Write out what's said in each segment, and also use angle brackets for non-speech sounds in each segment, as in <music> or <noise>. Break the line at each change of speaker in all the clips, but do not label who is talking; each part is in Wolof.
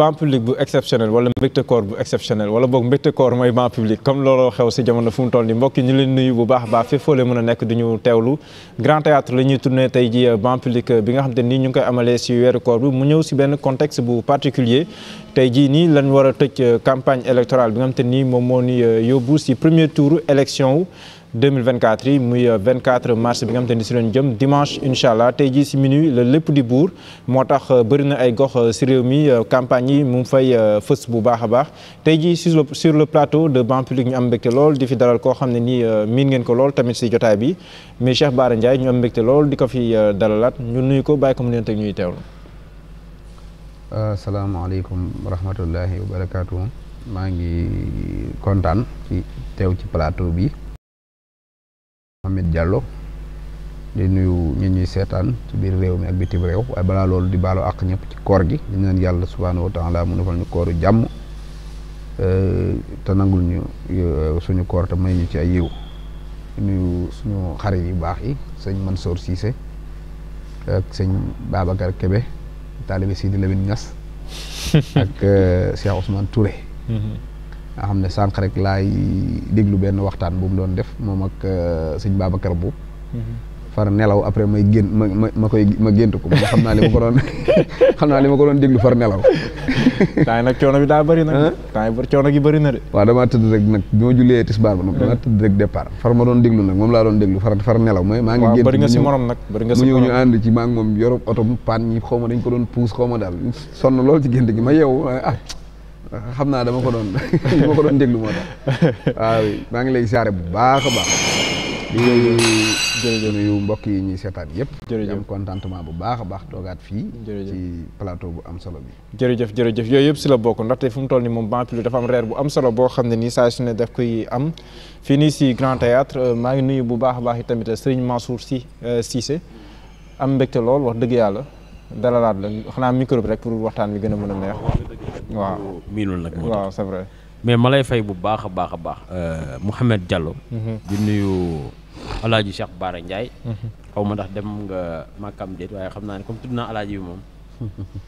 ban public bu exceptionnel wala mbégte koor bu exceptionnel wala boog mbégte koor mooy ban public comme looloo xew si jamono fu mu toll nii mbokk yi ñu leen nuyu bu baax a baax fépp foo mën a nekk du ñu teewlu grand théâtre la ñuy tourné tey ji euh, ban public euh, bi nga xam te nii ñu ngi koy amalee si weeru koor bi mu ñëw si benn contexte bu particulier tey jii nii lañ war a tëj euh, campagne électorale bi nga xam nii moom moo ni yóbbu si premier tour élection 2024 yi muy 24 euh, mars bi nga xamante ni si leen jëm dimanche incha allah tey jii si minuit la lépp di buur moo tax euh, bëri na ay gox euh, si réew mi campagne yi mu ngi fay fës bu baax a baax tey jii sur sur le plateau de Ban Public ñu am mbégte lool di fi dalal koo xam ne nii miin ngeen ko lool tamit si jotaay bi mais Cheikh Bara Ndiaye ñu am mbégte lool di ko fi dalalaat ñu nuyu ko bàyyi ko mu leen teg ñuy teewlu.
asalaamaaleykum wa rahmatullahi wa barakaatu maa ngi kontaan ci ci plateau bi. Mohamed jàlloo di nuyu ñi ñuy seetaan ci biir réew mi ak bitim réew waaye balaa loolu di baalu àq ñëpp ci koor gi di neen yàlla subhaanahu wa taala mu defal ñu kooru jàmm e, te nangul ñu e, suñu koor te may ñu ci ay yiw nuyu suñu xarit yu baax yi sëñ Mansour Cissé ak sëñ Babacar Kébé taalibe Sidi Lamine Niass <laughs> ak e, Cheikh Ousmane Touré mm-hmm. nga xam ne sànq rek laay déglu benn waxtaan bu doon def moom ak euh, sëñ Babacar Mbuub mm-hmm. far nelaw après may génn ma ma ma koy ma gént ko nga xam naa li ma ko doon <laughs> xam naa li doon déglu far nelaw. <laughs> temps yi nag coono bi daa bëri nag. temps yi coono gi bëri na de. waaw damaa tëdd rek nag bi ma jullee tisbaar ba nag far ma doon déglu moom laa doon déglu far nelaw ma maa ngi gént bëri mu ñëw ñu ànd ci maa moom yorob oto paan ñi ko doon puus xaw ma daal sonn lool ci gént gi ma yeewu ah xam naa dama ko doon <laughs> dama ko doon déglu moo tax waaw maa ngi lay saare bu baax a baax di jërëjëf nuyu mbokk yi ñuy seetaan yëpp jërëjëf am contentement bu baax a baax toogaat fii ci plateau bu am solo bi
jërëjëf jërëjëf yooyu yëpp si la bokk ndaxte fu mu toll ni moom ban plus dafa am reer bu am solo boo xam ne nii saa su ne daf koy am fii nii si Grand Théâtre euh, maa ngi nuyu bu baax a baax i tamit Serigne Mansour si euh, Cissé am mbégte lool wax dëgg yàlla dalalaat la xanaa micro rek pour waxtaan bi gën
a mën a neex. waaw miinul nag moo waaw mais ma lay fay bu baax a baax a baax. Euh, Mouhamed Diallo. Mm-hmm. di nuyu Alaaji Cheikh Baara Ndiaye. Mm-hmm. xaw ma ndax dem nga Makam déet waaye xam naa ne comme tudd naa Alaaji bi moom. <laughs>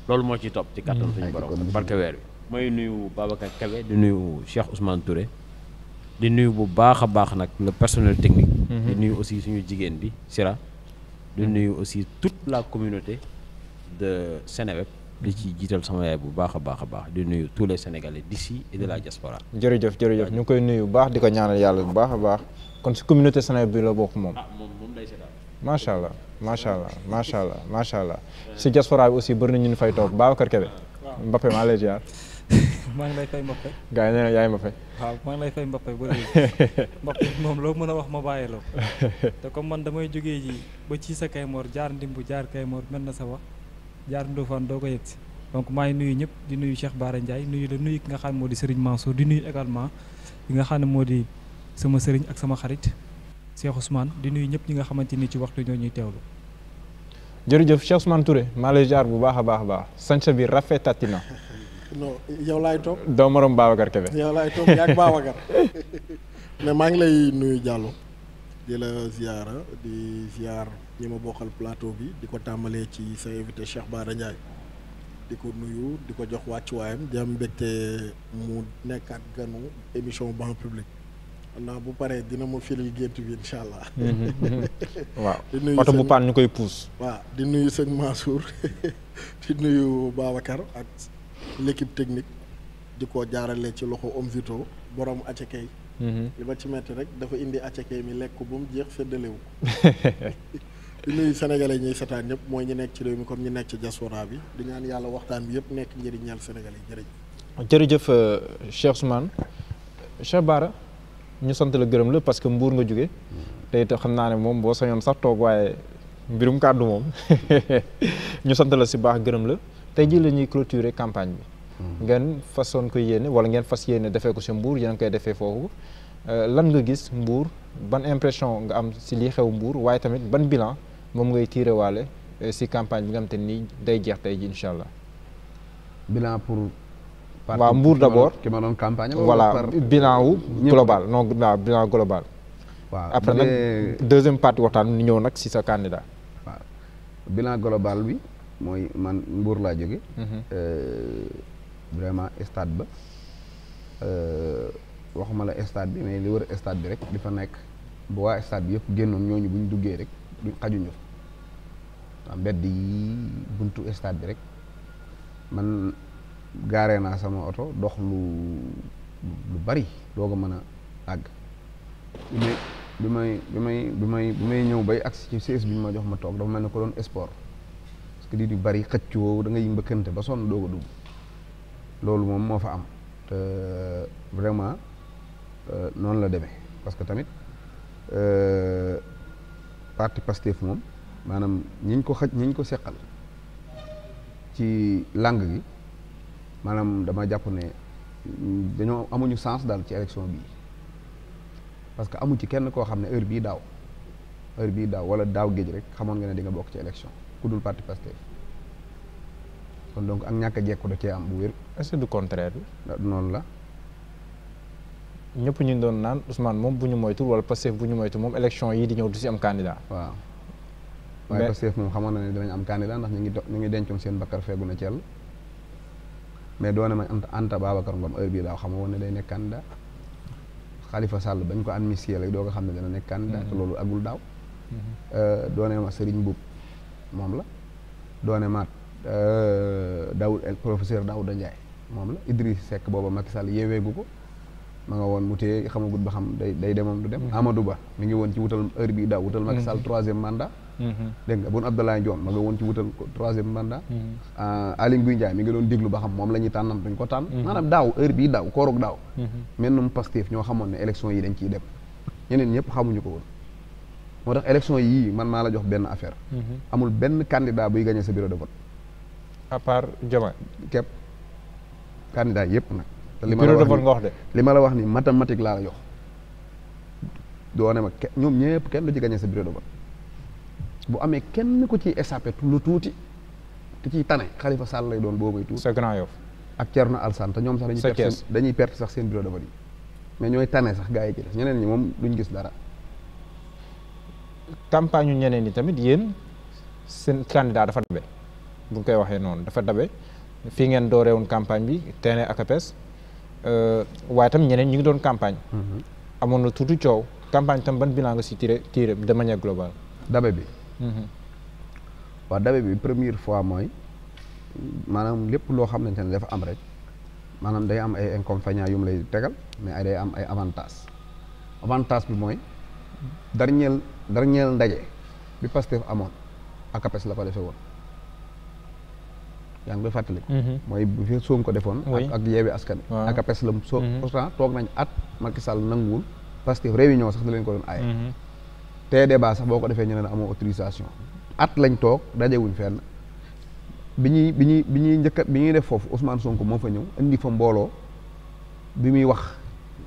loolu moo ci topp ci kattan mm-hmm. suñu borom barke bi mooy nuyu Babacar Kebe di nuyu Cheikh Ousmane Touré di nuyu bu baax a baax nag le personnel technique di nuyu aussi suñu jigéen bi Sira di nuyu aussi toute la communauté de Seneweb di ci jiital sama yaay bu baax a baax a baax di nuyu tous les sénégalais d'ici et de la mm-hmm. diaspora. jërëjëf jërëjëf ñu ngi koy nuyu bu
baax di ko ñaanal yàlla bu baax a baax kon si communauté Seneweb bi la bokk moom. ah
moom moom lay seetaan.
macha macha allah macha aussi bëri na ñu fay toog Babacar Kébé. waaw Mbappé maa lay
<laughs> maa ngi lay fay Mbappé. gars yi maa ngi lay fay ba léegi <laughs> Mbappé moom loo mën a wax ma bàyyi la <laughs> te comme man damay jógee ji ba ci sa Kaymoor jaar ndimbu jaar Kaymoor mel na sa wax jaar Ndofane doo ko yegg si donc maa ngi nuyu ñëpp di nuyu Cheikh Bara Ndiaye nuyu la nuyu ki nga xam ne moo di Serigne Mansour di nuyu également ki nga xam ne moo di sama sëriñ ak sama xarit Cheikh Ousmane di nuyu ñëpp ñi nga xamante ni ci waxtu ñoo ñuy teewlu.
jërëjëf Cheikh Ousmane Touré maa lay jaar bu baax a baax a baax sanca bi rafetati na.
non yow laay toog.
doo morom Babacar Kébé.
yow laay toog yaa ngi Babacar <laughs> mais maa ngi lay nuyu Diallo di la ziara di ziar ñi ma bokkal plateau bi di ko tàmbalee ci sa invité Cheikh Bara Ndiaye di ko nuyu di ko jox wàccuwaayam di am mbégte mu nekkaat ganu émission Banc xam naa bu paree dina ma firil gént bi incha allah. Mm-hmm. <laughs> waaw oto bu paan ñu koy puus. waaw di nuyu sëñ Mansour <laughs> di nuyu Babacar ak l'équipe technique di ko jaarale ci loxo Omvito borom acekey mm-hmm. li ma ci metti rek dafa indi acekey mi lekk bu mu jeex séddalewu <laughs> di nuyu sénégalais ñuy setaan ñëpp mooy ñu nekk ci réew mi comme ñu nekk ci diaspora bi di ñaan yàlla waxtaan bi yëpp nekk njëriñ ñal sénégalais jërëjëf.
jërëjëf euh, Cheikh Ousmane Cheikh Bara ñu sant gërëm la parce que mbuur nga jóge mm. te it xam naa ne moom boo sañoon sax toog waaye mbirum kàddu moom <laughs> ñu sant la si baax gërëm la tey jii la ñuy clôturer campagne bi. Mm. ngeen façon ko yéene wala ngeen fas yéene defee ko si mbuur yéen a koy defee foofu euh, lan nga gis mbuur ban impression nga am si lii xew mbuur waaye tamit ban bilan. moom ngay tiire waale euh, si campagne bi nga xam te ni day jeex tey ji incha allah. bilan pour. waaw mbuur d' abord
ki ma doon campagne voilà
bilan wu. global non waaw bilan global. waaw après nag deuxième partie waxtaan ni ñëw nag si sa candidat. waaw
bilan global bi mooy man mbuur laa jóge mhm. euh, vraiment stade ba euh, waxuma la stade bi mais li wër stade bi rek di fa nekk bu waa stade bi yëpp génnoon ñooñu bu duggee rek duñ xajuñu waaw mbedd yi buntu stade bi rek man gaaree naa sama oto dox lu lu bari doog ko mën a àgg bi may bi may bi may bi may ñëw bay agsi ci siis bi ma jox ma toog dafa mel ne ko doon sport parce que nit yu bari xëccoo da ngay mbëkkante ba sonn doog a dugg loolu moom moo fa am te vraiment euh, noonu la demee parce que tamit euh, parti fu moom maanaam ñiñ ko xaj ñiñ ko seqal ci langue gi maanaam dama jàpp ne dañoo amuñu sens daal ci election bii parce que amu ci kenn koo xam ne heure bii daaw heure bii daaw wala daaw géej rek xamoon nga ne di nga bokk ci élection ku dul parti Pastef kon donc ak ñàkk a jekku da cee am bu wér. est-ce que du contraire bi. Ah, noonu la. ñëpp ñu doon
naan Ousmane moom bu ñu moytul wala Pastef bu ñu moytul moom élection yi di ñëw du si am candidat. waaye
Pastef moom xamoon na ne dinañ am candidat ndax ñu ngi ñu ngi dencoon seen bakkar fegu na Thiel mais doone ma Anta Anta Babacar Ngom heure bii laa xama woon ne day nekk Sall bañ ko amnistier rek doo xam ne dana nekk mm-hmm. loolu agul daaw mm-hmm. euh, doone ma Serigne moom la doone maat euh, Daoud professeur Daouda Ndiaye moom la Idriss Seck booba Macky Sall yeeweegu ko ma nga woon mu téye xamagut ba xam day day demam du dem mm-hmm. Amadou Ba mu ngi woon ci wutal heure bi daaw wutal Macky Sall troisième mandat Mm-hmm. dégg nga Boun Abdallah Dionne ma nga woon ci wutal troisième mandat mm-hmm. ah, Aly Ngouille Ndiaye mi nga doon déglu ba xam moom la ñuy tànnam duñ ko tànn mm-hmm. maanaam daaw heure bi daaw koorug daaw mel num Pastef ñoo xamoon ne élection yi dañ ciy dem ñeneen ñëpp xamuñu ko woon moo tax élection yi man maa la jox benn affaire amul benn candidat buy gagné sa bureau de vote
à part Diomaye
képp candidat yëpp nag te li ma la wax li ma la wax ni mathématique laa la jox doone ma ñoom ñëpp kenn du ci gagné sa bureau de vote bu amee kenn ku ciy échappé lu tuuti te ciy tane Khalifa Sall lay doon boobu tuuti. sa Grand Yoff ak Thierno Alassane te ñoom sax. dañuy perte dañuy perte sax seen bureau de vote yi mais ñooy tane sax gars yi ci des ñeneen ñi moom gis dara. campagne yu ñeneen ñi tamit yéen
seen candidat dafa dabe bu ñu koy waxee noonu dafa dabe fii ngeen dooreewoon campagne bi teene ak APES euh, waaye tam ñeneen ñi ngi doon campagne. Mhm. amoon na tuuti coow campagne tam ban bilan nga si tiré tiré de manière globale. dabe bi.
Mhm.
waaw dabe bi première fois mooy maanaam lépp loo xamante ne dafa am rek maanaam day am ay inconvénients yu mu lay tegal mais day am ay avantages avantage bi mooy dernier dernier ndaje bi Pastef amoon akapes la ko defee woon yaa ngi koy fàttali. Mhm. mooy bu fi Sonko defoon. ak ak yeewi askan wi. akapes la soo mhm. pourtant toog nañ at Macky Sall nanguwul Pastef réunion sax da leen ko doon aaye. tey débat sax boo ko defee ñu amoo autorisation at lañ toog dajewuñ fenn bi ñuy bi ñuy bi ñuy njëkkat bi ñuy def foofu Ousmane Sonko moo fa ñëw indi fa mbooloo bi muy wax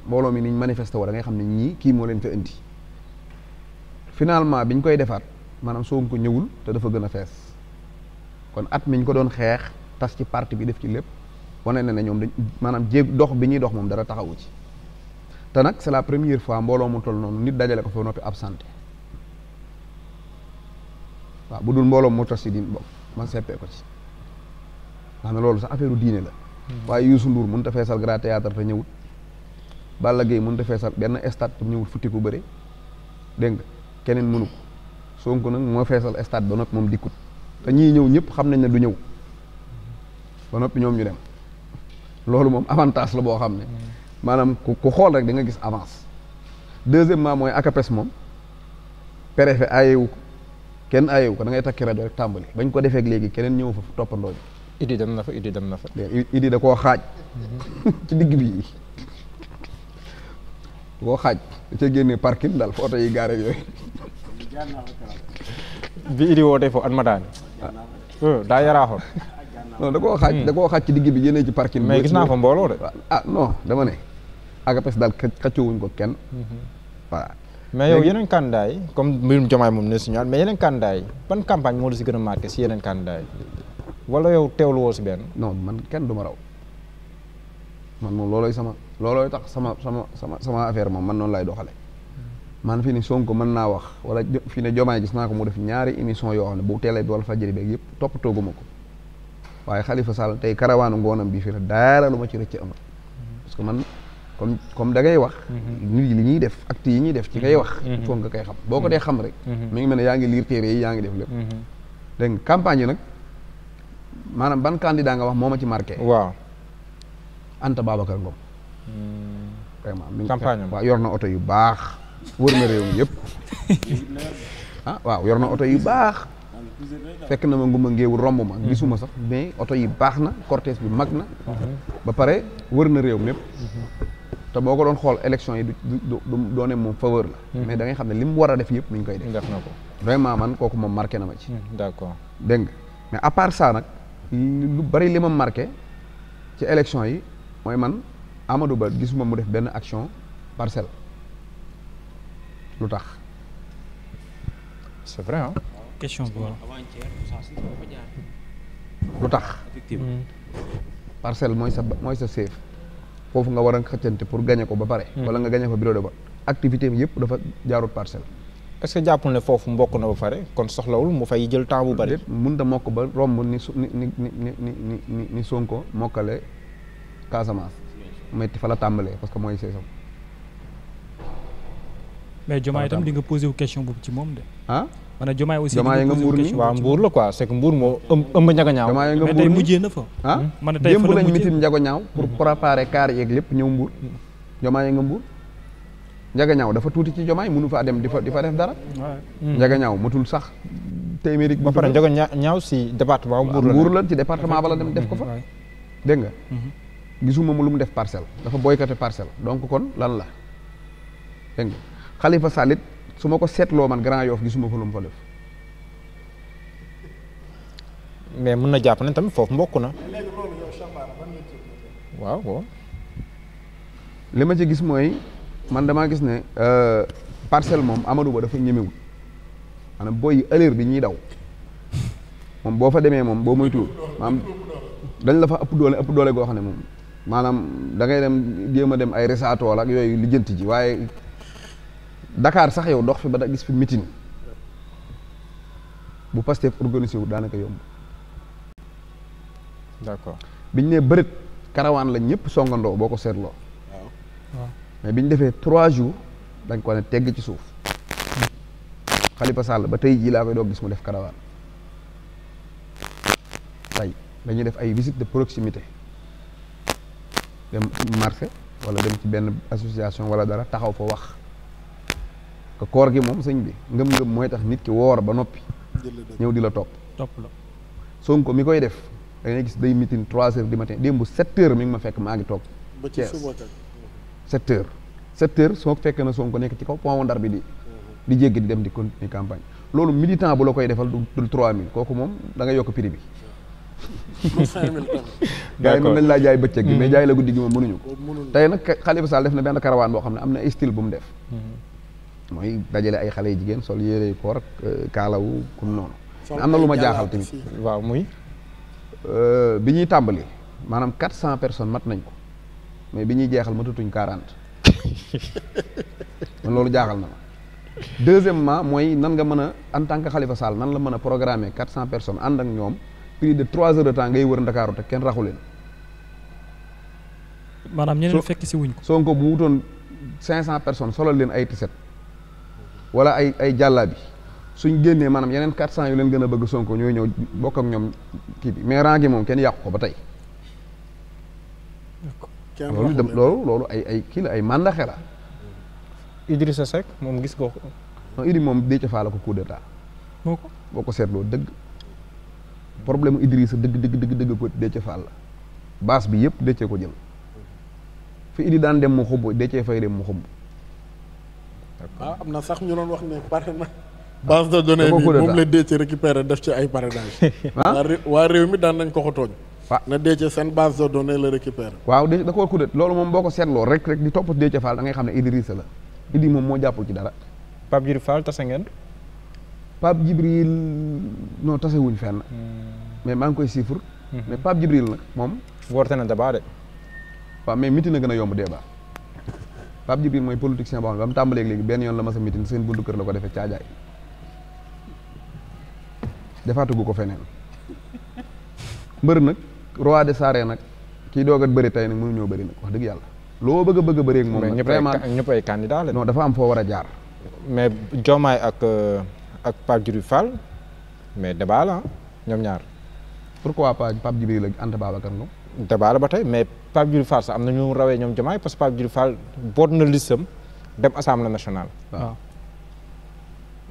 mbooloo mi niñ manifesté woo da ngay xam ne ñii kii moo leen fa indi finalement bi koy defaat maanaam Sonko ñëwul te dafa gën a fees kon at mi ko doon xeex tas ci parti bi def ci lépp wane na ne ñoom dañ maanaam jéeg dox bi ñuy dox moom dara taxawu ci te la première fois mbooloo mu toll noonu nit dajale ko fa noppi absenté waaw bu dul mbooloo moo tas si diin bokk man seppee ko ci nga ne loolu sax affaire diine la hmm. waaye Youssou Ndour mënut a feesal grand théâtre te ñëwut Balla Gaye mënut a feesal benn stade te ñëwut futti ku bëre dégg nga keneen mënu ko Sonko nag moo feesal stade ba noppi moom dikkut te ñii ñëw ñëpp xam nañ ne du ñëw ba noppi ñoom ñu dem loolu moom avantage la boo xam ne hmm. maanaam ku xool rek da nga gis avance deuxièmement mooy ACAPES moom préfet ayewu ko kenn aayewu ko da takki rajo rek tàmbali bañ ko defeek léegi keneen ñëw fa fu bi
idi dem na fa idi dem na fa
idi da koo xaaj mhm. <laughs> ci digg bi xaaj da ca génne parking daal fa oto yi gaare yooyu
bi idi wootee ah. hmm, daa yaraaxoon non da koo xaaj da koo xaaj ci digg bi génnee ci parking mais gis naa fa mbooloo de
ah non dama ne agapes daal xëccoo ko kenn
mhm.
voilà mais yow yeneen kàndaay comme mbirum Diomaye moom ne signal mais yeneen candidat yi ban campagne moo la si gën a marqué si yeneen candidat yi
wala yow teewlu woo si benn non man kenn du ma raw man moom loolooy sama loolooy tax sama sama sama sama affaire moom man noonu lay doxale man fii ni Sonko mën naa wax wala fii ne Diomaye gis naa ko mu def ñaari émission yoo xam ne bu teelee bi wala fajëri beeg yëpp topp tooguma ko waaye Khalifa Sall tey karawaanu ngoonam bi fii la daara ma ci rëcc amal parce comme comme da ngay wax. Mhm. nit yi ñuy def acte yi ñuy def ci ngay wax. Mhm. il faut nga koy xam boo ko mhm. dee xam rek. mi ngi mel ne yaa ngi liir téere yi yaa ngi def lépp. dégg nga campagne nag maanaam ban candidat nga wax moo ma ci marqué. waaw Anta Babacar hmm. mi ngi campagne waaw yor na oto yu baax wër réew mi <laughs> ah, waaw yor na oto yu baax. fekk na ma nguma ngéewu romb ma hmm. gisuma sax mais oto yi baax na cortège bi mag na. Hmm. ba pare wër na réew mépp te boo ko doon xool élection yi du du doone moom faveur la mhm. mais da xam ne li mu war a def yëpp mi ngi koy def def na ko vraiment man kooku moom marqué na ma ci mhm, d'accord dégg nga mais à part ça nag lu bari li ma marqué ci élection yi mooy man Amadou Ba gisuma mu def benn action parcelle lu tax c'est vrai question lu tax mhm. parcelle mooy sa mooy sa safe foofu nga war a xëccante pour gagné ko ba pare. Hmm. wala nga gagné ko bureau de vote activité bi yëpp dafa jaarut parcelle. est que jàppul ne foofu mbokk na ba pare kon soxlawul mu fay jël temps bu bari. mënut a mokk ba romb ni su ni ni ni ni ni ni Sonko mokkale Casamance. metti fa la tàmbalee parce que mooy saison.
mais Diomaye itam di nga posé wu question boobu ci moom de.
ah ma ne Diomaye aussi nga
mbuur mi waaw mbuur
la quoi c'est que mbuur moo ëmb njaga ñaaw Diomaye nga mbuur mi
ah? hmm.
ma ne tey démb lañ mitin
njaga ñaaw pour hmm. préparer kaar yeeg lépp ñëw mbuur hmm. Diomaye nga mbuur njaga ñaaw dafa tuuti ci Diomaye mënu faa dem di fa di fa def dara njaga ñaaw tul sax téeméeri ba pare njaga ñaaw si département mbuur la mbuur ci département bala dem def ko fa dégg nga gisuma mu lu mu def parcelle dafa boykate parcelle donc kon lan la dégg nga Salit su ma ko seetloo man Grand Yoff gisuma fa lu mu fa def. mais mën na jàpp nañ tamit foofu mbokk na. waaw waaw. li ma ci gis mooy man damaa gis ne euh, parcelle moom Amadou Ba dafa ñemewul maanaam booy yi ëllëg bi ñuy daw moom boo fa demee moom boo moytu maanaam dañ la fa ëpp doole ëpp doole goo xam ne moom maanaam dangay dem jéem a dem ay resaato ak yooyu lijjanti ji waaye. Dakar sax yow dox fi ba da gis fi mitin bu Pastef organisé wu daanaka yomb. d'accord biñ ne bërit karawaan la ñëpp songandoo boo ko seetloo.
waaw
mais biñ defee trois jours dañ ko ne tegg ci suuf. Khalifa Sall ba tey jii laa koy doog gis mu def karawaan tey dañuy def ay visite de proximité dem marché wala dem ci benn association wala dara taxaw fa wax. que koor gi moom sëñ bi ngëm-ngëm mooy tax nit ki woor ba noppi ñëw di la topp topp la Sonko mi koy def da ngay gis day mitin trois heures du matin démb sept heures mi ngi ma fekk maa ngi toog Thiès sept heures sept heures soo fekkee na Sonko nekk ci kaw pont Ndar bi di mhm. di jéggi di dem di loolu militant bu la koy defal du trois mille kooku moom da nga yokk prix bi
<laughs> gars yi mën nañ laa jaay bëccëg gi mais mhm. jaay la guddi gi
moom mënuñu ko tey nag Khalifa Sall def na benn karawaan boo xam ne am na style bu mu def mhm. mooy dajale ay xale yu jigéen sol yére yu koor euh, kaalawu kum ah. noonu.
am na lu ma jaaxal
tamit waaw muy. Euh, bi ñuy tàmbali maanaam quatre cent personnes mat nañ ko mais bi ñuy jeexal matatuñ quarante <laughs> man loolu jaaxal na ma. mooy nan nga mën a en tant que Khalifa Sall nan la mën a programmer quatre cent personnes ànd ak ñoom plus de trois heures de temps ngay wër Ndakaaru te kenn maanaam ñeneen fekk si wuñ ko. Sonko bu wutoon cinq cent personnes solal leen ay tiset wala ay ay jàllaabi suñ génnee maanaam yeneen quatre cent yu leen gën a bëgg Sonko ñooy ñëw bokk ak ñoom kii bi mais rang gi moom kenn yàqu ko ba tey loolu dem loolu loolu ay ay kii la ay mandaxe la Idrissa Seck moom gis nga ko non moom Déthié Fall la ko coup d'état moo ko boo ko seetloo dëgg problème Idrissa dëgg dëgg dëgg dëgg ko Déthié Fall la base bi yëpp Déthié ko jël fi Idri daan dem mu xubbu Déthié fay dem mu xubbu
waaw ah, am na sax ñu doon wax ne pare na. base de données bi moom la Déthié récupéré def ci ay parrainage. <laughs> ah waa réew mi daan nañ ko ko xotooñ. waaw na Déthié seen base de données la récupéré. waaw da koo kudat loolu moom boo ko seetloo rek rek di topp Déthié Fall da ngay xam ne Idrissa la
Idi moom moo jàppul ci dara. Pape Djibril Fall tase ngeen. Pape Djibril non tase wuñ fenn. Hmm. mais maa ngi koy siifur. Hmm. mais Pape Djibril nag moom. woote na débat de. waaw mais miti na gën a yomb débat. Pape Djibril mooy politicien boo xam ne ba mu tàmbalee léegi benn yoon la mas a mitin seen buntu kër la ko defee caajaay defaatugu ko feneen bëri nag roi des arènes nag kii doogat bëri tey nag mënuñoo bëri nag wax dëgg yàlla loo bëgg a bëgg bëri bëree ak moom nag vraiment ñëpp ay candidat la non dafa am foo war a jaar mais Diomaye ak euh, ak Pape Djibril Fall
mais débat la ñoom ñaar pourquoi pas Pape Djibril ak Anta Babacar Ngom débat la ba tey mais Pape Djibril Fall sax am na ñu rawee ñoom jomaay parce que Pape Djibril Fall boot na listam dem assemblée nationale. waaw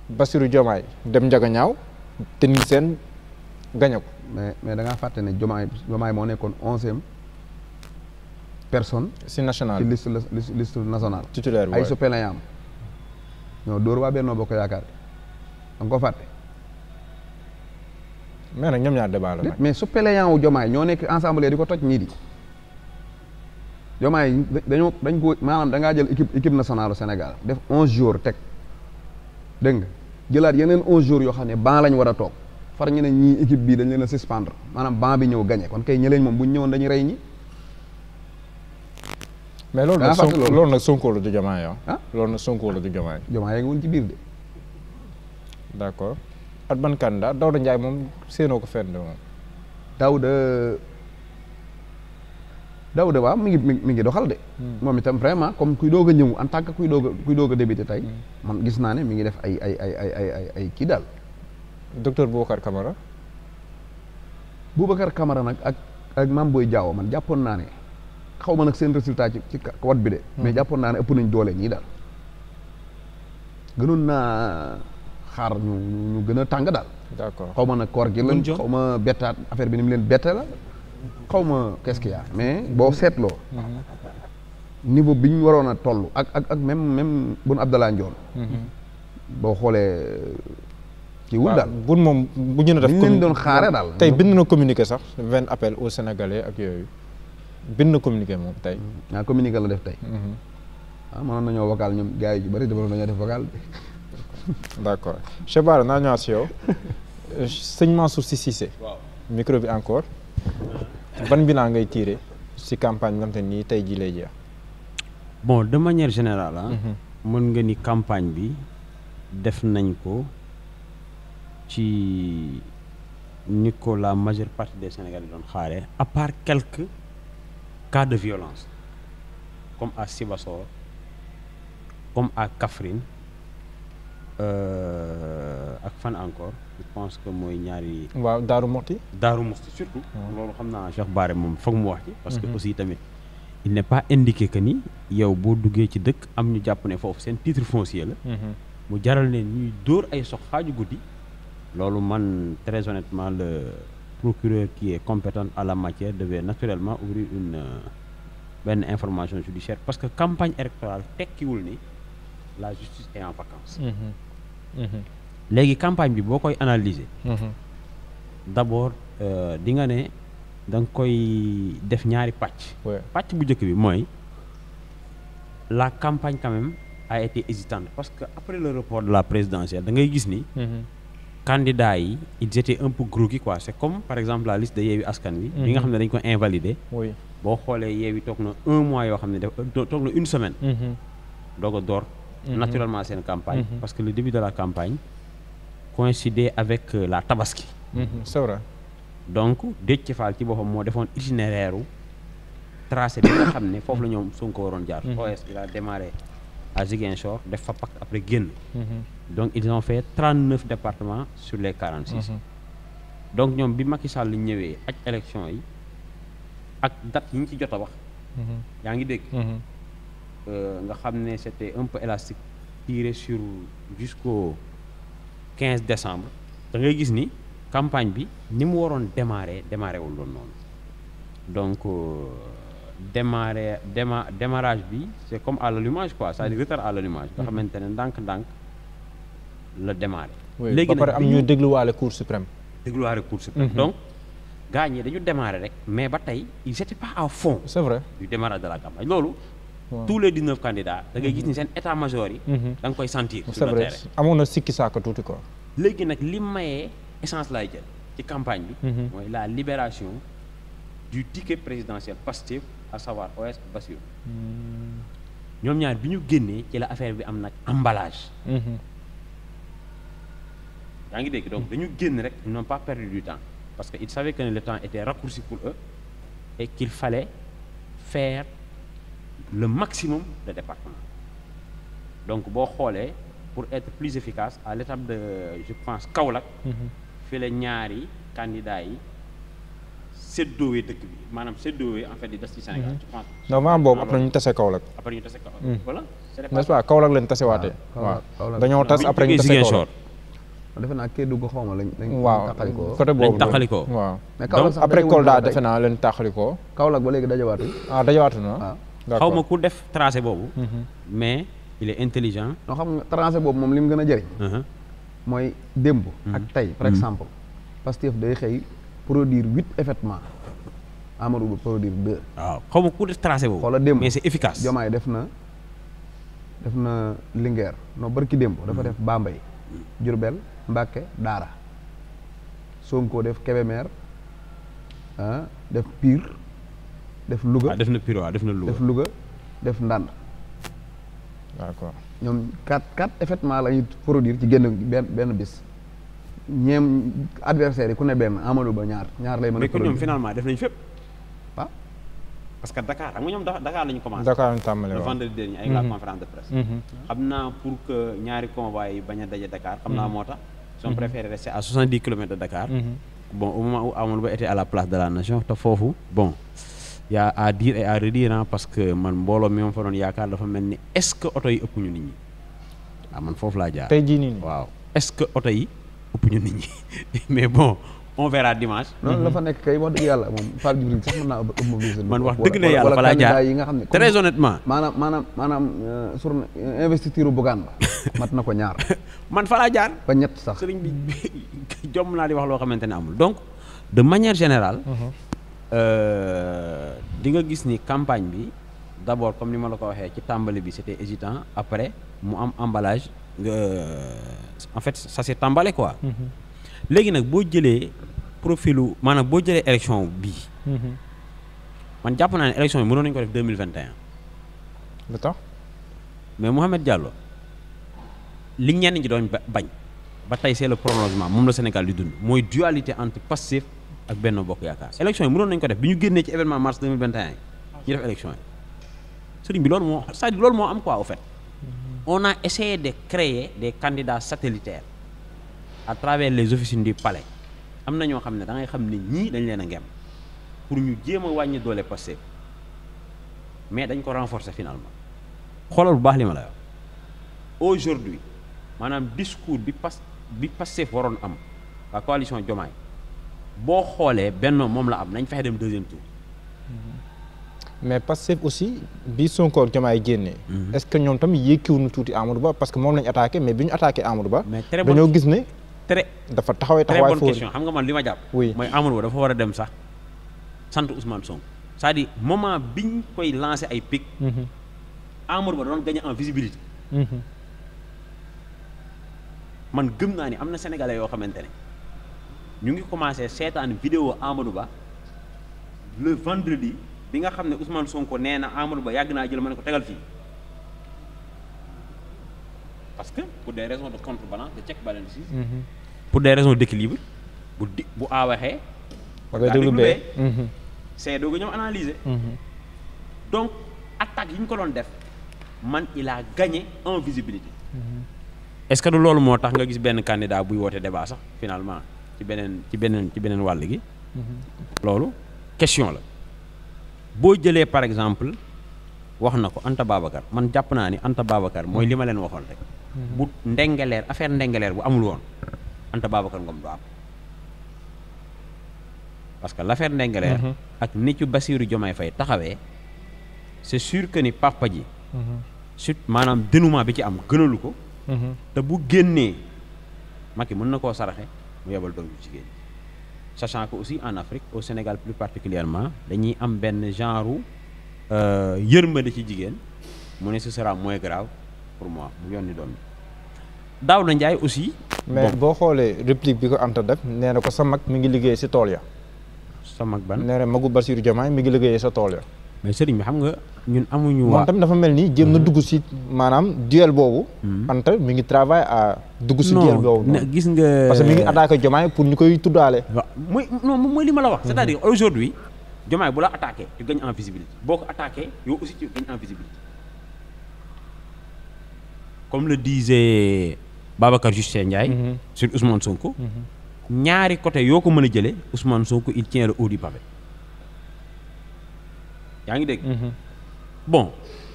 Bassirou dem dem ñaaw
te ni seen gañe ko. mais mais fàtte ne Diomaye Diomaye moo nekkoon onzième personne. si nationale ci liste liste nationale. titulaire ay suppléants am ñoo dóor waa Benno Bokk Yaakaar da ko fàtte. mais nag ñoom ñaar débat la mais su pléant wu jomaay ñoo nekk ensemble di ko toj ñii di jomaay dañoo dañ ko maanaam da ngaa jël équipe équipe nationale du Sénégal def onze jours teg dégg nga jëlaat yeneen onze jours yoo xam ne ban lañ war a toog far ñu ne ñii équipe bii dañ leen a suspendre maanaam ban bi ñëw gagné kon kay ñëleen moom bu ñu ñëwoon dañuy rey ñi. mais
loolu nag Sonko loolu nag Sonko la du Diomaye ah. Ah. loolu nag Sonko la du Diomaye. Diomaye yeggul ci biir de. d'accord. at ban candidat
Daouda Ndiaye moom seenoo ko fenn moom. Daouda Daouda waaw mi ngi mi ngi doxal de. Hmm. moom itam vraiment comme kuy doog a ñëw en tant que kuy doog a kuy doog a débuté hmm. man gis naa ne mi ngi def ay ay ay kii daal. docteur Boubacar Camara. Boubacar kamara nag ak ak Mame Boye Diao man jàppoon naa ne xaw ma nag seen resultat ci ci wat bi de. Hmm. mais jàppoon naa ne ëpp nañ doole ñii daal. gënoon naa. xaar ñu ñu gën a tàng daal. d'accord xaw ma nag koor gi lan xaw ma bettaat affaire bi ni leen bette la xaw ma qu'est-ce mais boo seetloo.
Mm-hmm.
niveau bi ñu waroon a toll ak ak ak même même Boun Abdallah Dionne. Mm-hmm. boo xoolee. kii wul daal bun moom
bu ñu def. ñu doon xaare daal. tey bind na communiqué sax vingt appel au sénégalais ak yooyu bind na communique moom tey. Mm-hmm. ah communiqué la def tey. ah mënoon nañoo vocal ñoom gars yi yu bëri dafa doon nañoo def vocal. <laughs> <laughs> d' accord Cheikh Bara naa ñëwaat si yow
sëñ Mansour Sy Cissé
micro bi encore ban naa ngay tirer si campagne bi nga xam te nii tey jii lay jeex.
bon de manière général mhm. mën nga ni campagne bi def nañ ko ci ni ko la majeure partie des Sénégalais doon xaaree à part quelques cas de violence comme à Sibassor comme à Kaffrine. Euh, ak fan encore je pense que mooy ñaari. waaw Daaru Moxti. Daaru Moxti surtout. Hmm. loolu xam naa Cheikh Baare moom foog mu wax ci. parce que hmm. aussi tamit il n'est pas indiqué que ni yow boo duggee ci dëkk am ñu jàpp ne foofu seen titre foncier la. Hmm. mu jaral ne ñuy dóor ay sox xaaju guddi. loolu man très honnêtement le procureur qui est compétent à la matière devait naturellement ouvrir une euh, benn information judiciaire parce que campagne électorale tekkiwul ni la justice Mm-hmm. léegi campagne bi boo koy analyser. Mm-hmm. d' abord euh, di nga ne da nga koy def ñaari pàcc. pàcc bu njëkk bi mooy la campagne quand a été hésitante parce que après le report de la présidentielle da ngay gis ni. Mm-hmm. candidats yi ils étaient un peu groggy quoi c' est comme par exemple la liste de Yewwi Askan Wi. bi nga xam ne dañ ko invalider. boo xoolee Yewwi toog na un mois yoo xam ne def toog na une semaine. doog a door. Mm-hmm. naturellement seen campagne. Mm-hmm. parce que le début de la campagne coïncidait avec euh, la tabaski.
Mm-hmm. c'est vrai.
donc Déthié Fall ci boppam moo defoon itinéraire tracé bi nga xam ne foofu la ñoom Sonko waroon jaar. OS il a démarré à Ziguinchor def fa pak après génn. donc ils ont fait trente neuf départements sur les quarante six. donc ñoom bi Macky Sall ñëwee ak élection yi ak date yi ñu ci jot a wax. yaa ngi dégg. Euh, nga xam ne c'était un peu élastique tiré sur jusqu'au 15 décembre da ngay gis ni campagne bi ni mu waroon démarrer démarré wul loolu noonu donc euh, démarrer déma démarrage bi c'est comme à l'allumage quoi c'est-à-dire nga mhm. xamante ne ndànk-ndànk la démarrer. léegi ba pare am ñuy
dégluwaale cour
suprême. dégluwaale cour suprême. Mhm. donc gars yi dañu démarrer rek. mais ba tey il étaient pas à fond. c'est vrai du démarrage loolu. tous les dix neuf candidats da gis ni seen état major yi mhm. da nga koy sentir sur le terrain
amoon na sikki saaka tuuti quoi
léegi nag li mayee essence laay jël ci campagne bi mhm. mooy la libération du ticket présidentiel Pastef à savoir OS Bassirou mhm. ñoom ñaar bi ñu génnee ci la affaire bi am nag emballage yaa ngi dégg donc dañu génn rek ils n'ont pas perdu du temps parce que ils savaient que le temps était raccourci pour qu'il fallait faire le maximum de département donc boo xoolee pour être plus efficace à l'étape de je pense Kaolack mhm. fi la ñaari candidats yi séddoowee dëkk bi maanaam séddoowee en fait
di des ci Sénégal mhm. je pense
non maanaam boobu après ñu tase Kaolack
après ñu tase Kaolack mhm. voilà
n'est-ce
pas Kaolack lañ tasewaatee waaw dañoo tas après ñu tase Kaolack
defe naa Kédougou xaw ma lañ.
lañ
taxalikoo côté boobu lañ taxalikoo waaw. mais Kaolack sax après Kolda defe naa leen taxalikoo.
Kaolack ba léegi dajawaatu. ah dajawaatu
na. Ah. xaw ma ku def tracé boobu. Mhm. mais il est intelligent.
noo xam nga tracé boobu moom li mu gën a jëriñ. Uh-huh. mooy démb. Uh-huh. ak tey par uh-huh. exemple. Pastef day xëy produire huit événements Amadou Ba produire deux. waaw xaw ma ku def tracé boobu. xoola démb mais c'est efficace. Diomaye def na def na Linguère noo barki démb. dafa def Bambey. Diourbel Mbacké Daara. koo def Kébémer ah, def Pire. def Louga ah, def na Pire waaw ah, def na Louga def Louga def Ndande. d'accord ñoom quatre quatre effectivement la ñuy produire ci génn benn benn bis. ñeem adversaire yi ku ne benn Amadou Ba ñaar ñaar lay mën a. mais ñoom finalement
def nañ fépp. ah parce que Dakar xam nga ñoom Dakar la ñu commencé. Dakar la ñu tàmbalee waaw vendredi dernier ay la mhm. conférence de presse. Mhm. Mhm. moo tax. ils ont préféré rester soixante dix kilomètres de Dakar. bon au moment où Amadou Ba était à la place de la nation te foofu bon. y a à dire et à redire hein, parce que man mbooloo mi ma fa doon yaakaar dafa mel ni est-ce que oto yi ëpp ñu nit ñi ah, foofu laa jaar. jii nii waaw est-ce que oto yi ñu nit ñi <laughs> mais bon on verra dimanche. loolu la
fa nekk kay wax dëgg yàlla moom Pape Djibril sax mën naa ëpp mobilisé. man wax dëgg na yàlla fa laa jaar yi nga ne très honnêtement. maanaam maanaam maanaam euh, sur investiture
Bougane la <laughs> mat na ko ñaar. man fa laa jaar. ba ñett sax sëriñ bi <laughs> jomm naa di wax loo xamante ni amul donc de manière général mhm. Euh, di nga gis ni campagne bi d' abord comme ni ma la ko waxee ci tàmbali bi c' était hésitant après mu am emballage en fait ça s' est emballé quoi. Mm-hmm. léegi nag boo jëlee profilu maanaam boo jëlee élection bii. Mm-hmm. man jàpp naa ne élection bi mënoon nañu ko def mille vingt et tax mais Mouhamed Diallo li ñenn ñi doon bañ ba tey c' est le prolongement moom la Sénégal di dund mooy dualité entre Pastef. ak benn bokk yaakaar election yi mënoon nañu ko def bi ñu génnee ci événement mars 2021 ñu def élection yi sëriñ bi loolu moo cest à loolu moo am quoi au fait mhm. on a essayé de créer des candidats satellitaires à travers les officines du pale am na ñoo xam ne da ngay xam ne ñii dañ leen a ngem pour ñu jéem a wàññi doole Pastef mais dañ ko renforcer finalement xoolal bu baax li ma la wax aujourd'hui maanaam discours bi pas bi Pastef waroon am la coalition Diomaye boo xoolee Benno moom la am nañ fexe dem deuxième tour.
Mm-hmm. mais Pastef aussi bi Sonko Diomaye génnee. Mm-hmm. est-ce que ñoom tam yékkiwuñu tuuti Amadou Ba parce que moom lañ attaqué mais bi ñu attaqué Amadou Ba. dañoo
dafa taxawee taxawaay foofu très bonne nga man li ma jàpp. oui mooy Amadou Ba dafa war a dem sax sant Ousmane Sonko c'est-à-dire bi ñu koy lancé ay pic. Mm-hmm. Amadou Ba doon gagné en visibilité. man gëm naa ni am na sénégalais yoo xamante ne. ñu ngi commencé seetaan vidéo Amadou Ba le vendredi bi nga xam ne Ousmane Sonko nee na Amadou Ba yàgg naa jël ma ne ko tegal fii parce que pour de raisons de contrebalance de check balance. Mhm. pour des raisons d'équilibre bu di bu A waxee. wala déglu bee mhm. c'est doo ñëw analyser. Mhm. donc attaque yi ñu ko doon def man il a gagné en visibilité. est loolu moo tax nga gis benn candidat buy woote débat sax finalement. ci beneen ci beneen ci beneen wàll gi. Mm-hmm. loolu question la boo jëlee par exemple wax na ko Anta Babacar man jàpp naa ni Anta Babacar mooy li ma leen waxoon rek. Mm-hmm. bu ndengaleer affaire ndengaleer bu amul woon Anta Babacar Ngom du am. parce que l'affaire Ndengler. Mm-hmm. ak nit ci Bassirou Diomaye Faye taxawee c'est sûr que ni papa ji. su maanaam dénouement bi ci am gënalu ko. te bu génnee yi mën na koo saraxe. mu yebal doom ju jigéen sachant que aussi en Afrique au Sénégal plus particulièrement dañuy am benn genre euh, yërmande ci jigéen mu ne ce sera moins grave pour moi mu yónni doom bi
daaw na Njaay aussi. mais boo xoolee réplique bi ko Anta def nee na ko sa mag mi ngi liggéey si tool ya. sa mag ban nee na magu Bassirou Diomaye mi ngi liggéeyee sa tool ya. mais sëriñ bi xam nga ñun amuñu. waa moom tamit dafa mel ni jéem na hmm. dugg si maanaam duel boobu. Hmm. Anta mi ngi travail dugg si duel boobu non gis nga. parce que mi ngi attaqué Diomaye pour ñu
koy tuddaale. waaw mooy non li ma la wax. Hmm. c'est-à-dire aujourd'hui Diomaye bu la attaqué tu gagnes en visibilité boo ko attaqué yow aussi tu comme le disait Babacar Justin Ndiaye. sur Ousmane Sonko. ñaari côté yoo ko mën a jëlee Ousmane Sonko il tient le haut du yaa ngi dégg. Mm-hmm. bon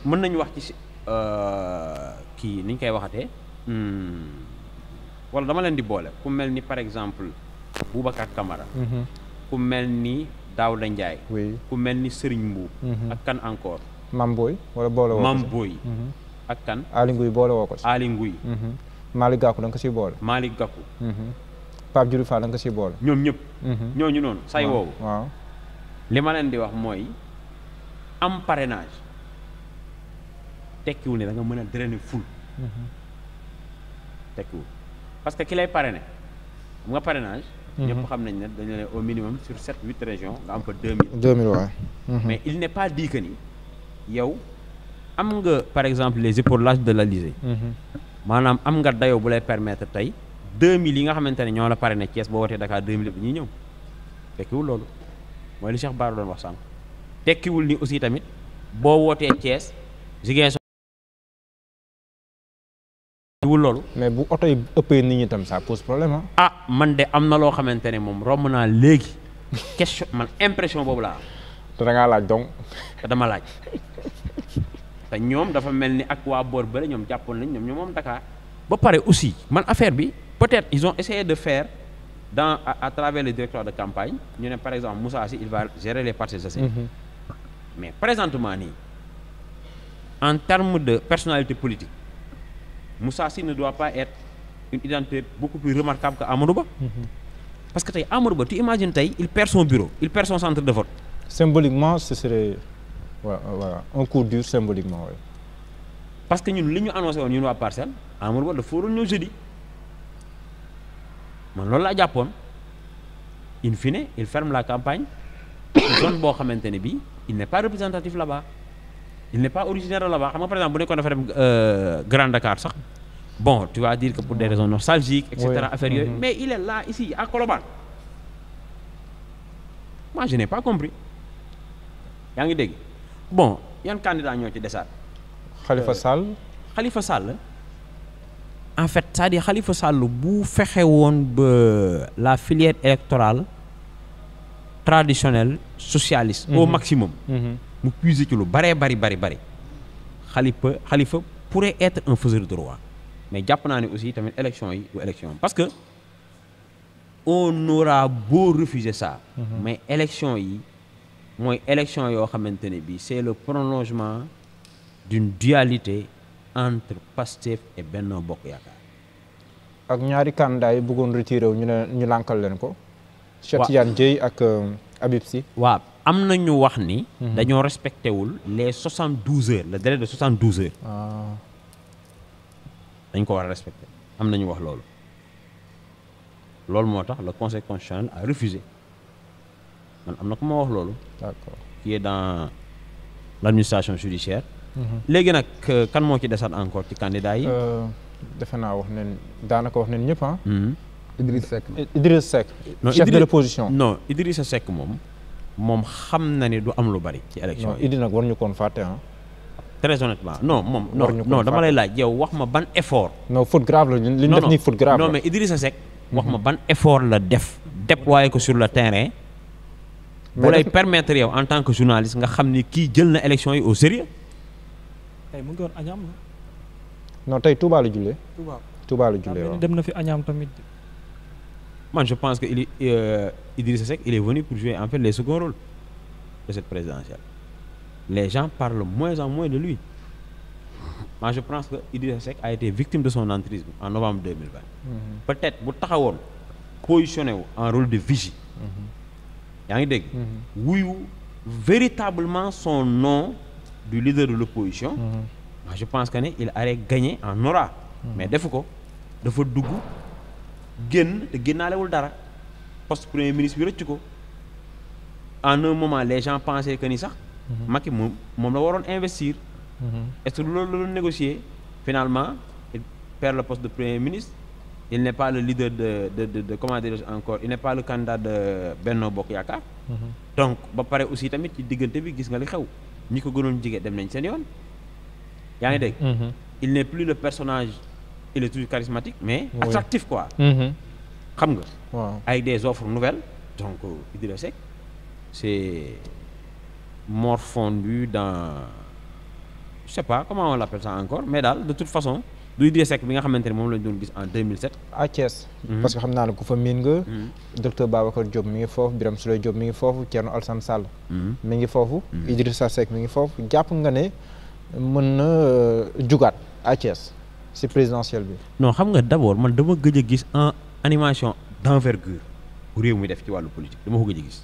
mën nañu wax ci euh, kii ni ñu koy waxatee. Hmm. wala dama leen di boole ku mel ni par exemple Boubacar Camara. Mm-hmm. ku mel ni Daouda Ndiaye. oui ku mel ni sëriñ Mbu. Mm-hmm. ak kan encore.
Mam Boy wala boole woo ko Mam Boy. ak kan Aly Ngouille boole woo
ko si. Aly Ngouille. Malick Gakou da nga ko siy boole. Malick Gakou. Pape Diourif Fall da nga ko siy boole. ñoom ñëpp. ñooñu noonu say woowu. waaw li ma leen di wax mooy. am parrainage tekkiwul ne da mën a drainer ful mhm. tekkiwul parce que ki lay parrainé xam nga parrainage mhm. ñëpp xam nañ ne dañu ne au minimum sur sept huit région nga am fa deux mille deux mille waaye mhm. mais il n'est pas dit ni yow am nga par exemple les épaules de l'Alizé maanaam am nga dayoo bu lay permettre tey deux mille yi nga xamante ne ñoo la parrainé Thiès boo wootee Dakar deux mille bi ñuy ñëw tekkiwul loolu mooy li Cheikh Bara doon wax sànq tekkiwul nii aussi tamit boo wootee Thiès Ziguinchor
loolu mais bu oto yi ëppee nit ñi tam ça pose problème
ah man de am na loo xamante ne moom romb naa léegi question man impression boobu laa am te dangaa laaj donc te dama laaj te ñoom dafa mel ni ak waa boor bële ñoom jàppoon nañ ñoom ñoom moom Dakar ba pare aussi man affaire bi peut-être ils ont essayé de fair dans à, à travers le directeur de campagne ñu ne par exemple Moussa Sy il va gérer les parcelles assainies mm-hmm. mais présentement nii en termes de personnalité politique Moussa Sy ne pas être une identité beaucoup plus remarquable que Amadou Ba. Mhm. parce que tey Amadou Ba tu imagines tey il perd son bureau il perd son centre de vote.
symboliquement ce serait euh, voilà ouais, un coup dur symboliquement
parce que ñun li ñu annoncé woon ñun waa Parcelles Amadou Ba dafa waroon ñëw jeudi man loolu laa jàppoon in fine il ferme la campagne <coughs> zone boo xamante ne bii. il n'est pas représentatif là-bas il n'est pas originaire là-bas xam nga par exemple bu nekkoon dafa dem euh, Grand Dakar sax bon tu vas dire que pour des raisons nostalgiques et cetera affaire yooyu mm-hmm. mais il est là ici à Colobane moi je n'ai pas compris yaa ngi dégg bon yan candidat ñoo ci desaat Khalifa euh, Sall xalifa Sall en fait c'est-à-dire Khalifa bu fexe woon ba la filière électorale traditionnelle socialiste au mhm. maximum mhm. mu puiser ci lu baree bari bari bari xalifa xalifa pourrait être un faiseur mais jàpp naa ne aussi tamit élection yi du élection parce que on aura beau refuser ça mhm. mais élection yi mooy élection yoo xamante ne bi c'est le prolongement d'une dualité entre Pastef et benn Bokk Yaakaar
ak ñaari candidat yi bëggoon retiré ñu ne ñu lànkal leen ko
Cheikh Tidiane
Habib si waaw am na ñu wax ni. Mhm. dañoo respecté wul les 72 heures le délai de 72 heures. Ah. dañ ko war a respecté am na ñu wax loolu. loolu moo tax la conseil constitutionnel à refusé man am na ku moo wax loolu. d'accord qui est dans l'administration judiciaire. Mhm. léegi nag euh, kan moo ci desaat encore ci candidat yi.
Euh, defe naa wax nañ daanaka wax nañ ñëpp ah. mhm. Idriss Seck Idriss Seck. chef de l'opposition
non Idriss moom. moom xam na ni du am lu bari. ci élection yi non Idi nag war ñu koon fàtte ah. très honnêtement non moom. non dama lay laaj yow wax ma ban effort.
non faute grave la ñu def nii faute grave la
wax ma ban effort la def. déployer ko sur le terrain. bu lay permettre yow en tant que journaliste nga xam ni kii jël na élection yi au sérieux tey man je pense que il euh, Idrissa Seck il est venu pour jouer en fait les seconds rôles de cette présidentielle les gens parlent moins en moins de lui man je pense que Idrissa Seck a été victime de son entrisme en novembre 2020 mm mm-hmm. peut-être bu taxawoon positionné wu en rôle de vigie mm-hmm. yaa ngi dégg mm-hmm. wuyu véritablement son nom du leader de l'opposition mm je pense que ne il aurait gagné en nora mais defu ko dafa dugg génn te génnaalewul dara poste premier ministre bi rëcc ko en un moment les gens pensaient que ni sax. Mhm. Macky moom moom la waroon investir. Mhm. est-ce que loolu la doon négocier finalement il perd le de premier ministre. il n'est pas le leader de de de, de comment encore il n'est pas le candidat de Benno Bokk Yaakaar. Mhm. donc ba pare aussi tamit ci diggante bi gis nga li xew. ñi ko gënoon jege dem nañ seen yoon. yaa ngi de il n'est plus le personnage. il est toujours charismatique mais attractif quoi mhm. xam nga waaw avec des offres nouvelles donc euh, Idrissa Seck c'est morfondu dans je sais pas comment on l'appelle ça encore mais daal de toute façon du Idrissa Seck bi nga xamante ne moom lañ doon gis en 2007.
à Thiès. Mhm. parce que xam naa ne ku fa miin nga. Mhm. docteur Babacar Diop mi ngi foofu Birame Souleye Diop mi ngi foofu Thierno Alassane Sall. mi ngi foofu. Idrissa Seck mi ngi foofu jàpp nga ne mën na euh, jugaat à si présidentielle bi.
no xam nga d' abord man dama gëj a gis en animation d' envergure bu réew mi def ci wàllu politique dama ko gëj a gis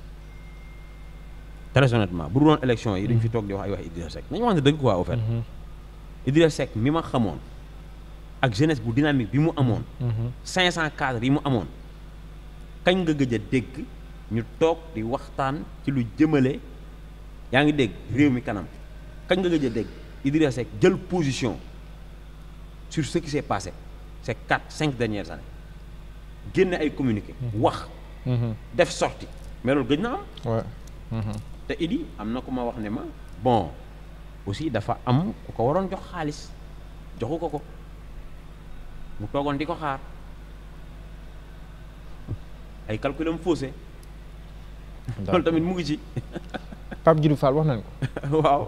très honnêtement bu doon élection yi. duñ fi toog di wax ay wax Idrissa Seck nañu wax ne dëgg quoi au fait. Mhm. Idrissa mi ma xamoon ak jeunesse bu dynamique bi mu amoon. 500 mhm. cadres yi mu amoon kañ nga gëj a dégg ñu toog di waxtaan ci lu jëmale yaa ngi dégg réew mi kanam kañ nga gëj a dégg Idrissa Seck jël position. sur ce qui s'est passé ces quatre cinq dernières années génne ay communiqué mhm. wax mhm. def sorti mais loolu gëj na am mhm. te idi am na ku ma wax ne ma bon aussi dafa am ku ko waroon jox xaalis joxu ko ko mu toogoon di ko xaar ay calcul am faussé tamit mu ngi ci Pape Djibril Fall wax nañ ko <laughs> waaw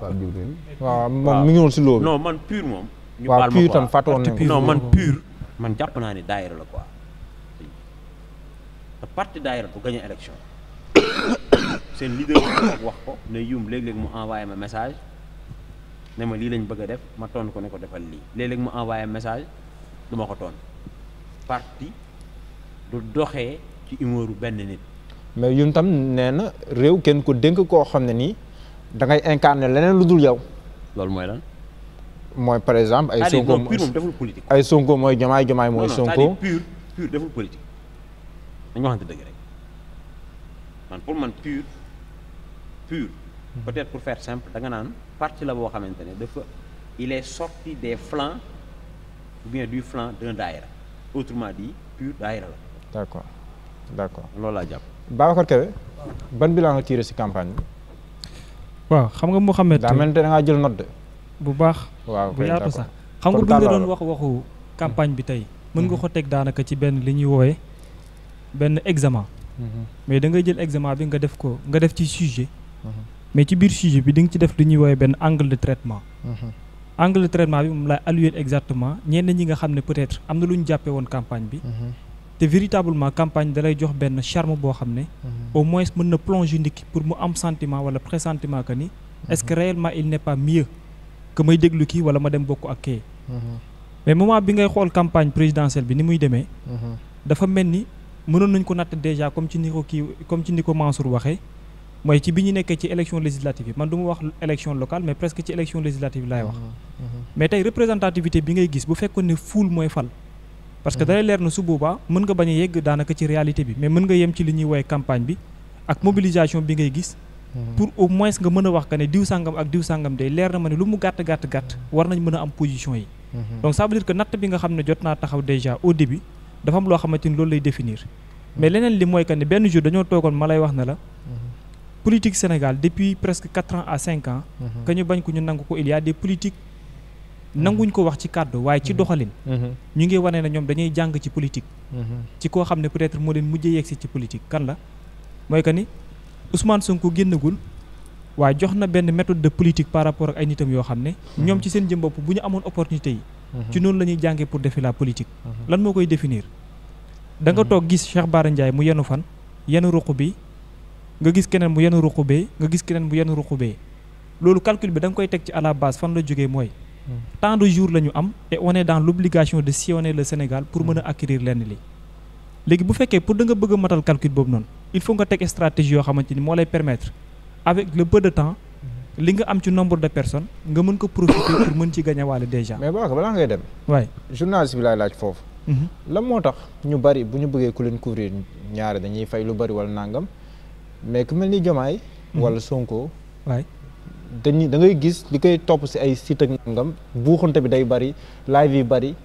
waaw ngi woon si loolu non man pur moom ñu baal ma tam fàttewoon man pur man jàpp naa ne daayira la quoi te parti daayira bu gagné élection <coughs> seen leader bi wax ko ne yum léeg-léeg mu envoyé ma message ne ma lii lañ bëgg a def ma ton ko ne ko defal lii léeg-léeg mu envoyé message du ma ko ton parti du doxee ci humeuru benn nit
mais yum tam nee na réew kenn ko dénk koo xam ne nii da ngay incarner leneen lu dul yow loolu mooy lan mooy par exemple ay Sonko deful politique ay Sonko mooy Diomaye Diomaye mooy Sonko
pur pur deful politique dañu waxante dëgg rek man pour man pur pur hmm. peut-être pour faire da nga naan parti la boo xamante ne dafa il est sorti des flancs ou bien du flanc d'un daayira autrement dit pur daayira la loolu laa jàpp
Babacar ban bilan nga tiré ci campagne bi
waaw xam nga Mouhamed xamee mel ne da ngaa jël note de bu baax. waaw bu yaatu sax xam nga bu nga doon wax waxu campagne bi tey. mën nga mhm. ko teg daanaka ci benn li ñuy woowe benn examen. Mhm. mais da ngay jël examen bi nga def ko nga def ci sujet. Mhm. mais ci biir sujet bi di nga ci def li ñuy wooye benn angle de traitement. angle de traitement bi moom laay alloué exactement ñenn ñi nga xam ne peut-être am na lu ñu jàppee woon campagne bi. te véritablement campagne dalay jox benn charme boo xam ne. au moins mën na plonger nit mu am sentiment wala pressentiment que que may déglu kii wala ma dem bokk ak kii. Mm-hmm. mais moment bi ngay xool campagne présidentielle bi ni muy demee. Mm-hmm. dafa mel ni mënoon nañ ko natt déjà comme ci ni ko kii comme ci ni ko Mansour waxee. mooy ci bi ñu nekkee ci élection législative yi man du wax élection locale mais presque ci élection législative laay wax.
Mm-hmm.
mais tey représentativité bi ngay gis bu fekkoon ne fuul mooy fal. parce que dalay leer na su boobaa mën nga bañ a yegg daanaka ci réalité bi mais Mhm. pour au moins nga mën a wax que ne diw sàngam ak diw sàngam day leer na ma ne lu mu gàtt gàtt gàtt war nañ mën a am position yi mhm. donc ça veut dire natt bi nga xam ne jot naa taxaw déjà au début dafa am loo xamante loolu lay définir mhm. mais leneen li mooy que benn jour dañoo toogoon ma lay wax na la politique Sénégal depuis presque quatre ans à cinq ans que ñu bañ ko ñu nangu ko il y a des politiques nanguñ ko wax ci kàddu waaye ci doxalin ñu ngi wane xam ne peut-être moo Ousmane Sonko génnagul waaye jox na benn méthode de politique par rapport ak ay nitam yoo xam ne. Mhm. ñoom ci seen jëm bopp bu ñu amoon opportunité yi. Mhm. ci noonu la jàngee pour définir la politique. Mhm. lan moo koy définir. da nga toog gis Cheikh Bara Ndiaye mu yenu fan yenu ruq bi nga gis keneen mu yenu ruq bee nga gis keneen mu yenu ruq bee loolu calcul bi da nga koy teg ci à la base fan la jógee mooy. tant de jours la ñu am et on est dans l'obligation de sillonner le Sénégal pour mën a lenn li léegi bu fekkee pour da nga bëgg a matal boobu noonu. il faut nga teg stratégie yoo xamante ni moo lay permettre avec le peu de temps li nga am ci nombre de personne nga mën ko profiter pour mën ci gañawaale déjà. mais boo ko balaa ngay dem. waaye journaliste
bi laay laaj foofu. Mhm. lan moo tax ñu bari bu ñu bëggee ku leen couvrir ñaare dañuy fay lu bari wala nangam mais ku mel ni Jomaay. Mhm. wala Sonko. waay dañuy da gis li koy topp si ay site ak nangam buuxante bi day bari live yi bari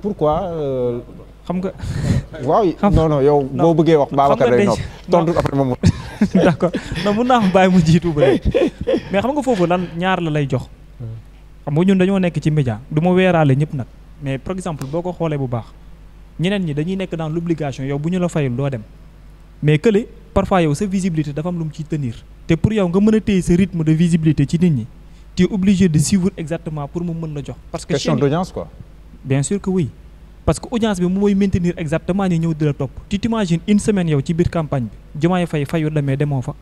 pourquoi. Euh, xam nga. waaw <laughs> non non yow boo bëggee wax Babacar lay nopp
<laughs> tontu après moom. <laughs> d' accord non mun naa bàyyi mu jiitu ba mais xam nga foofu lan ñaar la lay jox. Hmm. xam nga ñun dañoo nekk ci média du ma weeraale ñëpp nag mais par exemple boo ko xoolee bu baax ñeneen ñi dañuy nekk dans l' obligation yow bu ñu la fayul doo dem mais kële parfois yow sa visibilité dafa am lu mu tenir te pour yow nga mën a téye sa rythme de visibilité ci nit ñi. tu es de suivre exactement pour mu mën la jox. parce que question d'audience quoi. parce que audience bi mooy maintenir exactement ñu ñëw di la topp tu t'imagines une semaine yow ci biir campagne bi Diomaye Faye fayut la demoo fa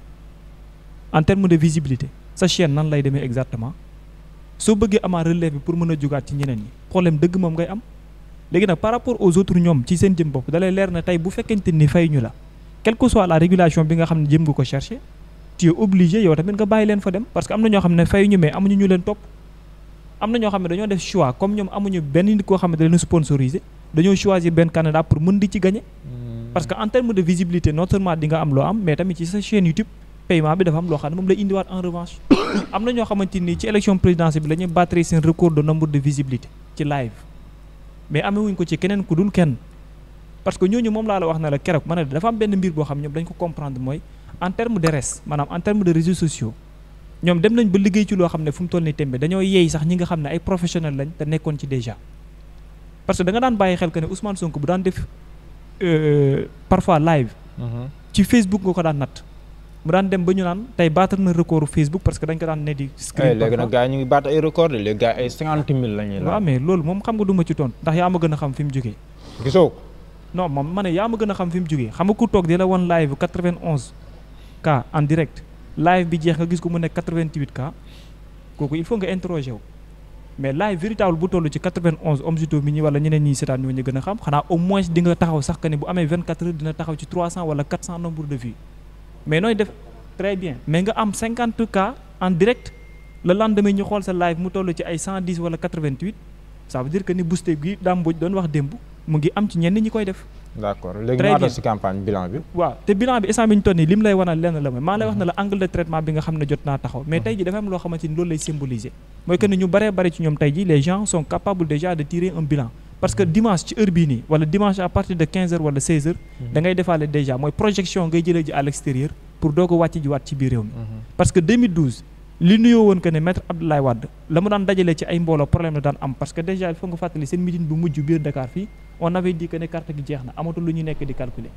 en terme de visibilité sa chaîne nan lay demee exactement soo bëggee amaa relève bi pour mën a jugaat ci ñeneen ñi problème dëgg moom ngay am léegi nag par rapport aux autres ñoom ci seen jëm bopp dalay leer na tey bu fekkente ni fay ñu la quelle que soit la régulation bi nga xam ne jëm nga ko chercher tu es obligé yow tamit leen fa dem que am na ñoo xam ne fay ñu amuñu ñu leen topp am na ñoo xam ne comme ñoom amuñu benn nit koo xam ne da dañoo choisir benn candidat pour mën di ci gagner hmm. parce que en terme de visibilité non seulement di nga am loo am mais tamit ci sa chaîne YouTube paiement bi dafa am loo xam ne moom lay indiwaat en revanche <coughs> am na ñoo xamante ni ci élection présidentielle bi la ñuy seen record de nombre de visibilité ci live mais amewuñ ko ci keneen ku dul kenn parce que ñooñu moom laa la wax na la keroog a ne dafa am benn mbir boo xam ñoom dañ ko comprendre mooy en terme de res maanaam en terme ci loo xam ne fu mu toll ni tembe dañoo yeey nga xam ne ay nekkoon ci déjà parce que da nga daan bàyyi xel que ne Ousmane Sonko bu daan def euh, parfois live. Mhm. ci Facebook nga ko daan natt. mu daan dem ba ñu naan tey battre na record Facebook parce que dañ ko daan ne di. screen eh, léegi nag gars
yi ñu ngi battre ay record de léegi gars ay cinquante mille la ñuy la
loolu moom xam nga du ci tontu ndax yaa ma gën a xam fi mu jógee. gisoo non moom ma ne yaa a gën a xam fi mu jógee xam nga ku toog di la wan live 91 cas en direct live bi jeex nga gis ko mu nekk 88 cas kooku il faut nga interroger wu. mais laay véritable bu toll ci 91 Om Siteu mi ñi wala ñeneen ñi seetaan ñoo ñu gën a xam xanaa au moins di nga taxaw sax que ni bu amee 24 heures dina taxaw ci 300 wala 400 nombre de vues mais nooy def très bien mais nga am 50 cas en direct le lendemain ñu xool sa live mu toll ci ay 110 wala 88 ça veut dire que ni booster gi Dame Mbodj doon wax démb mu ngi am ci ñenn ñi koy def.
d' campagne bilan bi.
waaw te bilan bi instant bi ñu toll nii lim lay wanal lenn la mooy maa lay wax ne la angle de traitement bi nga xam ne jot naa taxaw. mais mhm. tey jii dafa am loo xamante ni loolu lay symboliser. mooy que ñu baree bare ci ñoom tey jii les gens sont capables déjà de tirer un bilan. parce que mhm. dimanche ci heure bii nii wala dimanche à de 15h wala 16h. Mhm. da ngay defaale déjà mooy projection ngay jëlee ji à li nuyoo woon que ne maître Abdoulaye Wade la mu daan dajale ci ay mbooloo problème la daan am parce que déjà il faut nga fàttali seen meeting bu mujj biir Dakar fii on avait dit ne carte gi jeex na amatul lu ñu nekk di calculer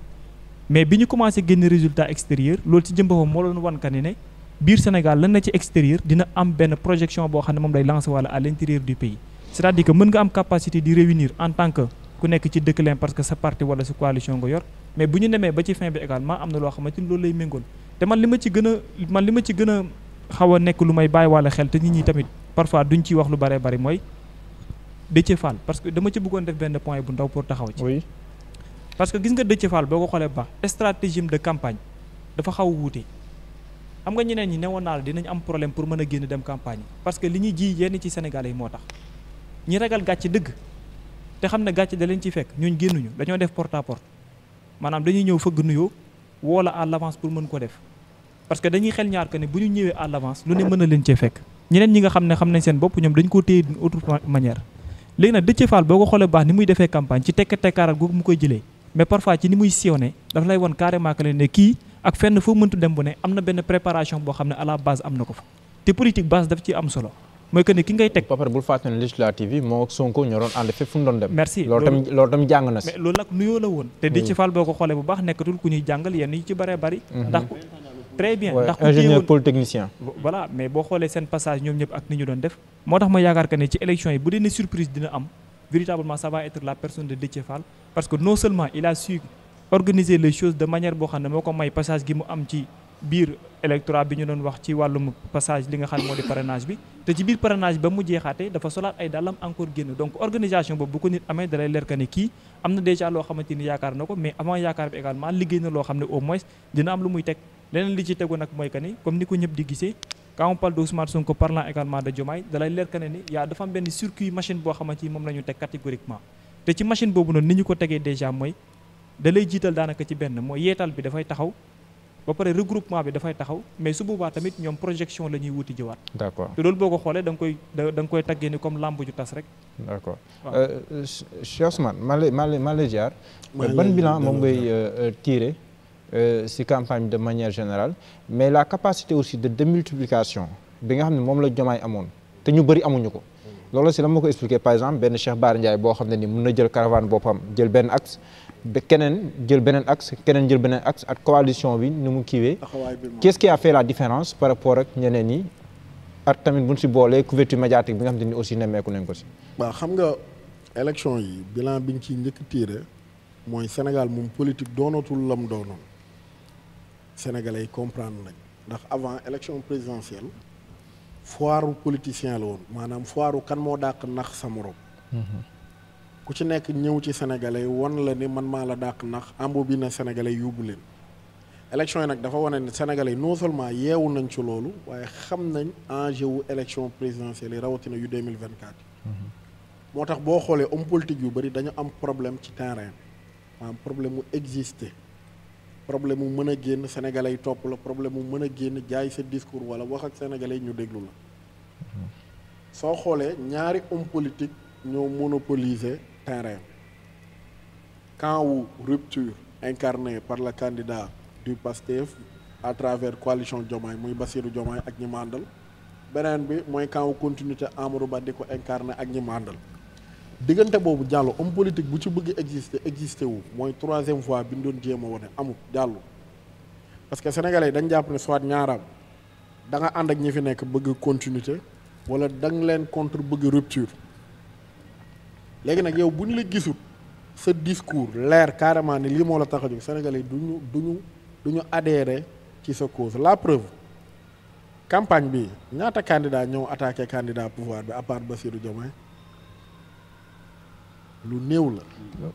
mais bi ñu commencé génn résultat extérieur loolu ci jëm moo doon wan que ne biir Sénégal lan na ci extérieur dina am benn projection boo xam ne moom lay lancer walla à l'intérieur du pays c'est-à-dire que mën nga am capacité di réunir en tant que ku a man a xaw a nekk lu may bàyyi wàlla xel te nit ñi tamit parfois duñ ciy wax lu bëree bari mooy Déthié Fall parce que dama ci buggoon def benn point bu ndaw pour taxaw ci. oui parce que gis nga Déthié Fall boo ko xoolee ba stratégie de campagne dafa xaw a wuute xam nga ñeneen ñi newoon naa la dinañ am problème pour mën a génn dem campagne parce que li ñuy jii yenn ci Sénégalais yi moo tax ñi ragal gàcce dëgg te xam ne gàcc da leen ciy fekk ñooñ génnuñu dañoo def port à maanaam dañuy ñëw fëgg nuyoo woo la l'avance pour mën ko def. parce que dañuy xel ñaar que ne bu ñu ñëwee à l'avance lu ne mën na leen cee fekk ñeneen ñi nga xam ne xam nañ seen bopp ñoom dañ ko téye d'une autre manière léegi nag Déthié Fall boo ko xoolee ne kii ak fenn foo mëntu dem bu ne te politique base daf ci am solo
mooy que ne ki ngay teg. ba pare hmm.
baax nekkatul ku ñuy jàngal yenn yi ci bëree bëri. Hmm. ndax très bien ndax ingénieur polytechnicien voilà mais boo xoolee seen passage ñoom ñëpp ak ni ñu doon def moo tax ma yaakaar que ne ci élection yi bu dee ne surprise dina am véritablement ça être la personne de Déthié Fall parce que non seulement il a organiser les choses de manière boo xam ne moo ko may passage gi mu am ci biir électorat bi ñu doon wax ci wàllum passage li nga xam moo di parrainage bi te ci biir parrainage ba mu jeexaatee dafa solaat ay dàllam encore génn am loo xamante ni yaakaar na ko mais avant yaakaar bi également liggéey na loo xam ne au moins leneen li ci tegu nag mooy que ni comme ni ko ñëpp di gisee quand on parle de Ousmane Sonko parlant également de Diomaye dalay leer que ne ni yaa dafa am benn circuit machine boo xamante ni moom la ñu teg catégoriquement te ci machine boobu noonu ni ñu ko tegee déjà mooy da jiital daanaka ci benn mooy yeetal bi dafay taxaw ba pare regroupement bi dafay taxaw mais su boobaa tamit ñoom projection la ñuy wuti jiwaat. d'accord te loolu boo ko xoolee da koy da nga koy taggee ni comme lamb ju tas rek.
d'accord euh, Cheikh Ousmane maa lay maa lay maa lay jaar. ban moom ngay euh, euh, tirer. Euh, si campagne de manière générale mais la capacité aussi de démultiplication bi nga xam ne moom la Diomaye amoon te ñu bëri amuñu ko. loolu si la moo ko expliqué par exemple benn Cheikh Bara Ndiaye boo xam ne ni mun na jël caravane boppam jël benn axe ba keneen jël beneen axe keneen jël beneen ak coalition bi ni mu kiiwee. qu'est-ce qui a fait la différence par rapport ak ñeneen yi ak tamit bu si boolee couverture médiatique bi nga xam ne ni aussi nemmeeku nañ ko si.
waaw xa nga élection yi bilan bi ñu ciy njëkk tiire mooy Sénégal moom politique doonatul lam doonoon. sénégalais yi comprendre nañ ndax avant élection présidentielle foiru politicien la woon maanaam foiru kan moo dàq nax sa morom. Mhm. ku ci nekk ñëw ci sénégalais yi wan la ni man maa la dàq nax embobiner na sénégalais yóbbu leen. élection yi nag dafa wane ne sénégalais non seulement yeewu nañ ci loolu waaye xam nañ enjeu wu élection présidentielle yi rawatina yu 2024. Mhm. moo tax boo xoolee homme politique yu bëri dañu am problème ci terrain maanaam problème mu exister. problème mu mën a génn sénégalais yi topp la problème mu mën a génn jaay sa discours wala wax ak sénégalais yi ñu déglu la soo xoolee ñaari homme politique ñoo monopoliser terrain camp wu rupture incarné par le candidat du PASTEF à travers coalition Diomaye muy basiru Diomaye ak ñi màndal beneen bi mooy camp wu continuité Amadou Ba ko incarné ak ñi màndal diggante boobu Diallo om politique bu ci bëgg exister exister wu mooy troisième fois bi ñu doon jéem a wane amul Diallo parce que sénégalais dañ jàpp ne soit ñaaraam danga ànd ak ñi fi nekk bëgg continuité wala da nga leen contre bëgg rupture léegi nag yow bu ñu la gisul sa discours leer carrément ne lii moo la tax a jóg du ñu du ñu du ñu adhéré ci sa cause la preuve campagne bi ñaata candidat ñëw attaqué candidat pouvoir bi à part Bassirou Diomaye lu néew la.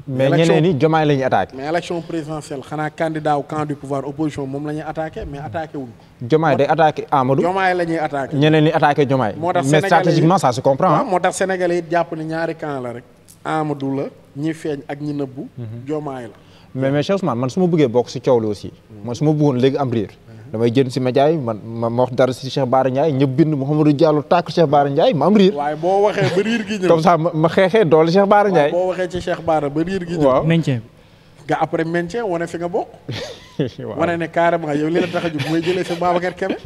mais ñeneen ñi jomaay la ñuy attaqué.
mais élection présidentielle xanaa candidat wu camp du pouvoir opposition moom la ñuy attaqué mais attaqué wuñ
ko. jomaay day attaqué Amadou. jomaay la ñuy attaqué ñeneen ñi attaqué jomaay. moo tax mais stratégiquement ça se comprend.
moo tax sénégalais yi jàpp ne ñaari camp la rek. Amadou la ñi feeñ ak ñi nëbbu. Mhm. jomaay la.
mais mais Cheikh man su ma bëggee bokk si coow li aussi. man su ma bëggoon léegi am riir. damay jën si ma jaay man ma wax dara si Cheikh Bara Ndiaye ñëpp bind Mouhamadou
Diallo tàkk Cheikh
Bara Ndiaye ma am riir.
waaye boo waxee ba riir gi ñëw comme ça ma
xeexee doole Cheikh Bara Ndiaye.
boo waxee ci Cheikh Bara ba riir gi ñëw. waaw maintien nga après maintien wane fi nga bokk.
<laughs> waaw wane
ne carrément mooy jëlee fi Babacar Kébé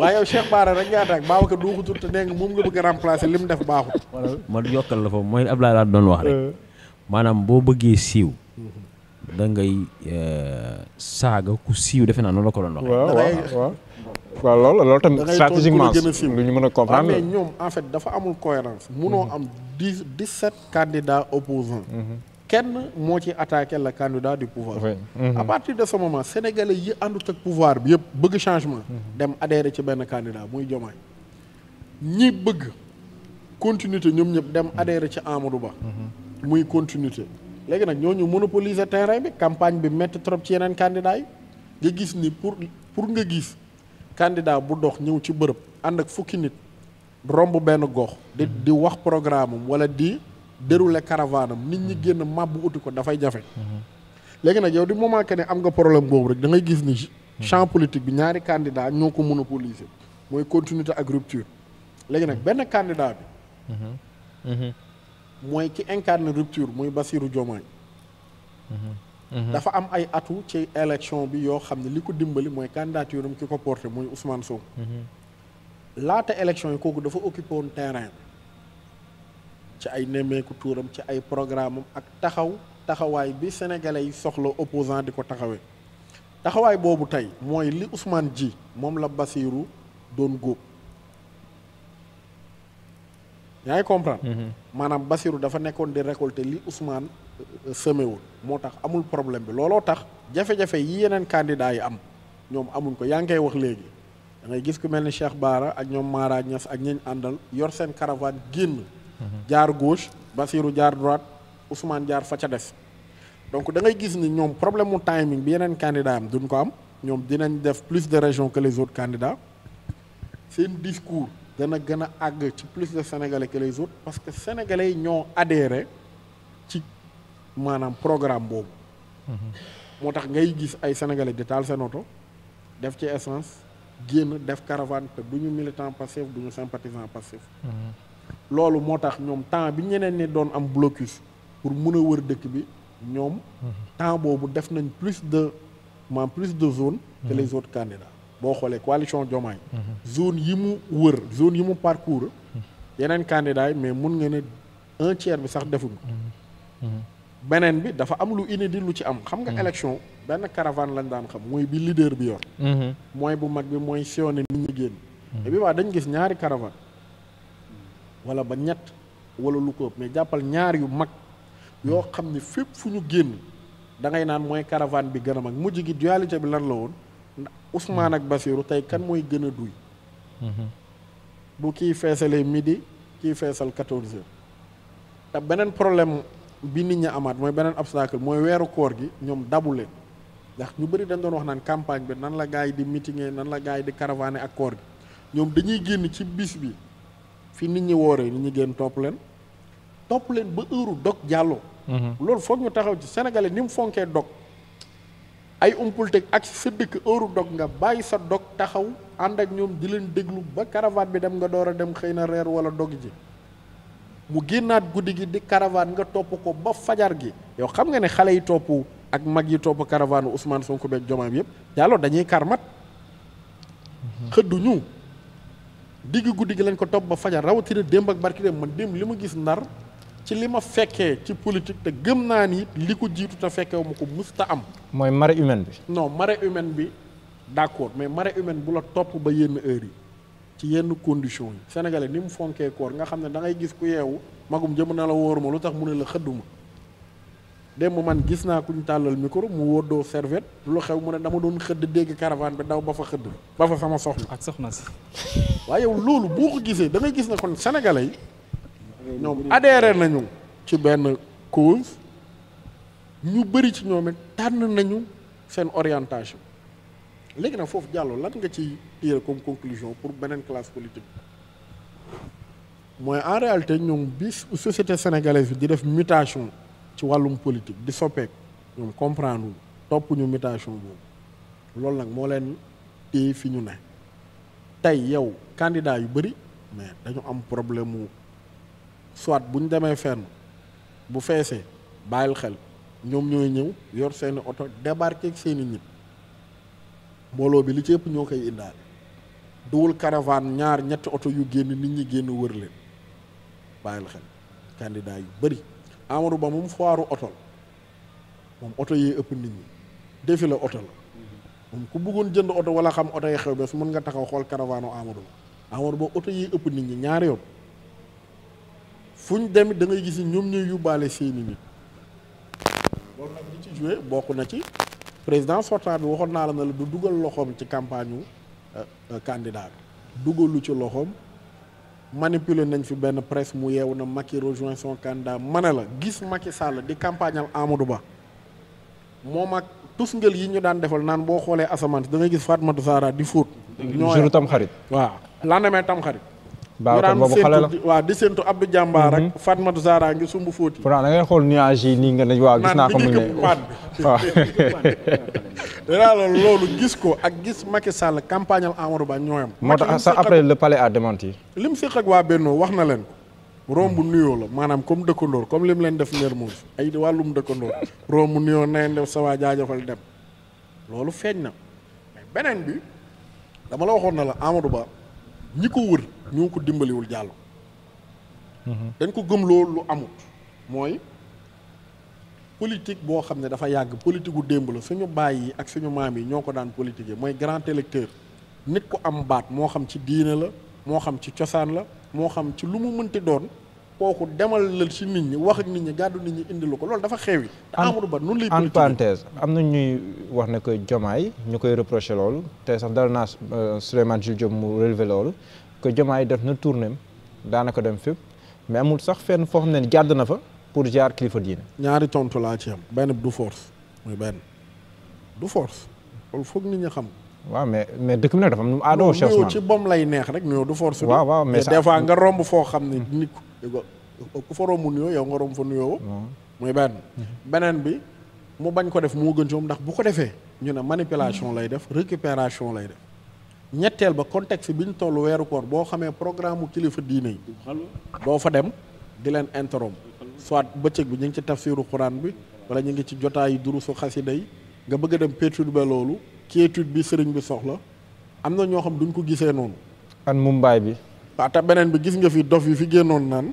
waaye yow Cheikh Bara rek nga attaque Babacar doo ko tur te nee nga moom nga bëgg a remplacer li mu baaxut.
man yokkal la foofu mooy Abdoulaye laa doon wax rek euh. maanaam boo bëggee siiw da ngay eh, saaga ku siiw defe naa noonu la ko doon
waxee. waaw waaw loolu loolu tamit stratégiquement lu ñu mën a comprendre mais
ñoom en fait dafa amul cohérence munoo mhm. am dix dix sept candidats opposants mhm. kenn moo ci attaqué le candidat du pouvoir mhm. à partir de ce moment sénégalais yi àndut ak pouvoir bi yëpp bëgg changement dem adhéré ci benn candidat muy Diomaye ñi bëgg continuité ñoom ñëpp dem adhéré ci Amadou Ba muy continuité léegi nag ñooñu monopoliser terrain bi campagne bi métti trop ci yeneen candidats yi nga gis ni pour pour nga gis candidat bu dox ñëw ci bërëb ànd ak fukki nit romb benn gox di mm-hmm. di wax programme am wala di dérouler caravane nit ñi génn màbb uti ko dafay jafe mm-hmm. léegi nag yow di moment que ne am nga problème boobu rek da ngay gis ni mm-hmm. champ politique bi ñaari candidat ñoo ko monopoliser mooy continuité ak rupture léegi nag benn candidat
bi
mooy ki incarne rupture muy Bassirou Diomaye
mm-hmm. Mm-hmm. dafa
am ay atu ci élection bi yoo xam ne li ko dimbali mooy candidature am ki ko porté muy Ousmane Sonko.
Mm-hmm.
laata élection yi kooku dafa occupé woon terrain ci ay nemmeeku tuuram ci ay programme ak taxaw taxawaay bi sénégalais yi soxla opposant di ko taxawee taxawaay boobu tey mooy li Ousmane ji moom la Bassirou doon góob yaa ngi comprendre. maanaam Basirou dafa nekkoon di récolter li Ousmane euh, semé woon moo tax amul problème bi looloo tax jafe-jafe yi yeneen candidats yi am ñoom amuñ ko yaa ngi koy wax léegi da ngay gis ku mel ni Cheikh baara ak ñoom Mara ñas ak ñiñ àndal yor seen caravane génn. jaar gauche Basirou jaar droite Ousmane jaar fa ca des. donc da ngay gis ni ñoom problème mu timing bi yeneen candidats am duñ ko am ñoom dinañ def plus de région que les autres candidats seen discours. dana gën a àgg ci plus de sénégalais que les parce que sénégalais yi ñoo adhéré ci maanaam programme boobu. Mhm. moo tax ngay gis ay sénégalais di taal seen oto def ci essence génn def caravane te du ñu militant passif du ñu sympathisant passif. Mhm. loolu moo tax ñoom temps bi ñeneen ñi doon am blocus pour mën a wër dëkk bi ñoom. Mhm. temps boobu def nañ plus de maanaam plus de zone que les autres candidats. boo xoolee coalition Diomaye mhm. zone yi mu wër zone yi mu parcours mhm. yeneen candidat mais mun nga ne un tiers bi sax defuñu mhm. beneen bi dafa am lu inédit lu ci am xam nga élection benn caravane lañ daan xam mooy bi leader bi yor mooy bu mag bi mooy sillonné nit ñi génn bi waa dañ gis ñaari caravane wala ba ñett wala lu ko mais jàppal ñaar yu mag yoo xam ni fépp fu ñu génn dangay naan mooy caravane bi gën a mag mujj gi dualité bi lan la woon Ousmane ak Basiru tey kan mooy gën a duy mhm. bu kii feesalee midi kii feesal quatorze heures beneen problème bi nit ñi amaat mooy beneen obstacle mooy weeru koor gi ñoom dabu leen ndax ñu bari dañ doon wax naan campagne bi nan la gars yi di meetinge nan la gars yi di caravane ak koor gi ñoom dañuy génn ci bis bi fi nit ñi wooree nit ñi génn topp leen topp leen ba heure dog jàlloo mhm. loolu foog ñu taxaw ci sénégalais ni mu fonkee dog ay umpulteg ak sa dëkk heure dog nga bàyyi sa dog taxaw ànd ak ñoom di leen déglu ba caravane bi dem nga door a dem xëy na reer wala dog ji mu génnaat guddi gi di caravane nga topp ko ba fajar gi yow xam nga ne xale yi topp ak mag yi topp caravane Ousmane Sonko beeg jomaam yëpp yàlla dañuy karmat mhm. xëdduñu digg guddi gi lañ ko topp ba fajar rawatina démb ak barki dem ma démb li ma gis ndar ci li ma fekkee ci politique te gëm naa ni li ko jiitu te fekkewu ma ko musta am.
mooy marée humaine bi.
non marée humaine bi d'accord mais marée humaine bu la topp ba yenn heure yi ci yenn condition yi. sénégalais ni mu fonkee koor nga xam ne dangay gis ku yeewu magum jëm na la wóoruma lu tax mu ne la xëdduma démb man gis naa ko ñu tàllal micro mu woddoo servette lu xew mu ne dama doon xëdd dégg caravane bi daw ba fa xëdd ba fa sama soxna. ak soxna si. waaye yow loolu boo ko gisee da gis ne kon sénégalais yi. ñoom adhéré nañu ci benn cause ñu bëri ci ñoom it tànn nañu seen orientation léegi nag foofu jàllo lan nga ci tirer comme conclusion pour beneen classe politique mooy en réalité ñoom bi société sénégalaise bi di def mutation ci wàllum politique di soppeeku ñoom comprendre topp ñu mutation boobu loolu nag moo leen téye fi ñu ne tey yow candidat yu bëri mais dañu am problème mu soit bu ñu demee fenn bu feesee bàyyil xel ñoom ñooy ñëw yor seeni oto débarquer ak seeni nit mbooloo bi li ci ëpp ñoo koy indaale duwul caravane ñaar ñetti oto yu génn nit ñi génn wër leen bàyyil xel candidat yu bëri Amadou Ba moom foiru oto la moom oto yi ëpp nit ñi défilé oto la moom ku buggoon jënd oto wala xam oto yi xew bés mën nga taxaw xool caravane Amadou Ba Amadou Ba oto yi ëpp nit ñi ñaari yoon fu ñu demit dangay ngay gis ni ñoom ñooy yóbbaale seeni nit loolu nag li ci joué bokk na ci président sortant bi waxoon naa la ne la du dugal loxoom ci campagne wu euh, euh, candidat bi dugalu ci loxoom manipuler nañ fi benn presse mu yeewu na Macky rejoint son candidat ma la gis Macky Sall di campagnal Amadou Ba moom ak tusngel yi ñu daan defal naan boo xoolee asamaan da ngay gis Fatmatou Sara di fóot. ñoo jour waaw lendemain tam xarit.
Babacar boobu xale la
waaw di séntu Abdou Diambar ak mhm. Fatmatou ngi sumb fóoti
pourtant da ngay xool nuage nga ne waaw gis naa ko <laughs> <laughs>
loolu gis ko ak gis Macky Sall campagne al Amadou Ba ñooyam moo tax sax après le pale a démenti li mu séq ak waa Bennoo wax na leen ko romb nuyoo la maanaam comme dëkkandoor comme li leen def nër moom ay wàllum dëkkandoor romb nuyoo na leen def sa waa dem loolu feeñ na beneen bi dama la waxoon na la Amadou Ba ñi ko wër ñoo ko dimbaliwul jàll. Mhm. dañ ko gëm loolu lu amut mooy politique boo xam ne dafa yàgg politique gu démb la suñu bàyyi ak suñu maam yi ñoo ko daan politique mooy grand électeur nit ku am baat moo xam ci diine la moo xam ci cosaan la moo xam ci lu mu mënti doon kooku demal la ci nit ñi wax ak nit ñi gàddu nit ñi indilu ko loolu dafa xewi. Amadou Ba noonu lay. en parenthèse
am na ñuy wax ne que Diomaye ñu koy reproché loolu te sax dal naa euh, Souleymane Jules Diop mu relevé loolu que Diomaye def na tournéem daanaka dem fépp mais amul sax fenn foo xam ne jàdd na fa pour jar kilifa diine.
ñaari tontu laa ci am benn du force muy benn du force loolu foog nit ñi xam. waaw mais mais dëkk bi nag dafa mu aadoo. chef lay neex rek nuyoo du force. mais des fois nga romb xam ne ku fa romb nuyoo yow nga romb fa nuyoo. muy benn. Mhm. beneen bi mu bañ ko def mu gën ci ndax bu ko defee ñu ne manipulation lay def récupération lay def ñetteel ba contexte bi ñu toll weeru koor boo xamee programme mu kilifa diine yi. doo fa dem di leen interrompre. soit bëccëg bi ñu ngi ci tafsiru xuraan bi wala ñu ngi ci jotaayu durusu xasida yi nga bëgg a dem ba loolu. quiétude bi sëriñ bi soxla am na ñoo xam duñ ko gisee noonu. an mumbaay bi. waaw te beneen bi gis nga fi dof yi fi génnoon naan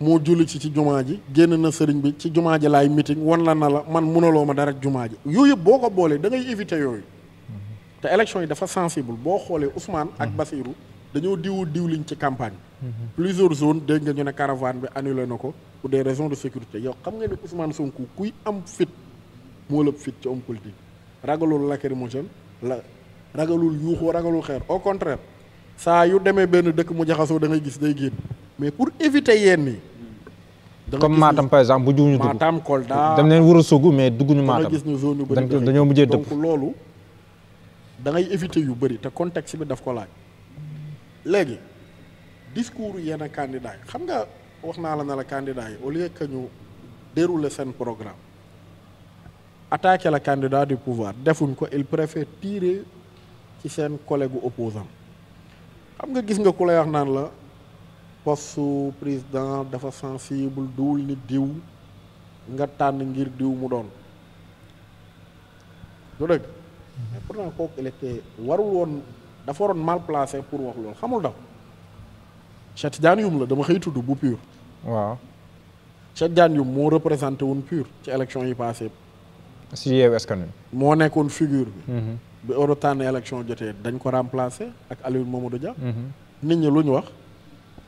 moo julli ci ci jumaa ji génn na sëriñ bi ci jumaa ji lay meeting wan la na la man munaloo ma dara jumaa ji yooyu yëpp boo ko boolee da ngay éviter yooyu mhm. te élection yi dafa sensible boo xoolee Ousmane ak mhm. Bassirou dañoo diwu diwliñ ci campagne mhm. plusieurs zones dégg nga ñu ne caravane bi annulé na ko pour des raisons de sécurité yow xam nga ne Ousmane Sonko kuy am fit moo lëpp fit ci homme politique ragalul lacrymogène la ragalul yuuxoo ragalul xeer au contraire saa yu demee benn dëkk mu jaxasoo da ngay gis day génn mais pour éviter yenn yi. da comme Matam par exemple bu juw ñu dugg Matam Kolda dem leen
Ourossogui mais dugguñu Matam gis ñu zone yu bëri dañoo mujjee dëpp
donc loolu da ngay éviter yu bëri te contexte bi daf ko laaj léegi discours yenn candidat yi xam nga wax naa la ne la candidat yi au lieu que ñu dérouler seen programme attaquer la candidat du pouvoir defuñ ko il préfère tirer ci seen collègue opposant xam nga gis nga ku lay naan la poste président dafa sensible duwul ni diw nga tànn ngir diw mu doon du dëgg mais pourtant kooku woon dafa waroon mal placé pour wax loolu xamul daw Cheikh Tidiane Youm la dama xëy tudd bu pur waaw Cheikh Tidiane Youm moo représenté woon pur ci élection yi passé si Yewwi Askan Wi moo nekkoon figure bi mm-hmm. bi Eurotan élection jotee dañ ko remplacer ak Aliou Mamadou Dia. Mhm. nit ñi lu ñu wax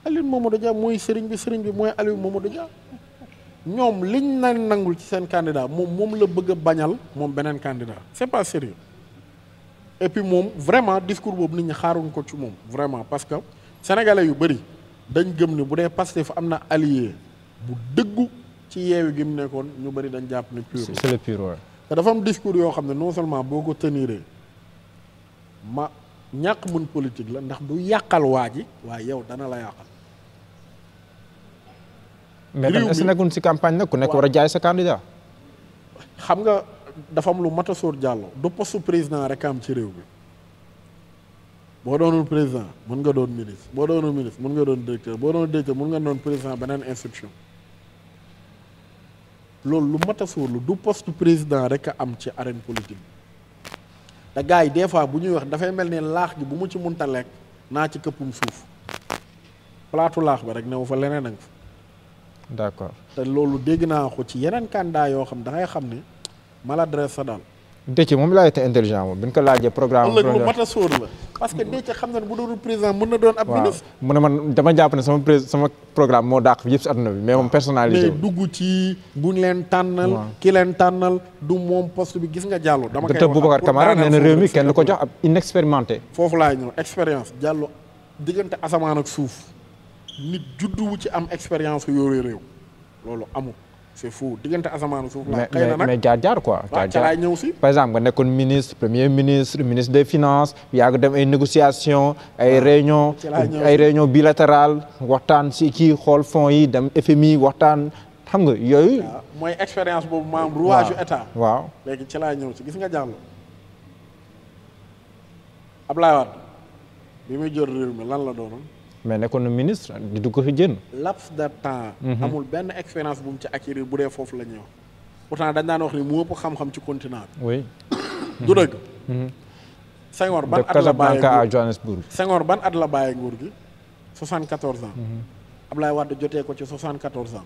Aliou Mamadou Dia mooy sëriñ bi sëriñ bi mooy Aliou Mamadou Dia. ñoom liñ na nangul ci seen candidat moom moom la bëgg a bañal moom beneen candidat c'est pas sérieux et moom vraiment discours boobu nit ñi xaaruñ ko ci moom vraiment parce que sénégalais yu bëri dañ gëm ni bu dee Pastef am na allié bu dëggu ci yeewi gi mu nekkoon ñu bari dañ jàpp ne pur c'est le
te
dafa am discours yoo xam ne non seulement boo ko teniree ma ñàkk mën politique la ndax du yàqal waa ji waaye yow dana la yàqal. mais tamit est-ce nekkul
si campagne nag ku nekk war a jaay sa candidat.
xam nga dafa am lu mat a sóor jàllo du postu président rek am ci réew bi boo doonul président mun nga doon ministre boo doonul ministre mën nga doon directeur boo doon directeur mun nga doon président beneen institution loolu lu mat a sóor lu du postu président rek a am ci arène politique. te gars yi des fois bu ñuy wax dafay mel ne laax bi bu mu ci munta lekk naa ci këppum suuf plaatu laax ba rek new fa leneen a nga fa. d'accord te loolu dégg naa ko ci yeneen kàndaay yoo xam da ngay xam ne maladresse sa daal.
Déthié moom laa été intelligent moom bi ñu ko laajee programme. ëllëg
que Déthié xam na ne na doon ab ministre.
mu ne dama jàpp ne sama prés sama programme moo dàq yëpp si adduna bi mais moom personnalité. mais
dugg ci buñ leen tànnal. ki leen tànnal du moom post bi gis nga Diallo. dama koy wax pour Boubacar Camara réew mi kenn
ko jox ab inexpérimenté.
foofu laa ñëw expérience Diallo diggante asamaan ak suuf nit juddu wu ci am expérience yore réew loolu amul. c'est fou diggante asamaan suuf la. xëy na nag mais
jaar jaar quoi. jaar jaar ñëw par exemple nga nekkoon ministre premier ministre ministre des finances yaa ngi dem ay négociations ay réunions. ay réunions bilatérales waxtaan si kii xool fonds yi dem FMI waxtaan xam nga yooyu.
mooy expérience boobu maam rouage yu état. waaw léegi ci laa ñëw si gis nga jàll. Ablaye Wade bi muy jël réew mi lan la doonoon.
mais nekkoon na ministre di dugg fi génn.
laps de temps. Mhm. amul benn expérience bu mu ci acquérir bu dee foofu la ñëw. pourtant dañ daan wax ni mu ëpp xam-xam ci continent bi. oui.
<coughs> du dëgg. Mhm. Senghor ban at la bàyyee
ban at la nguur gi. 74 ans. Mhm. Ablaye Wade jotee ko ci 74 ans.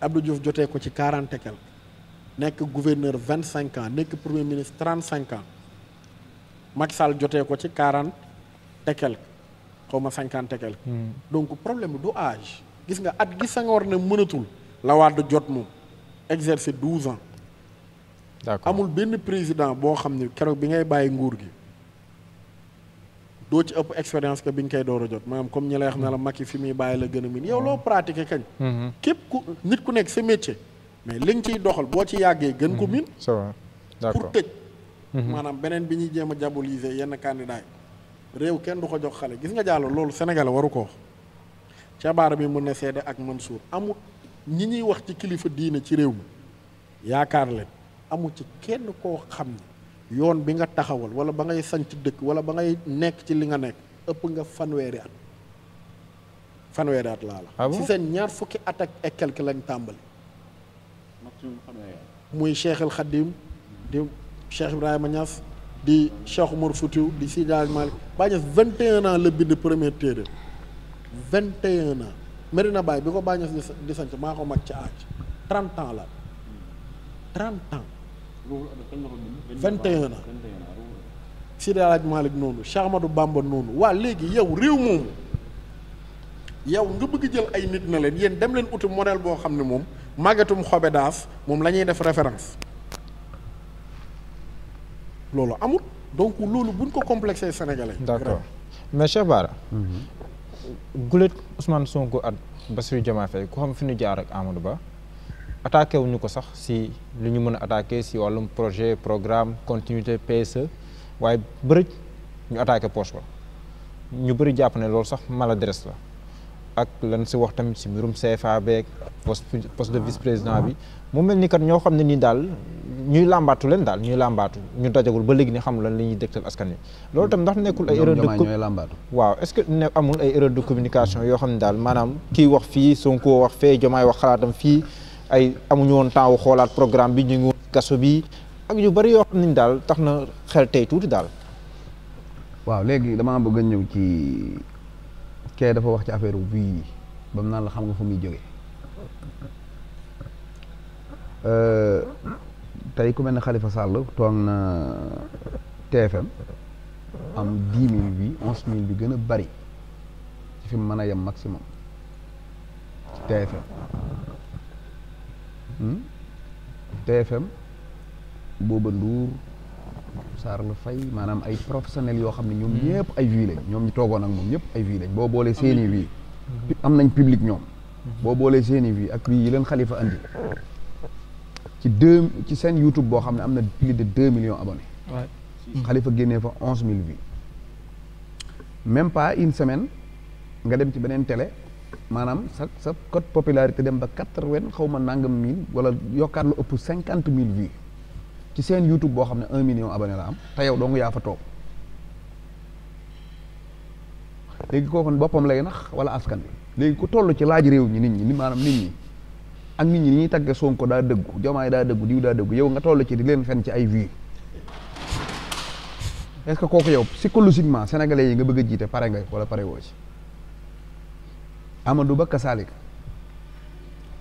Abdou Diouf jotee ko ci 40 et quelque. nekk gouverneur 25 ans nekk premier ministre 35 ans. Macky Sall jotee ko ci 40 et quelque. xaw ma cinquante quelque hmm. donc problème du âge gis nga at gi Senghor ne mënatul la Wade jot moom exercer douze ans d'accord amul benn président boo xam ni keroog bi ngay bàyyi nguur gi doo ci ëpp expérience que bi nga koy door a jot maanaam comme ñi lay wax ne la hmm. Macky fi muy bàyyi la gën a miin yow hmm. loo pratiqué kañ képp ku nit ku nekk si métier mais li nga ciy doxal boo ci yàggee gën ko miin c'est vrai d'accord pour tëj maanaam beneen bi ñuy jéem a diaboliser yenn candidats yi réew kenn du ko jox xale gis nga jàll loolu Sénégal waru ko cabaar bi mën na seede ak Mansour amut ñi ñuy wax ci kilifa diine ci réew mi yaakaar leen amu ci kenn koo xam ne yoon bi nga taxawal wala ba ngay sanc dëkk wala ba ngay nekk ci li nga nekk ëpp nga fanweeri at fanweeri at laa la ah si seen ñaar fukki at ak et quelque lañ tàmbali muy Cheikh El Khadim di Cheikh Ibrahima Niass di Cheikh Omar Foutiou di Sidi Hadj Malick Baye Niass 21 ans la bind premier téere 21 ans Medina Baye bi ko Baye Niass di sant maa ko mag ci aaj 30 ans la trent ans. 21 ans Sidi Hadj Malick noonu Cheikh Ahmadou Bamba noonu waa léegi yow réew moomu yow nga bëgg jël ay nit na leen yéen dem leen uti modèle boo xam ne moom màggatum xobe moom la ñuy def référence. loolu amul donc loolu buñ ko complexé sénégalais. d'accord mais Cheikh Bara.
Mhm.
Goulet Ousmane Sonko ak Bassirou Diomaye Faye ku xam fi ñu jaar ak Amadou Ba attaqué wuñu ko sax si lu ñu mën a attaqué si wàllum projet programme continuité PSE waaye bëri ñu attaqué poche ba ñu bëri jàpp ne loolu sax maladresse la ak lan si wax tamit si mbirum CFA beeg poste poste de vice président bi. mu mel ni kat ñoo xam ne nii daal ñuy làmbaatu leen daal ñuy làmbaatu ñu dajagul ba léegi ni xamul lan li ñuy dégtal askan wi loolu tam ndax nekkul ay erreur de waaw est-ce que ne amul ay erreur de communication yoo xam ne daal maanaam kii wax fii Sonko wax fee Jomaay wax xalaatam fii ay amuñu woon temps xoolaat programme bi ñu ngi woon kaso bi ak yu bari yoo xam ne daal tax na
xel tey tuuti daal waaw léegi damaa bëgg ñëw ci kee dafa wax ci affaire bi ba mu naan la xam nga fu muy jóge Euh, tey ku mel ne Khalifa Sall toog na TFM am dix mille bi onze mille bi gën a bari ci fi mu mën a yem maximum ci TFM hmm? TFM booba Ndour Sarr la fay maanaam ay professionnels yoo xam ne ñoom hmm. ñëpp ay vie lañ ñoom ñu toogoon ak moom ñëpp ay vie lañ boo boolee seeni vie hmm. am nañ public ñoom boo boolee seeni vie ak yi leen Khalifa andi ci deux ci seen YouTube boo xam ne am na plus de deux millions abonnés. Khalifa génnee fa onze mille vues. même pas une semaine nga dem ci beneen tele maanaam sa sa code popularité dem ba quatre-vingt xaw ma nangam mille wala yokkaat lu ëpp cinquante mille vues ci seen YouTube boo xam ne un million abonnés la am te yow dong yaa fa toog léegi kooku boppam lay nax wala askan bi léegi ku toll ci laaj réew ñi nit ñi maanaam nit ñi. ak nit ñi ñuy tagge Sonko daa dëggu Diomaye daa dëggu diw daa dëggu yow nga toll ci di leen fen ci ay vues est que kooku yow psychologiquement sénégalais yi nga bëgg a jiite pare nga wala pare woo ci Amadou Ba kasaalika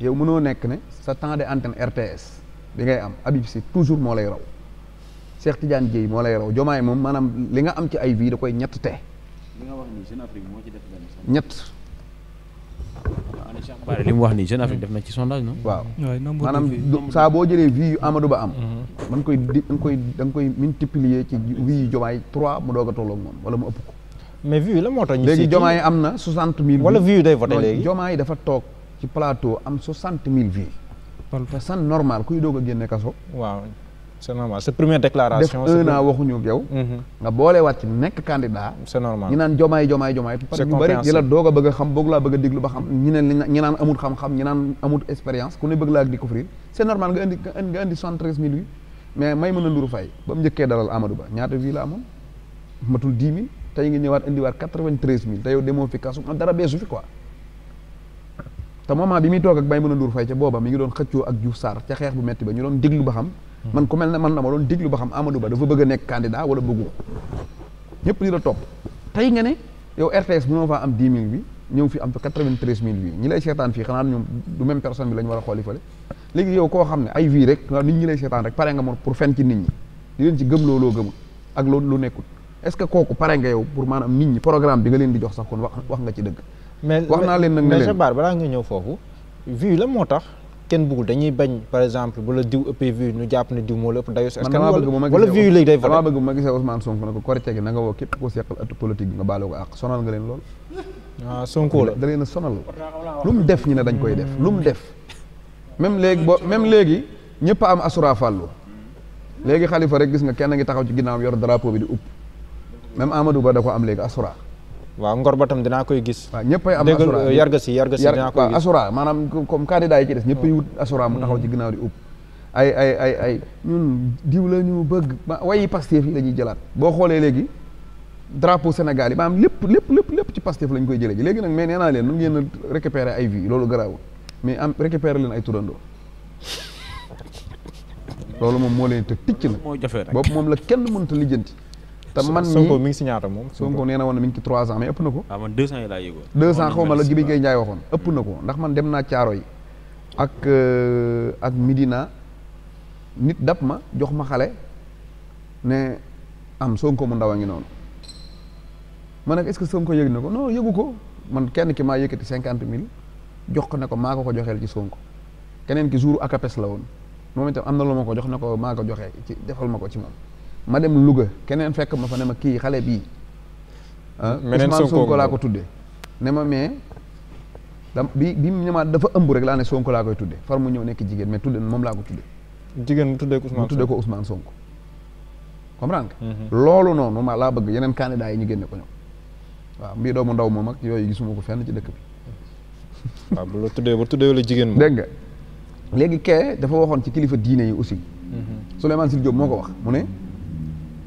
yow mënoo nekk ne sa temps de antenne RTS bi ngay am Habib toujours moo lay raw Cheikh Tidiane Dièye moo lay raw Diomaye moom maanaam li nga am ci ay vues da koy ñett te. li nga wax nii Jeune moo ci def ñett.
li mu wax nii Jeune Afrique
def na ci sondage non. waaw
maanaam
saa boo jëlee vie yu Amadou Ba am. Mhm. man koy di da koy da koy multiplier ci vie yu Jomaay 3 mu doog a tolloog moom wala mu ëpp ko. mais vie la moo léegi Jomaay am na 60 000. wala vie day voté léegi Jomaay dafa toog ci plateau am 60 000 vie. par te san normal kuy doog a génne kaso. waaw. c'est normal sa première déclaration. def un an waxuñu ak yow. Mhm. nga c'est normal a a xam boog laa bëgg a déglu ba naan amut xam-xam ñi naan ku nga indi nga mais may mën a nduru fay ba mu njëkkee dalal Amadou Ba ñaata vie la amoon matul dix mille tey nga ñëwaat indiwaat quatre vingt treize mille te yow demoo fi kasu dara beesu fi quoi. te moment bi muy toog ak Baye Mën a Ndour Faye ca booba mi ngi doon xëccoo ak Diouf Sarr ca xeex bu metti ba ñu doon déglu ba xam man ku mel ne man na ma doon diglu ba xam Amadou Ba dafa bëgg a nekk candidat wala bëggu ñëpp di la topp tey nga ne yow RTS mënoo faa am 10 000 bi ñëw fi am fa 93 bi seetaan fii xanaa ñoom du la ñu war a xooli fële léegi yow koo xam ne ay vie rek nit ñi lay seetaan rek pare nga moom pour fen ci nit ñi di leen ci gëm looloo gëmul ak loolu lu nekkul est-ce que kooku pare nga yow pour maanaam nit ñi programme bi nga leen di jox sax kon wax wax nga ci dëgg. wax naa leen nag ne leen mais mais
balaa nga ñëw foofu vie la moo tax. kenn bëggul dañuy bañ par exemple bu la diw ëppee vue ñu jàpp ne diw moo la ëpp dayos wala vue léegi day damaa bëgg
bu ma gisee Ousmane Sonko ne ko korite gi na nga woo képp ko seqal ah, a
lu mu def ñu ne dañ koy def
lu mu def même léegi bo même léegi ñëpp am asura fàllu léegi xalifa rek gis nga kenn ngi taxaw ci ginnaaw yor drapeau bi di upp même Amadou Ba da ko am léegi asura waaw ngor ba koy gis. waaw ñëppay am assurance dégg yarga si koy gis assurance maanaam comme candidat yi ci des ñëppay wut assurance mu taxaw ci ginnaaw di upp ay ay ay ñun diw la ñu bëgg ma wayi Pastef yi la ñuy jëlaat boo xoolee léegi drapeau Sénégal yi am lépp lépp lépp lépp ci Pastef la ñu koy jëlee ji léegi nag mais nee naa leen mën ngeen a loolu garaawul mais am récupérer leen ay turandoo
<laughs>
loolu moom moo leen te ticc na boobu moom la kenn mënut lijjanti
te man mii Sonko mi ngi
si ñaata moom. Sonko nee na woon mi ngi ci trois ans mais ëpp na ko. waaw ah, man deux ans yi ëpp na ko ndax man dem naa caaro yi ak euh, Midina nit dab ma jox ma xale ne am Sonko mu ndaw a ngi noonu ma ne est-ce Sonko yëg na ko non yëgu ko man kenn ki maa yëkkati cinquante mille jox ko ne ko maa ko ko joxeel ci Sonko keneen ki jour akapes la woon moom itam am na lu ma ko jox ne ko maa ko joxee ci defal ma ko ci man ma dem Louga keneen fekk ma fa ne ma kii xale bii. Ah, meneen Ousmane Sonko laa ko tuddee. ne ma mais dam bi bi mu ñëwaat dafa ëmb rek laa ne Sonko laa koy tuddee far mu ñëw nekk jigéen mais tuddee moom laa ko tuddee. jigéen mu tuddee ko Ousmane Sonko Sonko. comprendre nga. Mhm. loolu noonu ma laa bëgg yeneen candidat yi ñu génne ko ñoom. waaw mbii doomu ndaw moom ak yooyu gisuma ko fenn ci dëkk bi. <laughs> waaw bu la tuddee ba tuddee la jigéen moom. dégg nga léegi kee dafa waxoon ci kilifa diine yi aussi.
Mhm.
Souleymane si Diop moo ko wax mu ne.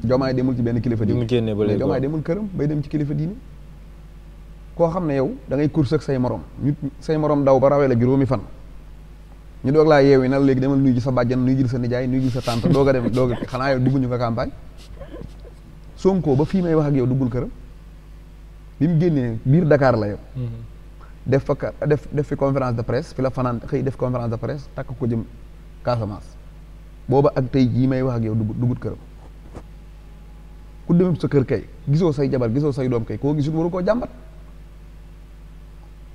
jomaay demul ci benn kilifa diine mais jomaay demul këram bay dem ci kilifa diine koo xam ne yow da ngay course ak say moroom ñu say morom daw ba rawee la juróomi fan ñu doog laa yeewi na léegi demal nuyu sa bàjjan nuyu ji sa nijaay nuyu ji sa tante doog a dem doog a xanaa yow dugguñu nga campagne Sonko ba fii may wax ak yow duggul këram bi mu génnee biir dakaar la yow mhm. def fa def fi conférence de presse fi la fanaan xëy def conférence de presse takk ko jëm Casamance booba ak tey jii may wax ak yow dugg ku demee sa kër kay gisoo say jabar gisoo say doom kay koo gisul waru koo jàmbat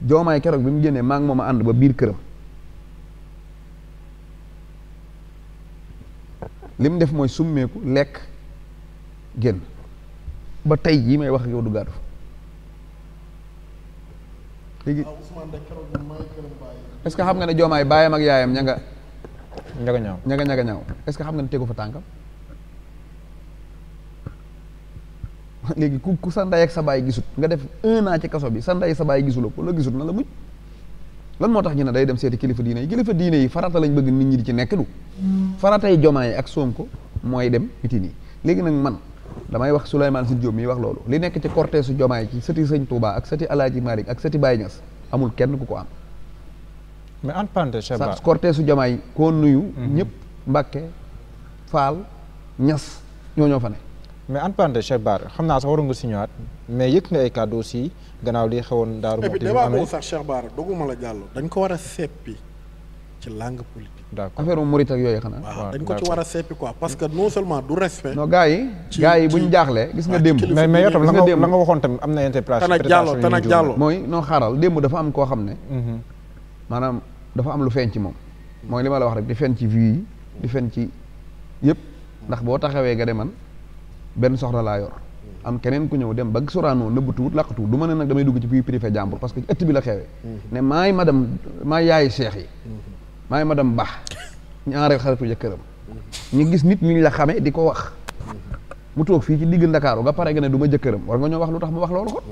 joomaay keroog bi mu génnee maa ngi moom ànd ba biir këram li def mooy summeeku lekk génn ba tey jii may wax ak yow du gaadu léegi ah,
est-ce que xam nga ne joomaay
baayam ak yaayam ña nga ñaga ñaaw ña nga ñaga ñaaw est que xam nga ne tegu fa tànkam <laughs> léegi ku ku sa ndey ak sa baay gisut nga def un ci kaso bi sa ndey sa baay gisuloo ko la gisut na la muñ lan moo tax ñu ne day dem seeti kilifa diine yi kilifa diine yi farata lañ bëgg nit ñi di ci nekk du faratay jomaay ak Sonko mooy dem mitin yi léegi nag man damay wax Souleymane Sy Diop mi wax loolu li nekk ci cortège su jomaay ci sëti sëñ Touba ak sëti Alaaji Malick ak sëti Baye Niass amul kenn ku ko am
mais en parenthèse sax
cortège su jomaay koo nuyu mhm. ñëpp Mbàkke Faal Niass ñoo ñoo
mais en parlant de Cheikh Bara xam naa sax waroon nga si ñëwaat mais yëg na ay kàddu aussi gannaaw li xewoon
Daaru Muxti. bi débat
boobu ko war a ci langue politique.
d' accord affaire yooyu xanaa. waaw dañ ko ci a
seppi quoi parce que non seulement du respect. non gars yi gars yi bu ñu jaaxlee. gis nga démb mais mais yow nga
waxoon tamit am na interpellation.
interpellation yu ñu
mooy
non xaaral démb dafa am koo xam ne. Mhm. maanaam dafa am lu feeñ ci moom. mooy li ma la wax rek di feeñ ci vues yi di fen ci yëpp ndax boo taxawee nga de man benn soxna laa yor am keneen ku ñëw dem ba soraanoo nëbbatuwut laqatuwut du ma ne nag damay dugg ci biir privé jàmbur parce que ëtt bi la xewee mhm. ne ma madame maay yaayi seex yi
mhm.
ma dem Ba <laughs> ñaaree xaritu jëkkëram mhm. ñu gis nit ñu la xame di ko wax mu toog fii ci digg ndakaaru nga pare ga ne du ma jëkkëram war nga ñoo wax lu tax mu wax loolu ko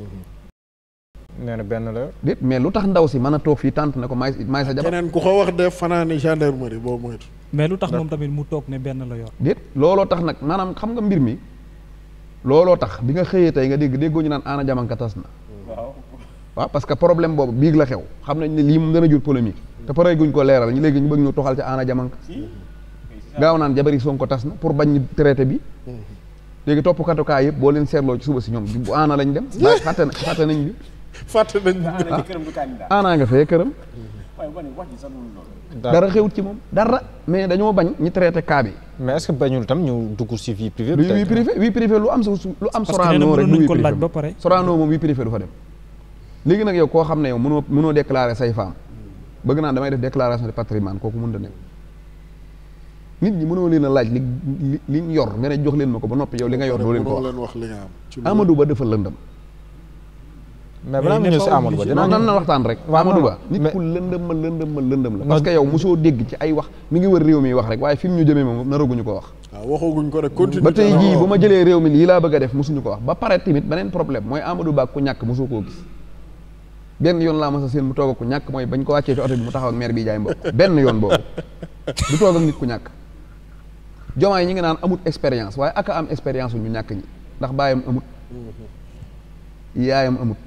nee benn la. déet mais lu tax ndaw si mën a toog fii tànt ne ko maay maay sa jabar. keneen ko wax de fanaani gendarmerie boobu mais lu tax moom
tamit mu toog ne benn la yor.
déet looloo tax nag maanaam xam nga mbir mi. looloo tax bi nga xëyee tey nga dégg déggoo ñu naan Anna Diamanka tas na. waaw waaw parce que problème boobu biig la xew xam nañ ne lii moom dana jur polémique. Hmm. te pare guñ ko leeral ñu léegi ñu bëgg ñu toxal ca Anna Diamanka. gaaw naan jabari Sonko tas na pour bañ ñu traité bi. Hmm. léegi toppatoo kaa yëpp boo leen seetloo ci suba si ñoom bu Anna lañ dem. <laughs> fàtte na fàtte nañ bi. fàtte nañ bi ah, Anna nga fee këram.
Hmm. dara xewut ci moom
dara mais dañoo bañ ñi traité cas bi. mais est bañul tam ñu dugg si vie privée. lu vie lu am su lu am. Sorano ba pare. Sorano moom vie privée du fa dem. léegi nag yow koo xam ne yow mënoo mënoo déclarer say femme bëgg naa damay def déclaration de patrimoine kooku mën da nekk nit ñi mënoo leen a laaj li li ñu yor nga ne jox leen ma ko ba noppi yow li nga yor. doo leen ko
wax Amadou Ba dafa lëndam mais na waxtaan rek Amadou Ba nit ku lëndëm ma lëndëm ma la parce que
yow soo dégg ci ay wax mi ngi wër réew mi wax rek waaye fi mu ñu jëmee moom naraguñu ko wax
waaw ah, waxaguñ ko rek continue ba tey jii bu ma
jëlee réew mi lii laa bëgg a def mosuñu ko wax ba pare tamit beneen problème mooy Amadou Ba ku ñàkk mosoo koo gis benn yoon laa mos a seen mu toog ak ku ñàkk mooy bañ ko wàccee ci oto bi mu taxaw ak maire bi jaay mbokk benn yoon boobu du toog ak nit ku ñàkk jomaay ñi nga naan amut expérience waaye aka am expérience ñu ñàkk ñi ndax baayam amut
mm-hmm.
yaayam amut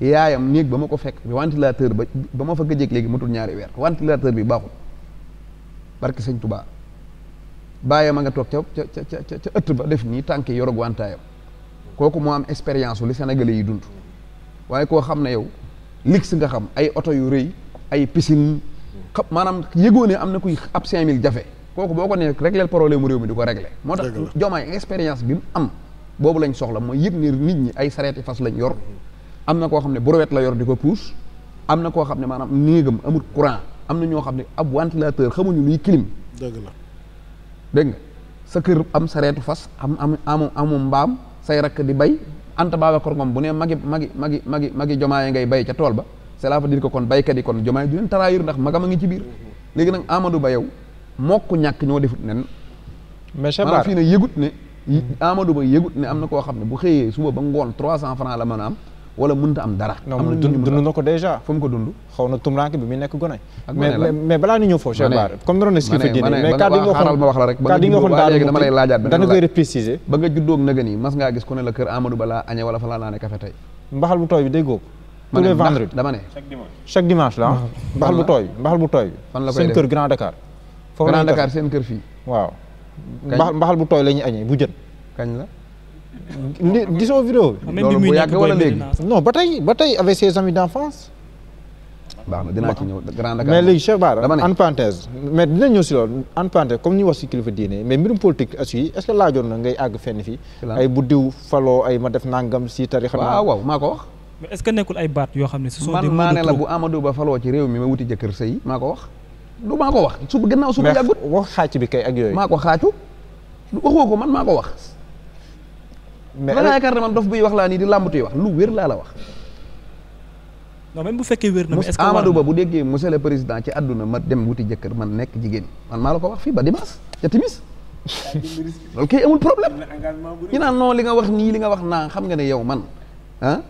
yaayam néeg ba ma ko fekk ventilateur ba ba ma fa gëjëg léegi matul ñaari weer ventilateur bi baaxul barki sëñ tubaa bàyyam ma nga toog ca ca ca ca ëtt ba def nii tànk yorog wantaayam kooku moo am expérience li Sénégalais yi dund waaye koo xam ne yow si nga xam ay oto yu rëy ay piscine xam maanaam yëgoo ne am na kuy ab cinq jafe kooku boo ko ne régleel problème mu réew mi di ko réglé moo tax jomaay expérience bi mu am boobu lañ soxla mooy yëg ne nit ñi ay sareeti fas lañ yor am na koo xam ne brouette la yor di ko puus am na koo xam ne maanaam néegam amul courant am na ñoo xam ne ab ventilateur xamuñu luy clim. dëgg la dégg nga sa kër am sareetu fas am am amu amu mbaam say rakk di bay anta Babacar Ngom bu ne magi magi magi magi magi jomaaye ngay bay ca tool ba cela veut dire que kon baykat yi kon jomaay du leen trahir ndax magam a ngi ci biir léegi nag Amadou Ba yow mokk ñàkk ñoo defut nen mais maanaam fii ne yëgut ne Amadou Ba yëgut ne am na koo xam ne bu xëyee suba ba ngoon trois cent francs la mën a am wala mënta am dara. am na na ko déjà. fa mu ko dund. xaw na tumuraanke bi muy nekk gone. ak mais mais balaa ñu ñëw foofu. Cheikh
Bara comme noonu la kilifa diine mais kàddu yi nga xaaral ma wax la rek. kàddu yi nga xam daal dama lay laajaat benn laaj koy
repréciser. ba nga juddoog naga mas ngaa gis ku la kër Amadou Ba añee wala fa laa naanee café tey. mbaxal bu tooy bi déggoo ko. dama ne chaque dimanche. chaque la mbaxal bu tooy bi mbaxal bu tooy bi. fan la seen kër Grand
Dakar. foofu Grand Dakar seen kër la añee bu jën kañ la li disoo vidéo bi. loolu bu yàgg wala léegi non ba tey ba tey avec ses amis d' enfance.
baax na dinaa ci ñëw Grand
Dakar mais léegi Cheikh Bara en dina ñëw si loolu en parenthèse comme ñu wax si kilifa diine mais mbirum politique as yi est ce que laajoon na ngay àgg fenn
fii. ay bu diw faloo ay ma def nangam si tarixa. waaw waaw maa ko wax.
mais est ce nekkul ay baat yoo xam ne. si sont des man maa ne la bu
Amadou Ba faloo ci mi ma wuti jëkkër sëy maa ko wax. du maa ko wax su gannaaw su yàggut wax xaac bi kay ak yooyu. maa ko xaacu waxoo ko man maa ko wax. mais da na yaakaar ne man dof buy wax laa nii di làmbatuy wax lu wér laa la wax. non même bu fekkee wér na mais est-ce que Amadou Ba bu déggee monsieur le président ci àdduna ma dem wuti jëkkër man nekk jigéen man maa la ko wax fii ba dimanche ca timis loolu <laughs> kay amul problème ñu naan non li nga wax nii li nga wax naa xam nga ne yow man ah,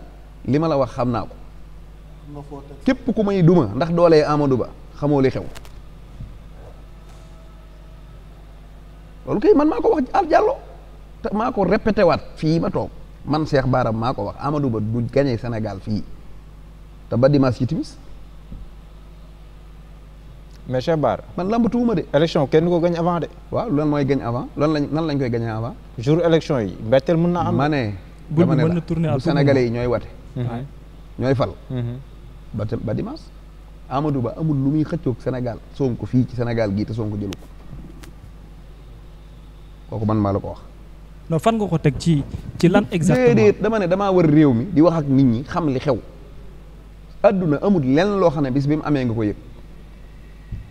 li ma la wax xam naa ko képp ku may duma ndax doolee Amadou Ba xamoo li xew loolu kay man maa ko wax al jàllo te maa ko répété waat fii ma toog man Cheikh Bara maa ko wax Amadou Ba du gagné senegal fii te ba dimanche ci timis mais Cheikh Bara man lambatuwuma de. élection kenn ko gañ avant de. waaw lan mooy gañ avant lan lañ nan lañ koy gañee avant. jour élection yi mbetteel mën na am. ma ne dama ne la bu Sénégalais yi ñooy wate. Mhm. ñooy fal. Mhm. ba ba Amadou Ba amul lu muy xëccoog Sénégal Sonko fii ci Sénégal gii te Sonko jëlu ko kooku man maa la ko wax. non fan nga ko teg ci ci lan exactement déedéet dama ne damaa war réew mi di wax ak nit ñi xam li xew adduna amut lenn loo xam ne bis bi mu amee nga ko yëg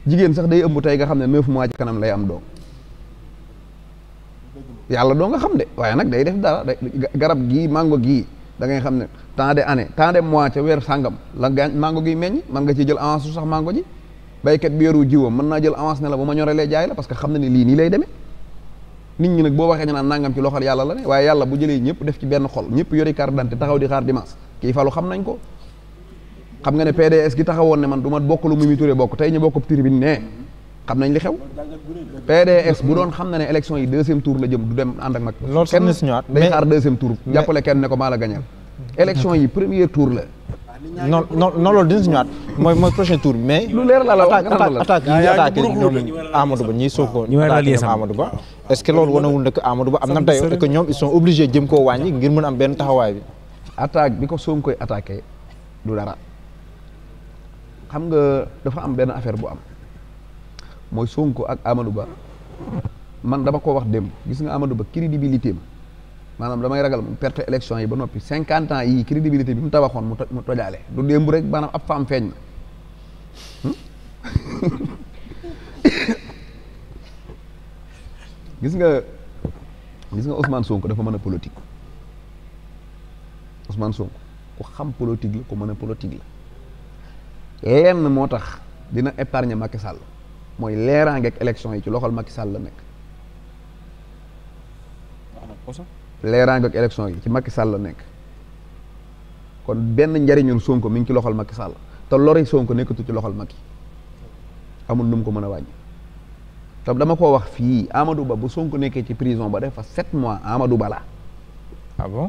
jigéen sax day ëmb tey nga xam ne neuf mois ci kanam lay am doom yàlla doo nga xam de day def dara garab gii mango gii da ngay xam ne tant de année tant de mois ca weer sàngam la gaañ gi meññ mën nga ci jël avance su sax mango ji baykat bi yoru jiwam mën naa jël avance ne la bu ma ñorelee jaay la parce xam na ne lii nii lay deme nit ñi nag boo waxee ñu naan nangam ci loxol yàlla la ne waaye yàlla bu jëlee ñëpp def ci benn xol ñëpp yori carte d'identité taxaw di xaar dimanche kii falu xam nañ ko xam nga ne PDS gi taxawoon ne man du ma bokk lu Mimi Touré bokk tey ñu bokk tribune ne xam nañ li xew PDS bu doon xam na ne élection yi deuxième tour la jëm du dem ànd ak mag kenn day xaar deuxième tour jàppale kenn ne ko maa la gañal élection yi premier tour la non non loolu dina si ñëwaat mooy mooy prochain tour mais. lu leer la la wax attaque yi ñuy attaqué
ñoom Amadou Ba ñii Sonko ñu attaqué Amadou Ba est que loolu wanewul ne que Amadou Ba am na dayoo et que ñoom
ils sont obligés jëm koo wàññi bi. attaque bi ko Sonko koy attaqué xam nga dafa am benn affaire bu am mooy Sonko ak Amadou Ba man dama ko wax démb gis nga Amadou Ba crédibilité ma maanaam damay ragal mu perte élection yi ba noppi cinquante ans yii crédibilité bi mu tabaxoon mu mu tojaale du démb rek maanaam ab femme feeñ na hmm? <coughs> gis nga gis nga Ousmane Sonko dafa mën a politique Ousmane Sonko ku xam politique la ku mën a politique la lenn moo tax dina épargne Macky Sall mooy leeraangeeg élection yi ci loxol Macky Sall la nekk. leeraange ak yi ci Macky Sall la nekk kon benn njariñul Sonko mi ngi ci loxol Macky sàll te lori Sonko nekkatu ci loxol Macky amul nu mu ko mën a wàññi te dama ko wax fii amadu Ba bu Sonko nekkee ci prison ba def fa sept mois amadu Ba la ah bon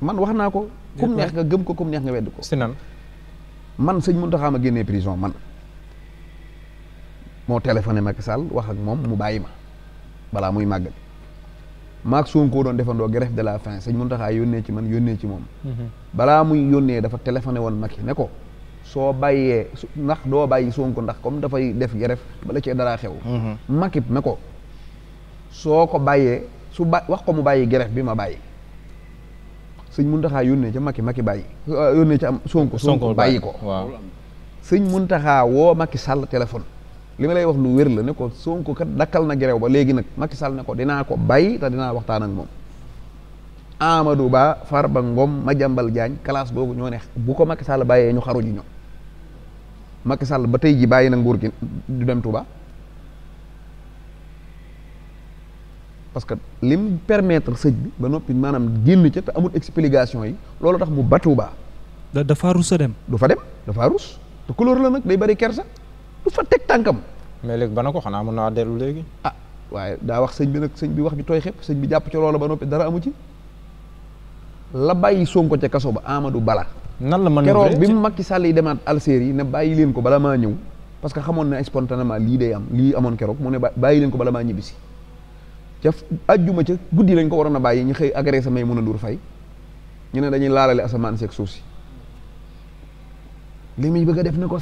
man wax naa ko kum neex nga gëm ko kum neex nga wedd ko sinan man sëñ Mountakha a génnee prison man moo téléphoné Macky Sall wax ak moom mu bàyyi ma balaa muy màggal maag koo doon defandoo grève de la faim sëñ Mountakha yónnee ci man yónnee ci moom mhm. balaa muy yónnee dafa téléphoné woon Macky ne ko soo bàyyee ndax doo bàyyi Sonko ndax comme dafay def grève bala cee dara xew mhm. Macky ne ko ko bàyyee su ba wax ko mu bàyyi grève bi ma bàyyi sëñ mun taxaa yónnee ci Macky Macky bàyyi euh, yónnee ca am Sonko Sonko bàyyi ko sëñ Mountakha woo Macky Sall téléphone li ma lay wax lu wér la ne ko Sonko kat dakkal na gerew ba léegi nag Macky Sall ne ko dinaa ko bàyyi te dinaa waxtaan ak moom far Ba Farba ma Madiambal Diagne classe googu ñoo ne bu ko Macky Sall bàyyee ñu xaru ji ñoom Macky Sall ba tey ji bàyyi na nguur gi du dem Touba parce que lim permettre sëj bi ba noppi maanaam génn ca te amul explication yi loolu tax mu ba Touba. da dafa rus a dem. du fa dem dafa rus te couleur la nag day bari kersa. du fa teg tànkam. mais léegi ba na ko xanaa mën naa dellu léegi. ah waaye daa wax sëñ bi nag sëñ bi wax bi tooy xepp sëñ bi jàpp ci loola ba noppi dara amu ci. la bàyyi ko ca kaso ba Amadou Bala. nan la mën keroog bi mu Macky Sall yi demaat Algérie ne bàyyi leen ko bala maa ñëw. parce que xamoon na spontanément lii day am lii amoon keroog mu ne bàyyi leen ko bala maa ñibbisi. ca ajjuma ca guddi lañ ko waroon a bàyyi ñu xëy agressé may mun a dur fay ñu ne dañuy laalale asamaan seeg suuf si li def na ko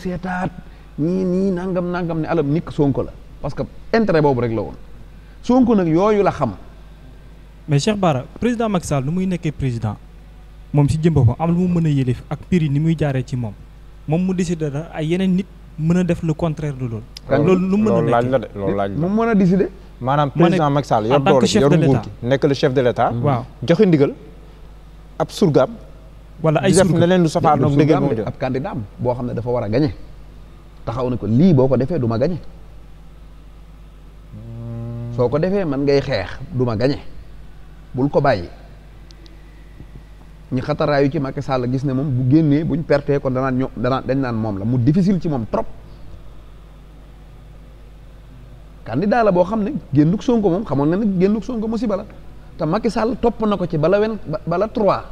ñii nii nangam nangam ne alam nikk Sonko la parce que intérêt boobu rek la woon Sonko nag yooyu la xam.
mais Cheikh Bara président Macky Sall nu muy nekkee président moom si jëm ko am lu mu mën a yëlif ak pir yi ni muy jaaree ci moom moom mu décider la ay yeneen nit mën a def lu contraire de loolu. Ah, loolu lu mën a nekkee loolu laaj la de loolu laaj la mu mën a décider. maanaam président Macky Sall
yor doole yor nguur gi nekk le chef de l'État. waaw joxe ndigal ab surgaam.
wala ay surgaam di def leneen lu safaanoog dëgg ab candidat boo xam ne dafa war a gagner taxaw ne ko lii boo ko defee du ma gañe soo ko defee man ngay xeex du ma gañe bul ko bàyyi ñu xataraayu ci Macky Sall gis ne moom bu génnee buñ pertee kon danaan ño danaan dañ naan moom la mu difficile ci moom trop candidat la boo xam ne génnuk Sonko moom xamoon na ne génnuk Sonko musiba la te Macky Sall topp na ko ci bala wen bala trois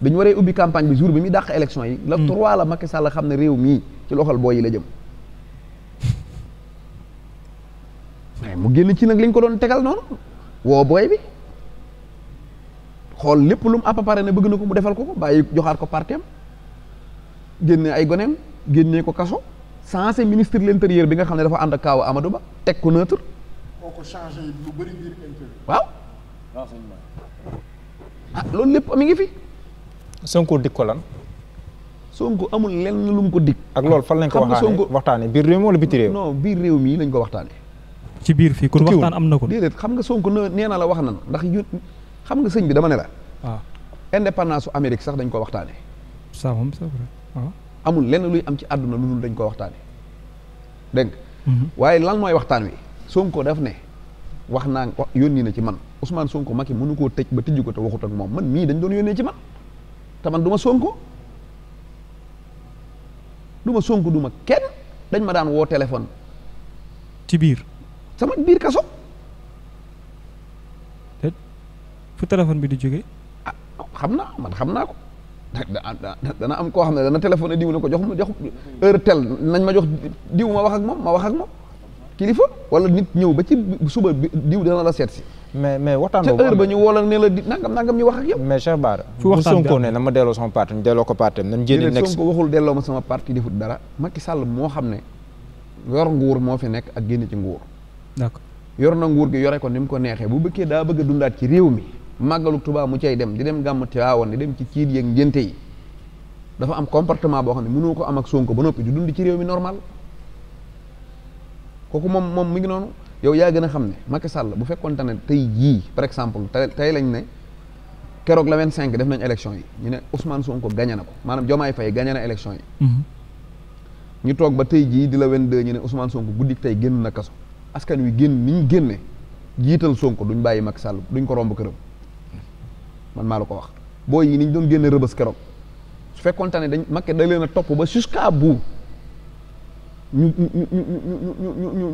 bi ñu waree ubbi campagne bi jour bi muy dàq élection yi la trois la Macky Sall xam ne réew mii ci loxol booy yi la jëm mu génn ci nag liñ ko doon tegal noonu woo booy bi xool lépp lu mu appapare ne bëgg na ko mu defal ko ko bàyyi joxaat ko parteem génne ay goneem génnee ko kaso censé ministre de l'intérieur bi nga xam ne dafa ànd ak kaaw Amadou Ba teg ko neutre
koo ko changé lu waaw ah loolu
lépp mi ngi fi
Sonko dik ko lan Sonko amul lenn lu ko dig. ak loolu fan lañ ko waxtaanee biir réew wala biti réew. non
biir réew mi lañ ko waxtaanee.
ci biir fii
kon waxtaan am na ko. déedéet
xam nga Sonko nee na la wax na ndax yu xam nga sëñ bi dama ne la. waaw ah. indépendance su Amérique sax dañ ko waxtaanee. ça moom ah. amul lenn luy am ci àdduna lu dul dañ ko waxtaanee dégg nga. Mhm. waaye lan mooy waxtaan wi Sonko def ne. wax naa wax na ci man Ousmane Sonko Macky mënu koo tëj ba tijji ko te waxut ak moom man mii dañ doon yónnee ci man te man du ma Sonko du ma Sonko du ma kenn dañ ma daan woo téléphone. ci biir. sama biir kaso. te fu téléphone bi di jógee. ah xam naa man xam naa ko. dana am koo xam ne dana téléphoné diw na ko jox ma jox heure tel nañ ma jox diw ma wax ak moom ma wax ak moom kilifa wala nit ñëw ba ci suba diw dana la seet si mais mais waxtaan boobu heure ñu woo la ne la di nangam nangam ñu wax ak yow. mais Cheikh Bara. fi waxtaan bu ne na
ma delloo sama parti ñu
ma sama parti defut dara. Macky Sall moo xam ne yor nguur moo fi nekk ak génn ci nguur. d'accord yor na nguur gi yore ko ni mu ko neexee bu bëggee daa bëgg a dundaat ci réew mi. màggalu Tuubaa mu cay dem di dem gàmm Tiwaawan di dem ci ciit yeeg ngénte yi dafa am comportement boo xam ne mënoo ko am ak Sonko ba noppi di dund ci réew mi normal kooku moom moom mi ngi noonu yow yaa gën a xam ne Macky Sall bu fekkoonte ne tey jii par exemple tey tey lañ ne keroog la cinq def nañ élection yi ñu ne Ousmane Sonko gagné na ko maanaam Diomaye Faye gagné na élection yi. Mhm. ñu toog ba tey jii di la 22 ñu ne Ousmane Sonko guddik tey génn na kaso askan wi génn ni ñu génne jiital Sonko duñ bàyyi Macky Sall duñ ko romb këram man maa la ko wax. boo yi ni ñu doon génne rëbës keroog su fekkoonte ne dañ makke da leen a topp ba jusqu'à bout. ñu ñu ñu ñu ñu ñu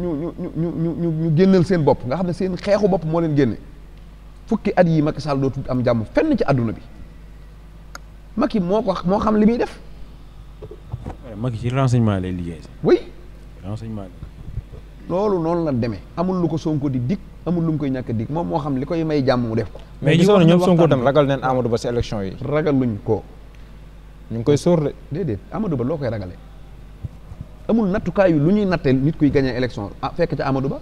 ñu ñu ñu ñu génnal seen bopp nga xam ne seen xeexu bopp moo leen génne fukki at yi Macky Sall dootul am jàmm fenn ci àdduna bi Macky moo ko moo xam li muy def.
Macky ci renseignement lay liggéey.
oui renseignement. loolu noonu la demee amul lu ko Sonko di dik amul lu mu koy ñàkk a dik moom moo xam li koy may jàmm mu def ko. mais gisoon na ñoom Sonko tam ragal neen Amadou Ba si élection yi. ragal luñ ko. ñu ngi koy sóor de déedéet Amadou Ba loo koy ragalee. amul nattukaayu lu ñuy natteel nit kuy gagné élection ah fekk ca Amadou Ba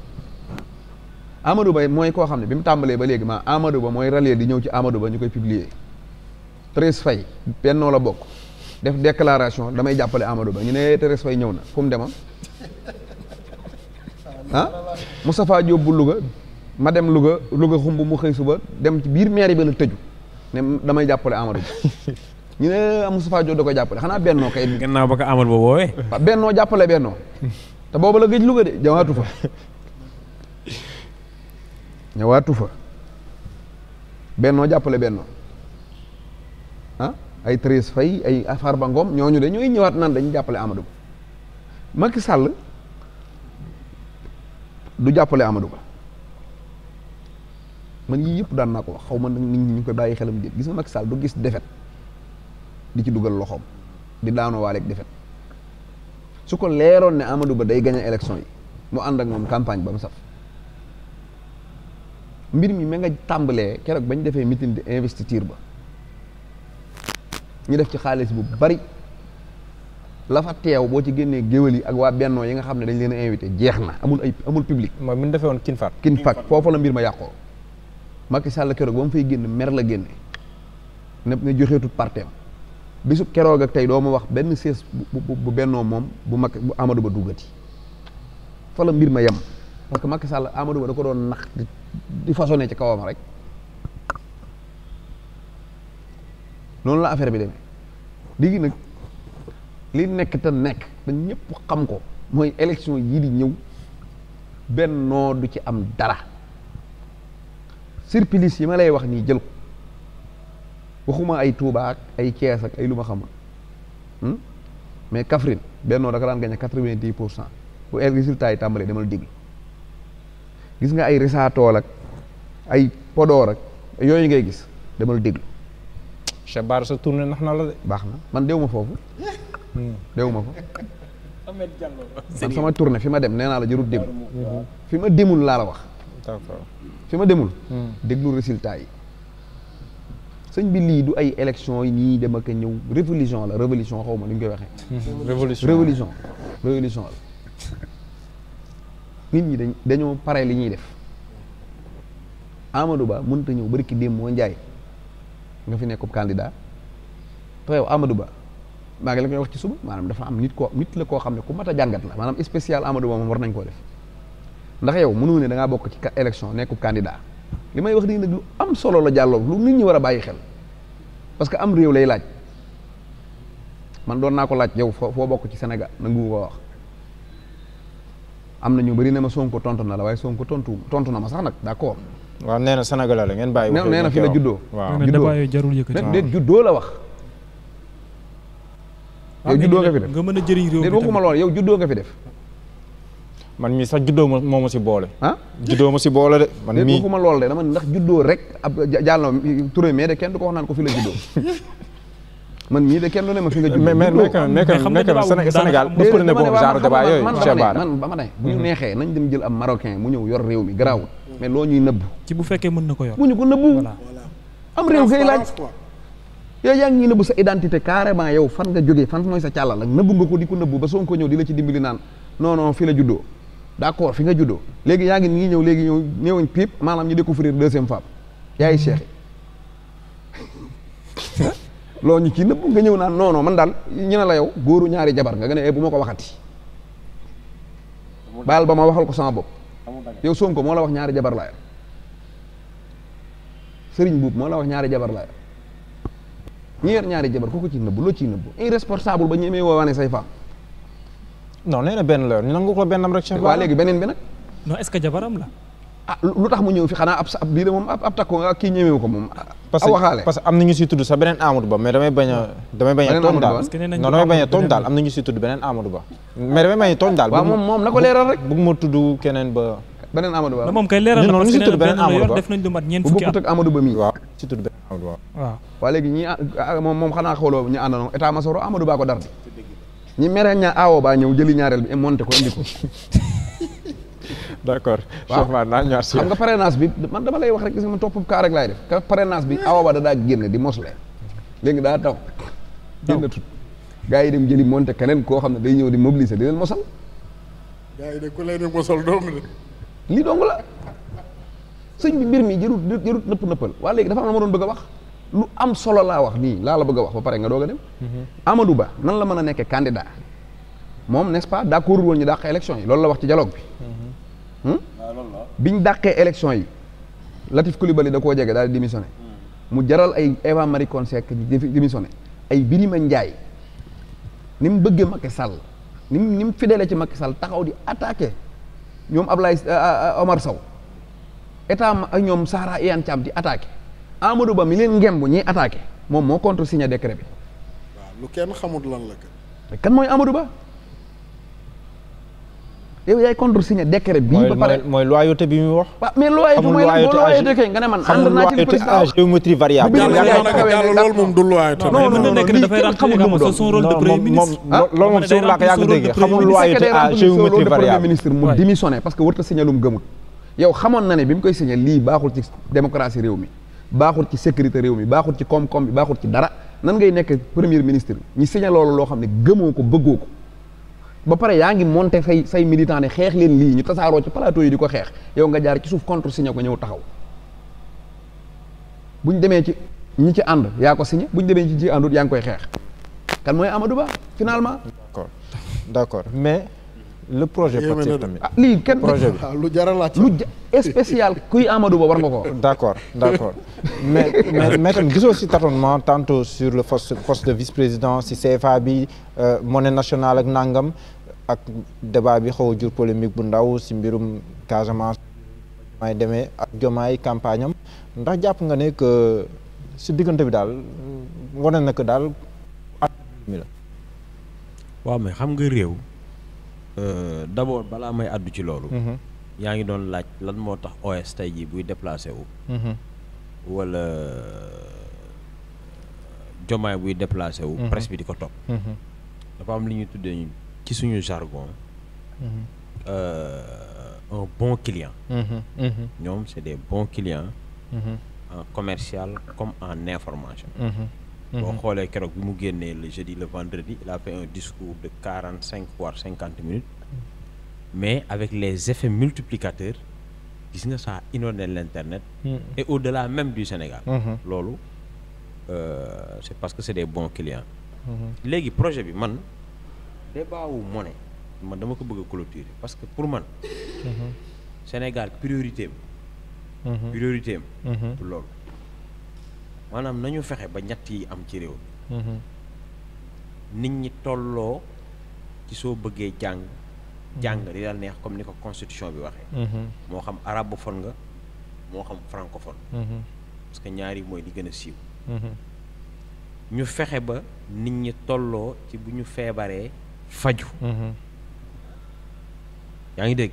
Amadou Ba mooy koo xam ne bi mu tàmbalee ba léegi maa Amadou Ba mooy rallier di ñëw ci Amadou Ba ñu koy publier Thérèse Faye bennoo la bokk def déclaration damay jàppale Amadou Ba ñu ne Thérèse Faye ñëw na fu mu demoon <laughs> ah Moustapha bu Louga ma dem Louga Louga xumb mu xëy suba dem ci biir mairie bi la tëju ne damay jàppale Amadou Ba <laughs> ñu ne ah, Moustapha Diop da ko jàppale xanaa bennoo kay.
gannaaw ba ko amal ba woowee. bennoo jàppale
bennoo. boobu la gëj Louga de ñëwaatu fa. ñëwaatu fa. bennoo jàppale bennoo. ah ay Thérèse Faye ay ba ngoom ñooñu de ñooy ñëwaat naan dañu jàppale Amadou Ba. Macky du jàppale Amadou Ba. man yii yëpp daan naa ko wax xaw ma nit ñi ñu koy bàyyi xelam déet gis nga Macky Sall du gis defet di ci dugal loxoom di daanuwaa waaleeg defet su ko leeroon ne Amadou Ba day gagné élection yi mu ànd ak moom campagne ba mu saf mbir mi ma nga tàmbalee keroog bañ defee meeting di investiture ba ñu def ci xaalis bu bari la teew boo ci génnee géwél yi ak waa bennoo yi nga xam ne dañ leen invité jeex na amul amul public. mooy mi ñu defee woon kin faat kin faat foofu la mbir ma yàqoo Macky Sall keroog ba mu fay génn mer la génne ne ne joxeetu parteem bisu keroog ak tey doo ma wax benn sées bu bennoo moom bu mag bu amadu Ba duggati fa mbir ma yem parce que Macky Sall Amadou Ba da ko doon nax di façonné ci kawam rek noonu la affaire bi demee léegi nag li nekk te nekk ba ñëpp xam ko mooy élection yii di ñëw bennoo du ci am dara surplus yi ma lay wax nii jël ko waxuma ay Touba ak ay Thiès ak ay lu ma xam hmm? mais Kaffrine bennoo daka daan gañe quatre-vingt-dix pour cent bu ay résultat yi tàmbalee demal diglu gis nga ay risaatool ak ay Podor ak yooyu ngay gis demal diglu Cheikh Bara sa tournée nax na la de baax na man dew ma foofu dew ma fa man sama tournée fi ma dem nee naa la jarut déglu hmm. fi ma démul laa la wax fi ma demul hmm. déglu résultat yi sëñ bi lii du ay élection yi nii dem ak ñëw révolution la révolution xaw ma ñu koy waxee.
<laughs> révolution révolution
révolution la. nit ñi dañ dañoo pare li ñuy def Amadou Ba mënta ñëw bari ki démb moo njaay nga fi nekk candidat te yow Amadou Ba maa ngi la koy wax ci suba maanaam dafa am nit koo nit la koo xam ne ku mat jàngat la. maanaam spécial Amadou Ba moom war nañ koo def ndax yow mënoo ne da bokk ci élection nekku candidat. li may wax nii nag lu am solo la jàlloo lu nit ñi war a bàyyi xel parce que am réew lay laaj man doon naa ko laaj yow foo bokk ci Sénégal nangu ko wax am na ñu bari ne ma Sonko tontu na la waaye Sonko tontu tontu na ma sax nag d'accord. waaw nee na Sénégal la ngeen bàyyi. nee na fi la juddoo. waaw juddoo
jarul
yëkkati. déet juddoo la wax. yow juddoo mën a jëriñ réew mi waxuma yow juddoo nga fi
def.
man mii sax juddoo ma moo ma si boole. juddoo ma si boole de. man mii waxuma lool ndax juddoo rek ab jàll na ko wax naan ko fi la juddoo. ma fi nga juddoo. mais mais mais na ne ma ne bu ñu neexee nañ dem jël ab marocain mu ñëw yor réew mi garaawul. mais loo ñuy nëbb. ci bu fekkee mën na ko yor. bu ñu la juddoo d'accord fi nga juddoo léegi yaa ngi ni ñëw léegi ñëw ñëwuñ piip maanaam ñu découvrir deuxième femme yaay Cheikh <laughs> loolu ñu ci nëbb nga ñëw naa non non man daal ñu ne la yow góoru ñaari jabar nga ne eh, bu ma ko waxati baal ba ma waxal ko sama bopp yow Sonko moo la wax ñaari jabar laa yor Serigne Mboup moo la wax ñaari jabar laa yor ñu yor ñaari jabar ku ko ci nëbb loo ciy nëbb irresponsable ba ñemee woo wane say femme non nee benn la ñu nangu ko bennam rek. Cheikh Bara waaw léegi beneen ah,
la. moom ko moom. parce a. damay bañ a tooñ a tooñ daal am na ñu siy tudd beneen Amadou moom moom na ko
moom kay leeral na parce que nee na benn la Ba mii. si tudd beneen Amadou Ba. waaw waaw moom moom xanaa xooloo ñu àndandoo état Masoro Amadou ko dar ñi mere ñaa aawo baa ñëw jëli ñaareel bi monté ko indi ko. d' accord. waaw xam nga parrainage bi man dama lay wax rek gis nga man topp kaa rek laay def ka parrainage bi aawo ba da daa génne di mosle léegi daa taw. génn tut gaa yi dem jëli monté keneen koo xam ne day ñëw di mobiliser di leen mosal.
gaa yi de ku leen di mosal dong de.
lii bi mbir mi jërut jërut nëpp nëppal waa léegi dafa am na ma doon bëgg wax. lu am solo laa wax nii laa la bëgga wax ba pare nga doog a dem. Amadou Ba nan la mën a nekkee candidat moom n'est-ce pas d'accord woon ñu dàqee élection yi loolu la wax ci dialogue bi. Hmm? Ah, biñ dàqee élection yi Latif Coulibaly da koo jege daal di démissionné. Hmm. mu jaral ay Eva Marie Coll Seck di démissionné ay Birima Ndiaye ni mu bëggee Macky Sall ni mu ni mu fidèle ci Macky Sall taxaw di attaque ñoom Ablaye euh, euh, Omar Sow état ak ñoom Sahara Iyane Thiam di attaqué. Amadou Ba mi leen ngemb ñiy attaqué moom moo contre signé décret bi.
waaw lu kenn xamut lan la kan.
kan mooy Amadou Ba. yow yaay contre signé décret bii. ba pare
mooy loyauté bi muy wax. waaw mais loyauté mooy
lan boo loyauté kay nga ne man. ànd naa ci le
président loolu moom du loyauté. non non non lii kenn xamul lu mu doon moom moom loolu moom suuf laa ko yàgg dégg xamul loyauté à géométrie
mu démissionné parce que warut a signé yow xamoon na ne bi mu koy signé lii baaxul ci démocratie réew mi baaxul ci sécurité réew mi baaxul ci koom-koom bi baaxul ci dara nan ngay nekk premier ministre ñi signé loolu loo xam ne gëmoo ko bëggoo ko ba pare yaa ngi monté say say militant ne xeex leen lii ñu tasaaroo ci plateau yi di ko xeex yow nga jaar ci suuf contre signé ko ñëw taxaw bu ñu demee ci ñi ci ànd yaa ko signé bu ñu demee ci ci àndut yaa ngi koy xeex kan mooy Amadou Ba finalement. d'accord d'accord mais.
le projet Pastef tamit ah, lii kenn projet bi ah,
lu jar a laaj lu spécial kuy Amadou Ba war nga ko d' accord d' accord <laughs>
mais mais mais tamit gisoo si tâtonnement tantôt sur le poste poste de vice président si CFA bi euh, monnaie nationale ak nangam ak débat bi xaw a jur polémique bu ndaw si mbirum Casamance may demee ak jomaay campagne am ndax jàpp nga ne que si diggante bi daal wane na que daal
at mi la waaw mais xam nga réew Euh, d'abord balaa may àddu ci loolu. Mhm. yaa ngi doon laaj lan moo tax OS tey jii buy déplacé wu. Mhm. wala jomaay buy déplacé wu. Mhm. bi di ko topp. dafa am li ñu tuddee ci suñu jargon. Euh, un bon client. ñoom c'est des bons en commercial comme en information. boo mhm. xoolee keroog bi mu génnee le jeudi le vendredi il fait un discours de quarante cinq voire cinquante
minutes
mais avec les effets multiplicateurs gis nga ça inondé l'internet mhm. et de la même du Sénégal mhm. loolu euh, c'est parce que c'est des bons clients léegi projet bi man débat wu monnaie man dama ko bëgg a parce que pour man Sénégal priorité am loolu maanaam nañu fexe ba ñett yi am ci réew mi mm-hmm. nit ñi tolloo ci soo bëggee jàng mm-hmm. jàng li daal neex comme ni ko constitution bi waxee mm-hmm. moo xam arabophone nga moo xam francophone parce que ñaari mooy li gën siiw ñu fexe ba nit ñi tolloo ci bu ñu feebaree faju yaa ngi dégg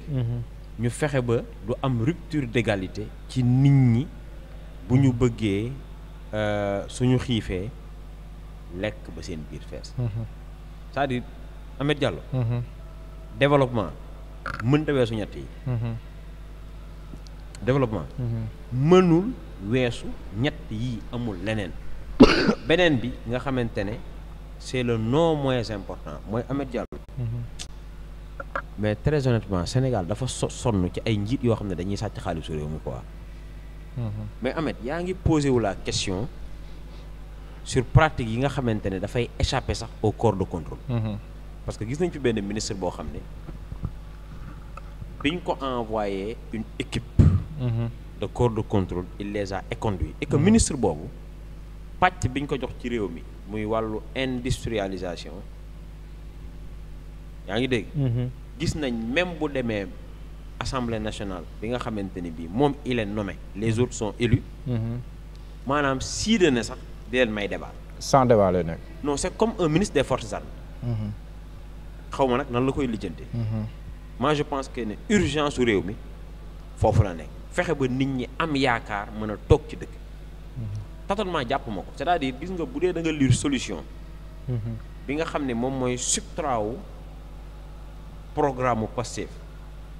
ñu fexe ba du am rupture d'égalité ci nit ñi bu ñu bëggee Euh, suñu xiifee lekk ba seen biir fees mm-hmm. c'est-à-dire Ahmed mm-hmm. développement mënta weesu ñett yi mm-hmm. développement mënul weesu ñett yi amul leneen <coughs> beneen bi nga xamante ne c'est le non moins important mooy Ahmed Diallo mais très honnêtement Sénégal dafa sonn ci ay njiit yoo xam ne dañuy sàcc xaalisu réew mi quoi Mm-hmm. mais Ahmed yaa ngi posé wu la question sur pratique yi nga xamante ne dafay échapper sax au corps de contrôle. Mm-hmm. parce que gis nañ fi benn ministre boo xam ne biñ ko envoyé une équipe.
Mm-hmm.
de corps de contrôle il les a éconduits et ministre boobu pàcc biñ ko jox ci réew mi muy wàllu industrialisation yaa ngi dégg. gis nañ même bu demee. assemblée nationale bi nga xamante ni bii moom il est les autres son élus. Mhm. maanaam siide na sax di leen may débat.
sant débat lay nekk.
non c'est comme un ministre des forces armées. Mhm. xaw ma nag nan la koy lijjante. Mhm. moi je pense que ne urgence su réew mi foofu la nekk fexe ba nit ñi am yaakaar mën a toog ci dëkk. tâtonnement jàpp ko c'est-à-dire gis nga bu dee danga nga solution. bi nga xam ne moom mooy subtrat wu programme mu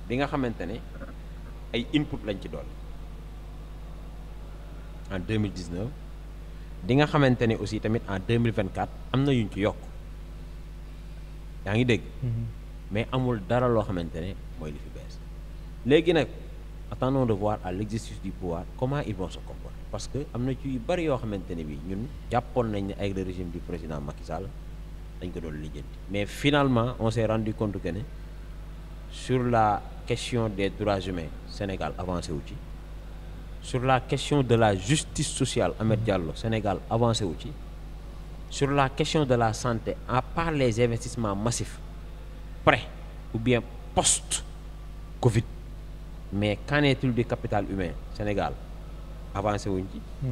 bi nga xamante ne ay input lañ ci doon en 2019 di nga xamante ne aussi tamit en 2024 am na yuñ ci yokk yaa ngi dégg mhm. mais amul dara loo xamante ne mooy li fi bees léegi nag attendons de voir à l'exercice du pouvoir comment ils vont se comporter parce que am na ci yu bari yoo xamante ne bi ñun jàppoon nañ ne ay le régime du président Macky Sall dañ ko doon lijjanti mais finalement on s'est rendu compte que sur la question des droits humains Sénégal avancé wu ci sur la question de la justice sociale Ahmed Diallo Sénégal avancé wu ci sur la question de la santé à part les investissements massifs pré ou bien post Covid mais qu'en est capital humain Sénégal avancé wuñ ci. Mhm.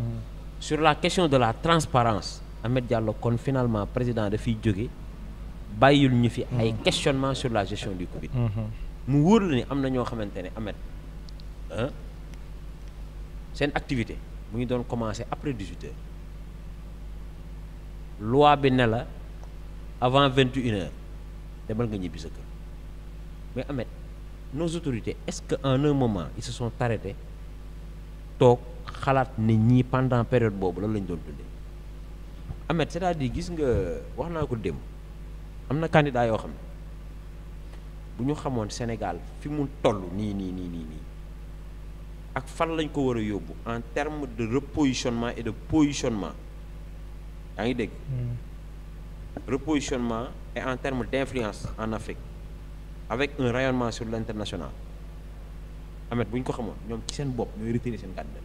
sur la question de la transparence Ahmed Diallo kon finalement président dafiy jóge bàyyil ñu fi. ay mhm. questionnement sur la gestion du Covid. Mhm. mu wóor la ni am na ñoo xamante ne amet seen activité mu ngi doon commencer après 18 heures loi bi ne la avant 21 heures demal nga ñibbi sa kër mais amet nos autorités est-ce que en un moment ils se sont arrêtés toog xalaat ne ñii pendant période boobu lan lañ doon dundee amet cest à gis nga wax naa ko démb am na candidat yoo xam ne bu ñu xamoon Sénégal fi mu toll nii nii nii nii ak fan lañ ko war a yóbbu en terme de repositionnement et de positionnement yaa ngi dégg. Hmm. repositionnement et en terme d'influence en Afrique avec un rayonnement sur l'international amet bu ñu ko xamoon ñoom ci seen bopp ñooy retirer seen candidat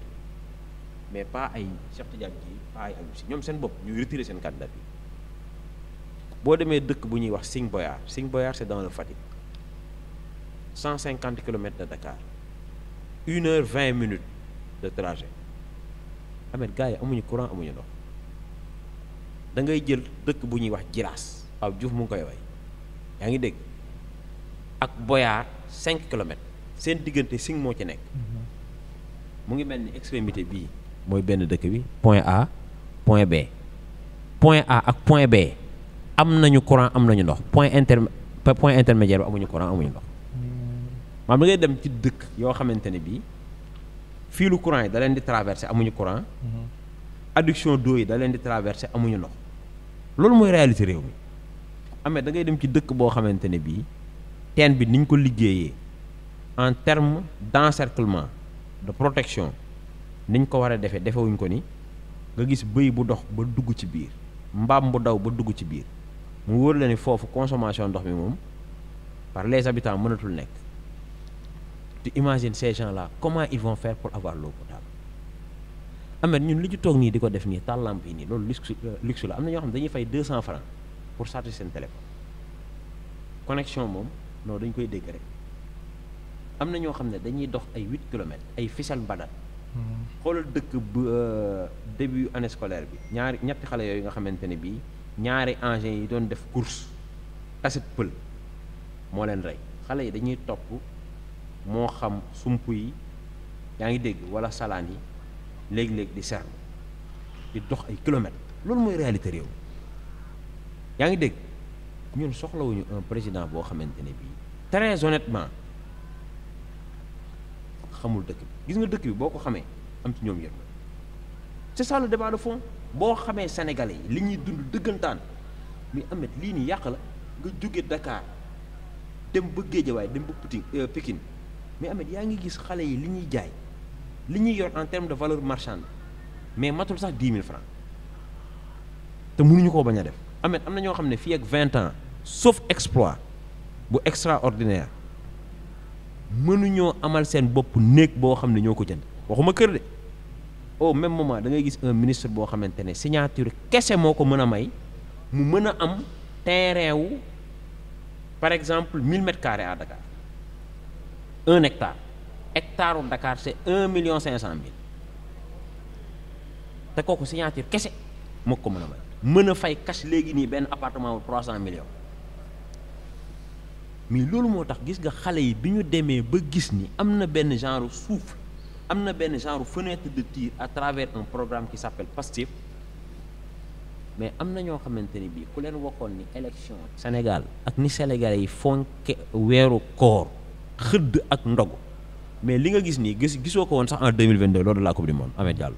mais pas ay Cheikh Tidiane ji pas ay Aliou Sy ñoom seen bopp ñooy retirer seen candidat bi boo demee dëkk bu ñuy wax Sing Boyar Sing Boyar c'est dans le Fatick. cent cinquante kilomètres de Dakar une heure vingt minutes de trajet amet gars yi amuñu courant amuñu ndox da ngay jël dëkk bu ñuy wax Jilaas Pape Diouf mu ngi koy way yaa ngi dégg ak Boyaar cinq kilomètres seen diggante sing moo ci nekk mhm. mu ngi mel ni extrémité bii mooy benn dëkk bi point A point B point A ak point B am na ñu courant am nañu ndox point inter point intermédiaire bi amuñu courant amuñu ndox maanaam da dem ci dëkk yoo xamante ne bii fiilu courant yi da leen di traversé amuñu courant
mm-hmm.
adduction d'eau yi da leen di traversé amuñu ndox loolu mooy réalité réew mi amee dangay dem ci dëkk boo xamante ne bii teen bi niñ ko liggéeyee en terme d'encerclement de protection niñ ko war a defee defewuñ ko ni nga gis bëy bu dox ba dugg ci biir mbaam bu daw ba dugg ci biir mu wóor la ni foofu consommation ndox mi moom par les habitants mënatul nekk te imagines ces gens-là comment ils vont faire pour avoir l'eau potable amet ñun li ñu toog nii di ko def nii taal lamp yi nii loolu luxe euh, luxe la am na ñoo xam dañuy fay 200 francs pour charger seen moom non dañ koy dégg am na ñoo xam ne dañuy dox ay 8 kilomètres ay Fissel Mbadane hmm. xoolal dëkk bu euh, début année scolaire bi ñaari ñetti xale yooyu nga xamante ne bii ñaari engins yi doon def course cassette pël moo leen rey xale yi dañuy topp moo xam sump yi yaa ngi dégg wala salaan yi léeg-léeg di sernu di dox ay kilomètres
loolu mooy réalité
réew yaa ngi dégg ñun soxlawuñu un président boo xamante ne bii très honnêtement xamul dëkk bi gis nga dëkk bi boo ko xamee am ci ñoom yërmande c'est ça le débat boo xamee sénégalais yi li ñuy dund dëggantaan muy amet lii nii yàq la nga jóge Dakar dem ba Géejawaay dem ba Poutine euh, Pikine mais Ahmed yaa ngi gis xale yi li ñuy jaay li ñuy yor en terme de valeur marchande mais matul sax dix mille te mënuñu koo bañ a def Ahmed am na ñoo xam ne fii ak vingt ans sauf exploit bu extraordinaire mënuñoo amal seen bopp néeg boo xam ne ñoo ko jënd waxuma kër de au même moment dangay gis un ministre boo xamante ne signature kese moo ko mën a may mu mën a am terrain wu par exemple 1000 mètres carrés à Dakar un hectare hectare u Dakar un million cinq cent mille te kooku signature kese moo ko mën a may mën a fay cash léegi nii benn apartement bu trois cent millions mais loolu moo tax gis nga xale yi bi ñu demee ba gis ni am na benn genre souffle am na benn genre fenêtre de tir à travers un programme qui s'appelle PASTEF mais am na ñoo xamante ni bii ku leen waxoon ni élection Sénégal ak ni Sénégalais yi fonke weeru koor xëdd ak ndogu mais li nga gis nii gis gisoo ko woon sax en 2022 loolu la coupe du monde Ahmed Diallo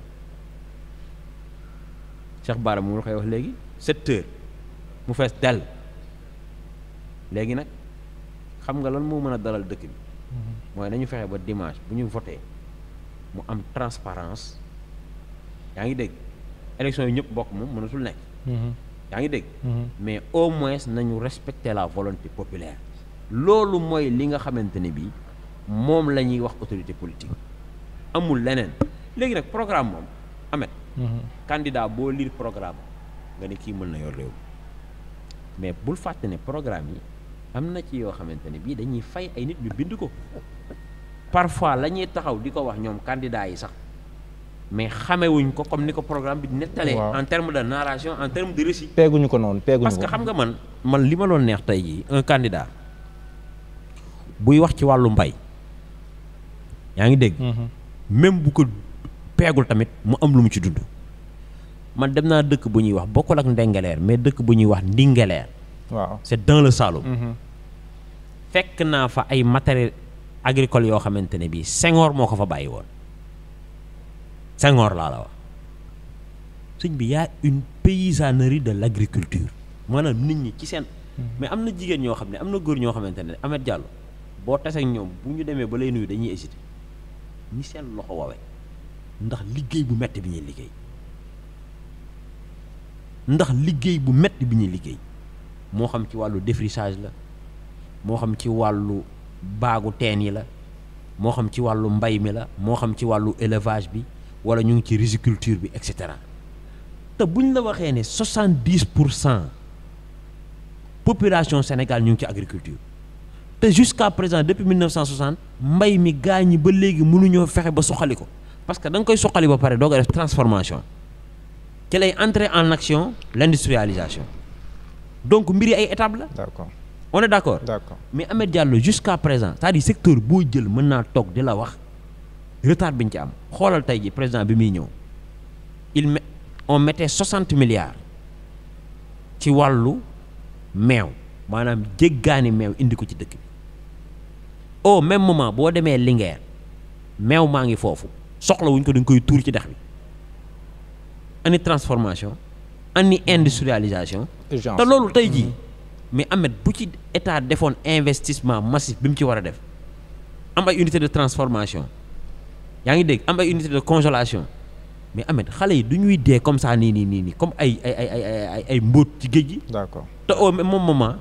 Cheikh Bara moom ngi koy wax léegi 7 heures mu fees dell léegi nag xam nga lan moo mën a dalal dëkk bi mm-hmm. mooy nañu fexe ba dimage bu ñu voté mu am transparence yaa ngi dégg élection yi ñëpp bokk moom mënatul nekk mm-hmm. yaa ngi dégg mm-hmm. mais au moins nañu respecter la volonté populaire loolu mooy li nga xamante ne bii moom la ñuy wax autorité politique amul leneen léegi nag programme moom amet mhm. candidat boo lire programme nga ne kii mën na yor réew mais bul fàtte ne programme yi am na ci yoo xamante ne bii dañuy fay ay nit ñu bind ko parfois la ñuy taxaw di ko wax ñoom candidat yi sax mais xamewuñ ko comme ni ko programme bi nettalee en terme de narration en terme de récit peeguñu ko noonu peeguñu ko parce que xam nga man man li ma doon neex tey jii un candidat buy wax ci wàllu mbay yaa ngi dégg. Mm-hmm. même bu ko peegul tamit mu am lu mu ci dund. man dem naa dëkk bu ñuy wax bokkul ak ndengeleer mais dëkk bu ñuy wax ndingeleer. waaw c'est dans le Saloum. Mm-hmm. fekk naa fa ay matériel agricole yoo xamante ne bii Senghor moo ko fa bàyyi woon Senghor laa la wax sëñ bi y'a une paysannerie de l'agriculture maanaam nit ñi ci seen. Mm-hmm. mais am na jigéen ñoo xam ne am na góor ñoo xamante ne Ahmed Diallo. boo taseeg ñoom bu ñu demee ba lay nuyu dañuy hésité ni seen loxo wawe ndax liggéey bu metti bi ñuy liggéey ndax liggéey bu metti bi ñuy liggéey moo xam ci wàllu défrichage la moo xam ci wàllu baagu teen yi la moo xam ci wàllu mbay mi la moo xam ci wàllu élevage bi wala ñu ngi ci riziculture bi et cetera te buñ la waxee ne soixante-dix pour cent population Sénégal ñu ngi ci agriculture te jusqu'à présent depuis 1960 mbay mi gaa ñi ba léegi mënuñoo fexe ba suqali ko parce que da koy suqali ba pare doo ko def transformation ci lay entrer en action l'industrialisation donc mbir yi ay étape la. d'accord on est d'accord. d'accord mais Ahmed Diallo jusqu'à présent c'est-à-dire boo jël mën naa toog di la wax retard bi ñu ci am xoolal tey ji président bi muy ñëw il met on mettait 60 milliards ci wàllu meew maanaam gaani meew indi ko ci dëkk au même moment boo demee Linguère meew maa ngi foofu soxla soxlawuñ ko dañ koy tuur ci dex bi ani transformation ani industrialisation. te loolu tey jii mm-hmm. mais Ahmed bu ci état defoon investissement massif bi mu ci war a def am ay unité de transformation yaa ngi dégg am ay unité de congelation mais Ahmed xale yi du ñuy dee comme ça nii nii nii nii comme ay ay ay ay ay mbóot ci géej gi. te au même moment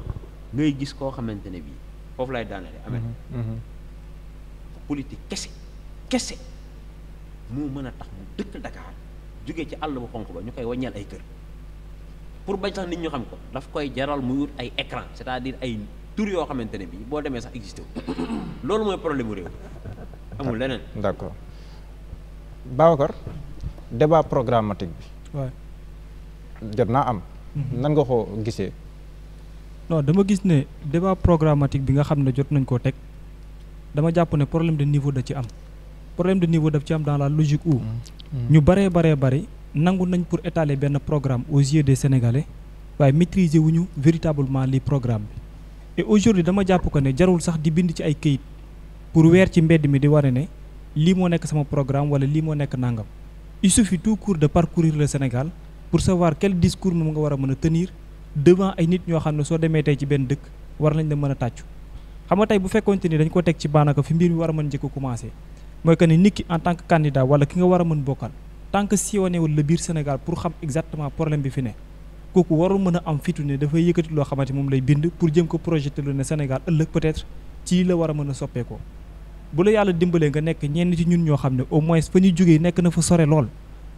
ngay gis koo xamante ne bii. foofu laay daanale amet mhm, mhm. politique kese kese moo mën a tax mu dëkk Dakar jógee ci àll bu xonq ba ñu koy waññeel ay kër pour bañ sax nit ñu xam ko daf koy jaral mu wut ay écran c'est-à-dire ay tur yoo xamante ne bii boo demee sax existé <coughs> loolu mooy problème mu réew amul leneen
d'accord Babacar débat programmatique bi jot naa am mhm. nan nga ko gisee
non dama gis ne débat programmatique bi nga xam ne jot nañ koo teg dama jàpp ne problème de niveau da ci am problème de niveau def ci am dans la logique où mm. ñu baree baree bari nangu nañ pour étaler benn programme aux yeux de sénégalais waaye maîtriser wu ñu véritablement li programme bi et aujourd'hui dama jàpp ko ne jarul sax di bind ci ay kayit pour weer ci mbedd mi di wane ne lii moo nekk sama programme wala lii moo nekk nangam il suffit tout court de parcourir le Sénégal pour savoir quel discours moom nga war a mën a tenir devant ay nit ñoo xam ne soo demee tey ci benn dëkk war nañ la mën a tàccu xam nga tey bu fekkonte ni dañ ko teg ci baanaka fi mbir mi war a mën njëkk a commencé mooy que ni nit en tant que candidat wala ki nga war a mën bokkal tant que la biir Sénégal pour xam exactement problème bi fi ne kooku warul mën a am fitu ne dafay yëkkati loo xamante moom lay bind pour jëm ko projeté lu ne Sénégal ëllëg peut-être ci la war a mën a soppeekoo bu la yàlla dimbalee nga nekk ñenn ci ñun ñoo xam ne au moins fa jógee nekk na fa sore lool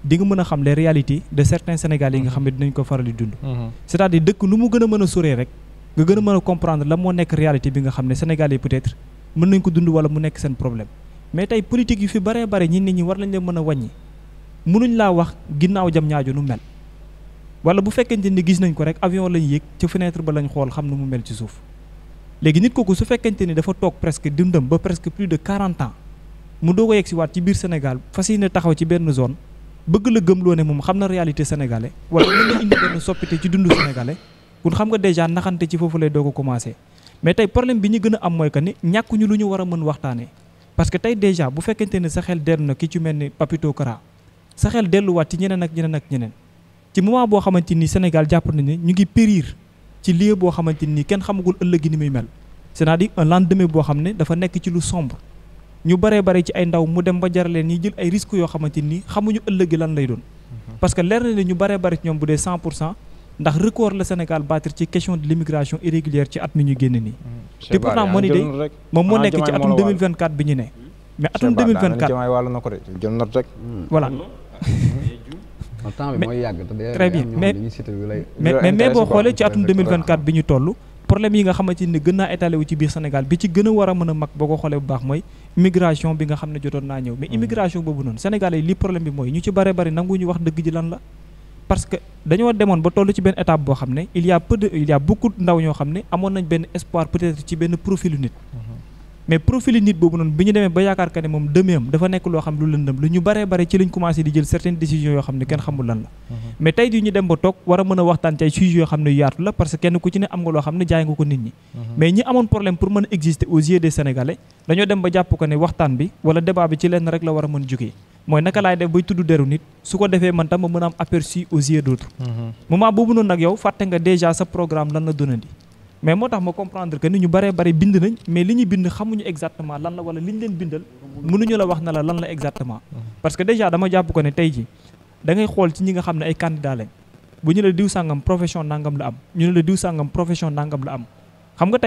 di nga mën a xam les réalité de certains sénégal yi nga xam ne dinañ ko faral di dund. Mhm. c'est-à-dire dëkk nu mu gën a mën a soree rek nga gën a mën a comprendre la moo nekk réalité bi nga xam ne sénégalais peut-être mën nañ ko dund wala mu nekk seen problème mais tey politique yu fi baree bare ñi nit ñi war lañ leen mën a wàññi mënuñ laa wax ginnaaw jam ñaajo nu mel wala bu fekkente ni gis nañ ko rek avion lañ yéeg ca fenêtre ba lañ xool xam nu mu mel ci suuf léegi nit kooku su fekkente ni dafa toog presque dundam ba presque plus de 40 ans mu doog a yegg si waat ci biir Sénégal fas taxaw ci benn zone bëgg la gëm loo ne moom xam na réalité sénégalais wala mën na indi benn soppite ci dundu sénégalais kon xam nga déjà naxante ci foofu lay doo a commencé mais tey problème bi ñu gën a am mooy que ni ñàkkuñu lu ñu war mën waxtaanee parce que tey déjà bu fekkente ne sa xel dellu na ki ci mel ni Papito Kara sa xel delluwaat ci ñeneen ak ñeneen ak ñeneen ci moment boo xamante ni Sénégal jàpp nañu ñu ngi périr ci lieu boo xamante ni kenn xamagul ëllëg ni muy mel c'est-à-dire un boo xam ne dafa nekk ci lu sombre ñu baree bari ci ay ndaw mu dem ba jaraleen ñi jël ay risques yoo xamante ni xamuñu ëllëgi lan lay doon mhm. parce que leer na ne ñu baree bari ci ñoom bu dee cent pour cent ndax record la Sénégal battre ci question de l'immigration irrégulière ci at mi ñu génn nii mhm. te pourtant moo ni day
moom moo ah, nekk ci atum 2024 bi ñu ne
mais atum 2024 hmm. <laughs> bi yàgg très bien
mais mais mais
bi ñu toll problème yi nga xamante ni gën naa étalé wu ci biir Sénégal bi ci gën a war a mën a mag boo ko xoolee bu baax mooy migration bi nga xam ne jotoon naa ñëw mais hmm. immigration boobu noonu sénégalais yi li problème bi mooy ñu ci bare bari nangu ñu wax dëgg ji la parce que dañoo demoon ba toll ci benn étape boo xam ne il y a peu de il ndaw ñoo xam ne amoon nañ benn espoir peut-être ci benn profilu nit hmm. mais profil nit boobu noonu bi ñu demee ba yaakaar ka ne moom demeem dafa nekk loo xam lu lëndëm lu ñu baree bare ci lañ commencé di jël certaines décisions yoo xam ne kenn xamul lan la mhm. mais tey jii ñu dem ba toog war a mën a waxtaan ci ay sujets yoo xam ne yaatu la parce que kenn ku ci ne am nga loo xam ne jaay nga ko nit ñi mhm. mais ñi amoon problème pour mën a exister aux yeux des sénégalais dañoo dem ba jàpp ko ne waxtaan bi wala débat bi ci mais moo tax ma comprendre que ni ñu bëree bëri bind nañ mais li ñu bind xamuñu exactement lan la wala li ñu leen bindal mënuñu la wax na la lan la exactement parce que déjà dama jàpp ko ne tey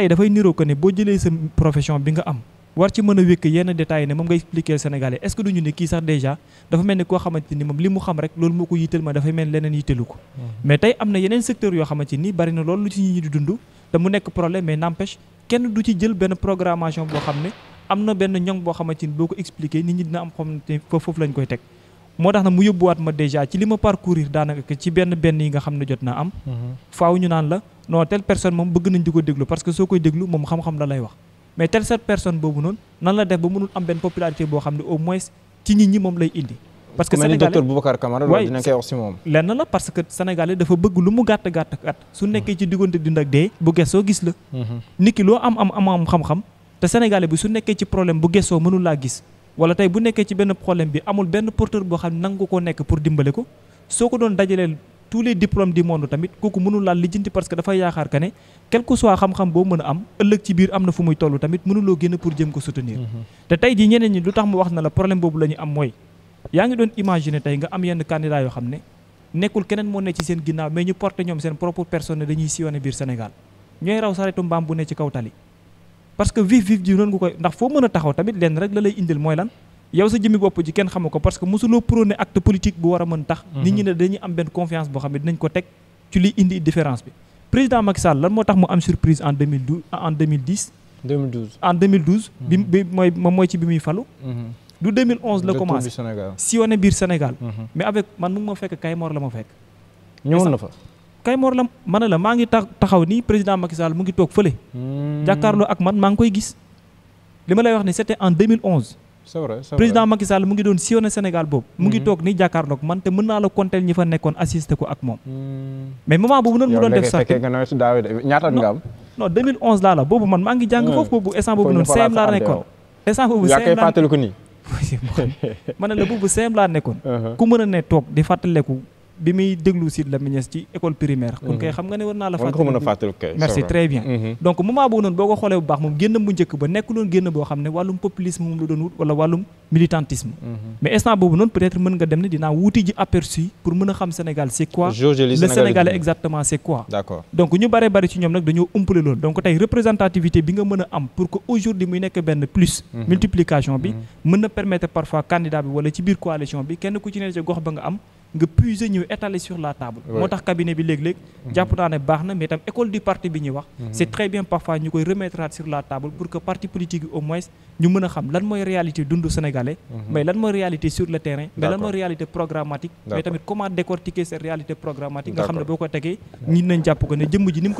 dafay niroo que ne boo jëlee sa profession bi nga am war ci mën a wékk yenn détails ne moom nga expliquer Sénégalais est-ce que ne kii sax déjà dafa mel ni koo xamante ni moom li mu xam rek loolu moo ko yitteel ma dafay mel leneen yitteelu ko mm-hmm. mais tey am na te mu nekk problème mais n'empêche kenn du ci jël benn programmation boo xam ne am na benn ñoŋ boo xamante ni boo ko expliqué nit ñi dina am xam ne foofu lañ koy teg moo tax na mu yóbbuwaat ma déjà ci li ma parcourir daanaka ci benn benn yi nga xam ne jot naa am. Mm-hmm. faaw ñu naan la non telle personne moom bëgg nañ di ko déglu parce que soo koy déglu moom xam-xam la lay wax. mais telle cette personne boobu noonu nan la def ba mënul am benn popularité boo xam ne au moins ci nit ñi moom lay indi. parce que sénégalais docteur Boubacar Camara loolu dina koy wax lenn la parce que sénégalais dafa bëgg lu mu gàtt gàtt gàtt su hmm. nekkee ci diggante dund ak dee bu gessoo gis la hmm. nit ki loo am am am am xam-xam te sénégalais bi su nekkee ci problème bu gessoo mënul gis wala tey bu nekkee ci benn problème bi amul benn porteur boo xam nangu ko nekk pour dimbale ko soo ko doon dajaleel tous les diplômes du monde tamit kooku mënul laal lijjanti parce que dafay yaakaar que ne quel xam-xam boo mën a am ëllëg ci toll tamit mënuloo génn pour jëm ko soutenir hmm. te tey jii ñeneen ñi lu la problème yaa ngi doon imaginer tey nga am yenn candidat yoo xam ne nekkul keneen moo ne ci seen ginnaaw mais ñu porté ñoom seen propre personne dañuy sillonné biir Sénégal ñooy raw saretu mbaam bu ne ci kaw tali parce que vif vif ji noonu nga koy ndax foo mën a taxaw tamit lenn rek la lay indil mooy lan yow sa jëmmi bopp ji kenn xamu ko parce que mosuloo prôné acte politique bu war a mën tax mhm. nit ñi ne dañuy am benn confiance boo xam ne dinañ ko teg mhm. mooy moom du 2011 la commencé sillonné biir Sénégal. Mhm. mais avec man mu ma fekk Kaymoor la ma fekk. ñëwoon na fa. Kaymoor la ma a la maa ngi tax taxaw nii président Macky Sall mu ngi toog fële.
Hmm. jàkkaarloo
ak man maa ngi koy gis. li ma lay wax ne c'était en 2011.
c'est vrai c'est président
Macky mu ngi doon sillonné Sénégal boobu. mu ngi hmm. toog nii jàkkaarloog man te mën naa la compter ñi fa nekkoon assister ko ak moom. Hmm. mais moment boobu noonu mu doon def sax yow nga man maa ngi jàng foofu boobu instant boobu noonu
<laughs>
ma ne la boobu simple laa nekkoon. Uh-huh. ku mën a ne toog di fàttaleku bi muy déglu Sidy Lamine Niass ci école primaire. kon kay mhm. xam nga ne war naa la fàttali merci très bien mhm. donc moment boobu noonu boo ko xoolee bu baax moom génnam bu njëkk ba nekkuloon génn boo xam ne wàllum populisme moom la doon wut wala wàllum militantisme mhm. mais instant boobu noonu peut-être mën nga dem ne dinaa wuuti ji aperçu pour mën a xam Sénégal c'est quoi le Sénégalais exactement c'est quoi donc ñu bare bari ci ñoom nag dañoo umpale loolu donc am nga a ñëw étaler sur la table moo tax cabinet bi léeg-léeg mhm. jàpp naa ne baax na mais tam école du parti bi ñuy wax mhm. c'est très bien parfois ñu koy remettre sur la table pour que parti politique yi au moins ñu mën a xam lan mooy réalité dundu sénégalais mhm. mais lan mooy réalité sur le terrain mais lan mooy réalité programmatique mais tamit comment décortiquer cette réalité programmatique nga xam ne boo ko tegee nit nañ jàpp ko ne jëmm ji ni mu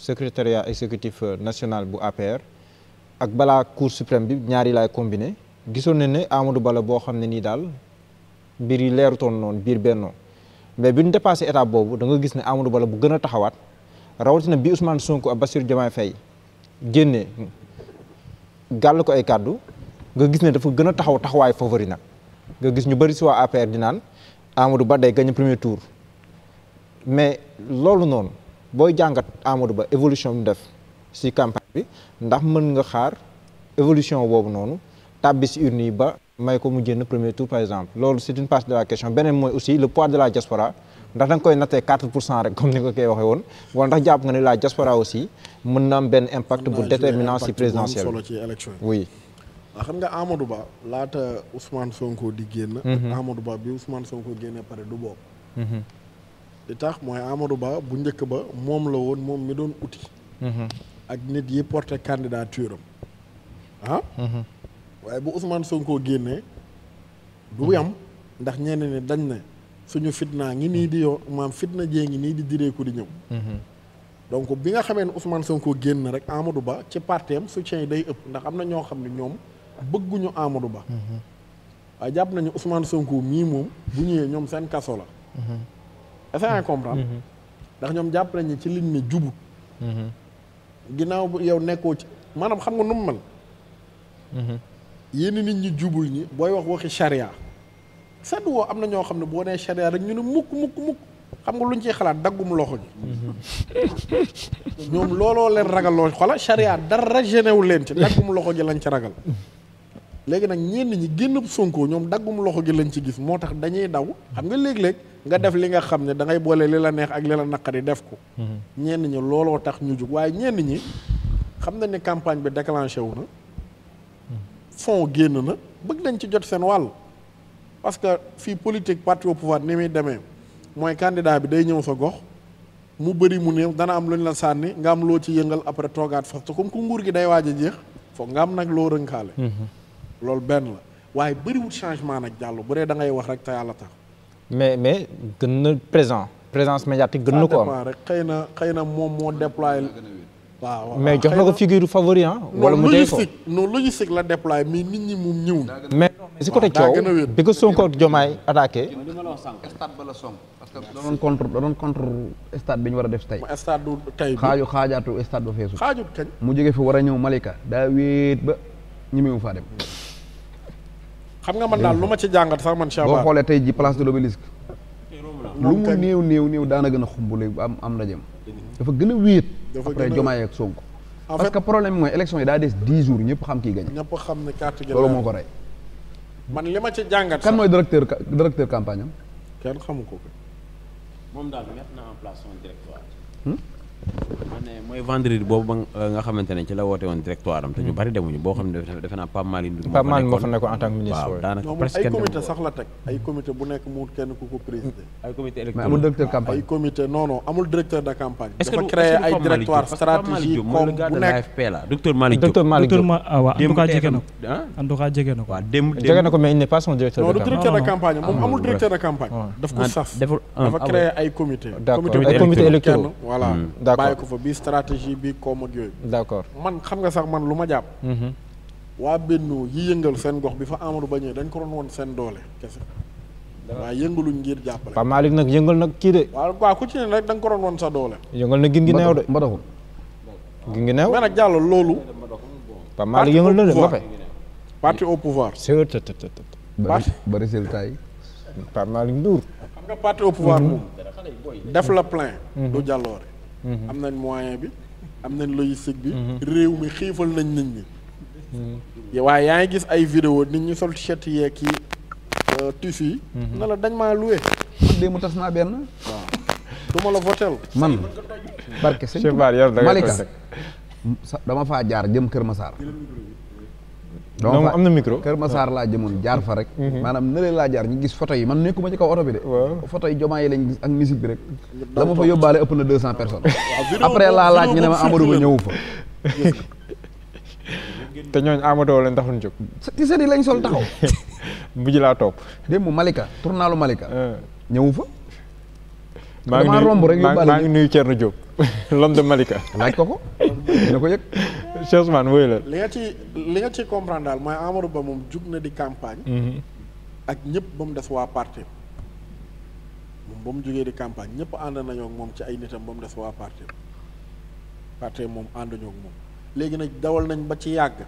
secrétariat exécutif euh, national bu APR ak balaa cour suprême bi ñaari laay combiné gisoon na ne Amadou bala boo xam ne nii daal mbir yi leerutoon noonu biir bennoo mais bi ñu dépassé étape boobu danga gis ne Amadou Ba bu gën a taxawaat rawatina bi Ousmane Sonko ak Bassirou Diomaye Faye génnee gàll ko ay kàddu nga gis ne dafa gën a taxaw taxawaay favori nag nga gis ñu bëri si waa APR di naan Amadou Ba day gagné premier tour mais loolu noonu. booy jàngat Amadou Ba évolution bi def si campagne bi ndax mën nga xaar évolution boobu noonu tàbbi ci urne ba may ko mu génn premier tour par exemple loolu c'est une partie de la question beneen mooy aussi le poids de la diaspora ndax da nga koy nattee 4 pour cent rek comme ni nga koy waxee woon wala ndax jàpp nga ne la diaspora aussi mën na am benn impact bu déterminant ci présidentiel solo ci élection
oui waaw ah, xam nga Amadou Ba laata Ousmane Sonko di génn mhm. Amadou Ba bi Ousmane Sonko génnee pare du boobu li tax mooy Amadou Ba bu njëkk ba moom la woon moom mi doon uti. Mhm. ak nit yi porte candidature am ah. Mhm. waaye bu Ousmane Sonko génnee. du mhm. yam ndax ñenn ni dañ ne suñu fitna ngi nii di yo maam fitna jee ngi nii di direeku di ñëw. donc bi nga xamee ne Ousmane Sonko génn rek Amadou Ba ci parteem soutien yi day ëpp ndax am na ñoo xam ne ñoom bëgguñu Amadou Ba. waaye jàpp nañu Ousmane Sonko mii moom bu ñëwee ñoom seen kaso la. est-ce que mm-hmm. ndax ñoom jàpp nañu ci liñ ne jubut mm-hmm. ginnaaw yow nekkoo ci maanaam xam nga nu mu mel mm-hmm. yenn nit ñi jubul ñi booy wax waxi charia sedd woo am na ñoo xam ne boo nee charia rek ñu ne mukk mukk mukk xam nga luñ ciy xalaat daggum loxo gi ñoom looloo leen ragal loo xola charia dara généwu leen ci daggum loxo gi lañ ci ragal léegi nag ñenn ñi génn Sonko ñoom daggum loxo gi lañ ci gis moo tax dañuy daw xam nga léeg-léeg nga def li nga xam ne dangay ngay boole li la neex ak li la naqari def ko. Mhm. ñenn ñi looloo tax ñu jug waaye ñenn ñi xam na ni campagne bi déclenché wu na. Mhm. fond génn na bëgg nañ ci jot seen wàll. parce que fii politique parti au ni muy demee mooy candidat bi day ñëw sa gox mu bëri mu néew dana am lu ñu la sànni nga am loo ci yëngal après toogaat fas te comme ku nguur gi day waaj a jeex foog nga am nag loo rënkaale. Mhm. loolu benn la waaye bëriwul changement nag jàll bu dee da ngay wax rek te yàlla tax.
mais mais gën na présent présence médiatique gën na ko am
rek xëy na xëy na moom moo déployé. waaw mais jox na
ko figure favori ah. wala mu dee ko
non logistique la déployé mais nit ñi moom ñëw
mais
si côté coow bi ko Sonko jomaay Diomaye attaqué. li
ma la wax sànq stade ba la song. parce que da doon
contre da doon contre stade bi ñu war a def tey. stade du tey xaaju xaajaatu stade ba feesu. xaajut mu jógee fi war a ñëw Malika daa wéet ba ñemewu faa dem.
xam na man daal lu ma ci jàngat sax man. Chabar boo xoolee
tey ji place de l'obélisque
lu mu néew
néew néew daana gën a xumbule am am na jëm dafa gën a wéet. après Diomaye ak Sonko. parce que problème mooy élection yi daa des dix jours ñëpp xam kii gañ.
ñëpp xam ne carte loolu moo ko rey. li ma ci jàngat. kan mooy
directeur directeur campagne am. kenn xamu ko.
moom daal mettre na en place son
ma ne mooy vendredi boobu nga xamante ci la woote woon directoire te ñu hmm. bari demuñu boo xam ne defe naa Pape Malick Ndour Pape Malick moo fa nekkoon en tant que ay comité hmm.
ah, dafa créé ay directoire stratégie
comme d'accord bàyyi ko fa bii stratégie
bi koom ak yooyu. d'accord man xam nga sax man lu ma jàpp. Mhm. waa Benno yi yëngal seen gox bi fa Amadou Ba ñëwee dañ ko doon woon seen doole kese. waaw yëngaluñ ngir jàppale. Pape Malick nag yëngal nag kii de. waaw waaw ku ci ne rek da nga ko doon woon sa doole. yëngal na gin gi neew de mba doxul. gin gi neew mais nag jàll loolu. Pape Malick yëngal na de Mbappé.
parti au pouvoir. c'est parti ba résultat yi. Pape Malick Ndour. xam
nga parti au pouvoir mhm. moom. def la plein. Mhm. du jàlloore. Mm-hmm. am nañ moyen bi am nañ logistique bi. Mm-hmm. réew mi xiifal nañ nit ñi.
Mm-hmm.
waaye yaa ngi gis ay vidéo nit ñi sol t-shirt yeeg yi euh, tissu yi. na
la dañ maa loué. démb tas naa benn. waaw du ma la votel man barke sëñ Malika dama faa jaar jëm Kër Massar.
donc am na micro Kër Massar
laa jëmoon jaar fa rek mhm. maanaam nële laa jaar ñu gis photo yi man nekkuma ci kaw oto bi de photo yi jomaa yi lañ gis ak musique bi rek
la ma fa yóbbaale
ëpp na deux cent personnes <laughs> après laa laaj ñu ne ma Amadou Ba ñëwu fa
te ñooñ Amadou lañ taxoon jóg
tisari lañ sol taxaw
<laughs> mujj laa toog démb Malika
tournalu Malika ah.
ñëwu fa maa ngi nuyu maa ngi nuyu Thierno Diop <laughs> Malika laaj ko ko dina ko yëg Cheikh Ousmane wóy la.
li nga ci li nga ci comprendre daal mooy Amadou Ba moom jug na di campagne. Mhm. ak ñëpp ba mu des waa parti moom ba mu jugee di campagne ñëpp ànd nañoo moom ci ay nitam ba mu des waa parti parti moom ànduñoo ak moom léegi nag dawal nañ ba ci yàgg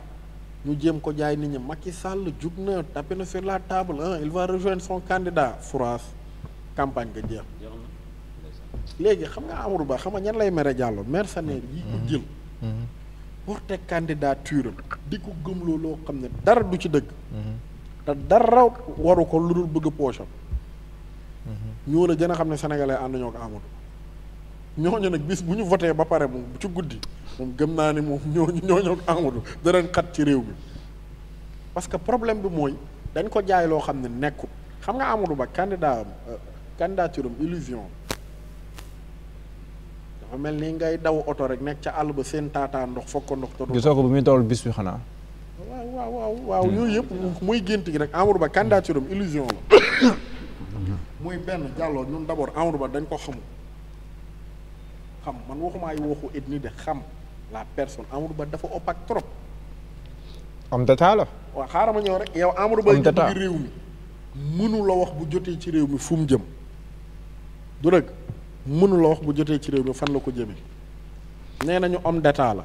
ñu jéem ko jaay nit ñi Macky Sall jug na tapé na sur la table ah il va rejoindre son candidat France campagne ga jeex léegi xam nga Amadou Ba xam nga ñan lay mere Diallo mercenaire yi ko mhm. jël mhm. porté candidature di ko gëmloo loo xam ne dara du ci dëgg. te dara waru ko lu dul bëgg poosam. ñoo la gën a xam ne sénégalais ànduñoo ko Amadou. ñooñu nag bis bu ñu voté ba pare moom ci guddi moom gëm naa ni moom ñooñu ñooñoo ko Amadou danañ xat ci réew mi. parce que problème bi mooy dañ ko jaay loo xam ne nekkul xam nga Amadou Ba candidat am euh, candidature am illusion. dafa mel ni ngay daw oto rek nekk ca àll ba seen taataa ndox foog ndox. te gisoo ko
bu muy dawal bis bi xanaa.
waaw waaw waaw waaw yooyu yëpp hmm. muy gént gi rek Amadou Ba candidature am illusion la. <coughs> muy benn jàlloo ñun d'abord Amadou Ba dañ ko xamul xam man waxuma ay waxu ethnie de xam la personne Amadou Ba dafa opaque trop. am tata la. xaaral ma ñëw rek yow Amadou Ba. am tata réew mi mënu la wax bu jotee ci réew mi fu mu jëm du dëgg. mënula wax bu jotee ci réew mi fan la ko jëme nee nañu homme d'état la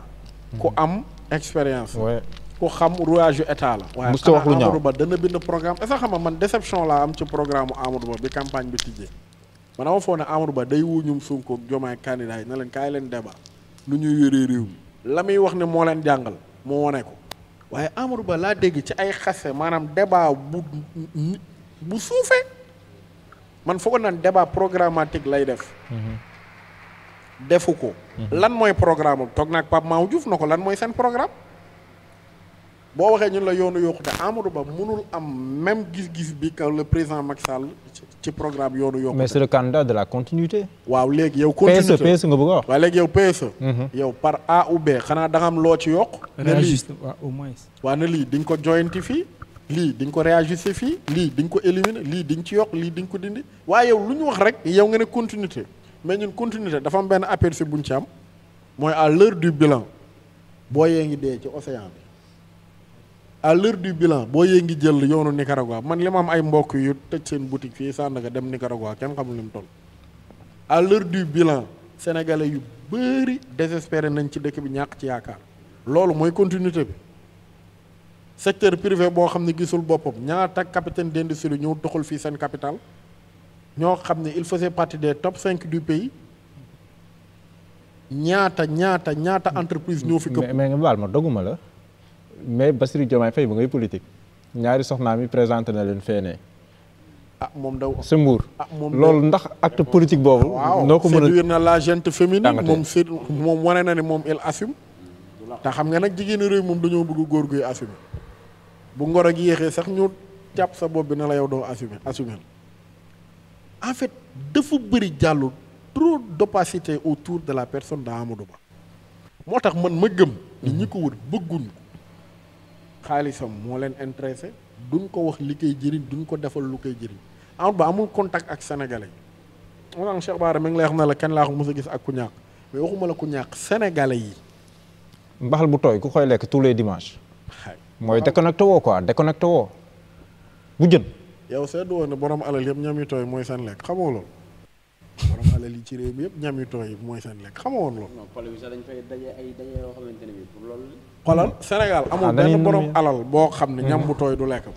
ku mhm. am expérience ku xam rouage yu état la waaye xanaa Amadou wax dana bind programme est-ce que xam nga man déception laa am ci programme Amadou Ba campagne bi tijjee man dama foog Ba day wuñum Sonko ak Diomaye candidat yi na leen kaay leen débat nu ñuy yoree réew mi la muy wax ne moo leen jàngal moo wane ko waaye Amadou Ba laa dégg ci ay xase maanaam débat bu bu man foogoon naan débat programmatique lay def. defu ko. lan mooy programme am toog naag Pape Mahaw Diouf na ko lan mooy seen programme. boo waxee ñun la yoonu yokkute Amadou Ba mënul am même gis-gis bi ka le président Macky Sall ci programme yoonu yokkute. mais c'est le candidat de la continuité. waaw léegi yow. continuité PSE PSE nga bëgg a wax. waaw léegi yow PSE. Mhm. yow par A ou B xanaa da am loo ci yokk. ne lii réajuste moins. waaw ne lii di nga ko joyanti fii. lii di nga ko réajuster fii lii di ko éliminer lii di ci yokk lii di ko dindi waaye yow lu ñu wax rek yow nga ne continuité mais ñun continuité dafa am benn aperçu bu ñu ci am mooy à l'heure du bilan boo yee ngi dee ci océan bi à l'heure du bilan boo yee ngi jël yoonu Nicaragua man li am ay mbokk yu tëj seen boutique fii Sandaga dem Nicaragua kenn xamul ni mu toll à l'heure du bilan sénégalais yu bëri désespéré nañ ci dëkk bi ñàkk ci yaakaar loolu mooy continuité bi secteur privé boo xam ne gisul boppam ñaata capitaine d'industrie ñoo doxul fii seen capital ñoo xam ne il faisait partie des top cinq du pays ñaata ñaata ñaata entreprise ñoo fi këpp mais nga baal ma doguma la mais
Bassirou Diomaye Faye ba ngay politique ñaari soxnaam yi présenté na leen feenee ah moom
daw si mbuur
ah, loolu ndax acte politique boobu noo ko mën a séduire
na la gente féminine moom sédu moom wane na ne moom il assume te xam nga nag jigéenu réew moom dañoo bëgg góor guy assume bu ngoro gi yéexee sax ñu jàpp sa bopp bi na la yow doo assumer assumer en fait dafa bëri jàllu trop d'opacité autour de la personne d'Amadou Ba moo tax man ma gëm ni ñi ko wër bëgguñ ko xaalisam moo leen intéressé duñ ko wax li koy jëriñ duñ ko defal lu koy jëriñ Amadou Ba amul contact ak sénégalais yi maanaam Cheikh Bara mi ngi na la kenn laa ko mos a gis ak ku ñàkk mais waxuma la ku ñàkk sénégalais yi
mbaxal bu tooy ku koy lekk tous les dimanches mooy déconnecté woo quoi déconnecté woo bu jën.
yow seetlu woon ne borom alal yëpp ñam yu tooy mooy seen lekk xamoo loolu borom alal yi ci réew mi yëpp ñam yu mooy seen lekk xamoo woon loolu. non pale bi sax dañ fay daje ay daje yoo xamante Sénégal ah, amul benn alal
boo xam ne mm-hmm. ñam bu tooy du lekkam.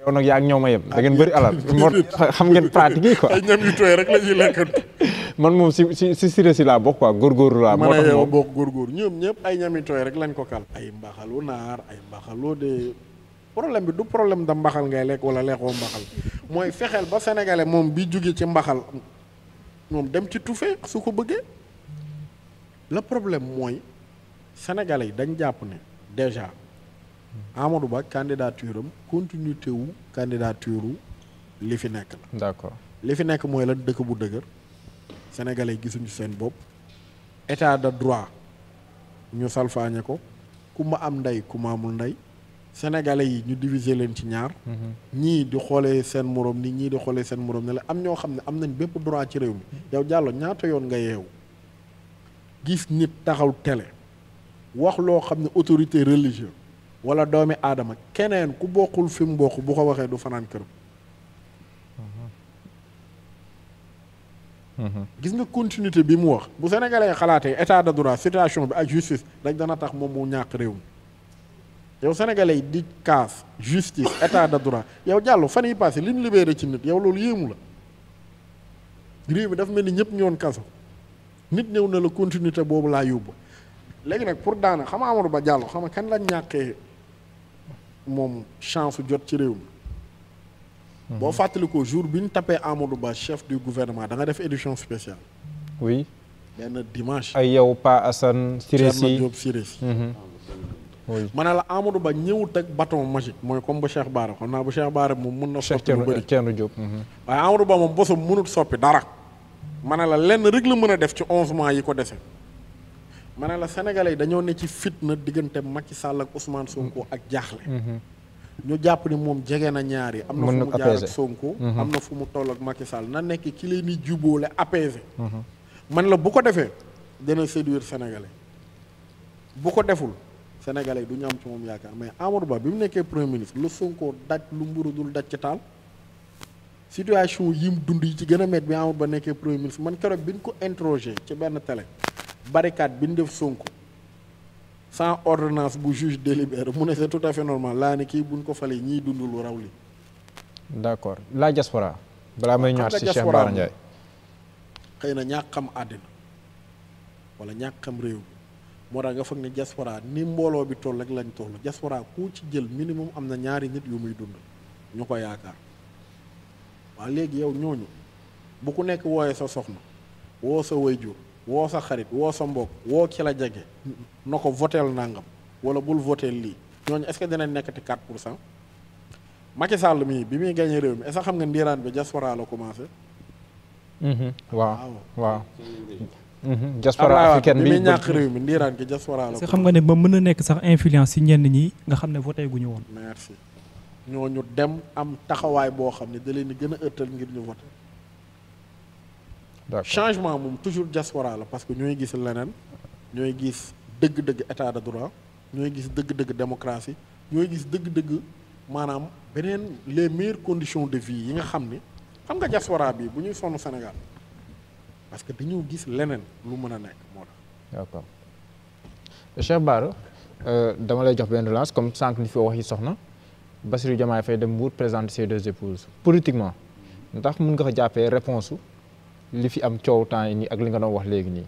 yow nag yaa ak ñoom a yem. da ngeen ah, bëri alal <laughs> xam ngeen pratique yi quoi. ay
ñam rek la lekk.
<laughs> man moom si si si si laa bokk quoi góorgóorlu laa. moo tax moom
bokk góorgóorlu ñoom ñëpp ay ñami tooy rek lañ ko kal ay mbaxalu naar ay mbaxalu de problème bi du problème da mbaxal ngay lekk wala lekkoo mbaxal mooy fexeel ba sénégalais moom bi jóge ci mbaxal moom dem ci tufe su ko bëggee la problème mooy sénégalais yi dañ jàpp ne déjà Amadou Ba candidature am continuité wu candidature li fi nekk la. d'accord li fi nekk mooy la dëkk bu dëgër. sénégalais gisuñu seen bopp état de droit ñu salfaañe ko ku ma am ndey ku ma amul ndey sénégalais yi ñu diviser leen ci ñaar mhm. ñii di xoolee seen moroom ni ñii di xoolee seen moroom ne la am ñoo xam ne am nañ bépp droit ci réew mi yow jàlloo ñaata yoon nga yeewu gis nit taxaw télé wax loo xam ne autorité religieuse wala doomi aadama keneen ku bokkul fi mu bokk bu ko waxee du fanaan kër gis nga continuté bi mu wax bu sénégalais xalaatee état de droit situation bi ak justice rek dana tax moom mu ñàkk réew mi yow sénégalais di kaas justice état de droit yow jàllu fan yi passé li ñu libéré ci nit yow loolu yéemu la réew mi dafa mel ni ñëpp ñoon kaso nit ñëw na la continuté boobu laa yóbbu léegi nag pour daana xam a Amadou Ba jàll xam kan lañ ñàkkee moom chance jot ci réew mi boo fàttalikoo jour bi ñu tapé Amadou Ba chef du gouvernement da nga def édition spéciale. oui.
benn dimanche. ay yow Pa Assane. Siressi si Diop Siressi. Mhm.
ma ne la Amadou Ba ñëwut ak bâton magique mooy comme bu Cheikh Bara xam naa bu Cheikh Bara moom mën na. soppi lu bëri Thierno Diop. Mhm. waaye Amadou Ba moom bosam mënut soppi dara. ma ne la lenn rek la mën a def ci onze mois yi ko dese. ma ne la sénégalais yi dañoo ne ci fitna diggante Macky sàll ak Ousmane Sonko ak jaaxle. Mhm. ñu jàpp ni moom jege na ñaari am na fu mu jaar ak Sonko mhm. am na fu mu toll ak Macky Sall na nekk ki leen di jubóole apaiser mhm. man la bu ko defee dana séduire sénégalais bu ko deful sénégalais du ñu am ci moom yaakaar mais Amadou Ba bi mu nekkee premier ministre lu Sonko daj lu mburu dul daj ci taal situation yi mu dund yi ci gën a met bi Amadou Ba nekkee premier ministre man keroog bi ñu ko interrogé ci benn télé barricade bi ñu def Sonko sans ordonnance bu juge délibéré mu ne c'est tout à fait normal laa ne kii buñ ko falee ñiy dund lu raw li
d'accord la diaspora balaa may ñëwaat si Cheikh
na ñàkk xam àddina wala ñàkk xam réew moo tax ne diaspora ni mbooloo bi toll rek lañ toll diaspora ku ci jël minimum am na ñaari nit yu muy dund ñu ko yaakaar waa léegi yow ñooñu bu ku nekk wooyee sa soxna woo sa wayjur woo sa xarit woo sa mbokk woo ki la jege na ko voteel nangam wala bul voteel lii ñooñu est-ce que dinañ nekkati 4 pour cent Macky Sall mii bi muy gagné réew mi est-ce xam nga ndiiraan bi diaspora la commencé.
Mhm. waaw waaw.
Mhm. diaspora bi muy ñàkk réew
mi ndiiraan gi diaspora la. est xam
nga ne ba mën na nekk sax influence ci ñenn ñi nga xam ne voté gu ñu woon.
merci ñooñu dem am taxawaay boo xam ne da leen di gën a ëttal ngir ñu voté. changement moom toujours diaspora la parce que ñooy gis leneen ñooy gis. dëgg-dëgg état de droit ñooy gis dëgg-dëgg démocratie ñooy gis dëgg-dëgg maanaam beneen les meilleures conditions de vie yi nga xam ni xam nga diaspora yi bu ñuy sonn Sénégal parce que dañu gis leneen lu mën a nekk moo
tax. d'accord euh, dama lay jox benn relance comme sànq ni fi wax yi soxna Bassirou Diomaye Faye dem Mbour présenter ses deux épouses politiquement ndax mun nga ko jàppee réponse li fi am coow temps yi nii ak li nga doon wax léegi
nii.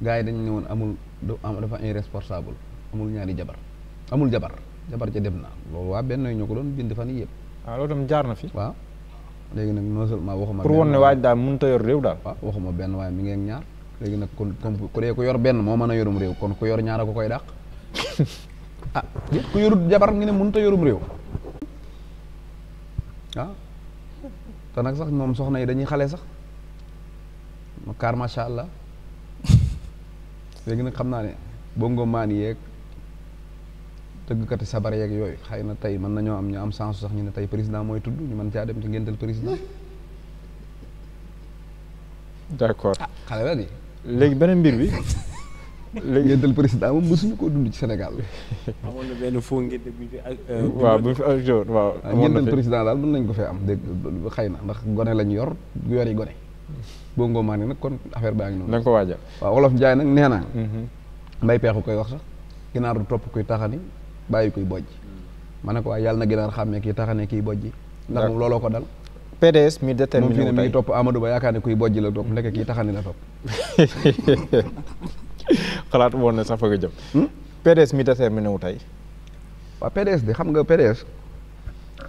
gaa yi dañu ne woon amul dafa irresponsable amul ñaari jabar amul jabar jabar ca dem na loolu waa benn ñoo ko doon bind fan yii yëpp. waaw ah, loolu tam jaar na fi. waaw léegi nag non seulement waxuma. pour woon ne waaj daal mënut a yor réew daal. waaw waxuma benn waaye mi ngi ñaar léegi nag kon ku dee ku yor benn moo mën a yorum réew kon ku yor ñaar ko koy dàq <laughs> ah ku yorut jabar ngi ne mënut a yorum réew ah te nag sax moom soxna yi dañuy xale sax car macha allah. léegi nag xam naa ne bongo maan yeeg tëggkati sabar yeeg yooyu xay na tey mën nañoo am ñu am chance sax ñu ne tey président mooy tudd ñu mën caa dem ci ngéntal président. d'accord ah xale la di. léegi beneen mbir bi. <laughs> léegi ngéntal président moom mosuñu koo dund ci Sénégal. <laughs>
amoon na benn foo ngeen bi ak. Euh, waaw bu fi ak jour
waaw. Ah, ngéntal président daal mën nañ ko fee am dégg xëy na ndax gone lañ yor yor yi gone. bongo maa ne nag kon affaire baa ngi noonu. da ko waajal waaw wolof Njaay nag nee na. Mhm. mbay peexu koy wax sax ginaar du topp kuy taxani bàyyi kuy bojj. ma ne ko waaye yàlla na ginaar xàmmee kii taxane kii bojji. ndax moom looloo ko dal. PDS mi déterminé moom fii ne mi ngi topp Amadou Ba yaakaar ne kuy bojj la topp ndeke kii taxani la topp. <laughs> xalaat woon ne sax fa nga jëm. Hmm? PDS mi déterminé tey. waaw PDS de xam nga PDS.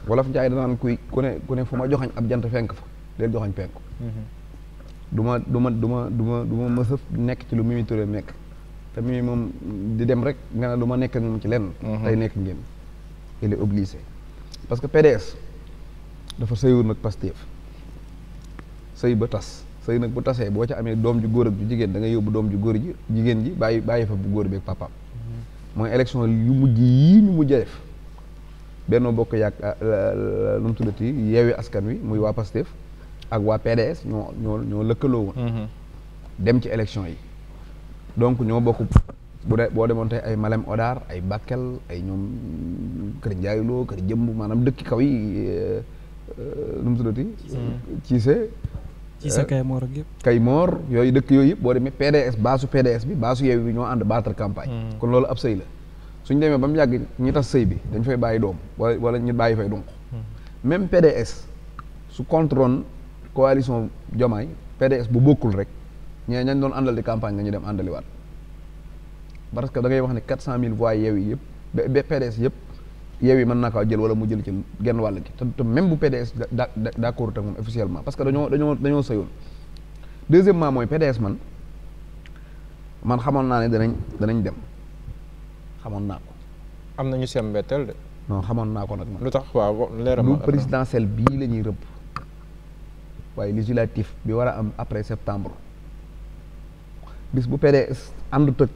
wolof Njaay danaan kuy ku ne ku fu ma joxañ ab jant fenk fa del joxañ penku. Mhm. du ma du ma du ma du ma du ma ah. mës a nekk ci lu Mimi Touré nekk te Mimi moom di dem rek nga ne du ma nekk moom ci lenn. Mhm. tey nekk ngeen il parce que PDS dafa sëyul nag Pastef sëy ba tas sëy nag bu tasee boo ca amee doom ju góor ak jigéen da ngay yóbbu doom ju góor ji jigéen ji bàyyi bàyyi fa bu góor beeg papaam. Mhm. mooy élection yu mujj yii ñu mujj a def Benno Bokk Yaakaar euh, euh, nu mu tuddati Yewwi Askan Wi muy waa Pastef. ak waa PDS ñoo ñoo ñoo lëkkaloo woon. Mhm. dem ci élection yi. donc ñoo bokk bu boo demoon tey ay Malem Odar ay Bakel ay ñoom Kër Ndiaye Lo Kër Jëmb maanaam dëkk kaw yi euh, nu mu tuddati. Cissé mm. Cissé euh, Kaymoor ak yëpp. kay moor yooyu dëkk yooyu yëpp boo demee PDS baasu PDS bi baasu yeew bi ñoo ànd battre campagne. Mm. kon loolu ab sëy la. suñ demee ba mu yàgg ñi tas sëy bi dañ fay bàyyi doom wala wala ñu bàyyi fay donc mm. même PDS su contrôle coalition Jomaay PDS bu bokkul rek ñee ñañ doon àndal di campagne la ñu dem àndaliwaat parce que da ngay wax ne quatre cent mille voix yeew yi yëpp ba PDS yëpp yeew yi man naa kaa jël wala mu jël ci genn wàll gi te même bu PDS da d'accord ak moom officiellement parce que dañoo dañoo dañoo sëyoon deuxièmement mooy PDS man man xamoon naa ne danañ danañ dem xamoon naa ko. am na ñu seen mbetteel de. non xamoon naa ko nag man. lu tax waaw leeral lu présidentiel bii la ñuy rëbb. waaye législatif bi war a am après septembre bis bu pere àndut ak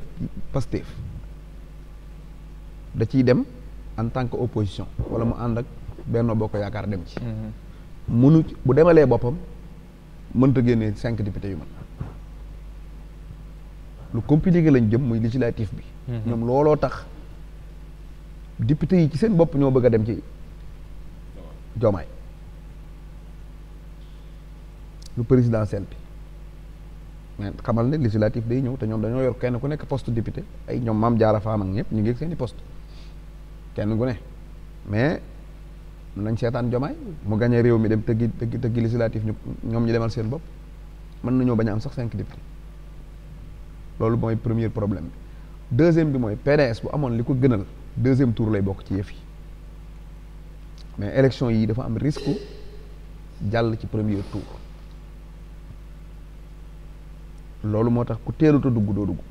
Pastef da ciy dem en tant que opposition wala mu ànd ak Benno Bokk Yaakaar dem ci. Mhm. munu bu demalee boppam mënta génne cinq députés yu man lu compliqué lañ jëm muy législatif bi. Mhm. ñoom looloo tax députés yi ci seen bopp ñoo bëgg a dem ci Diomaye. lu présidentiel bi mais xamal ne législatif day ñëw te ñoom dañoo yor kenn ku nekk poste député ay ñoom maam jaara faam ak ñëpp ñu ngi seeni i kenn ku ne mais nañ seetaan jomaay mu gañe réew mi dem tëggi tëggi tëggi législatif ñu ñoom ñu demal seen bopp mën nañoo bañ a am sax cinq député loolu mooy premier problème bi deuxième bi mooy PDS bu amoon li ko gënal deuxième tour lay bokk ci yëf yi mais élection yi dafa am risque jàll ci premier tour loolu moo tax ku teelut dugg doo dugg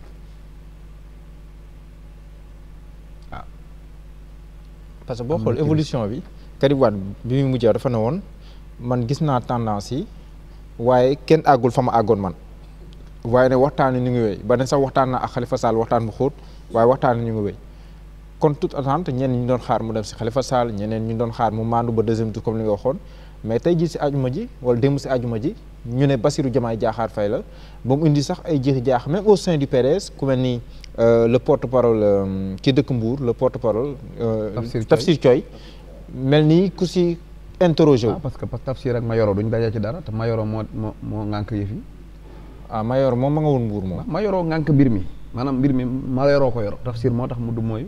waaw ah. que boo xool évolution bi Karim Wade bi muy mujjee dafa ne woon man gis naa tendance yi waaye kenn àggul fa ma àggoon man waaye ne waxtaani ñu ngi wéy ba ne sax waxtaan naa ak Khalifa Sall waxtaan bu xóot waaye waxtaani ñu ngi wéy kon toute attente ñenn ñu doon xaar mu dem si Khalifa Sall ñeneen ñu doon xaar mu maandu ba deuxième tour comme li nga waxoon mais tey jii si ajuma ji wala démb si ajuma ji ñu ne basiru jamaay Diakhar fay la ba mu indi sax ay jiixi jaax même au sein du PDS ku mel ni euh, le porte-parole euh, ki dëkk Mbour le porte-parole. Euh, Tafsir Thioye mel
ni ku si interrogé wu. Ah, parce que parce que ma ak Mayoro duñ dajee ci dara te Mayoro moo moo moo ngànk yëf yi. Ah, Mayoro moom ma nga woon Mbour moom. Mayoro ngànk mbir mi maanaam mbir mi Mayoro ko yor Tafsir moo tax mu du mooy.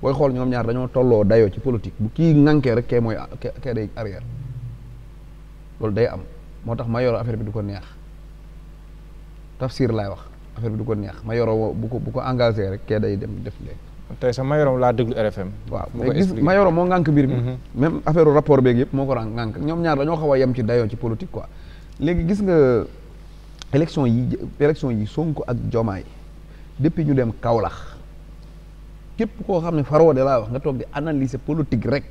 booy xool ñoom ñaar dañoo tolloo dayoo ci politique bu kii ngànkee rek kee mooy kee day arrière. loolu day am moo tax ma yoroo affaire bi du ko neex tafsir laay wax affaire bi du ko neex ma yoroo bu ko bu ko engagé rek kee day dem def léegi. tey sax Mayoro laa déglu RFM. waaw mais gis Mayoro moo ngànk mbir mi mhm. même affaire rapport beeg yëpp moo ko ra ngànk ñoom ñaar la ñoo a yem ci dayoo ci politique ko léegi gis nga élection yi élection yi Sonko ak joomaay depuis ñu dem Kaolack képp koo xam ne faroo de laa wax nga toog di analyser politique rek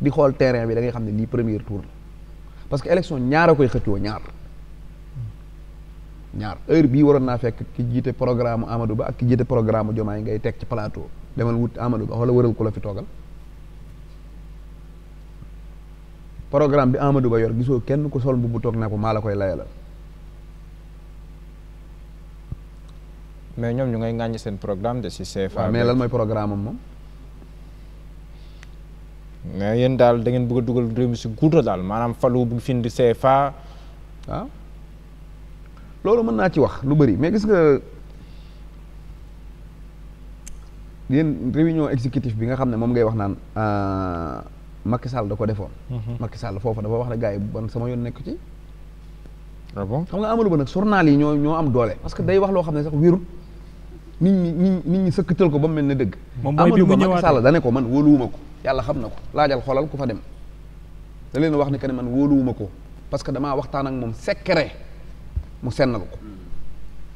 di xool terrain bi da ngay xam ne lii premier tour parce que élection ñaar a koy xëccoo ñaar ñaar heure bii waroon naa fekk ki jiite programme Amadou Ba ak ki jiite programme Diomaye ngay teg ci palaato demal wut Amadou Ba wala wëral ku la fi toogal programme bi amadu Ba yor gisoo kenn ku sol mbubu toog naa ko maa la koy layalal. mais ñoom ñu ngay ŋàññi seen programme
de si CFA. mais lan mooy programme am moom. mais yéen daal dangeen ngeen a dugal réew mi si guuta daal maanaam falu bu fi indi CFA. waaw ah.
loolu mën naa ci wax lu bëri mais gis nga yéen réunion exécutif bi nga xam ne moom ngay wax naan euh, Macky Sall da ko defoon. Mhm. Macky Sall foofu dafa wax ne gars yi ban yoon nekk ci. ah bon xam nga Amadou Ba nag ñoo ñoo doole. parce que day wax loo xam ne sax wérut nit ñi nit ñi sëkkatal ko ba mu mel ne dëgg. moom mooy bi mu ñëwaat Amadou Ba Macky Sall da ne ko man wóoluwuma ko. yàlla xam na ko laajal xoolal ku fa dem da leen wax ne que ne man wóoluwuma ko parce que damaa waxtaan ak moom secret mu sennal ko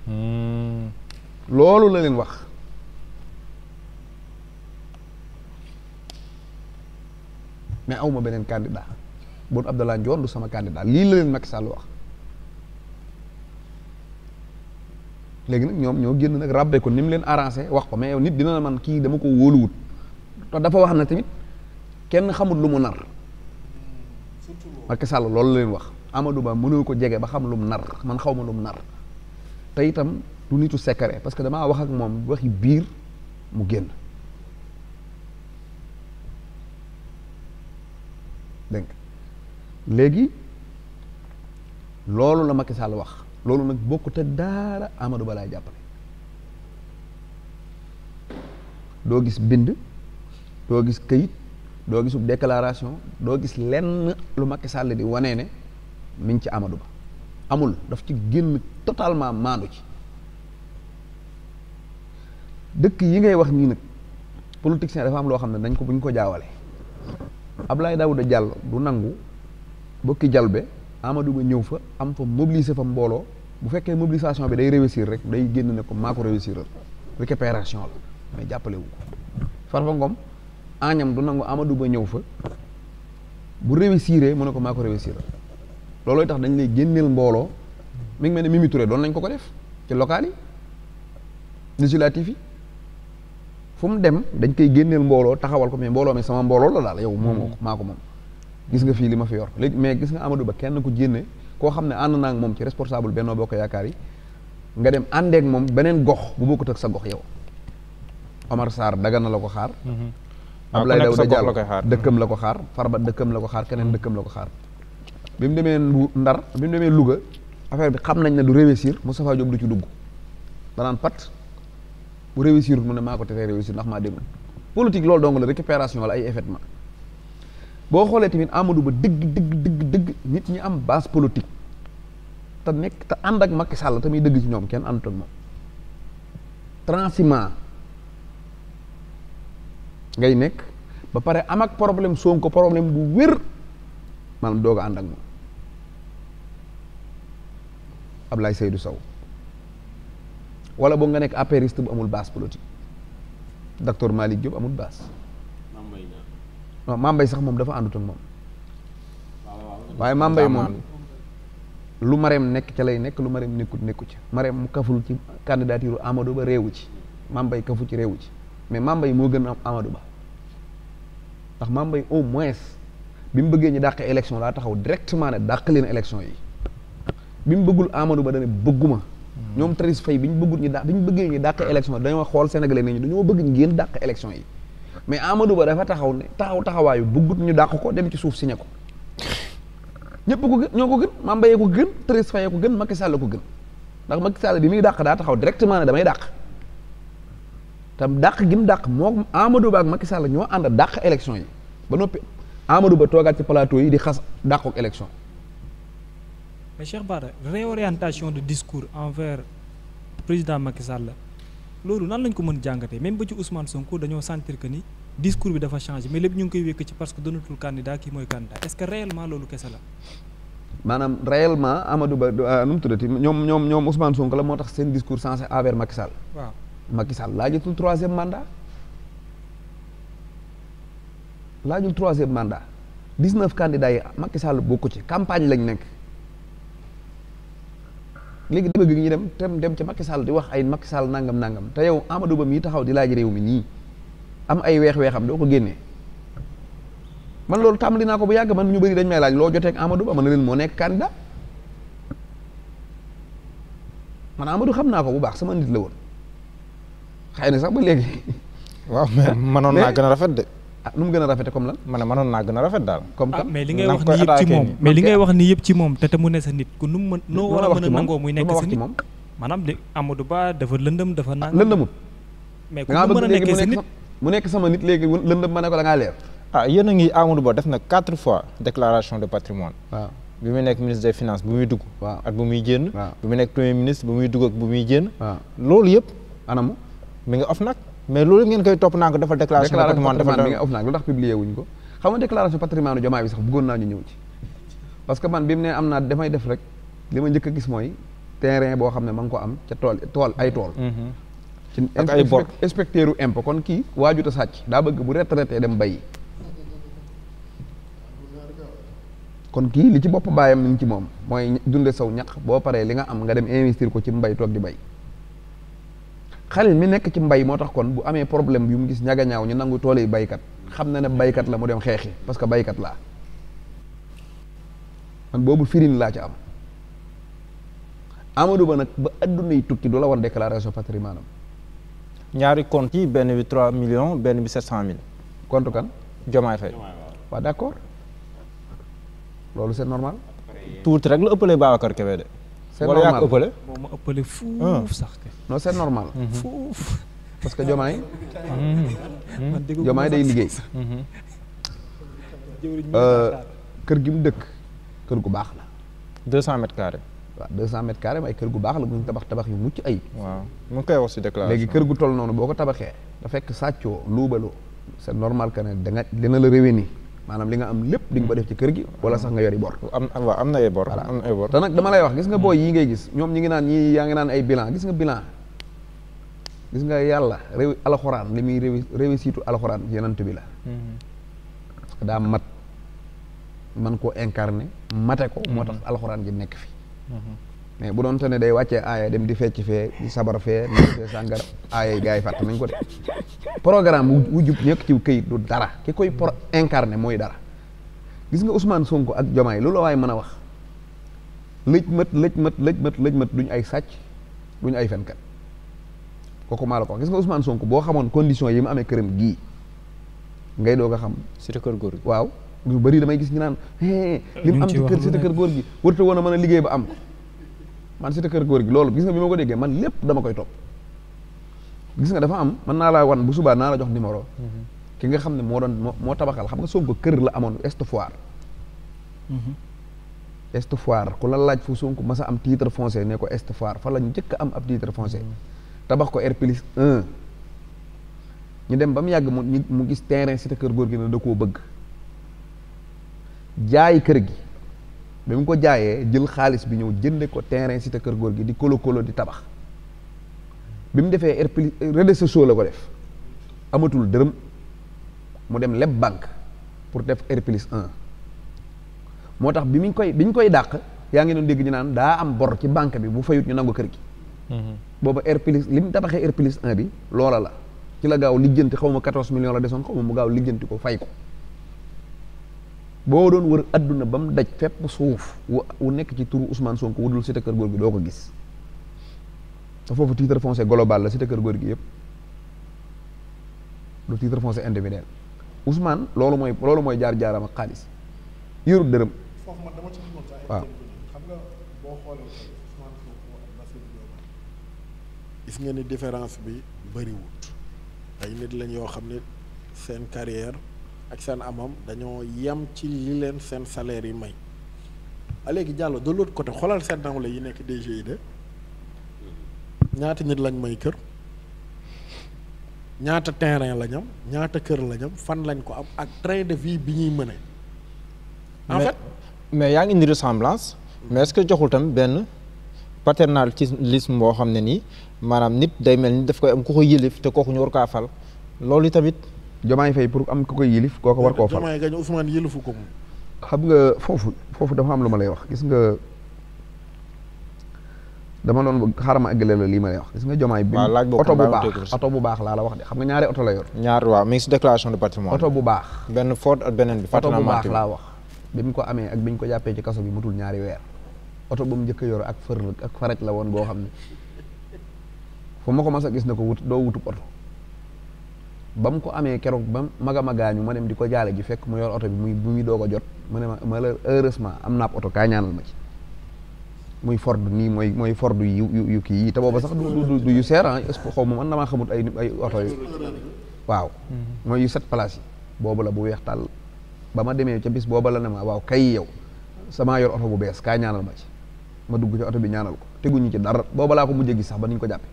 hmm.
loolu la leen wax mais awma beneen candidat bon Abdallah Ndione du sama candidat lii la leen Macky Sall wax léegi nag ñoom ñoo génn nag ràbbe ko ni mu leen arrangé wax ko mais yow nit dina la man kii dama ko wóoluwut te dafa wax na tamit kenn xamul lu mu nar Macky Sall loolu la leen wax Amadou Ba mënoo ko jege ba xam lu mu nar man xaw ma lu mu nar te itam du nitu secret parce que damaa wax ak moom waxi biir mu génn dégg léegi loolu la Macky Sall wax loolu nag bokkut ak daara Amadou Ba laay jàppale doo gis bind doo gis këyit doo gisub déclaration doo gis lenn lu Macky sàll di wanee ne mi ngi ci amadu Ba amul daf ci génn totalement maandu ci dëkk yi ngay wax nii nag politicien dafa am loo xam ne dañ ko bu ñu ko jaawale Abdoulaye Daouda jàll du nangu bokki jalbe Amadou Ba ñëw fa am fa mobiliser fa mbooloo bu fekkee mobilisation bi day réussir rek day génn ne ko maa ko réussiral récupération la mais jàppalewu ko Farba Ngom Agnam du nangu amadu Ba ñëw fa bu réussiré mu ne ko maa ko réussir loolooy tax dañ lay génneel mbooloo mi ngi mel ne Mimi doon nañ ko ko def ci local yi législatif yi fu mu dem dañ koy génneel mbooloo taxawal ko mais mbooloo mi sama mbooloo la daal yow moom ko hmm. maa ko moom gis nga fii li ma fi yor léegi mais gis nga amadu Ba kenn ku génne koo xam ne ànd naa ak moom ci responsable Benno Bokk Yaakaar yi nga dem àndeek moom beneen gox bu bokkut ak sa gox yow Omar Sarr na la ko xaar
hmm. am Abdoulaye Daouda Diallo dëkkam
la ko xaar ba dëkkam la ko xaar keneen dëkkam la ko xaar bi mu demee Ndar bi mu demee Louga affaire bi xam nañ ne du réussir Moustapha Diop du ci dugg danaan pat bu réussir mu ne maa ko teree réussir ndax maa demul politique loolu dong la récupération wala ay effectivement boo xoolee tamit Amadou Ba dëgg dëgg dëgg dëgg nit ñi am base politique te nekk te ànd ak Macky Sall te muy dëgg ci ñoom kenn àndutoon moom transhumant ngay nekk ba pare am ak problème Sonko problème bu wér man doog ànd ak moom Ablaye Seydou Sow wala boog nga nekk apériste bu amul base politique docteur Malick Diop amul base. non Mambay sax moom dafa àndut ak moom.
waaye Mambay moom
lu mareem nekk ca lay nekk lu mareem nekkut nekku ca mareem mu kaful ci candidature amado Ba réewu ci Mambay kafu ci réewu ci. mais Mame yi moo gën a am Amadou Ba ndax Mame yi au moins bi mu bëggee ñu dàq élection laa taxaw directement ne dàq leen élection yi bi mu bëggul Amadou Ba dana bëgguma ñoom Thérèse Faye bi ñu bëggul ñu dàq bi ñu bëggee ñu dàq élection dañoo xool sénégalais nañu bëgg ñu ngeen dàq élection yi mais Amadou Ba dafa taxaw ne taxaw taxawaayu bëggut ñu dàq ko dem ci suuf signé ko ñëpp ko ñoo ko gën Mame Mbaye gën Thérèse Faye ko gën Macky Sall ko gën ndax Macky Sall bi muy dàq daa taxaw directement ne damay dàq tam dàq gi mu dàq moom Amadou Ba ak Macky Sall ñoo ànd dàq élection yi ba noppi amado Ba toogaat ci plateau yi di xas dàqook élection.
mais Cheikh Bara réorientation de discours envers président Macky Sall loolu nan lañ ko mën jàngatee même ba ci Ousmane ñu ci parce que donatul candidat kii mooy candidat est-ce que réellement loolu kese la.
maanaam réellement Amadou Ba euh, nu mu tuddati ñoom la moo tax seen discours sensé envers Macky Sall. waaw. Macky Sall laajatul troisième mandat laajul troisième mandat dix neuf candidats yi Macky Sall bokk ci campagne lañ nekk léegi dama bëgg ñu dem tem dem ci Macky Sall di wax ay Macky Sall nangam nangam te yow Amadou yi mii taxaw di laaj réew mi nii am ay weex-weexam doo ko génne man loolu tàmbali naa ko bu yàgg man ñu bari dañ may laaj loo jotee ak Amadou Ba man leen moo nekk candidat man Amadou xam naa ko bu baax sama nit la woon. xëy na sax ba léegi.
waaw <laughs> mais mënoon naa gën
a rafet de. ah nu mu gën a rafete comme lan. ma ne mënoon rafet
daal. comme ah, que mais li ngay wax ni yëpp ci moom mais li ngay wax ni yëpp ci moom te te mu ne sa nit ku nu mu mën a mën a nangoo muy nekk sa nit
Ba mu a nekkee sa nit
mu nekk sama nit léegi lëndëm ma ne ko da ngaa leer ah yéen a ngi Amadou Ba def na
quatre fois déclaration de patrimoine waaw bi muy nekk ministre des finances bu muy dugg waaw ak bu muy génn bi muy nekk premier ministre bu muy dugg ak bu muy génn waaw loolu yëpp anamu mi ngi OFNAC mais loolu ngeen koy topp naa ko dafa déclaration patrimoine dafa mi ngi
OFNAC lu tax publier wuñ ko xam nga déclaration patrimoine jomaay ci parce que man bi mu ne am naa damay def rek li njëkk gis mooy terrain boo xam ne ma ngi am ca tool tool ay tool mhm. ci inspecteur u imp kon kii waajut a sàcc daa bëgg bu retraité dem bayi kon kii li ci bopp baayam ni ci moom mooy dunde saw ñaq boo paree li nga am nga dem investir ko ci mbay toog di bay xale mi nekk ci mbay moo tax kon bu amee problème bi mu gis ñaga ñaaw ñu nangu tooley baykat xam na ne baykat la mu dem xeexi parce que baykat laa man boobu firin laa ci am Amadou Ba nag ba adduna yi tukki du la wan déclaration patrimoine am
ñaari compte yi benn bi trois millions benn bi sept cent mille compte kan Diomaye Faye waaw d'accord loolu set normal tuuti rek la ëppalee Babacar Kébé de c'est
normal wala yaa ëppale. moo ah. sax kay. non c'est normal. Mm-hmm. fuuf parce que jomaay.
Mm-hmm. Mm-hmm. <laughs> jomaay day liggéey.
Euh, kër gi mu dëkk kër gu baax la. 200 mètres carrés. waaw 200 mètres carrés ay kër gu baax la bu ñu tabax tabax yu mucc ayib. waaw
mu koy wax ci léegi kër gu
toll noonu boo ko tabaxee. da fekk sàccoo luubaloo. c'est normal que ne da dina la nii maanaam li nga am lépp di nga ko def ci kër gi wala sax nga yori bor am am na ay bor am na ay bor te nag dama lay wax gis nga booy yi ngay gis ñoom ñi ngi naan ñi yaa ngi naan ay bilan gis nga bilan gis nga yàlla réew alxuraan li muy réew réussitu alxuraan yenant bi la mhm. daa mat man koo incarné mate ko moo tax mhm. alxuraan ji nekk fi mhm. mais bu doon te day wàccee aaya dem di fecc fee di sabar fee nekk fee sàngara aaya yi gars yi fàtt nañ ko de programme wu jub nekk ci këyit du dara ki koy pro incarné mooy dara gis nga Ousmane sonk ak Jomaay loolu la waaye mën a wax lëj mët lëj mët lëj mët lëj mët duñ ay sàcc duñ ay fenkat kooku maa la ko wax gis nga Ousmane Sonko boo xamoon condition yi mu amee këram gii ngay doog a xam. si kër góor gi waaw lu bëri damay gis ñu naan. li mu am kër si kër góor gi warut woon a mën a liggéey ba am ko man si kër góor gi loolu gis nga bi ma ko déggee man lépp dama koy topp. gis nga dafa am mën naa laa wan bu subaa naa la jox numéro. Mhm. ki nga xam ne moo doon moo tabaxal xam nga Sonko kër la amoon Est Foire. Mhm. Est Foire ku la laaj fu Sonko ma sa am titre foncier ne ko Est fa la njëkk am ab titre foncier. Mhm. tabax ko R plus ñu dem ba mu yàgg mu mu gis terrain cité kër góor gi ne da koo bëgg. jaay kër gi. bi mu ko jaayee jël xaalis bi ñëw jënde ko terrain cité kër góor gi di kolo kolo di tabax. bi mu defee RPL réseaux sociaux la ko def amatul dërëm mu dem leb banque pour def RPL 1 moo tax bi mu koy bi ñu koy dàq yaa ngi doon dégg ñu naan daa am bor ci banque bi bu fayut ñu nangu kër gi. Mhm. booba RPL li mu tabaxee RPL 1 bi loola la ci la gaaw lijjanti xaw ma 14 millions la desoon xaw ma mu gaaw lijjanti ko fay ko. boo doon wër adduna ba mu daj fépp suuf wu nekk ci turu Ousmane Sonko wudul kër Keur bi doo ko gis. te foofu titre foncier global la cité kër góor gi yëpp du titre foncier individuel Ousmane loolu mooy loolu mooy jaar-jaaram ak xaalis
yëru dërëm. foofu xam nga boo xoolee Ousmane gis nga ni différence bi bëriwut ay nit lañ yoo xam ne seen carrière ak seen amam dañoo yem ci li leen seen salaire yi may. léegi Diallo de l'autre côté xoolal seen nawle yi nekk DGID. ñaata nit lañ may kër ñaata terrain lañ am ñaata kër lañ am fan lañ ko am ak train de vie bi ñuy mëne en
mais, yaa ngi indi ressemblance mais est-ce que joxul tam benn paternalisme boo xam ne nii maanaam nit day mel ni daf koy am ku ko yëlif te kooku ñu war kaa
fal loolu tamit. Diomaye fay pour am ku koy yëlif kooku war koo fal Diomaye
gañ Ousmane yëlifu ko moom.
xam nga foofu foofu dafa am lu ma lay wax gis nga. dama doon xaaral ma àggale la lii ma lay wax gis nga jomaay bi oto bu baax oto bu baax laa la oto la yor ñaar waaw mi ngi si déclaration de patrimoine oto oto bu baax laa wax bi mu ko amee ak bi ko jàppee ci kaso bi mutul ñaari weer oto ba mu njëkk a yor ak ak faraj la woon boo xam ne fu ma ko mas a gis ne ko wut doo wutub oto ba mu ko amee keroog ba mag a magaañu ma dem di ko jaale ji fekk mu yor oto bi mu mu muy doog a jot ma ne ma malheureusement am naab oto kaa ñaanal ma ci muy ford nii mooy mooy ford yu yu kii yi te booba sax du du yu seer ah xaw ma man damaa xamut ay ay oto yu waaw mm-hmm. mooy yu set place yi boobu la bu weex tàll ba ma demee ca bis booba la ne ma waaw kay yow sama yor oto bu bees kaa ñaanal ma ci ma dugg ci oto bi ñaanal ko teguñu ci dara booba laa ko mujjee gis sax ba niñ ko jàppe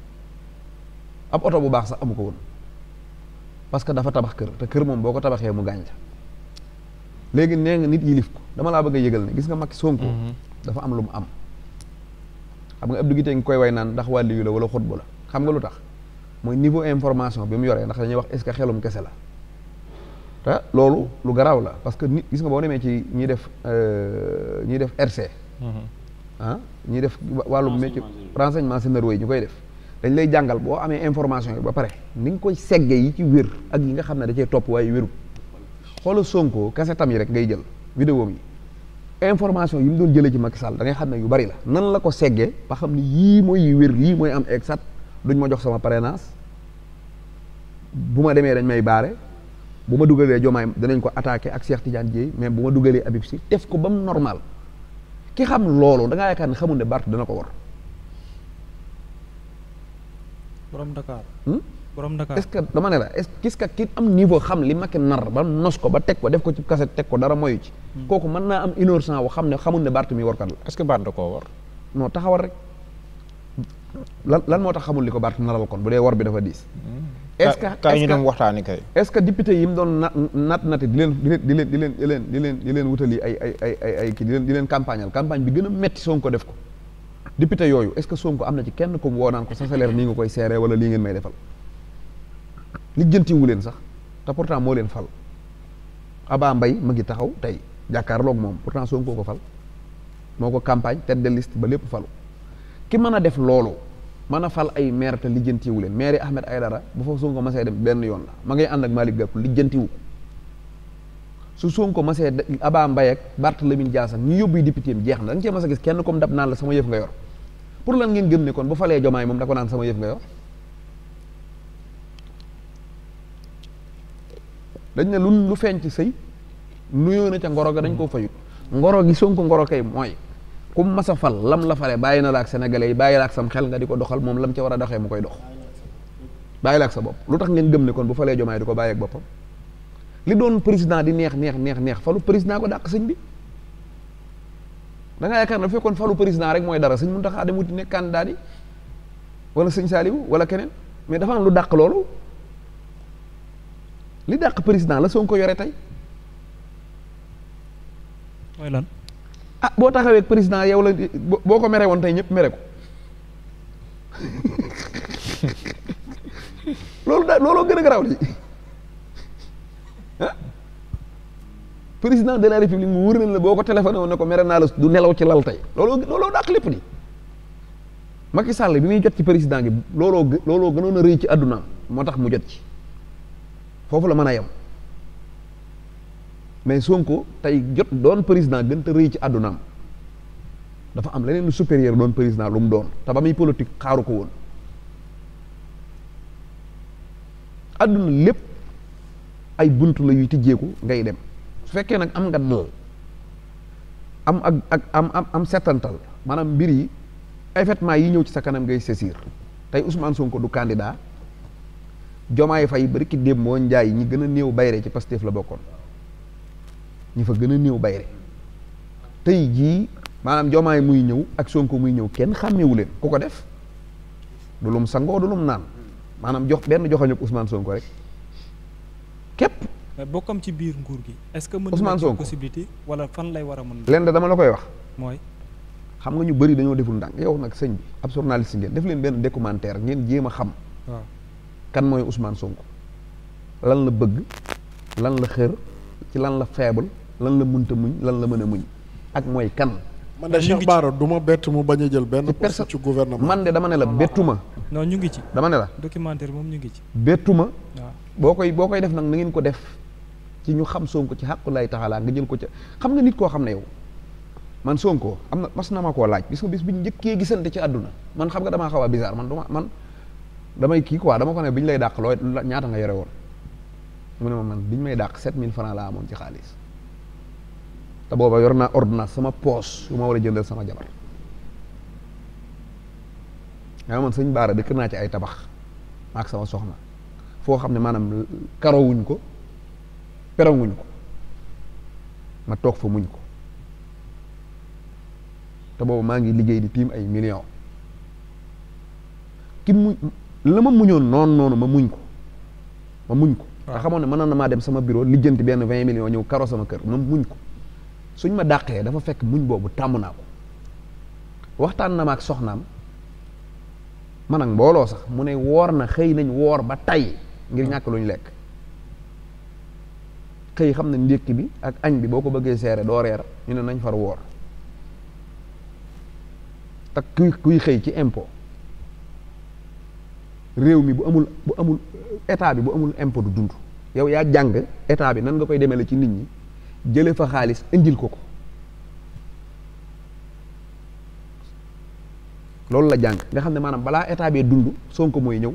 ab oto bu baax sax amu ko woon parce que dafa tabax kër te kër moom boo ko tabaxee mu gànca léegi nee nga nit yilif ko dama laa bëgg yëgal ne gis nga Macky Sonko mm-hmm. dafa am lu mu am xam nga Abdou Guité ngi koy way naan ndax wàlli yu la wala xutbu la xam nga lu tax mooy niveau information bi mu yoree ndax dañuy wax est-ce xelum kese la te loolu lu garaaw la parce que nit gis nga boo nemee ci ñiy def euh, ñiy def RC mm-hmm. ah ñiy def wàllum métier renseignement scénario yi ñu koy def dañ lay jàngal boo amee information yi ba pare ni nga koy segge yi ci wér ak yi nga xam ne da topp waaye wéru xoola kese tam yi rek ngay jël vidéo yi information yi mu doon jëlee ci Macky Sall dangay xam ne yu bari la nan la ko seggee ba xam ne yii mooy yi wér yii mooy am exact duñ ma jox sama parrainage bu ma demee dañ may baare bu ma dugalee Diomaye danañ ko attaqué ak Cheikh Tidiane Dièye mais bu ma dugalee Habib Sy def ko ba mu normal ki xam loolu da ngaa yaakaar ne xamul ne barte dana ko war
borom borom Dakar
est-ce ne la est-ce que am niveau xam li Macky ko ba teg ko def ko ci kaset teg hmm. am une heure sans wax xam ne xamul mi warkat la. est-ce que Barth da koo war. non ko Barth naral kon bu war bi dafa diis. Hmm. est-ce que kaay yi mu doon nat naat nati di leen di leen di leen di leen di leen di wutali ay ay di leen di leen campagne bi gën a metti Sonko def ko député yooyu est-ce que am na ci kenn ko woo naan ko sa salaire nii nga koy seeree wala lii ngeen may defal lijjantiwu leen sax te pourtant moo leen fal Abba mbay ma ngi taxaw tey jàkkaarloog moom pourtant Sonko ko fal moo ko campagne tête de liste ba lépp falu ki mën a def loolu mën a fal ay maire te lijjantiwu leen maire Ahmed Aydara bu fa Sonko masee dem benn yoon la ma ngay ànd ak Malick Gakou lijjantiwu su Sonko masee Abba Mbaye ak Barthélémy Dias ak ñu yóbbu député jeex na da nga cee a gis kenn comme dab naan la sama yëf nga yor pour lan ngeen gëm ne kon bu falee jomaay moom da ko naan sama yëf nga dañ ne lu lu feeñ ci sëy nuyoo na ca ngoro ga dañ koo fayut ngoro gi Sonko ngoro kay mooy ku mas a fal lam la fale bàyyi na la ak sénégalais yi bàyyi la ak sam xel nga di ko doxal moom lam ci war a doxee mu koy dox bàyyi la ak sa bopp lu tax ngeen gëm ne kon bu falee jomaay di ko bàyyi ak boppam li doon président di neex neex neex neex falu président ko dàq sëñ bi da nga yaakaar ne bu fekkoon falu président rek mooy dara sëñ Muntaxa dem wuti nekk candidat yi wala sëñ Saaliwu wala keneen mais dafa lu dàq loolu li dàq président la ko yore tey. mooy lan. ah boo taxawee ak président yow la boo ko mere woon tey ñëpp mere ko loolu da looloo gën a garaaw li ah président de la république mu wër na la boo ko téléphoné woon ne ko mere naa la du nelaw ci lal tey looloo looloo dàq lépp li Macky Sall bi muy jot ci président gi looloo looloo gënoon a rëy ci àdduna moo tax mu jot ci. foofu la mën a yem mais Sonko tey jot doon président gën te rëy ci àddunaam dafa am leneen lu supérieur doon président lu mu doon te ba muy politique xaaru ko woon àdduna lépp ay bunt la yuy tijjeeku ngay dem su fekkee nag am nga dal am ak ak am am setantal settantal maanaam mbir yi événement yi ñëw ci sa kanam ngay saisir tey Ousmane Sonko du candidat jomaay fay bari ki démb moo njaay ñi gën a néew bayre ci Pastef la bokkoon ñi fa gën a néew bayre tey jii maanaam jomaay muy ñëw ak Sonko muy ñëw kenn xàmmewu leen ku ko def du sangoo du naan maanaam jox benn joxañu ak Ousmane rek
képp. mais bokkam ci biir nguur gi. est-ce que mën Ousmane Sonko possibilité lay war a mën. lenn
dama la koy wax. mooy. xam nga ñu bari dañoo deful ndànk yow nag sëñ bi ab journaliste ngeen def leen benn documentaire ngeen jéem a xam. kan mooy Ousmane Sonko lan la bëgg lan la xër ci lan la faible lan la mënta muñ lan la mën a muñ ak mooy kan. man de Cheikh Bara du ma bett mu bañ a jël benn personne ci man de dama ne la bettu ma. non ñu ngi ci. dama ne la
documentaire moom ñu ngi ci.
bettu boo koy boo koy def nag na ngeen ko def ci ñu xam Sonko ci xàqu lay taxalaa nga jël ko ca xam nga nit koo xam ne yow man Sonko am na mas na ma koo laaj gis nga bis bi njëkkee gisante ci àdduna man xam nga dama xaw a bizarre man duma man. damay kii quoi dama ko ne bi ñu lay dàq looy ñaata nga yore woon mu ne ma man bi ñu may dàq set mille francs laa amoon ci xaalis te booba yor naa ordonnance sama poos yu ma war a jëndal sama jabar yaa man sëñ Baara dëkk naa ci ay tabax ak sama soxna foo xam ne maanaam karawuñ ko perawuñ ko ma toog fa muñ ko te booba maa ngi liggéey di tiim ay millions ki mu la ma muñoon noonu noonu ma muñ ko ma muñ ko ah. nga xamoon ne mënoon na maa dem sama bureau lijjanti benn vingt millions ñëw karo sama kër ma muñ ko suñ ma dàqee dafa fekk muñ boobu tàmm naa ko waxtaan na ma ak soxnaam man ak mbooloo sax mu ne woor na xëy nañ woor ba tey ngir ah. ñàkk luñ lekk xëy xam ne ndékki bi ak añ bi boo ko bëggee seere doo reer ñu ne nañ far woor te kuy kuy xëy ci impôt réew mi bu amul bu amul état bi bu amul impot du dund yow yaa jàng état bi nan nga koy demele ci nit ñi jële fa xaalis injil ko ko loolu la jàng nga xam ne maanaam balaa état bee dund Sonko mooy ñëw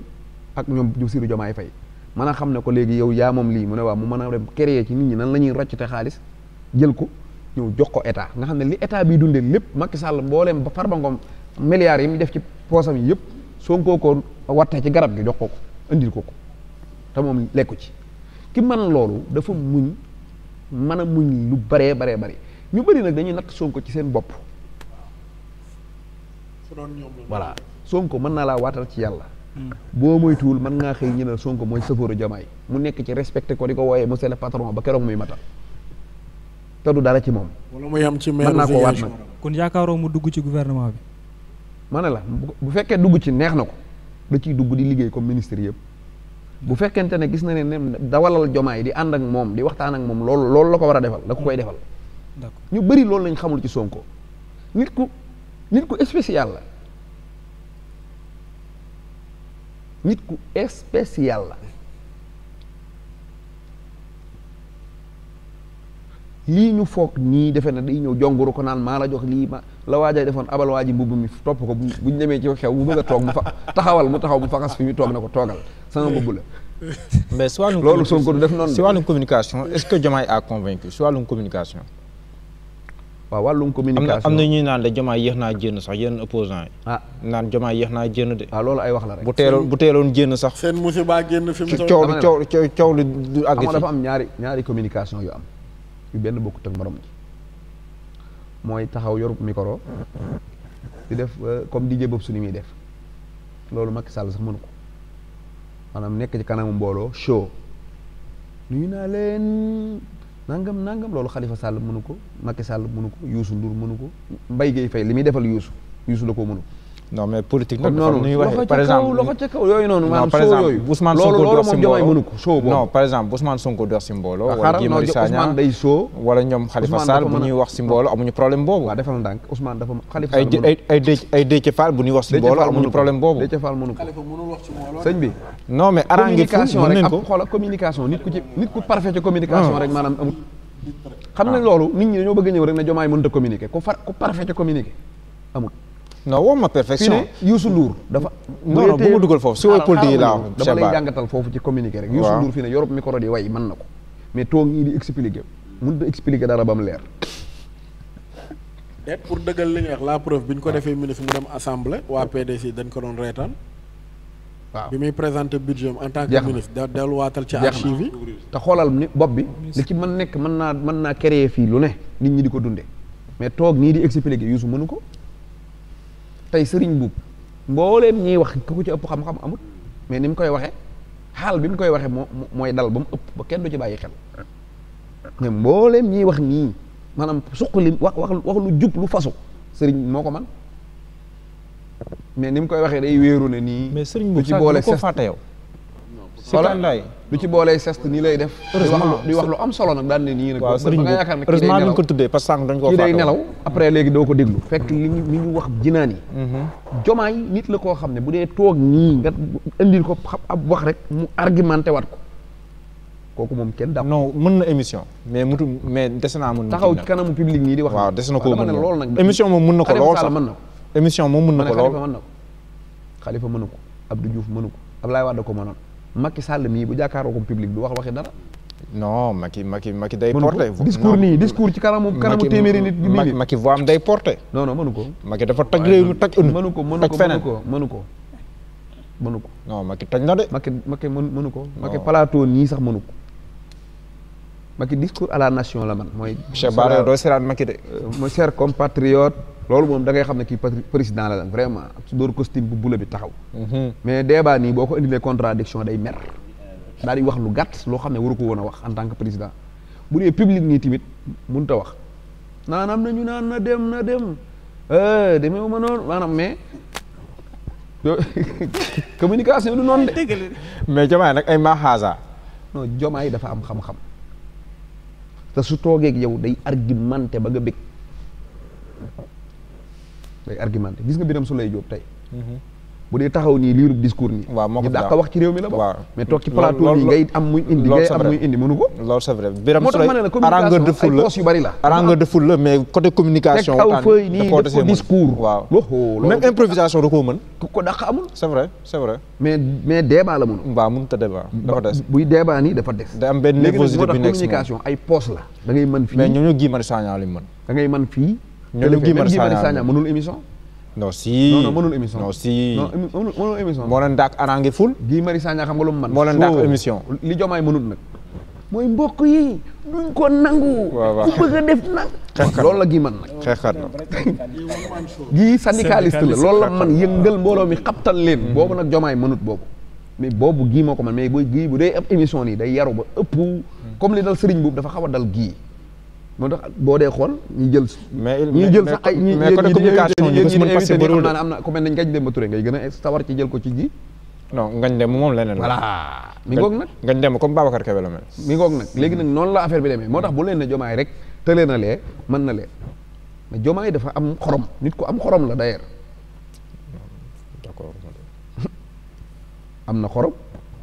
ak ñoom Bassirou Diomaye Faye mën a xam ne ko léegi yow yaa moom lii mu ne waa mu mën a dem créer ci nit ñi nan la ñuy roccate xaalis jël ko ñëw jox ko état nga xam ne li état bi dundee lépp Macky Sall mbooleem ba Farba Ngom milliards yi mu def ci poosam yëpp Sonko ko wattee ci garab gi jox ko ko indil ko ko te moom lekku ci ki man loolu dafa muñ mën a muñ lu baree baree bari ñu bari nag dañuy natt Sonko ci seen bopp voilà Sonko mën naa laa waatal ci yàlla hmm. boo moytuwul mën ngaa xëy ñu ne Sonko mooy sëfooru jamaay mu nekk ci respecté ko di ko wooyee mu seen patron ba keroog muy matal te du dara ci moom wala muy am ci mën naa ko waat nag
kon yaakaaroo mu dugg ci gouvernement bi ma ne
la bu fekkee dugg ci neex na ko da ciy dugg di liggéey comme ministre yëpp bu fekkente ne gis na ne ne dawalal jomaay di ànd ak moom di waxtaan ak moom loolu loolu la ko war a defal da ko koy defal ñu bari loolu lañ xamul ci Sonko nit ku nit ku spécial la nit ku spécial la lii ñu foog nii defe na day ñëw jonguru ko naan maa la jox lii ma la waajay defoon abal waa ji mbubb mi topp ko buñ demee ci xew bu bëgg a toog mu fa taxawal mu taxaw mu faxas fi mu toog na ko toogal sama mbubb la
mais si wàllum loolu Sonko du def noonu si wàllum communication est-ce que Diomaye a convaincu si wàllum communication waaw wàllum communication am na ñuy naan la Diomaye yéex naa jénn sax yenn opposant yi ah
naan Diomaye yéex naa jénn de waaw ah, loolu ay wax la rek bu teeloon bu
teeloon jénn sax seen musiba génn fi mu coow lu coow lu
coow lu du am ñaari ñaari communication yu am yu benn bokkut ak morom ji mooy taxaw yorub mikoro di def euh, comme DJ Bob su ni muy def loolu Macky Sall sax mënu ko maanaam nekk ci kanamu mbooloo show nuyu naa leen nangam nangam loolu Khalifa Sall mënu ko Macky Sall mënu ko Youssou Ndour mënu ko Mbaye Guèye Faye li muy defal Youssou Youssou la ko mënu non mais politique nag dafa am nu ñuy waxee par exemple loxo ca kaw yooyu noonu maanaam par exemple
Ousmane Sonko door si mbooloo mënu ko boobu waaw defal ndànk
boobu Déthié mais arrangé communication rek nit ku ci ci communication rek maanaam amul xam nañ loolu nit ñi dañoo bëgg ñëw rek ne jomaay mënut a communiquer ku far ci communiquer amul non wax ma perfection fii ne Youssou Ndour dafa bu ma dugal foofu si way politique yi laa dama lay jàngatal foofu ci communiqué rek Youssou Ndour fii ne Europe micro na ko mais toog ñii dara ba mu leer
pour dëggal li nga la preuve bi ñu ko defee ministre mu dem assemblée waa PDC dañ ko doon reetaan waaw bi muy présenté budget am en tant que ministre delluwaatal ci archive yi te xoolal ni bopp bi
li ci mën nekk mën naa mën naa créer fii lu ne nit ñi di ko dundee mais toog nii di expliquer Youssou mënu ko tey sëriñ buub mbooleem ñiy wax ku ci ëpp xam-xam amut mais ni mu koy waxee xaal bi mu koy waxee moo mooy dal ba mu ëpp ba kenn du ci bàyyi xel mais mbooleem ñiy wax nii maanaam suqali wax wax wax lu jub lu fasu sëriñ moo ko man mais ni mu koy waxee day wéeru ne nii. mais sëriñ bu ci boole ko fàtte yow. si du ci boolee sest nii lay def di wax lu am solo nag daan ne nii nag nga yaakaar ne heureusement bi ñu ko tuddee parce que sànq dañ koo kii day nelaw après mm-hmm. léegi doo ko déglu fekk li li ñu wax jinaan yi
mm-hmm.
jomaay nit la koo xam ne bu dee toog nii nga indil ko xam ab wax rek mu argumenté wat ko kooku moom kenn dàpp non mën na émission
mais mutu mais des naa mën taxaw ci kanamu
public nii di wax waaw des na ko mën loolu nag émission moom mën na ko lool sax mën na ko émission moom mën na ko lool xalifa mën na ko Abdou Diouf mënu ko Abdoulaye Wade ko mënoon Macky sàll mii bu jàkkaaroo ko public du wax waxi dara. non Macky Macky Macky day porté. discours nii discours ci kanamu kanamu téeméeri nit. Macky
Macky voix am day porté. non non mënu ko. Macky dafa toj réew mi toj. mënu ko mënu ko mënu ko
mënu ko. mënu ko non Macky toj na de. Macky Macky mënu mënu ko. Macky plateau nii sax mënu ko. Macky discours à la nation la man mooy. Cheikh Bara doo seeraan Macky de. Euh, mon cher compatriote. loolu moom dangay ngay xam ne kii président la vraiment ak su dóor costume bu bula bi taxaw mhm. mais débat nii boo ko indilee contradiction day mer daal di wax lu gàtt loo xam ne waru ko woon a wax en tank que président bu dee public nii tamit mënut a wax naan na ñu naan na dem na dem eh, demeewu ma noonu maanaam mais <laughs> communication du noonu de
mais jomaay nag ay maxaasa
non yi dafa am xam-xam te su toogeeg yow day argumenté ba nga bëgg day argumenté gis nga Birame Souleye Diop tey mhm. bu dee taxaw nii liirub discours nii waaw moo ko daa ko wax ci réew mi la bokk mais toog ci plateau nii ngay am muy
indi mënu ko moo tax ma la communication ay poste la de foule la mais communication
la a débat dafa des buy débat nii dafa des ay poste la da ngay fii mais ñooñu Guy Marius Sagna li mën da ngay fii ñoo defee même Guy Marius Sagna mënul émission.
non si non non mënul émission. non si non
mënul émission. moo leen dàq arrangé ful. Guy Marius Sagna xam nga lu mu mën. moo leen dàq émission li Diomaye nag. mooy mbokk yi duñ ko nangu. ku bëgg def nag. loolu la gi man nag. xeexat na
gii syndicaliste la lool la man yëngal
mbooloo mi xabtal leen. Mm. boobu nag jomaay mënut boobu. mais boobu gii moo ko man mais bu gii bu dee émission yi day yaru ba ëpp. Mm. comme li dal sëriñ boobu dafa xaw a dal gii. moo tax boo dee xool ñu jël. mais ñu jël sax ay ñi ñi communication ñu gis mën passé bëriwul am na ku mel ne Ngagne Demba Touré ngay gën a sawar ci jël ko ci jii non Ngagne Demba moom leneen voilà mi ngoog nag Ngagne Demba comme Babacar Kébé la mel mi ngoog léegi nag noon la affaire bi demee moo tax bu leen jomaay rek tëlee na lee man na lee mais jomaay dafa am xorom nit ku am xorom la d'ailleurs <laughs> am na xorom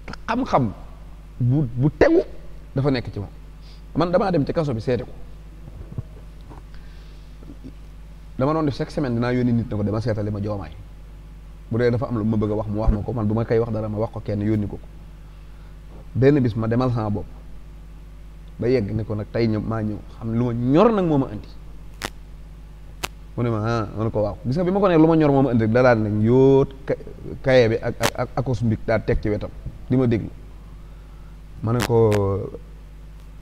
te xam-xam bu bu tegu dafa nekk ci moom man damaa dem ci kaso bi seete ko dama doon def chaque semaine dinaa yónni nit ne ko dama seetali ma joomaay bu dee dafa am lu ma bëgg a wax mu wax ma ko man bu ma koy wax dara ma wax ko kenn yónni ko ko benn bis ma demal sama bopp ba yegg ne ko nag tey ñëw maa ñëw xam lu ma ñor nag moo ma andi mu ne ma ah ma ne ko waaw gis bi ma ko ne lu ma ñor moo ma andi daal ne yóot kaye bi ak ak akos mbik teg ci wetam di ma déglu ne ko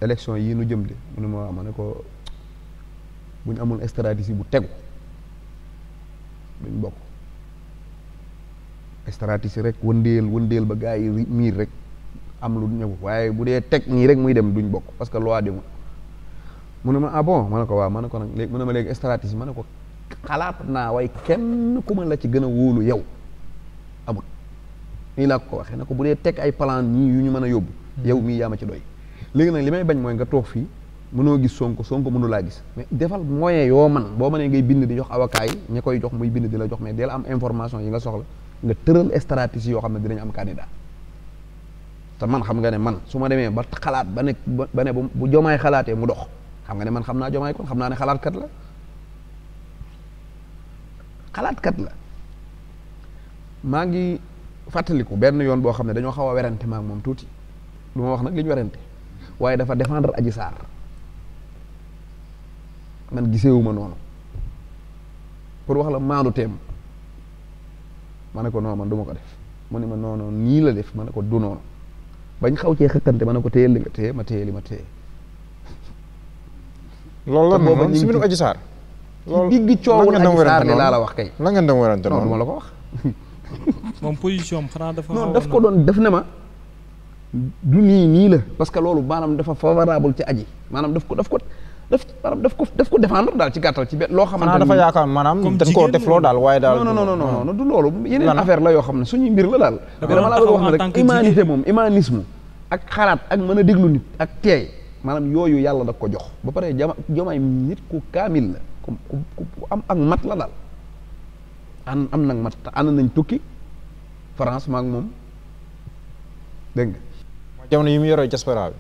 élection yii nu jëm de mu ne ma ma ne ko bu ñu amul stratégie bu tegu duñ bokk stratégie rek wëndeel wëndeel ba gars yi miir rek am lu ñëw waaye bu dee teg nii rek muy dem duñ bokk parce que loi demul mun ne ma ah bon ma ne ko waaw man ne ko nag léegi mu ne ma léegi stratégie ma ne ko xalaat naa way kenn ku ma la ci gën a wóolu yow amul nii laa ko waxee na ko bu dee teg ay plan ñii yu ñu mën a yóbbu hmm. yow mii yaa ma ci doy léegi nag li may bañ mooy nga toog fii mënoo gis sonko sonko mënu laa gis mais defal moyen yoo man boo manee ngay bind di jox avocat yi ñi koy jox muy bind di la jox mais deel am information yi nga soxla nga tëral stratégie yoo xam ne dinañ am candidat te man xam nga ne man su ma demee ba xalaat ba ne ba ne bu jomaay xalaatee mu dox xam nga ne man xam naa jomaay kon xam naa ne xalaatkat la xalaatkat la maa ngi fàttaliku benn yoon boo xam ne dañoo xaw a werante maak moom tuuti du ma wax nag li ñu waaye dafa défendre Adji Sarr man gisewuma noonu pour wax la maandu teem ma ne ko non man du ma ko def mu ne ma noonu nii la def ma ne ko du noonu bañ xaw cee xëkkante ma ne ko téyel li nga téye ma téye li ma téye.
loolu la moom si
mbirum Adji Sarr. la wax ngeen doon werante noonu non du ko wax. <laughs> moom position am dafa. non daf ko doon def ne ma. du nii nii la parce que loolu maanaam dafa favorable ci aji maanaam def ko def ko daf maanaam daf ko daf ko défendre daal ci gàttal ci benn loo xamante ni dafa yaakaar maanaam dañ koo defloo daal waaye daal non non non non du loolu yeneen affaire la yoo xam ne suñuy mbir la daal dama laa bëgg wax ne rek humanité moom humanisme ak xalaat ak mën a déglu nit ak teey maanaam yooyu yàlla da ko jox ba pare jama jomaay nit ku kaamil la comme ku am ak mat la daal am nag mat ànd nañ tukki France maak moom jamono
yi mu yoree diaspora bi.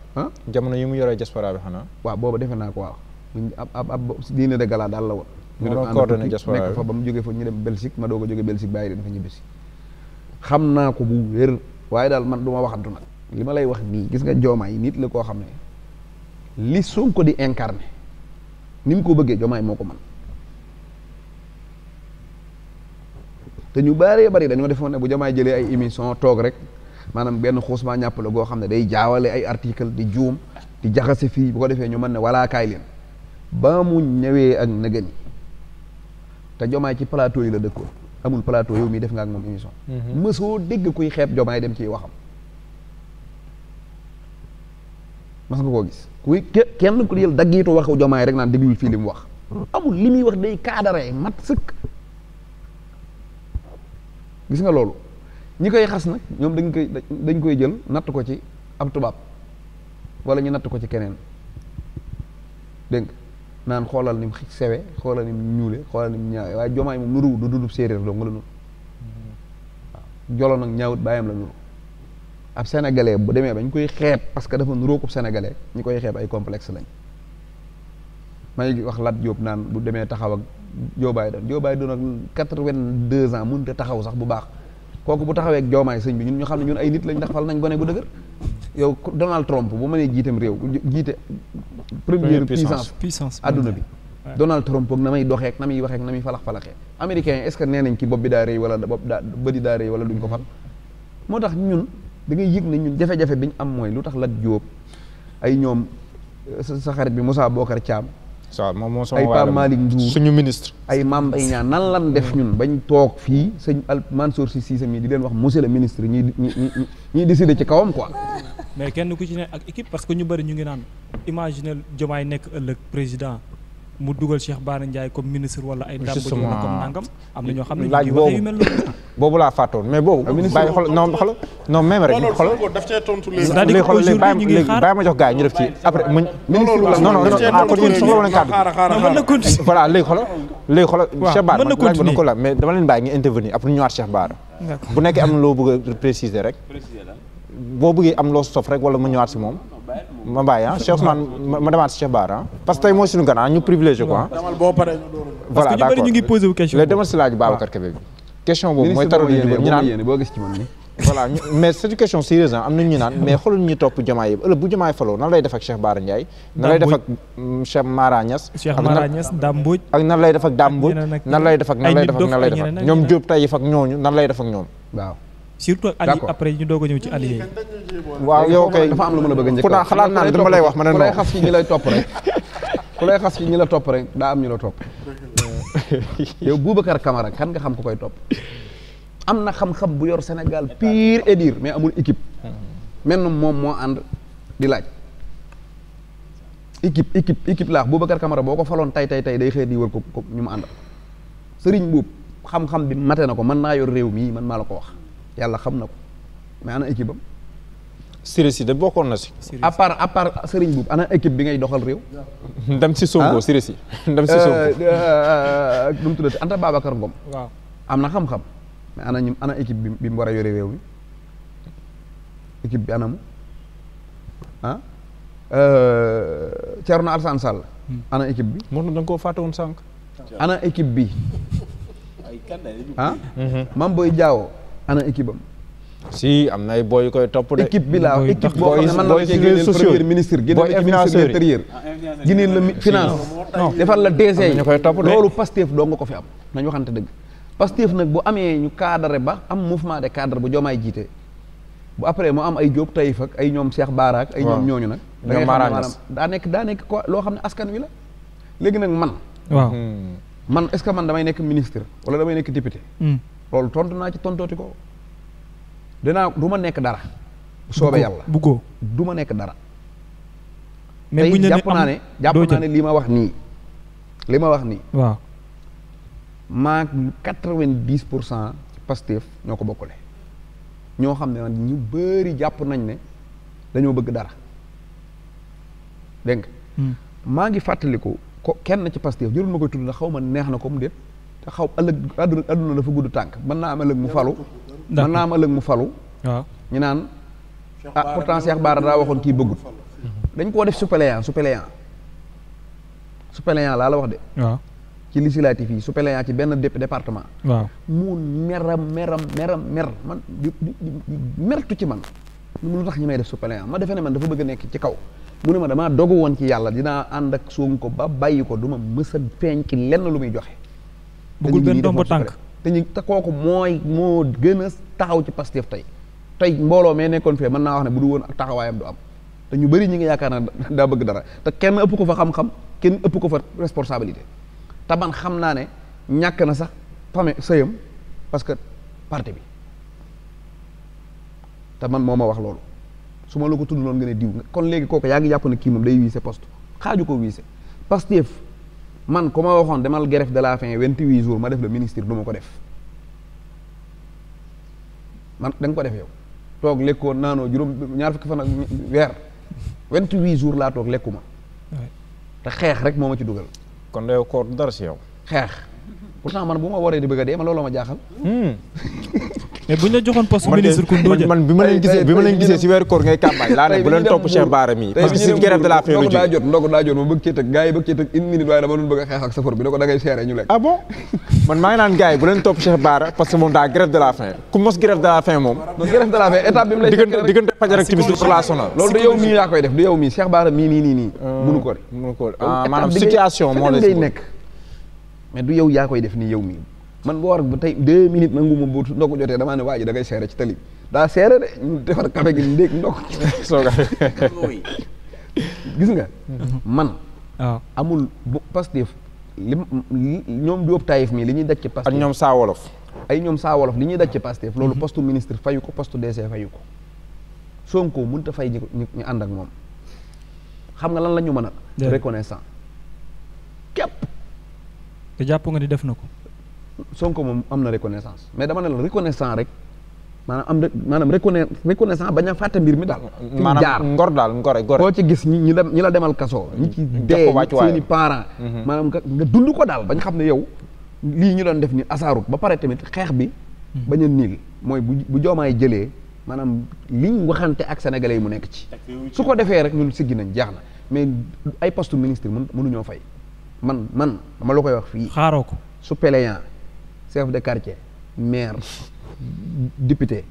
jamono yi mu yoree diaspora xanaa. waaw boobu defe naa ko waaw. mu ab ab ab
diine daal la woon. mu doon coordonné nekk fa ba mu jógee fa ñu dem Belgique ma doog a jógee Belgique bàyyi leen fa ñibbisi. xam naa ko bu wér waaye daal man du ma waxantu nag. li ma lay wax nii gis nga joomaay nit la koo xam ne li ko di incarné ni mu ko bëggee joomaay moo ko mën te ñu bëree bëri dañoo defoon ne bu jamaay jëlee ay émission toog rek. maanaam benn xuusmaa ñàpp la goo xam ne day jaawale ay article di juum di jaxase fii bu ko defee ñu mën ne walaa kaay leen ba mu ñëwee ak nëgëni te jomaay ci palaato yi la dëkkoon amul palaato yow mii def nga ak moom émission mësoo mhm. dégg kuy xeeb jomaay dem ciy waxam mas nga koo gis kuy kenn ku yël daggiitu waxu jomaay rek naan déglul fii li mu wax amul li muy wax day kaadare mat sëkk gis nga loolu ñi koy xas nag ñoom dañ koy dañ koy jël natt ko ci ab tubaab wala ñu natt ko ci keneen dégg nga naan xoolal ni mu sewe xoolal ni mu ñuule xoolal ni mu ñaawe waaye jomaay moom nuruwut du dudub séeréer doo nga la nuru waaw jolo nag ñaawut bàyyam la nuru ab sénégalais bu demee ba koy xeeb parce que dafa nuroo ko sénégalais ñi koy xeeb ay complexe lañ may wax Lat Diop naan bu demee taxaw ak Joe Biden Joe Biden ak quatre-vingt-deux ans taxaw sax bu baax kooku bu taxawee ak joomaay sëñ bi ñun ñu xam ne ñun ay nit lañ ndax fal nañ gone gu dëgër yow Donald Trump bu mënee jiiteem réew jiite première
puissance adduna bi
Donald Trump ak na may doxee ak na muy waxee na muy falax falaxee américains est-ce que nee nañ ki bopp bi daa rëy wala bopp daa bëri daa rëy wala duñ ko fal moo tax ñun da ngay yëg ne ñun jafe-jafe biñ am mooy lu tax Lat Diop ay ñoom sa xarit bi Moussa Bokar Thiam waaw moom moo sama ay Pape Malick suñu ministre ay Mame Mbaye Niang nan lan def ñun bañ toog fii sëñ al maan Sy Cissé mi di leen wax monsieur le ministre ñi ñuy décider ci kawam ko
mais kenn ku ci ne ak équipe parce que ñu bëri ñu ngi naan imaginer Diomaye nekk ëllëg président mu dugal Cheikh Bara Ndiaye comme ministre wala ay
ma jox dama leen bàyyi nga intervenir après ñu ñëwaat Cheikh Bara bu nekkee am loo bëgg a préciser rek boo bëggee am loo sof rek wala mu ñëwaat si moom ma bàyyi ah Cheikh Ousmane ma demaat si Cheikh Bara parce que tey mooy suñu gànnaaw ñu privilégié ah.
quoi.
boo gis ci man nii.
am ñu naan mais xoolal ñu topp Diomaye yëpp ëllëg bu Diomaye faloo nan lay def ak Cheikh Bara Ndiaye. nan lay def ak mm, Cheikh nan lay def ak Dame Mbodj nan lay def ak lay def ak nan lay def ñoom Diop Taïf ak ñooñu nan
lay def ak ñoom waaw surtout ak allié après ñu doog a ñëw ci allié waaw yow kay dafa am lu ma la bëgg a njëkk a xalaat naa ne dama lay wax ma a ku lay xas ci lay topp rek xas ci ñi la topp rek daa ñu la topp yow Boubacar kan nga xam ku koy topp na xam bu yor Sénégal pire mais amul équipe mel moom moo ànd di laaj équipe équipe équipe laax Boubacar Camara boo ko faloon tay tay tay day xëy di wër ko ñu mu àndal bi mate na ko mën naa yor réew mii man maa la ko wax yàlla xam na ko mais ana équipe am. Siré si de bokkoon na si. à part à part Serigne Boub ana équipe bi ngay doxal réew.
<laughs> ndam si Sonko ah? Siré si. <laughs>
ndam si euh, Sonko euh, euh, nu mu tuddati Anta Babacar Ngom. am na xam-xam. mais ana ñu ana équipe bi bi mu war a yore réew mi équipe bi ana mu ah. Thierno Alassane hmm. ana équipe bi. moom da nga koo fàtte woon sànq. ana équipe bi. ah. Mhm. Mame Boye ana équipe am. si am na ay booy yu koy topp de. équipe bi laa équipe boo xam ne man la ministre génneel ci ministre intérieur génneel la finance defal la DG yi loolu Pastef doo nga ko fi am nañu waxante dëgg Pastef nag bu amee ñu cadre ba am mouvement de cadre bu Diomaye jiite bu après mu am ay Diop Taïf ak ay ñoom Cheikh Bara ak ay ñoom ñooñu nag da ngay xam daa nekk daa nekk ko loo xam ne askan wi la léegi nag man man est-ce que man damay nekk ministre wala damay nekk député hmm. loolu tontu naa ci tontooti ko dinaa du ma nekk dara. bu yàlla buggoo du ma nekk dara. mais bu ñu jàpp naa ne jàpp naa ne li ma wax nii li ma wax nii. waaw maa quatre-vingt-dix pour cent Pastef ñoo ko bokkule. ñoo xam ne nag ñu bëri jàpp nañ ne dañoo bëgg dara dégg nga. Hmm. maa ngi fàttaliku ko kenn ci Pastef jërul ma koy tudd na xaw ma neex na ko mu déet. te xaw ëllëg àdduna àdduna dafa gudd tànk mën naa am ëllëg mu falu mën naa am ëllëg mu falu waaw ñu naan ah pourtant Cheikh Bara daa waxoon kii bëggut dañ koo def suppléant suppléant suppléant laa la wax de waaw ci ci benn département mu meram meram meram mer man di mertu ci man lu tax ñi may def suppléant ma defe ne man dafa bëgg a nekk ci kaw mu ne ma damaa dogu woon ci yàlla dinaa ànd ak Sonko ba bàyyi ko du ma feeñ ci lenn lu muy joxe bëggul benn dombo tànk te ñu te kooku mooy moo gën a taxaw ci Pastef tey tey mbooloo mee nekkoon fee mën naa wax ne bu du woon ak taxawaayam du am te ñu bëri ñu ngi yaakaar ne <laughs> daa bëgg dara te kenn ëpp ko fa xam-xam kenn ëpp ko fa responsabilité te man xam naa ne ñàkk na sax fame sëyam parce que parti bi te man moo ma wax loolu su ma la ko tudd loon nga ne diw kon léegi kooku yaa ngi yàpp ne kii moom day wiise poste xaaju ko wiise Pastef man ku ma waxoon demal grève de la faim vingt-huit jours ma def la ministre du ma ko def man da ko def yow toog lekkoo naanoo juróom ñaar fukki fan ak weer vingt-huit jours laa toog lekkuma te xeex rek moo ma ci dugal. kon de koor dara si yow. xeex pourtant man bu ma waree di bëgg a dee ma looloo ma jaaxal. Hmm. <laughs> mais
bu ñu la joxoon poste
ministre Koundoudia man
bi ma leen gisee bi ma leen gisee si weeru koor ngay campagne laa ne bu leen topp Cheikh mi la
ne ko da ngay seere bu la faim ku mos grève mii yaa koy def du yow mii nii nii nii mënu ko mënu ko ah, maanaam situation moo lay nekk mais du yow yaa koy def nii yow mii man woor bu tey deux minutes nangu ma bu ndokk jotee damaa ne waa ji da ngay seere ci tali daa seere de ñu defar café gi ndéeg ndokk <laughs> sooga <laughs> nga man amul bu Pastef li ñoom Diop Taïf mii li ñuy daj ci Pastef ak ñoom saa wolof ñoom saa li ñuy daj ci Pastef loolu mhm. poste ministre fayu ko poste DC fayu ko Sonko mënut a fay ñu ñu ànd ak moom xam nga lan la ñu mën a reconnaissant
képp jàpp nga ni def na ko
Sonko moom am na reconnaissance mais dama ne la reconnaissant rek maanaam am maanaam reconna reconnaissant bañ a fàtte mbir mi daal. fi mu ngor daal ngore gore. koo ci gis ñi la ñi la demal kaso. ñi
ci dee seeni
parent mhm. maanaam nga dund ko daal bañ xam ne yow lii ñu doon def ni asaarut ba pare tamit xeex bi. Mhm. bañ a niil mooy bu bu joomaay jëlee maanaam liñ waxante ak sénégalais yi mu nekk ci. su ko defee rek ñun siggi nañ jeex na mais ay poste ministre mënuñoo fay man man dama la koy wax fii. xaaroo ko suppléant chef de quartier maire député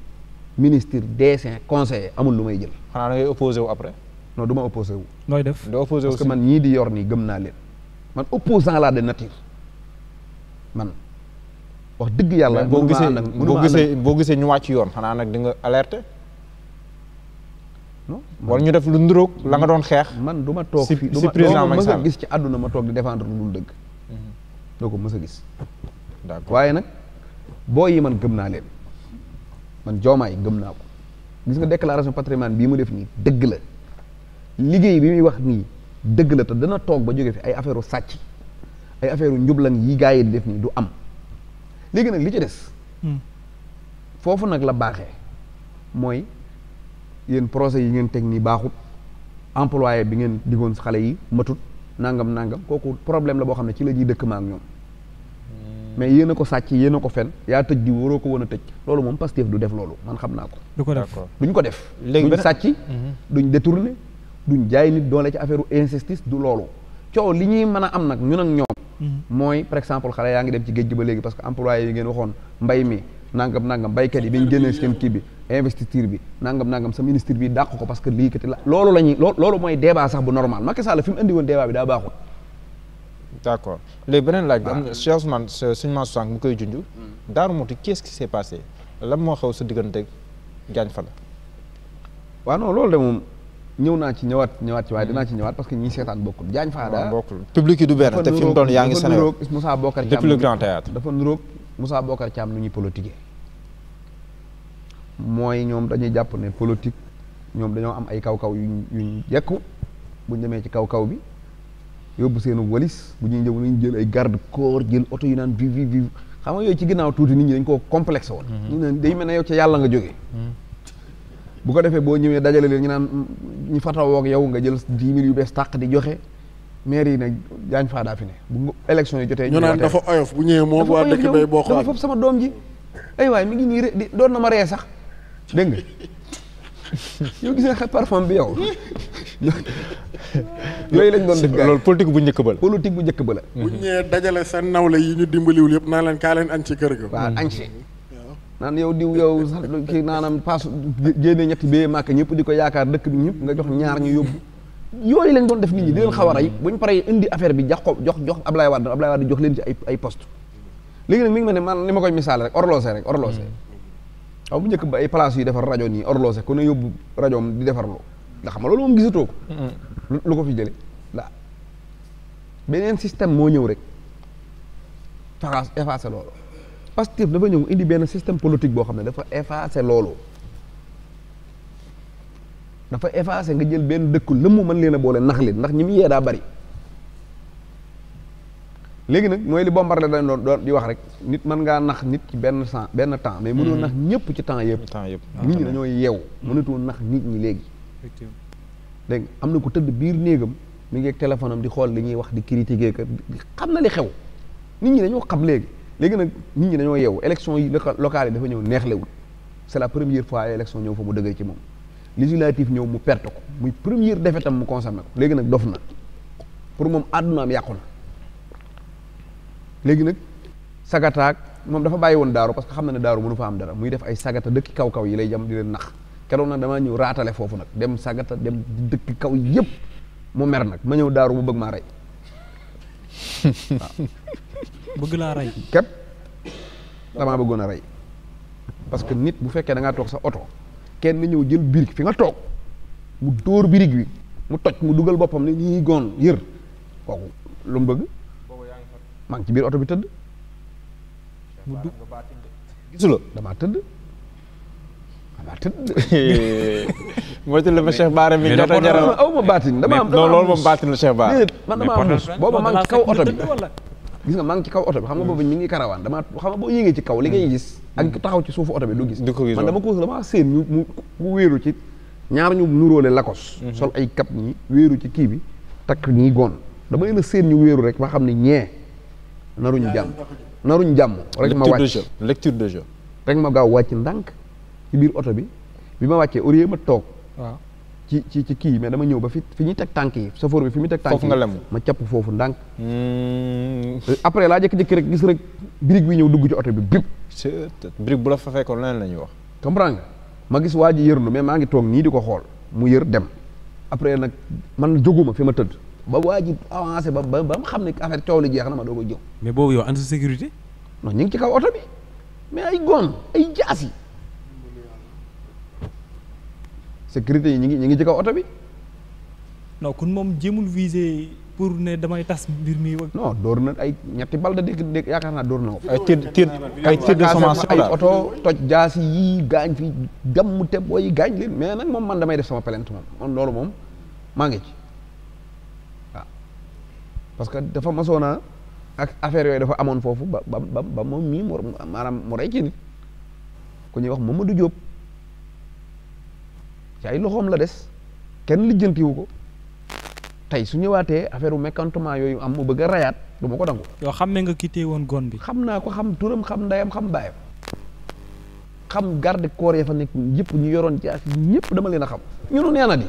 ministre DG conseiller amul lu may jël. xanaa da ngay opposé wu après. non du ma opposé wu. nooy def doo opposé wu parce man ñii di yor nii gëm naa leen man opposant laa de nature man wax dëgg yàlla. boo gisee boo gisee boo gisee ñu wàcc yoon xanaa nag di nga alerter. non
wala ñu def lu nduróog
la nga doon xeex. man du ma toog fii du ma mës a gis ci àdduna ma toog di défendre lu dul dëgg. Mhm. doo ko mës a gis. d'accord waaye nag boo yi man gëm naa leen man joomaay gëm naa ko gis nga déclaration patrimoine bii mu def nii dëgg la liggéey bi muy wax nii dëgg la te dana toog ba jóge fi ay affaire u sàcc ay affaire u njublan yi gaa yi di def nii du am léegi nag li ci des hmm. foofu nag la baaxe mooy yenn procès yi ngeen teg nii baaxut employé bi ngeen digoon xale yi matut nangam nangam kooku problème la boo xam ne ci la ñuy dëkk ma ñoom mais yéen ko sàcc yéen a ko fen yaa tëj di waroo ko woon tëj loolu moom Pastef du def loolu man xam naa ko du ko def duñ ko def mhm. du loolu li ñuy a am nag ñun ak ñoom mhm. gi ba léegi parce que employé yi ngeen waxoon mbay mi nangam nangam baykat bi investiture bi nangam nangam sa ministre bi dàq ko parce que lii kat la fi mu indi woon bi daa baaxul d' accord
léegi laaj bi am na changement suñu koy junj. Hmm. Darou Mouhty qu'est-ce qui s'est passé
lan moo xew sa diggante Diagne Fada. waaw loolu de moom ñëw naa ci ñëwaat ñëwaat ci waaye hmm. dinaa ci ñëwaat que ñi seetaan bokkul Diagne Fada. bokkul public yi du benn te fi mu doon yaa ngi Sénégal dafa Moussa Bokar Thiam depuis le grand nu ñuy politiqué. mooy ñoom dañuy jàpp ne politique ñoom dañoo am ay kaw-kaw yuñ yuñ yekku bu demee ci kaw-kaw bi. yóbbu seenu walis bu ñuy ñëw nañ jël ay garde corps jël oto yu naan vi vi xam nga yooyu ci ginnaaw tuuti nit ñi dañ koo complexe woon mhm. ñu ne day mel ne yow ca yàlla nga jógee mhm. bu ko defee boo ñëwee dajale leen ñu naan ñu fatawoo ak yow nga jël dix mille yu bees tàq di joxe maire yi nag jaañ faa daa fi ne bu élection yi jotee ñoo naan dafa oyof bu ñëwee moom boo dafa foofu sama doom ji ay waay mi ngi nii doon na ma ree sax dégg nga <laughs> yow gis nga parfum bi yow.
<laughs> yooyu lañ doon def gars
loolu bu njëkk ba la. politique bu njëkk ba la.
dajale seen nawle yi ñu dimbaliwul yëpp naa leen kaa leen kër ga. waaw añ ci. naan
yow diw yow sax kii naanam paas génne ñetti bee ñëpp di ko yaakaar dëkk bi ñëpp nga jox ñaar ñu yóbbu. yooyu lañ doon def nit ñi di leen xaw a rey bu ñu paree indi affaire bi jox ko jox jox Ablaye Wade Ablaye Wade jox leen ci ay ay poste léegi nag mi ngi mel ne man ni ma koy misaale rek orlosé rek orlosé waaw mu njëkk ba ay place yu defar rajo nii horloge ku ne yóbbu rajoom di defarloo ndax xam nga loolu moom gisatoo ko. lu ko fi jëlee ndax beneen système moo ñëw rek faxaas effacé loolu. Pastef dafa ñëw indi benn système politique boo xam ne dafa effacé loolu dafa effacé nga jël benn dëkk lëmm mën leen a boole nax leen ndax ñi mu yee daa bari. léegi nag mooy li Bombardier dañ doon doon di wax rek nit man ngaa nax nit ci benn temps benn temps mais mënoo mm-hmm. nax ñëpp ci temps yëpp nit ñi dañoo yeew mënatoo nax nit ñi léegi dégg nga am na ku tëdd biir néegam mi ngi ak téléphone di xool li ñuy wax di critiquer que xam na li xew nit ñi dañoo xam léegi léegi nag nit ñi dañoo yeewu élection yi locales yi dafa ñëw neexlewul c'est la première fois élection ñëw fa mu dëgër ci moom législative ñëw mu perte ko muy première défaite am mu consommé ko léegi nag dof na pour moom àdduna am yàqu na léegi nag sagataak moom dafa bàyyi woon daaru parce que xam na ne daaru mënu fa am dara muy def ay sagata dëkk kaw-kaw yi lay jam di leen nax keroog nag damaa ñëw raatale foofu nag dem sagata dem dëkk kaw yëpp mu mer nag ma ñëw daaru mu bëgg maa rey waaw <laughs> bëgg laa rey képp damaa bëggoon a rey parce que nit bu fekkee dangaa toog sa oto kenn ñëw jël birig fi nga toog mu dóor birig bi mu toj mu dugal boppam ne nii goon yër kooku lu mu bëgg maa ci biir oto bi tëdd. mu damaa tëdd. damaa tëdd. <laughs> moytu la ba Cheikh Baara mi a jaral aw ma am non loolu moom baatin la Cheikh Baara. man damaa kaw oto bi. gis nga maa ngi oto bi xam nga boobu mi ngi karawaan damaa xam nga boo yéegee ci kaw li ngay gis. ak hmm. taxaw ci suufu bi doo gis. man dama ko dama seen ñu mu wéeru ci ñaar ñu nuróole lakos. Hmm. sol ay cap ñi wéeru ci kii bi takk ñi goon dama leen a seen ñu wéeru rek ma xam ne ñee naruñ jàmm naruñ jàmm rek ma wàcc lecture de jeu rek ma gaaw wàcc ndànk ci biir oto bi bi ma wàccee au lieu ma toog waaw ci ci ci kii mais dama ñëw ba fi fi ñuy teg tànk yi safoor bi fi muy teg tànk yi ma capp foofu ndànk hmm. euh, après laa jëkk-jëkk rek gis rek birig bi ñëw dugg ci oto bi bip euh, birig bu la fa fekkoon leneen la ñuy wax comprends nga ma gis waa ji yërndu mais maa ngi toog nii di ko xool mu yër dem après nag man jóguma fi ma tëdd ba waa ji avancé ba ba ba mu xam ne affaire coow li jeex na ma doo ko jëw. mais boobu yow anti sécurité. non ñu ngi ci kaw oto bi mais ay góom ay jaas yi sécurité yi ñu ngi ñu ngi ci kaw oto bi.
non kon moom jéemul visé pour ne damay tas mbir mi. non dóor na ay
ñetti bal da dégg dégg yaakaar na ko. ay tir tir ay tir oto toj jaas yi gaañ fi damm te booy yi gaañ leen mais nag moom man damay def sama plainte moom man loolu moom maa ngi ci. parce que dafa masoon a ak affaire yooyu dafa amoon foofu ba ba ba moom mii mu maanaam mu rey ci nit ku ñuy wax du Diop ci ay loxoom la des kenn lijjantiwu ko tey su ñëwaatee affaire u mécontentement yooyu am mu bëgg a rayaat du mu ko dangu. yoo xam ne nga quitté woon gon bi. xam naa ko xam turam xam ndeyam xam baayam xam garde koor ya fa nekk yëpp ñu yoroon jaasi ñëpp dama leen a xam ñunu neena di.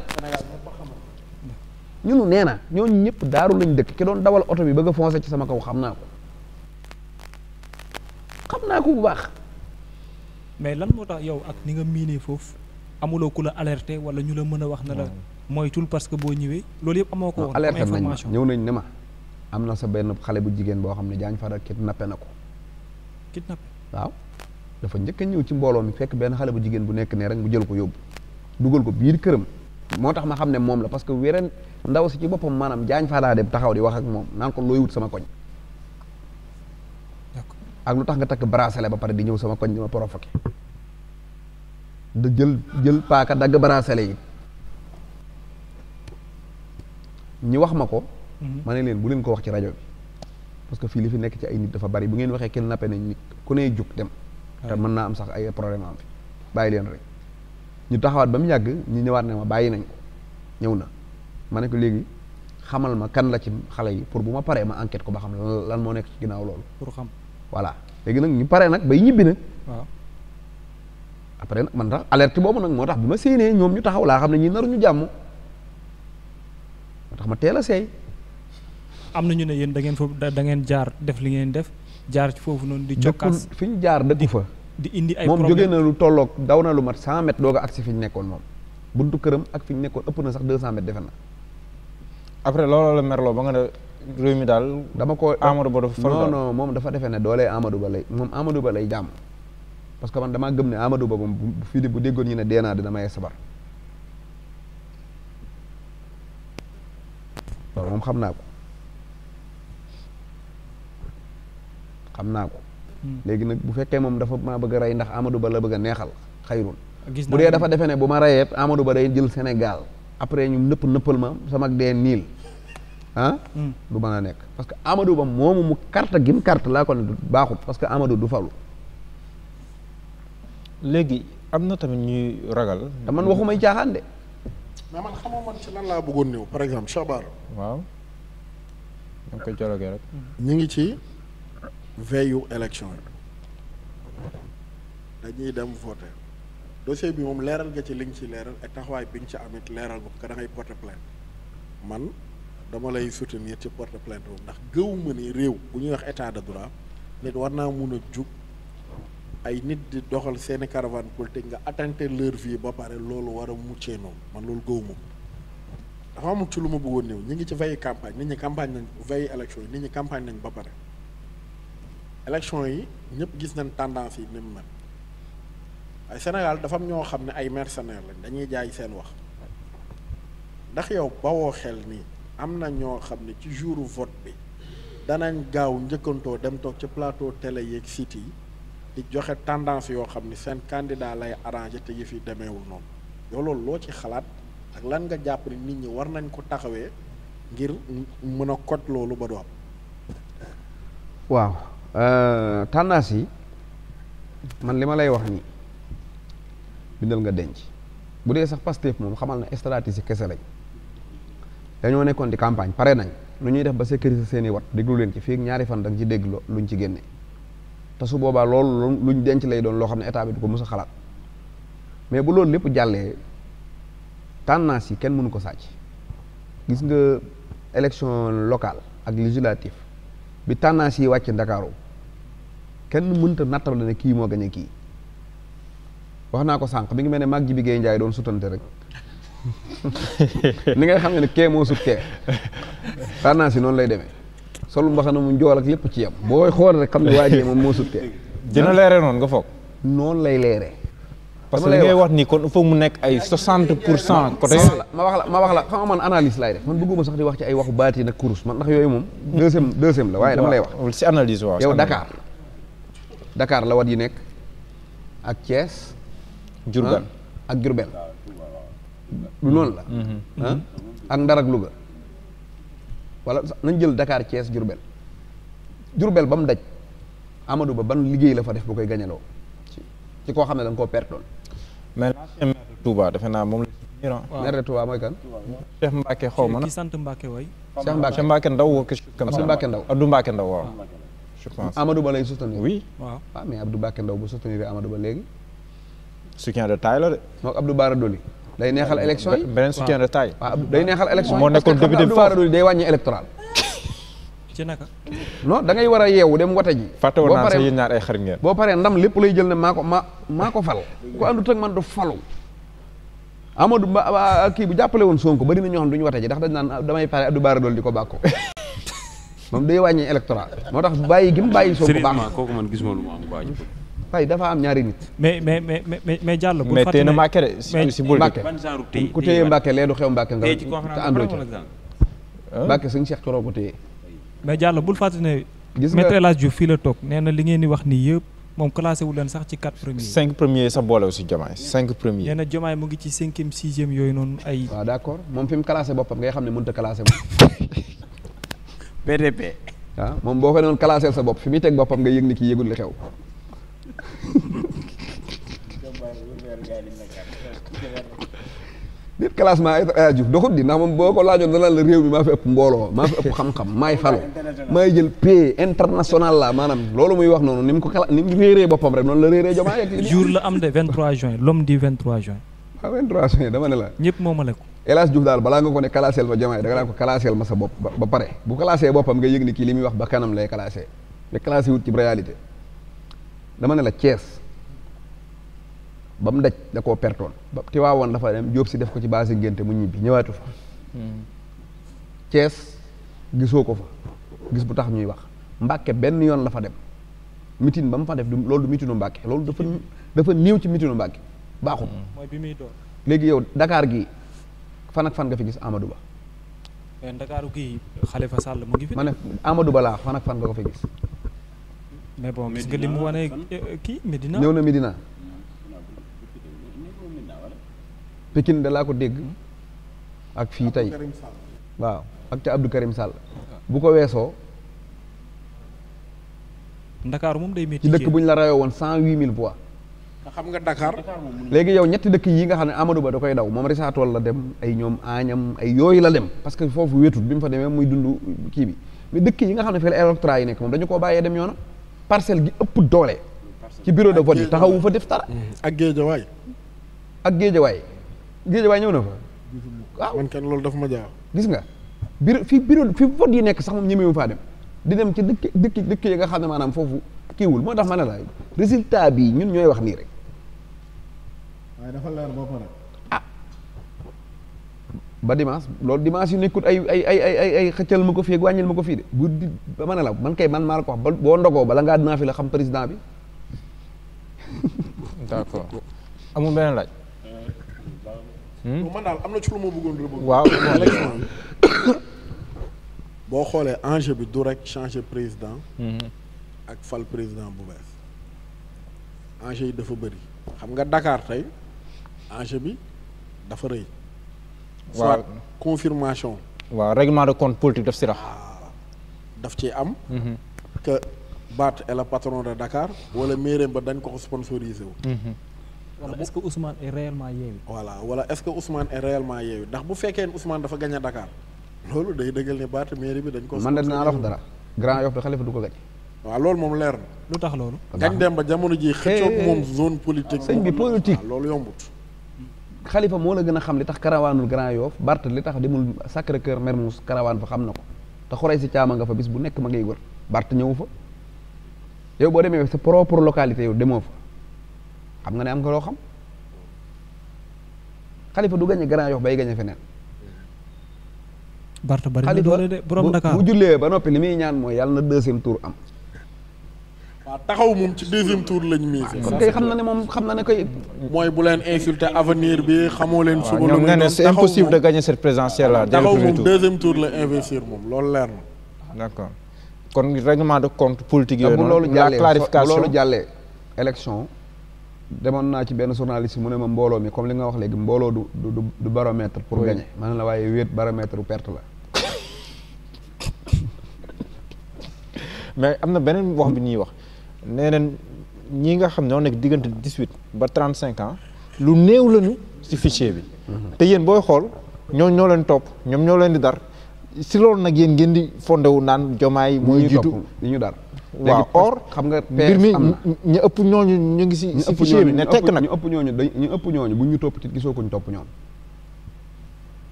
ñunu nee na ñooñu ñëpp daaru lañ dëkk ki doon dawal oto bi bëgg a ci sama kaw xam naa ko xam naa ko bu baax. mais
lan moo tax yow ak ni nga miinee foofu amuloo ku la alerté wala ñu la mën a wax na la moytul parce que boo ñëwee loolu yëpp amoo ko woon alerté nañ ma
ñëw nañ ne ma am na sa benn xale bu jigéen boo xam ne Diagne Fada kidnappé na ko kidnappé waaw dafa njëkk ñëw ci mbooloo mi fekk benn xale bu jigéen bu nekk ne rek mu jël ko yóbbu dugal ko biir këram moo tax ma xam ne moom la parce que wéren ndaw si ci boppam maanaam jaañ faa daa dem taxaw di wax ak moom naan ko looy wut sama koñ ak lu tax nga takk bracelet ba pare di ñëw sama koñ di ma provoqué da jël jël paaka dagg bracelet yi ñi ma ko mhm. ma ne leen bu leen ko wax ci rajo bi parce que fii li fi nekk ci ay nit dafa bari bu ngeen waxee kenn nappe nañ nit ku ne jug dem te mën naa am sax ay problème am bàyyi leen rek ñu taxawaat ba mu yàgg ñu ñëwaat ne ma bàyyi nañ ko ñëw na ma ne ko léegi xamal ma kan la ci xale yi pour bu ma paree ma enquête ko ba xam lan moo nekk ci ginnaaw loolu. pour xam voilà léegi nag ñu paree nag bay ñibbi nag. après nag man tax alerte boobu nag moo tax bi ma séenee ñoom ñu taxaw laa xam ne ñi naruñu jàmm moo tax ma teel a seey.
am na ñu ne yéen da ngeen foofu dangeen jaar def li ngeen def jaar ci foofu noonu. di cokkaas
fi ñu jaar dëkku fa. di indi ay moom jógee na lu tolloog daw na lu mat cent mètres doog a agsi fi nekkoon moom buntu këram ak fi ñu nekkoon ëpp na sax deux cent mètres defe na après looloo la merloo ba nga ne réew mi daal dama ko Amadou Ba dafa non non moom dafa defee ne doolee Amadou Ba lay moom Amadou Ba lay jàmm parce que man damaa gëm ne Amadou Ba moom fii di bu déggoon ñu ne dee naa dina maye sabar moom xam naa ko xam naa ko Hmm. léegi nag bu fekkee moom dafa maa bëgg a rey ndax Amadou Ba la bëgg a neexal xayrun bu dee dafa defe ne bu ma reyee Amadou Ba day jël Sénégal après ñu nëpp nëppal ma sama dee niil ah hmm. du mën a nekk parce que Amadou Ba moomu mu carte gim carte laa ko ne parce que Amadou du falu
léegi am na tamit ñuy ragal te man waxumay
caaxaan de mais man xamoo man ci lan laa bëggoon ñëw par exemple Chabar
waaw ñu ngi
ci veillu élection yi dañuy dem voter dossier bi moom leeral nga ci li nga ci leeral ay taxawaay bi nga ci amit leeral ko da ngay porter man dama lay soutenir ci porter plainte boobu ndax gëwuma ni réew bu ñuy wax état de droit nit war naa mun a jug ay nit di doxal seeni caravane politique nga attenter leur vie ba pare loolu war a muccee noonu man loolu gëwuma ko dafa amul ci lu ma bëggoon néew ñi ngi ci veille campagne nit ñi campagne nañ veille élection yi nit ñi campagne nañ ba pare élection yi ñëpp gis nañ tendance yi ni mu ay Sénégal dafam ñoo xam ne ay mercenaires lañ dañuy jaay seen wax ndax yow bawoo xel nii am na ñoo xam ne ci jouru vote bi danañ gaaw njëkkantoo dem toog ci plateau télé yeeg site yi di joxe tendance yoo xam ne seen candidat lay arrangé te yëf yi demeewul noonu yow loolu loo ci xalaat ak lan nga jàpp nit ñi war nañ ko taxawee ngir mën a kot loolu ba du am
waaw Euh, tendance yi man li ma lay wax nii bindal nga denc bu dee sax Pastef moom xamal na stratégie kese lañ dañoo nekkoon di campagne pare nañ lu ñuy def ba sécuriser seeni wat déglu leen ci fii ñaari fan danga nga ci dégg luñ ci génne te su boobaa loolu luñ denc lay doon loo xam ne état bi du ko mës a xalaat mais bu loolu lépp jàllee tendance yi kenn mënu ko sàcc gis nga élection locale ak législative bi tendance yi wàcc Ndakaaru kenn mënta la ne kii moo a kii wax naa ko sànq mi ngi mel ne mag ji bi Gaye Njaay doon sutante rek <laughs> ni ngay xam ne kee moo sut kee xanaa si noonu lay demee sol mbaxana mu njool ak ci yam boo xool rek xam ne waa moom moo sut kee leere noonu nga foog noonu lay leere parce que li ngay wax ni kon nekk ay 60 pour cent côté ma wax la ma wax la xam nga man analyse laay def man bëgguma sax di wax ci ay waxu baati nag kurus man ndax yooyu moom deuxième deuxième la waaye dama lay wax si analyse waaw yow Dakar Dakar la wat yi nekk ak cees Diourbel ah. ak Diourbel. lu noonu la. Mhm. Ah. ak Ndar ak Louga. walla nañ jël dakaar cees Diourbel. Diourbel ba mu daj Amadou Ba ban liggéey la fa def bu koy gañaloo ci koo xam ne da koo pertoon.
mais l'ancien de Touba defe naa moom
la. maire de Touba mooy kan. Cheikh Mbacke xaw ma na. kii sant Mbacke waay. Cheikh Mbacke Cheikh Mbacke Ndaw. Abdou Mbacke Ndaw je pense Amadou Ba lay soutenir. oui waaw ah mais Abdou Bakke Ndaw bu soutenir Amadou Ba léegi. soutien de taille la de. moom Abdou Bara Dolly. day neexal élection yi beneen soutien de taille. waaw day neexal élection yi moo nekkoon député Abdou Bara Dolly day wàññi électoral.
<laughs> ci naka.
non da ngay war a yeewu dem wote ji. fàtte woon naa sa yéen ñaar ay xarit ngeen. boo paree ndam lépp lay jël ne maa ko maa maa ko fal. ku àndut ak man du falu. Amadou Ba ah, kii bu jàppale woon Sonko bari na ñoo xam duñu wote ji ndax dañ naan damay pare Abdou Bara Dolly di ko bàkko <laughs> moom day wàññi électorat moo tax bàyyi gi mu bàyyi soo ko baax
kooku man gisuma lu mu am waaju
ñaari nit. mais mais mais mais mais Diallo. bu fàttali ne mais na si bool bi Mbacke ku téye Mbacke lee du xew Mbacke nga te
àndoo
ah. bul fàttali ne. gis nga maître El fii la toog nee na li ngeen di wax nii yëpp moom classé wu leen sax ci quatre premiers. cinq premiers
sa boole aussi Diomaye cinq premiers. nee
na Diomaye mu ngi ci cinquième sixième yooyu noonu ay. waaw d'accord moom fi mu classé boppam ngay xam ne mënut a moom. <laughs> PTP. waaw ah, moom boo ko doon classé sa bopp fi muy teg boppam nga yëg ni kii yëgul li xew. <laughs> nit classement di ndax moom boo ko la réew mi maa fi ëpp mbooloo maa fi ëpp xam-xam maay falu maay jël paie international la maanaam loolu muy wax noonu ni mu ko kala ni mu réeree boppam rek noonu la réeree jomaa yeeg. jour la am de
juin l'homme du juin. waaw
introation ne la.
ñëpp moomale ko.
El Hadj Diouf daal balaa nga ko ne kalaaseel ma jamaay da nga naan ko kalaaseel ma sa bopp ba pare bu kalaasee boppam nga yëg ni kii li muy wax ba kanam lay kalaasee ne kalaasee wut ci réalité dama ne la cees ba mu daj da koo pertoon ba Tiwaawoon dafa dem Jóob si def ko ci base ngénte mu ñibbi ñëwaatu fa. Hmm. Thiès gisoo ko fa gis bu tax ñuy wax Mbàkke benn yoon la fa dem mitin ba mu fa def loolu du mitinu Mbàkke loolu dafa dafa néew ci mitinu Mbàkke baaxul. Mm. mooy bi muy léegi yow ndakaar gi fan ak fan nga fi gis Amadou Ba.
Ndakaaru kii Khalifa Sall mu ngi fi.
Ba laa fan ak fan nga ko fi gis. mais bon gis nga li mu wane kii Medina. ñëw na Medina. Pikine da ko dégg. ak fii tey waaw ak ca Abdou Karim Sall. bu ko weesoo.
Ndakaaru moom day métti ci dëkk bu ñu la rawee
woon cent huit mille voix. xam nga Dakar. léegi yow ñetti dëkk yi nga xam ne amano Ba da koy daw moom risaatool la dem ay ñoom Añam ay yooyu la dem parce que foofu wéetut bi mu fa demee muy dund kii bi mais dëkk yi nga xam ne fii la électorat yi nekk moom dañu koo bàyyee dem yoonam parcelle gi ëpp doole. ci bureau de vote yi taxawu fa def tara ak géejawaay. ak géejawaay géejawaay ñëw na fa. waaw man kenn loolu daf ma jaaw gis nga bureau fi bureau fi vote yi nekk sax moom ñemewu faa dem di dem ci dëkk dëkk dëkk yi nga xam ne maanaam foofu kiiwul moo tax ma ne la résultat bi ñun ñooy wax nii rek.
waaye dafa leer ba pare. ah
ba dimanche loolu dimanche yu nekkut ay ay ay ay ay xëccal ma ko fii ak wàññil ma ko fii de guddi ba ma la man kay man maa la ko wax ba boo ndogoo bala ngaa dinaa fi la xam président bi.
<laughs> d'accord
amul beneen laaj. Hmm? man daal am na ci lu ma bëggoon rëbb. waaw <coughs> boo xoolee enjeu bi du rek changer président. Hmm. ak fal président bu bees. enjeu yi dafa bëri. xam nga dakaar tey enjeu bi dafa rëy. waaw confirmation.
waaw règlement de compte politique daf si rax. Ah,
daf ci am. Mhm. que Bat est le patron de Dakar. wala mairie ba dañ ko ko sponsorisé wu. Mhm. wala est-ce que Ousmane est réellement Yewwi. voilà wala est-ce que Ousmane est réellement Yewwi ndax bu fekkee ne Ousmane dafa gañ a Dakar. loolu day dëggal ne Bat mairie bi dañ ko. man de dinaa la wax dara. Grand Yoff de Khalifa du ko gañ. waaw loolu moom leer na. lu tax loolu. gañ dem ba jamono ji
xalifa moo la gën a xam li tax karawaanul Grand Yoff Bart li tax demul Sacré Cœur Mermoz karawaan fa xam na ko te xorey si caama nga fa bis bu nekk ma ngay wër Bart ñëw fa yow boo demee sa propre localité yow demoo fa xam nga ne am nga loo xam xalifa du gañe Grand Yoff bay gañe feneen. Bart bari na doole de borom Dakar bu ba noppi li muy ñaan mooy yàlla na deuxième tour am.
waaw taxaw moom ci deuxième tour lañ misé. kon kay xam na ne moom xam na ne koy. mooy bu leen insulté avenir bi xamoo leen. suba la nga ne c'est impossible de
gagner cette présidentielle là. dès le
deuxième tour la investir moom loolu leer na. d'accord kon règlement de
compte politique yooyu noonu. la clarification bu loolu jàllee élection. demoon naa ci benn journaliste mu ne ma mbooloo mi comme li nga wax léegi mbooloo du du du baromètre pour gagner ma ne la waaye wéet baromètre perte la. <laughs> mais
am na beneen wax bi ñuy wax. nee nañ ñi nga xam ñoo nekk diggante dix-huit ba trente-cinq ans lu néew lañu ci fichier bi. te yéen booy xool ñoom ñoo leen topp ñoom ñoo leen di dar si loolu nag yéen ngeen di fondé wu naan jomaay. mooy jiitu li ñu dar. waaw
or xam nga mbir mi
ñu ëpp ñooñu ñu ngi si si fichier bi ne tekk nag ñu
ëpp ñooñu ñu ëpp ñooñu bu ñu topp ci gisoo ko ñu topp ñoom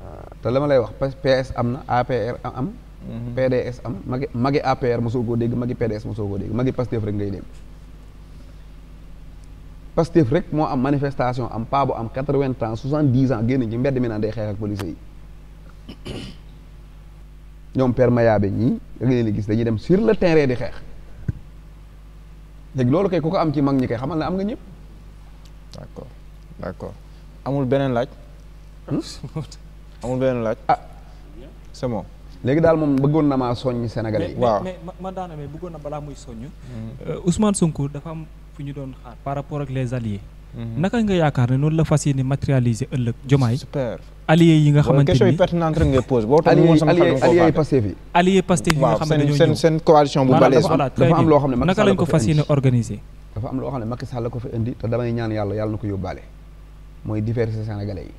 ah. te la ma lay wax PS am na APR am Mhm. PDS am magi magi APR mosoo koo dégg magi PDS mosoo koo dégg magi Pastef rek ngay dégg Pastef rek moo am manifestation am paa bu am quatre-vingts ans soixante-dix ans génn ci mbedd mi naan day xeex ak police yi ñoom père Mayabe ñii nga leen gis dañuy dem sur le terrain di xeex léegi loolu kay ku ko am ci mag ñi kay xamal ne am nga ñëpp.
d'accord d'accord amul beneen laaj. Hmm? <laughs> amul beneen laaj.
ah c'est léegi daal moom bëggoon na maa soññ Sénégalais yi. waaw mais
ma daana mais bëggoon na balaa muy soññ. Euh, Ousmane Sonko dafa am fu ñu doon xaar par rapport ak les alliés. Mhm. naka nga yaakaar ne noonu la fas yéene matérialiser ëllëg jomaay. super alliés yi nga xamante ni yi pertinente rek
ngay posé. boo tax moom nga ko ne dañoo ñëw seen seen coalition bu balees. dafa am loo xam ne naka lañ ko fas indi te damay ñaan yàlla yàlla na ko yóbbaale mooy diverser sénégalais yi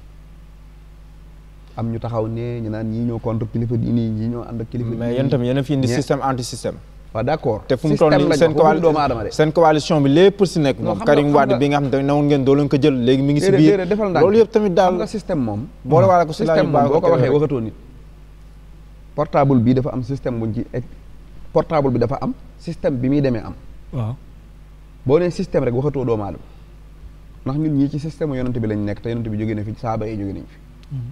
am ñu taxaw ne ñu naan ñii ñoo contre kilifa diini ñi ñoo ànd ak kilifa diini mais yéen tamit yéen a fi indi système
anti système waaw d'accord te fu mu toll nii seen doomu aadama de seen moom Karim Wade bi nga
xam boo ko waxee waxatoo nit portable bii dafa am système buñ ci portable bi dafa am système bi muy demee am waaw boo nee système rek waxatoo doomu aadama ndax ñun ñii ci système yonent bi lañ nekk te yonent bi jógee na fi saaba yi jógee nañ fi mhm.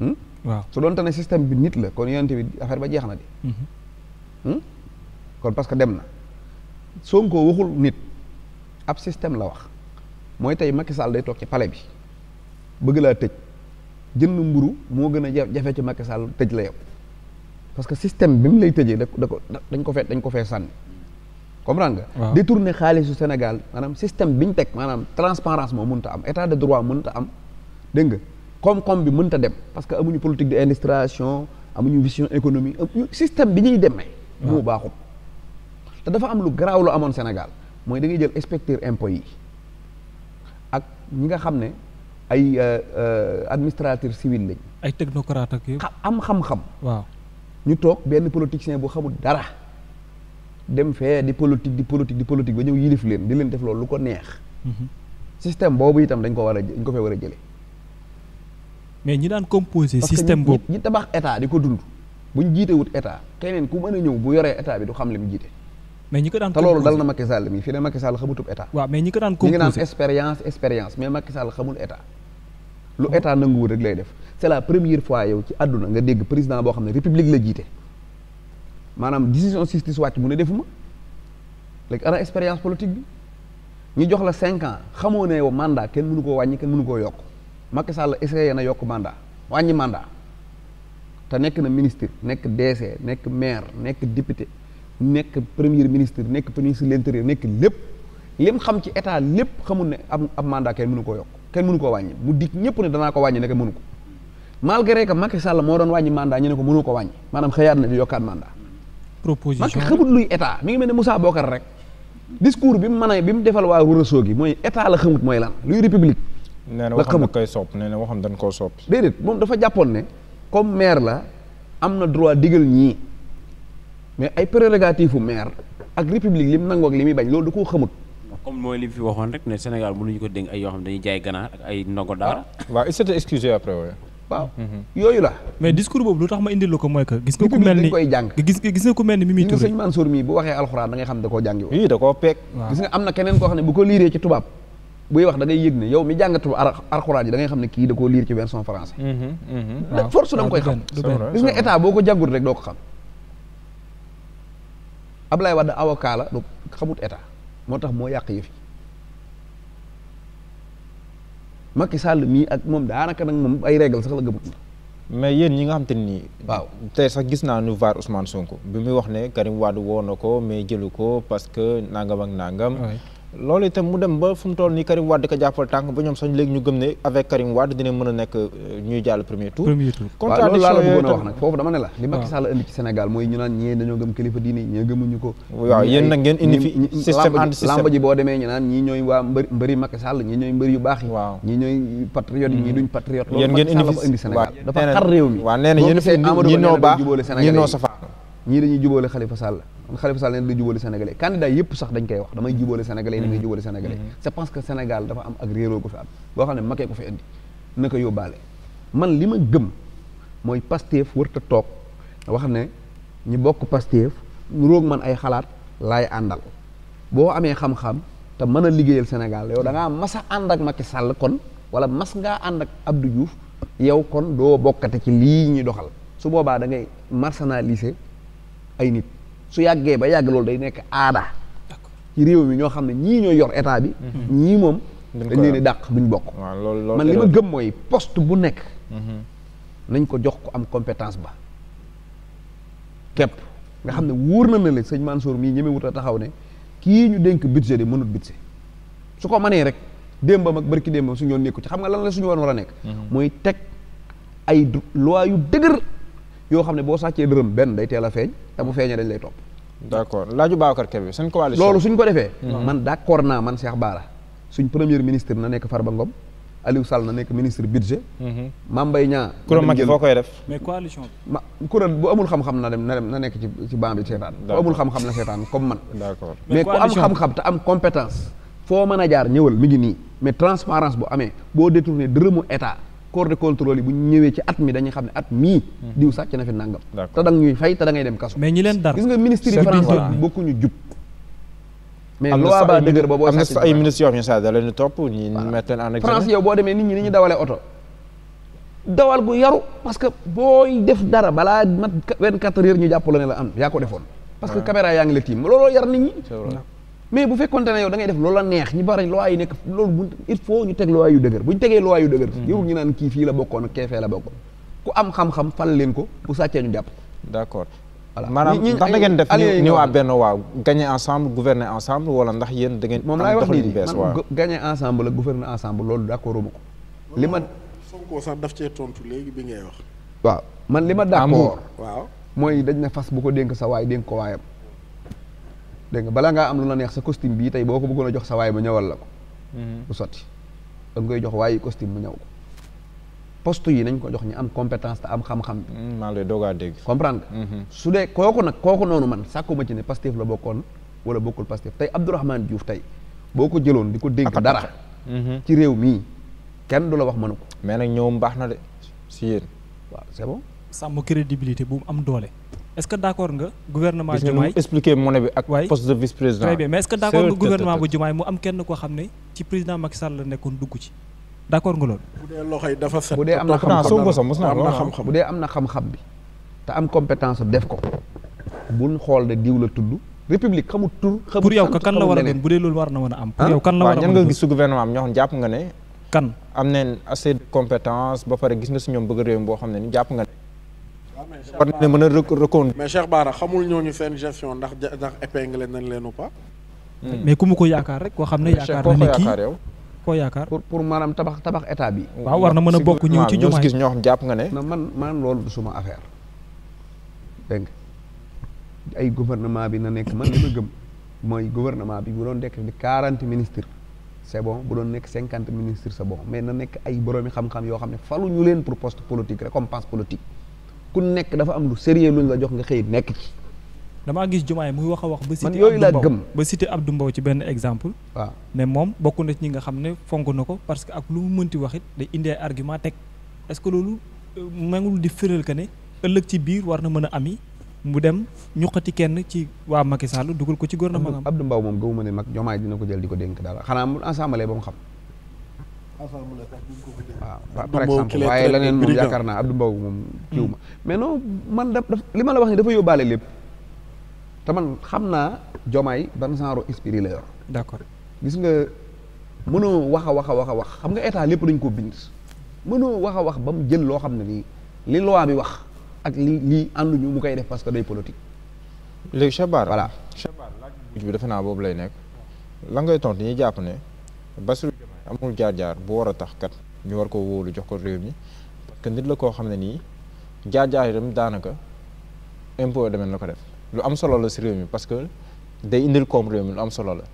Hmm? waaw su doonte ne système bi nit la kon yonente bi affaire ba jeex na di mhm. hmm? kon parce que dem na Sonko waxul nit ab système la wax mooy tey Macky Sall day toog ci pale bi bëgg laa tëj jënd mburu moo gën a jafe ci Macky Sall tëj la yow parce que système bi mu lay tëjee da ko dañ ko fee dañ ko fee sànni comprendre nga détourner xaalisu Sénégal maanaam système bi ñu teg maanaam transparence moo mënta am état de droit a am dégg nga koom-koom bi mënta dem parce que amuñu politique de amuñu vision économie système bi ñuy demee. Ah. moo baaxul te dafa am lu garaaw lu amoon Sénégal mooy da ngay jël inspecteur impôt yi ak ñi nga xam ne ay euh, euh, administrateur civil lañ. ay technocrate ak yëpp am xam-xam. ñu toog benn politicien bu xamul dara dem fee di politique di politique di politique ba ñëw yilif leen di leen def loolu lu ko neex. Mhm. système boobu itam dañ ko war a dañ ko a jëlee. mais ñi daan composé système boobu ñi tabax état di ko dund buñ jiite wut état keneen ku mën a ñëw bu yoree état bi du xam li mu jiite mais ñi ko daan loolu dal na Macky Sall mi fii ne Macky Sall xamutub état waaw mais ñi ko daan composé ñi ngi naan expérience expérience mais Macky rek lay def c'est la première fois yow ci àdduna nga dégg président boo xam ne république la jiite maanaam décision justice wàcc mu ne defuma léegi ana expérience politique bi ñu jox la cinq ans xamoo ne yow mandat kenn mënu koo wàññi kenn mënu koo yokk Macky Sall essayé na yokk mandat wàññi mandat te nekk na ministre nekk DC nekk maire nekk député nekk premier ministre nekk ministre de nekk lépp lim xam ci état lépp xamul ne am ab mandat kenn mënu koo yokk kenn mënu koo wàññi mu dig ñëpp ne danaa ko wàññi nekk mënu ko malgré que moo doon wàññi mandat ñu ne ko mënu ko wàññi maanaam xëyaat na di yokkaat mandat. proposition Macky xamul luy état mi ngi mel ne musaa Bokar rek discours bi mu mën a bi mu defal waa Rosso gi mooy état la xamut mooy lan luy nee na waxam koy sopp nee na waxam dañ koo sopp déedéet moom dafa la am na droit digal ñii mais da koo xamut
ko dénk ay yoo xam ah, waaw mhm. yooyu la
mais
discours boobu lu tax ma indil ko mooy que gis
nga koy jàng gis nga ku mel ni Mimi Touré sëñ bu waxee alxuraan da ngay xam ne da koo jàngi woon gis nga am na keneen koo xam ne bu ko liiree ci tubaab buy wax da ngay ne yow mi jàngatu alxuraan yi da xam ne kii da koo liir ci version français
mm-hmm, mm-hmm. force da nga ah, koy xam gis
ko jàngut rek doo moo tax moo yàq yëf yi Macky ak moom daanaka nag moom ay règle sax la gëmut ma mais yéen ñi nga
xam te nii waaw tey sax gis naa nu vaar Ousmane Sonko bi muy wax ne Karim Wade woo na ko mais jëlu ko parce que nangam ak nangam loolu itam mu dem ba fu mu toll nii Karim Wade ko jàppal tànk
ba ñoom sax léegi ñu gëm ne avec Karim Wade dina mën a nekk euh, ñuy jàll premier tour.
wax nag
foofu dama ne la. li Macky Sall indi mooy ñu naan ñee dañoo gëm kilifa ko. waaw yéen nag ngeen indi boo demee ñu naan ñii ñooy waa mbëri mbëri Macky Sall ñii ñooy mbëri yu baax yi. waaw ñii ñooy patriote yi ñii mm. duñ patriote. loolu Macky Sall ko indi Sénégal dafa xar réew mi. waaw nee na yéen a fi ñi noo baax ñi noo safaan ñii dañuy jubóole Khalifa Sall man Khalifa Sall leen day jubóole sénégalais candidat yëpp sax dañ koy wax damay jubóole sénégalais damay jubóole sénégalais mm-hmm. c'est parce que Sénégal dafa am ak réeroo ko fi am boo xam ne makee ko fi indi na ko yóbbaale man li ma gëm mooy Pastef wërta toog wax ne ñu bokk Pastef roog man ay xalaat laay àndal boo amee xam-xam te mën a liggéeyal senegal yow da masa ànd ak Macky Sall kon wala mas ngaa ànd ak Abdou Diouf yow kon doo bokkate ci lii ñuy doxal su boobaa da ngay marginaliser ay nit su yàggee ba yàgg loolu day nekk aada ci réew mi ñoo xam ne ñii ñoo yor état bi mhm. ñii moom dañ leen di dàq duñ bokk man li ma gëm mooy poste bu nekk mhm. nañ ko jox ko am compétence ba képp nga xam ne wóor na na la sëñ Mansour mii ñeme wut taxaw ne kii ñu dénk budget de mënut budget su ko manee rek démbam ak barki démbam su ñoo nekku ci xam nga lan la suñu woon war a nekk mhm. mooy teg ay loi yu dëgër yoo xam ne boo sàccee dërëm benn day teel a feeñ te bu feeñee dañ lay topp loolu suñ ko defee hmm. man d'accord naa man Cheikh Bara suñ premier ministre na nekk Farba Ngom Aliou Sall na nekk ministre budget hmm. Mame Mbaye Niang kuréel mag koy
def mais coalition
ma kuréel bu amul xam-xam na dem na na nekk ci ci banc bi seetaan bu amul xam-xam na seetaan comme man
d'accord mais ku am xam-xam
te am compétence foo mën a jaar ñëwal mi ngi nii mais transparence bu amee boo détourné dërëmu état corps de contrôle yi bu ñëwee ci at mi dañuy xam ne at mii mhm. diw sàcc na fi nàngam te dang ñuy fay te da ngay dem kaso mais ñi leen dar gis nga ministre yi France bokkuñu jub
mais loi ba dëgër ba boo am na ay ministres yoo xam ne sax da leen topp ñu mettre
en yow boo demee nit ñi ni ñu dawalee oto dawal gu yaru parce que booy def dara balaa mat vingt quatre heures ñu jàpp la ne la am yaa ko defoon parce que ah. caméra yaa ngi la tiim looloo yar nit ñi mais bu fekkoonte ne yow da ngay def loolu la neex ñi bari loi yi nekk loolu bu il faut ñu teg loi yu dëgër bu ñu tegee loi yu dëgër hmm. yëwul ñu naan kii fii la bokkoon keefee la bokkoon ku am xam-xam fal leen ko bu sàccee ñu jàpp d'accord voilà maanaam ndax da ngeen def ni waa
benn waaw gagner
ensemble wala ndax yéen da ngeen moom laay wax nii bees waaw gagner ensemble ak gouverner ensemble ko li ma
Sonko sax daf cee tontu léegi bi ngay wax
waaw man li ma d'accord waaw mooy dañ na fas bu ko dénk sa waay dénk ko waayam dégg nga balaa ngaa am lu la neex sa costume bii tey boo ko bëggoon a jox sa waay mu ñëwal la ko. bu mhm. sotti da koy jox waayu costume mu ñëw ko. poste yi nañ ko jox ñu am compétence te am xam-xam. Mhm, maa ngi lay doog a dégg. comprendre nga. Mhm. su dee kooku nag kooku noonu man sàkku ma ci ne Pastef la bokkoon wala bokkul Pastef tey Abdourahmane Diouf tey boo ko jëloon di ko dénk dara. ci réew mii kenn du la wax mënu ko. mais nag ñoom baax na de si yéen. waaw c'est bon.
sàmm bu am doole. est-ce que d'accord nga gouvernement Diomaye
expliquer monnaie bi ak poste
de mais est-ce que d'accord nga gouvernement bu
Diomaye mu am kenn koo xam ne ci président Macky Sall la nekkoon dugg
ci d'accord nga loolu
bu dee loxo yi dafa set bu dee am na xam-xam
am na bi te am compétence def ko bul xool de diw la tudd république xamul tur xamul pour yow kan la war bu
dee loolu war na mën a am
pour ah? yow nga gis su
gouvernement am ñoo xam jàpp nga ne kan am nañ assez de compétence ba pare gis nga si ñoom bëgg boo xam ne ni jàpp nga
war na mën
a reconduire.
mais Cheikh Bara xamul ñooñu seen gestion ndax ndax épinglé nañ leen ou pas.
Hmm.
mais ku mu ko yaakaar rek koo xam ne yaakaar na ne kii
koo yaakaar pour pour maanaam tabax tabax état bi. waaw war na mën a bokk ñëw ci jumaay gis ñoo xam jàpp nga ne. man man loolu du suma affaire dégg nga ay gouvernement bi na nekk man li ma gëm mooy gouvernement bi bu doon nekk di quarante ministres c'est bon nekk cinquante ministres c'est bon mais na nekk ay boroomi xam-xam yoo xam ne faluñu leen pour poste politique récompense politique. ku nekk dafa am lu sérieux luñ la jox nga xëy nekk ci. damaa gis jumaay muy wax a wax. ba cité yooyu
laa gëm ba cité Abdou Mbow ci benn exemple. waaw ne moom bokk na ci ñi nga xam ne fonk na ko parce que ak lu mu mënti wax it day indi argument teg est-ce que loolu nangul euh, di firal que ne
ëllëg ci biir war na mën a ami mu dem ñuqati kenn ci waa Macky Sall dugal ko ci gouvernement am. Abdou Mbow moom gëmuma ne mag jomaay dina ko jël di ko dénk dara xanaa mu assemblée ba mu xam.
waaw par exemple waaye leneen moom yaakaar
naa Abdou Mbow moom kiiw ma mais non man da li ma la wax ni dafa yóbbaale lépp te man xam naa jomaay ban genre esprit la yor d'accord gis nga mënoo wax a wax a wax wax xam nga état lépp dañ koo bind mënoo wax a wax ba mu jël loo xam ne nii li loi bi wax ak li lii ànduñu mu koy def parce que day politique léegi Cheikh Bara voilà Cheikh
Bara
laaj bi defe naa boobu lay nekk langay ngay tontu ñuy jàpp ne amul jaar-jaar bu war a tax kat ñu war ko wóolu jox ko réew mi parce que nit la koo xam ne nii jaar-jaar yi tam daanaka impo domaine na ko def lu am solo la si réew mi parce que day indil koom réew mi lu am solo la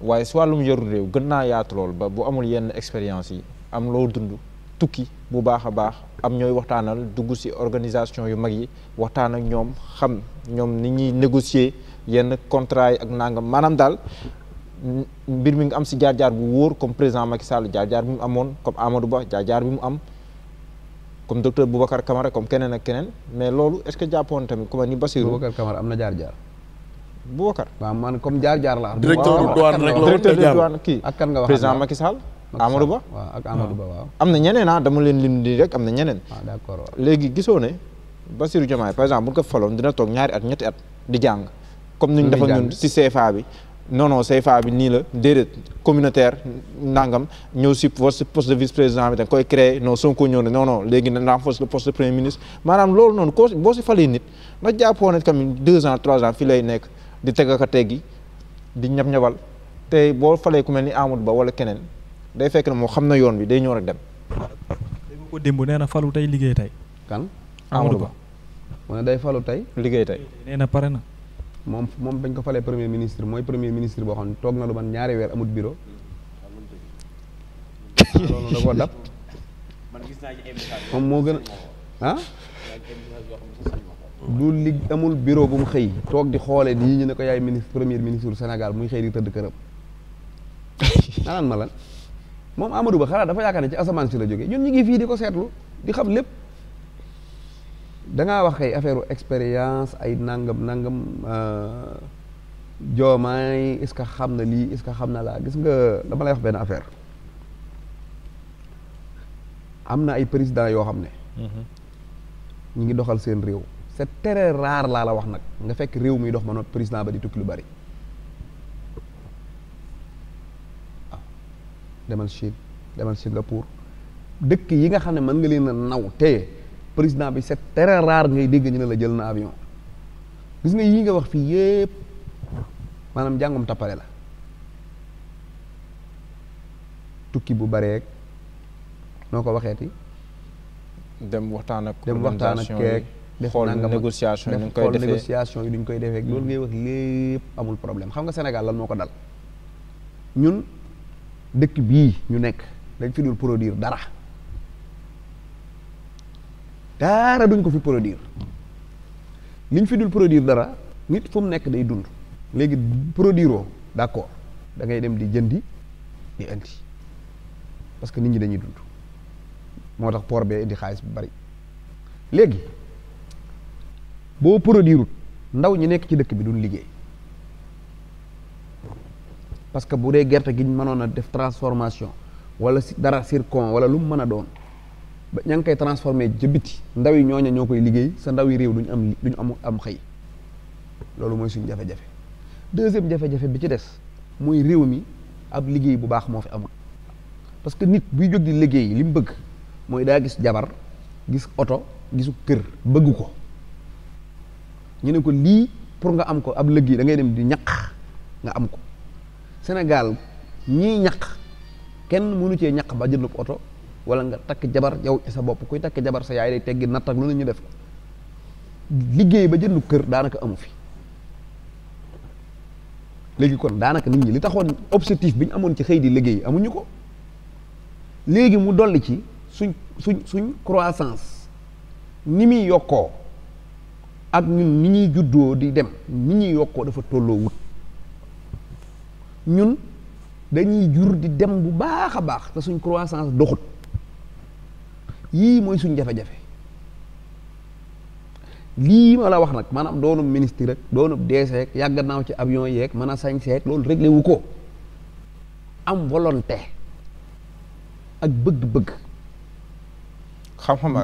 waaye si wàllum yorul réew gën naa yaatu lool ba bu amul yenn expérience yi am loo dund tukki bu baax a baax am ñooy waxtaanal dugg si organisation yu mag yi waxtaan ak ñoom xam ñoom nit ñuy négocier yenn contrat yi ak nangam maanaam daal mbir mi nga am si jaar-jaar bu wóor comme président Macky Sall jaar-jaar bi mu amoon comme jaar-jaar bi mu am comme docteur Boubacar Camara comme keneen ak keneen mais loolu est-ce que jàppoon tamit comme ni Bassirou. Boubacar Camara am na jaar-jaar. Boubacar. waaw man comme
jaar-jaar la. directeur douane rek la directeur
am na ñeneen ah dama leen lim di rek am na ñeneen. Ah, waaw d'accord léegi gisoo ne Bassirou Diomaye par exemple bu faloon dina toog ñaari at ñetti at di jàng. comme ni ñu defoon ñun si CFA bi non non CFA bi nii la déedéet communautaire nangam ñëw si poste poste de vice président bi da koy créer non Sonko ñëw na non non léegi na renforce le poste de premier ministre maanaam loolu noonu koo boo si falee nit na jàppoo ne tamit deux ans trois ans fii lay nekk di teg ko a teggi di ñab ñabal te boo falee ku mel ni Amadou Ba wala keneen day fekk ne moo xam na yoon bi day ñëw rek dem.
dégg ko nee na falu tey liggéey tey. kan Amadou Ba
mu ne day falu tey liggéey tey. na pare na. moom moom bañ ko falee premier ministre mooy premier ministre boo xam ne toog na lu man ñaari weer amut bureau. loolu da koo dab.
moom moo gën a ah.
du li amul bureau bu mu xëy toog di xoole di ñu ne ko yaay ministre premier ministre Sénégal muy xëy di tëdd këram. <laughs> naan ma la moom Amadou Ba xalaat dafa yaakaar ne ci asamaan si la jógee ñun ñu ngi fii di ko seetlu di xam lépp. da ngaa wax ay affaire expérience ay nangam nangam euh, joomaay est-ce que xam na lii est-ce xam na laa gis nga dama lay wax benn affaire am na ay président yoo xam ne. Mm-hmm. ñu ngi doxal seen réew. c'est très rare laa la wax nag nga fekk réew mi dox ma noppi président ba di tukki lu bari. Ah, demal Chine demal Singapour dëkk yi nga xam ne mën nga leen a naw te président bi c'est très rare ngay dégg ñu ne la jël na avion gis nga yii nga wax fii yépp maanaam jàngum tappale la tukki bu bareeg noo ko waxeeti dem waxtaan ak dem waxtaan ak keek def xool négociation yi duñ koy defee loolu ngay wax lépp amul problème xam nga Sénégal lan moo ko dal ñun dëkk bii ñu nekk dañ fi dul produire dara daara duñ ko fi produire liñ fi dul produire dara nit fu mu nekk day dund léegi produire oo d'accord da ngay dem di jëndi di indi parce que nit ñi dañuy dund moo tax port bee indi xaalis bu bari léegi boo produire ndaw ñi nekk ci dëkk bi duñ liggéey parce que bu dee gerte gi ñu mënoon a def transformation wala dara circon wala lu mu mën a doon ba ña ngi koy transformé jëbiti ndaw yi ñooña ñoo koy liggéey sa ndaw yi réew duñu am ñu am am xëy loolu mooy suñ jafe-jafe deuxième jafe-jafe bi ci des mooy réew mi ab liggéey bu baax moo fi amul parce que nit buy jóg di liggéey li mu bëgg mooy daa gis jabar gis oto gisu kër bëgg ko ñu ne ko lii pour nga am ko ab liggéey da ngay dem di ñaq nga am ko Sénégal ñii ñaq kenn mënu cee ñaq ba jënd ko oto wala nga takk jabar yow ci sa bopp kuy takk jabar sa yaay day teggi natt ak lu ne ñu def ko liggéey ba jëndu kër daanaka amu fi léegi kon daanaka nit ñi li taxoon objectif bi ñu amoon ci xëy di liggéey amuñu ko léegi mu dolli ci suñ suñ suñ croissance ni muy yokkoo ak ñun ni ñuy juddoo di dem ni ñuy yokkoo dafa tolloo wut ñun dañuy jur di dem bu baax a baax te suñ croissance doxut yii mooy suñ jafe-jafe lii ma la wax nag maanaam doonum ministre rek doonum DG rek yàgg naaw ci avion yeeg mën a sañ seet loolu rek wu ko am volonté ak bëgg-bëgg.
xam-xam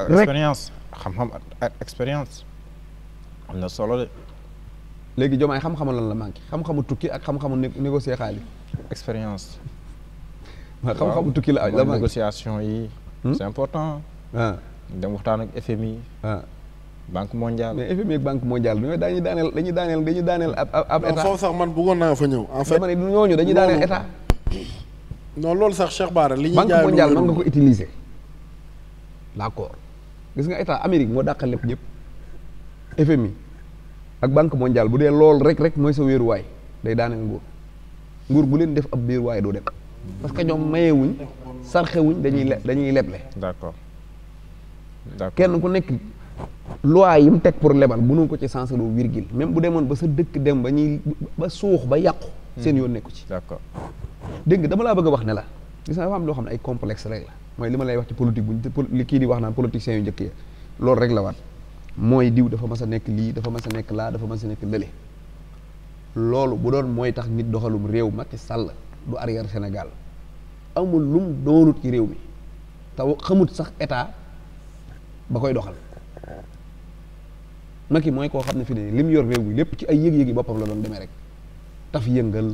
ak expérience
xam am na solo de. léegi jomaay xam-xamu lan la manqué xam-xamu tukki ak xam-xamu négocier xaalis. expérience. waaw xam-xamu tukki la la manqué
négociation yi. Hmm? c'est Ah. dem waxtaan ak FMI. Ah.
banque mondiale mais banque mondiale ñooy dañuy daaneel dañuy dañuy daaneel ab ab état. sax man bëggoon naa fa ñëw. en fait dama ne ñooñu dañuy daaneel
loolu sax Cheikh Bara li ñuy jaay banque mondiale mën ko utiliser.
d'accord gis nga état Amérique moo dàqal lépp ñëpp. FMI ak banque mondiale bu dee lool rek rek mooy sa wéeruwaay day daaneel nguur nguur bu leen def ab wéeruwaay doo dem. parce que ñoom mayewuñ sarxewuñ dañuy le dañuy leble. d'accord. kenn ku nekk loi yi mu teg pour lebal mënu ko ci sensé lu virgule même bu demoon ba sa dëkk dem ba ñuy ba suux ba yàqu hmm. seen yoon nekku ci d'accord dégg dama laa bëgg a wax ne la gis naa dafa am xam ne ay complexe rek la mooy li ma lay wax ci politique li kii di wax naan politiciens yu njëkk ya loolu rek la waat mooy diw dafa mas a nekk lii dafa mas a nekk laa dafa ma a nekk lële loolu bu doon mooy tax nit doxalum réew Macky Sall du arrière Sénégal amul lum doonut ci réew mi te xamut sax état ba koy doxal Macky mooy koo xam ne fi ne lim yor réew mi lépp ci ay yëg-yëg yi boppam la doon demee rek taf yëngal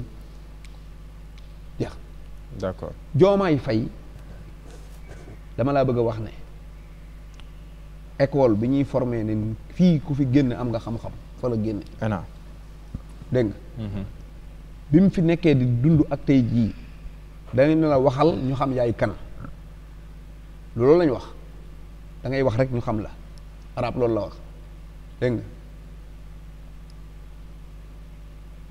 jeex. d'accord dama laa bëgg a wax ne école bi ñuy formé ne fii ku fi génn am nga xam-xam fa la génne. ana ah dégg nga. Mm-hmm. bi mu fi nekkee di dund ak tey jii dañu ne la waxal ñu xam yaay kana loolu lañu wax. dangay wax rek ñu xam la arab loolu la wax dégg nga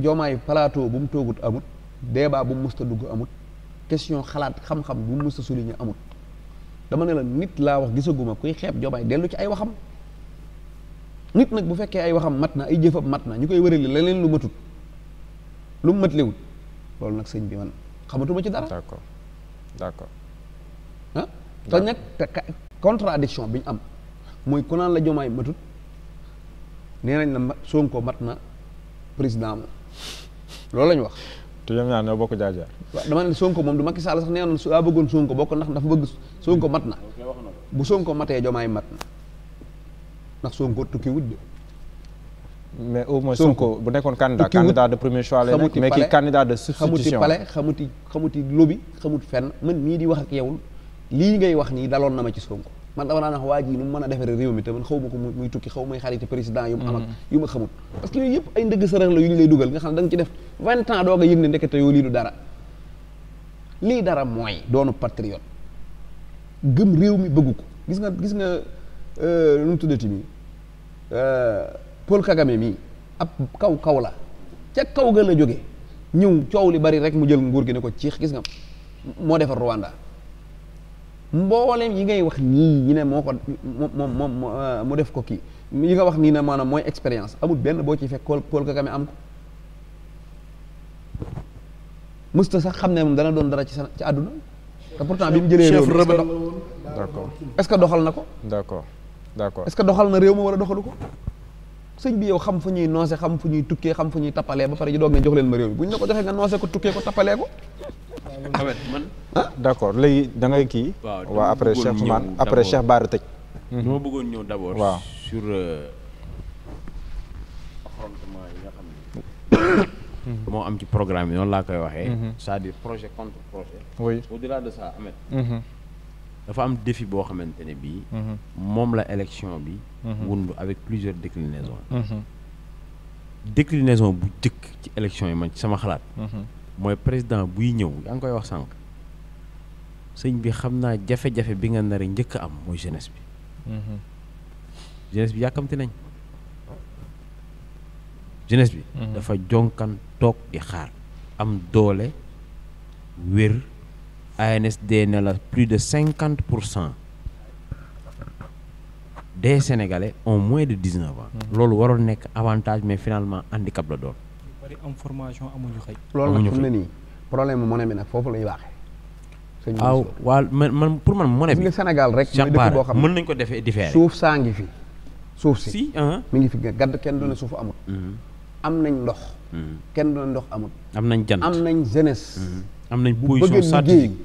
joomaay plateau bu mu toogut amut débat bu mu musta dugg amut question xalaat xam-xam bu mu musta souligné amut dama ne la nit laa wax gisaguma kuy xeeb joomaay dellu ci ay waxam nit nag bu fekkee ay waxam mat na ay jëfam mat na ñu koy wërali leneen lu matut lu mu matliwut loolu nag sëñ bi man xamatuma ci dara d'accord ah? contradiction bi ñu am mooy ku naan la jomaay matut nee nañ la Sonko mat na président moom loolu la ñu wax. te ñoom ñaar bokk jaar-jaar. dama ne Sonko moom du Macky Sall sax nee na daa bëggoon Sonko bokk ndax dafa bëgg Sonko mat na bu Sonko matee jomaay mat na ndax Sonko tukki wut de. mais au moins Sonko bu
nekkoon candidat candidat de premier choix la nekk mais ki candidat de substitution xamuti palais
xamuti xamuti lobby xamut fenn man mii di wax ak yowul lii ngay wax nii daloon na ma ci Sonko man dama naan wax waa jii nu mu mën a defaree réew mi te xaw ma ko muy tukki xaw may xariti président yu mu am ak mm-hmm. yu ma xamul parce yooyu yëpp ay ndëgg sërëx la yu ñu lay dugal nga xam ne da ci def vingt ans doog a yëg ne ndekete yoo lii du dara lii dara mooy doonu patriote gëm réew mi bëggu ko gis nga gis nga euh, nu mu tuddati mi euh, Paul Kagame mii ab kaw kaw la ca kaw ga la jóge ñëw coow li bari rek mu jël nguur gi ne ko ciix gis nga moo defar Rwanda mbooleem yi ngay wax nii yi ne moo ko moom moom euh, mu def ko kii yi nga wax nii ne maanaam mooy expérience amul benn boo ci fekk Paul Paul Kagame am ko mësta sax xam ne moom dana doon dara ci sa ci àdduna te pourtant bi mu jëlee réew mi
d'accord est-ce que doxal na ko d'accord d'accord est-ce
doxal na réew mi wala doxalu ko sëñ bi yow xam fu ñuy noose xam fu ñuy tukkee xam fu ñuy tappalee ba pare ñu doog ne jox leen ma réew mi bu ñu la ko joxee nga noose ko tukkee ko tappalee ko
ah,
ah d' accord léegi da ngay kii.
waaw après Cheikh Ousmane après Cheikh Bara mhm. bëggoon ñëw d' abord. waaw sur euh, mhm. moo am ci programme yi noonu laa koy waxee. Mhm. c' projet contre projet. de ça Ahmed. dafa am défi boo xamante ne bii. moom la élection bi. wund avec plusieurs déclinaisons. déclinaison bu jëkk ci élection yi ma ci sama xalaat. mooy président buy ñëw yaa ngi koy wax sànq sëñ bi xam naa jafe-jafe bi nga nar njëkk am mooy jeunesse bi. Mhm. jeunesse bi yàkkamti nañ. jeunesse bi. Mhm. dafa jonkan toog di xaar. am doole wér ANSD ne la plus de cinquante pour cent des sénégalais ont moins de dix-neuf ans. Mhm. loolu waroon nekk avantage mais finalement handicap la doon.
bari formation amuñu xëy.
loolu nag fi ne nii problème mu monnaie bi nag foofu lay waxee. sañ waaw
waaw man man pour man monnaie bi. nga Sénégal rek
mooy dëkk boo xam ne mën nañ ko defee différé. suuf
saa ngi fi suuf si.
Uh-huh. mi ngi fi gàdd kenn du ne suuf amut. Mm-hmm. am nañ ndox. Mm-hmm. kenn du ndox amut. am nañ jant am nañ jeunesse. Mm-hmm. am nañ position stratégique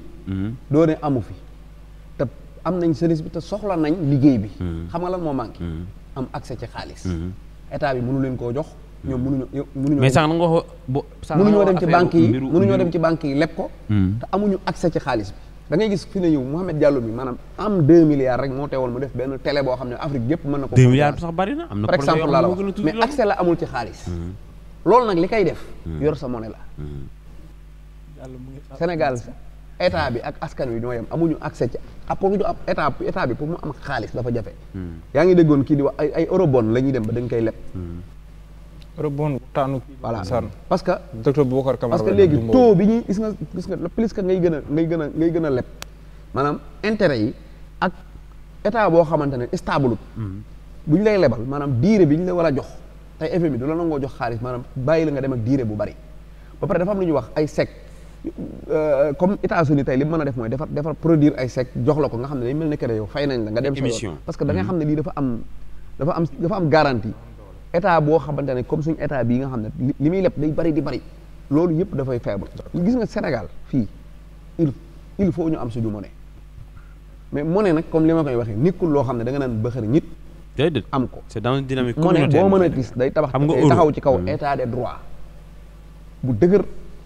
doo ne amu fi te am nañ service bi te soxla nañ liggéey bi. xam nga lan moo manqué. am accès ci xaalis. état bi mënu leen koo jox. ñoom mënuñu mënuñu mais sax na
nga wax
bu dem ci banque yi mënuñoo dem ci
banque yi leb ko hmm. amuñu accès xaalis da ngay gis fi ne yow Mouhamed Diallo mi maanaam am deux milliards rek moo teewoon mu def benn télé boo xam ne Afrique yëpp mën na ko deux milliards sax bari na am na par exemple laa la wax mais accès la amul ci xaalis hmm. loolu nag li kay def hmm. yor sa monnaie
la
senegal état bi ak askan wi ñoo yem amuñu accès ci ah pour ñu am état état bi pour mu am xaalis dafa jafe yaa ngi déggoon kii di wax ay ay eurobond la ñuy dem ba dañ koy leb rebond taanu voilà parce que docteur Boubacar Camara parce que léegi taux bi ñu gis nga gis nga plus que ngay gën a gën a ngay gën a leb maanaam intérêt yi ak état boo xamante ne stable hmm. bu ñu lay lebal maanaam diire bi ñu la war a jox tey FMI du la nangoo jox xaalis maanaam bàyyi la nga dem ak diire bu bari ba pare dafa am lu ñu wax ay chèque euh, comme États-Unis tey li mën a def mooy defar defar produire ay chèque jox la ko nga xam ne day mel ne que yow fay nañ la nga dem sa parce que da hmm. xam ne lii dafa am dafa am dafa am garantie état boo xamante ne comme suñ état bii nga xam ne li muy leb day bari di bari loolu yëpp dafay faible gis nga Sénégal fii il faut ñu am suñu monnaie mais monnaie nag comme li ma koy waxee nekkul loo xam ne danga nga naan bëxër nit
déedéet am ko c'est dans une dynamique communautaire monnaie boo mën a gis day tabax day taxaw ci kaw hmm.
état de droit bu dëgër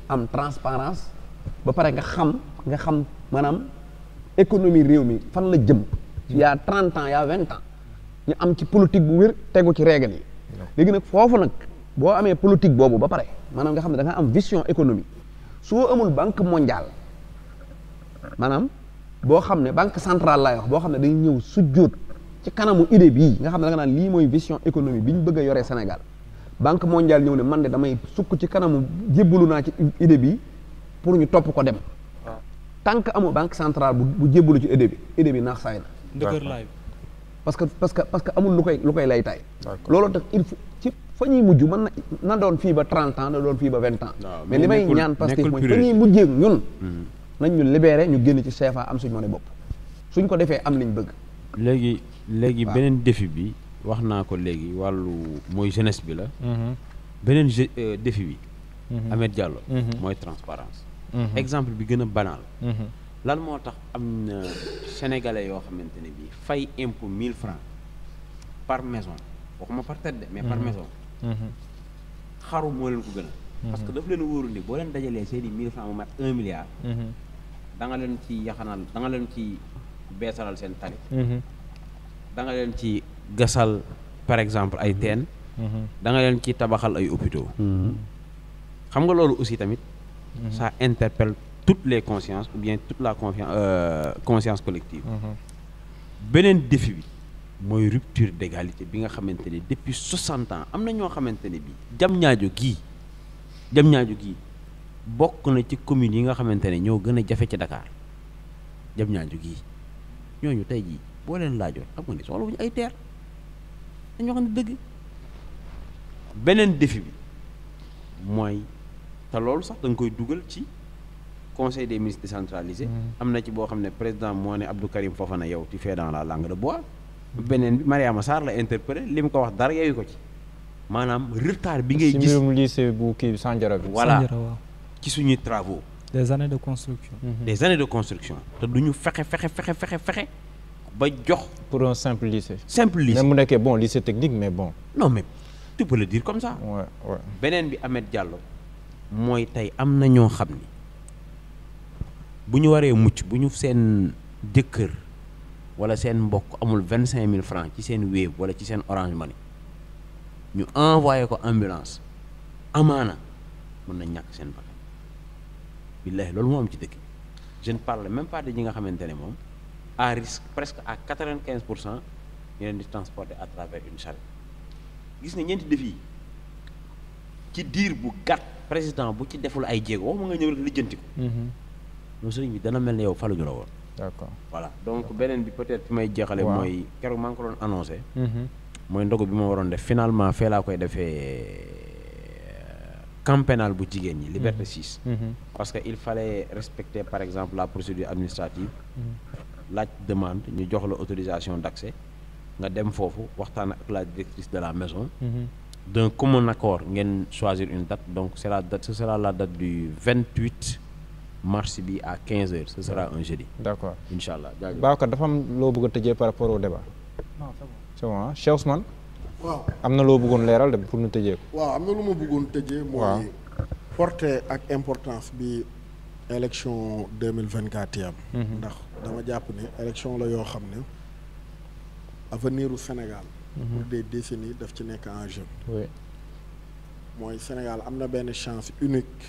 am transparence ba pare nga xam nga xam maanaam économie réew mi fan la jëm il y a trente ans ñu am ci politique bu wér tegu ci règle yi léegi nag foofu nag boo amee politique boobu ba pare maanaam nga xam ne da am vision économique soo amul banque mondial maanaam boo xam ne banque central laay wax boo xam ne dañuy ñëw sujjóot ci kanamu idée bii nga xam ne da nga naan lii mooy vision économie bi ñu bëgg a yoree Sénégal banque mondial ñëw ne man de damay sukk ci kanamu jébbalu naa ci idée bi pour ñu topp ko dem ah. tant que banque central bu bu jébbalu ci idée bi idée bi naax saay na parce que parce que parce que amul lu koy lu koy lay tay looloo tax il faut ci fa ñuy mujj mën na na doon fii ba trente ans na doon fii ba vingt ans mais li may ñaan Pastef fa ñuy mujjee ñun hmm. nañ ñu libéré ñu génn ci CFA am suñ monnaie bopp
suñ ko defee am liñ bëgg léegi léegi beneen défi bi wax naa ko léegi wàllu mooy jeunesse bi la mm-hmm. beneen euh, défi bi mm-hmm. Ahmed Diallo mm-hmm. mooy transparence exemple bi gën a banal lan moo tax am na sénégalais yoo xamante ne bii fay impôt mille francs par maison waxuma par tête mais par mhm. maison mhm. xaru moo leen ko gën a mhm. parce que daf leen wóoru ni boo leen dajalee seeni mille francs mu mat un milliard da leen ci yaxanal da nga leen ci beesalal seen tali danga nga leen ci gasal par exemple ay teen da leen ci tabaxal ay hôpitaux xam nga loolu aussi tamit ça interpelle toutes les consciences ou bien toute la confiance euh, conscience collective. Mm-hmm. beneen défi bi mooy rupture d'égalité bi nga xamante ne depuis 60 ans am na ñoo xamante ne bii. jam ñaajo gii jam ñaajo gii bokk na ci communes yi nga xamante ne ñoo gën a jafe ci Dakar jam ñaajo gii ñooñu tey jii boo leen laajoon xam nga ne soxla wuñu ay terre dañoo xam ne dëgg beneen défi bi mooy te loolu sax da koy dugal ci. conseil des ministres décentralisé. Mm. am na ci boo xam ne président moo ne Abdou Karim Fofana yow tu fais dans beneen bi Mariama Sarr la interpellé li mu ko wax dara ko ci maanaam retard bi ngay. gis si lycée bu kii Sandiara ci suñuy travaux.
des années de construction. Mm-hmm.
des années de construction te ñu fexe fexe fexe fexe fexe ba jox. pour un simple lycée. simple lycée mu nekkee bon lycée technique mais bon. non mais tu comme ça. waaw beneen bi Ahmed Diallo mooy tey am na ñoo xam ni. bu ñu waree mucc bu ñu seen jëkkër wala seen mbokk amul vingt cinq mille francs ci seen Wave wala ci seen Orange Money ñu envoyé ko ambulance amaana mën nañ ñàkk seen bakkan billahi loolu moo am ci dëkk je ne parle même pas de ñi nga xamante ne moom à risque presque à quatre vingt quinze pour cent ñu leen di transporter à travers une charrette gis nga ñeenti def ci diir bu gàtt président bu ci deful ay jéego waxuma nga ñëw rek lijjanti ko mm-hmm. non sëriñ bi dana mel ne yow faluñu la woon. d'accord voilà donc beneen bi peut-être may jeexale mooy keroog maa ngi ko doon annoncé. Mm-hmm. mooy ndogu bi ma waroon def finalement fee laa koy defee euh, camp bu jigéen ñi. liberté 6. Mm-hmm. Mm-hmm. parce que il fallait respecter par exemple la procédure administrative. laaj demande ñu jox la autorisation d'accès nga dem foofu waxtaan ak la directrice de la maison. d'un commun accord ngeen choisir une date donc c'est la date ce la marche bi à 15 heures ce sera un jeudi. d' accord incha allah jaajëf. dafa am loo bëgg a tëjee par rapport au débat.
non c' am na loo bëggoon leeral de pour ñu tëjee
ko. waaw am na lu ma bëggoon tëjee. waaw mooy portée ak importance bi élection 2024 yi am. Mhm. ndax dama jàpp ne élection la yoo xam ne avenir Sénégal. Mhm. pour des décennies daf ci nekk en mooy Sénégal am na benn chance unique.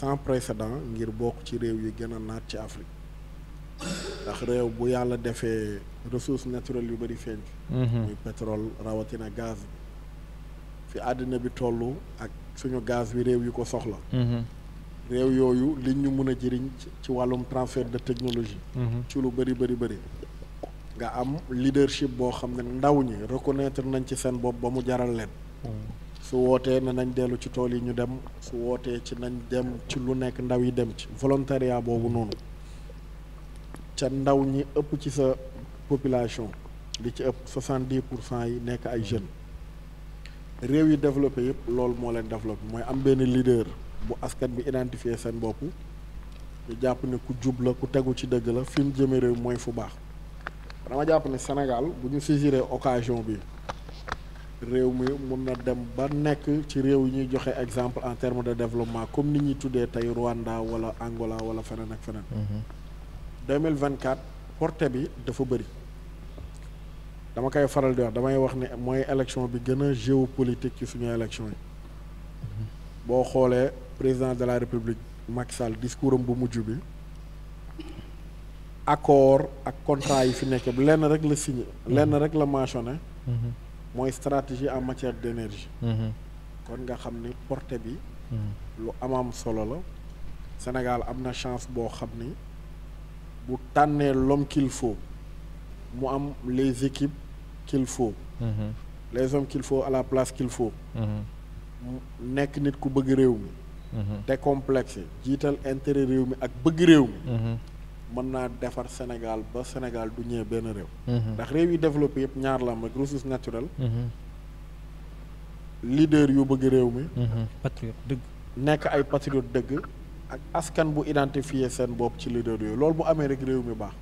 sans précédent ngir bokk ci réew yi gën a naat ci Afrique ndax réew bu yàlla defee ressources naturelles yu bëri feeñ mhm. muy pétrole rawatina gaz bi fi àddina bi toll ak suñu gaz bi réew yu ko soxla mhm. réew yooyu li ñu mën a ci wàllum transfert de technologie mhm. ci lu bëri bëri bëri nga am leadership boo xam ne ndaw ñi reconnaître nañ ci seen bopp ba mu jaral leen su wootee ne nañ dellu ci tool yi ñu dem su wootee ci nañ dem ci lu nekk ndaw yi dem ci volontariat boobu noonu ca ndaw ñi ëpp ci sa population li ci ëpp soixante di pour cent yi nekk ay jeunes réew yi développé yëpp loolu moo leen développé mooy am benn leader bu askan bi identifier seen bopp ñu jàpp ne ku jub ku tegu ci dëgg la fi mu jëme réew mooy fu baax dama jàpp ne Sénégal bu ñu saisir occasion bi réew mi mun na dem ba nekk ci réew yu ñuy joxe exemple en terme de développement comme ni ñuy tuddee tey Rwanda wala Angola wala feneen ak feneen. 2024 mhm. porté bi dafa bëri. dama koy faral di wax damay wax ni mooy élection bi gën a géopolitique ci suñu élection yi. Mhm. boo xoolee président de la république Macky Sall discours bu mujj bi. accord ak contrat yi fi nekk lenn rek la signé lenn mhm. rek la mentionné. mooy stratégie en matière d' énergie. Mhm. kon nga xam ni porté bi. Mhm. lu amaam solo la. Sénégal am na chance boo xam ni bu tànnee l'homme qu'il mu am les équipes qu'il faut. Mhm. les hommes qu'il faut à la place qu'il faut. nekk nit ku bëgg réew mi. te complexe jiital intérêt réew mi ak bëgg réew mi. mën naa defar Sénégal ba Sénégal du ñëwee benn réew. Mhm. ndax réew yi développé yëpp ñaar la am rek ressource mhm. yu bëgg réew mi. Mhm. patriote dëgg. nekk ay patriote dëgg ak askan bu identifier seen bopp ci leader yooyu loolu bu amee rek réew mi baax.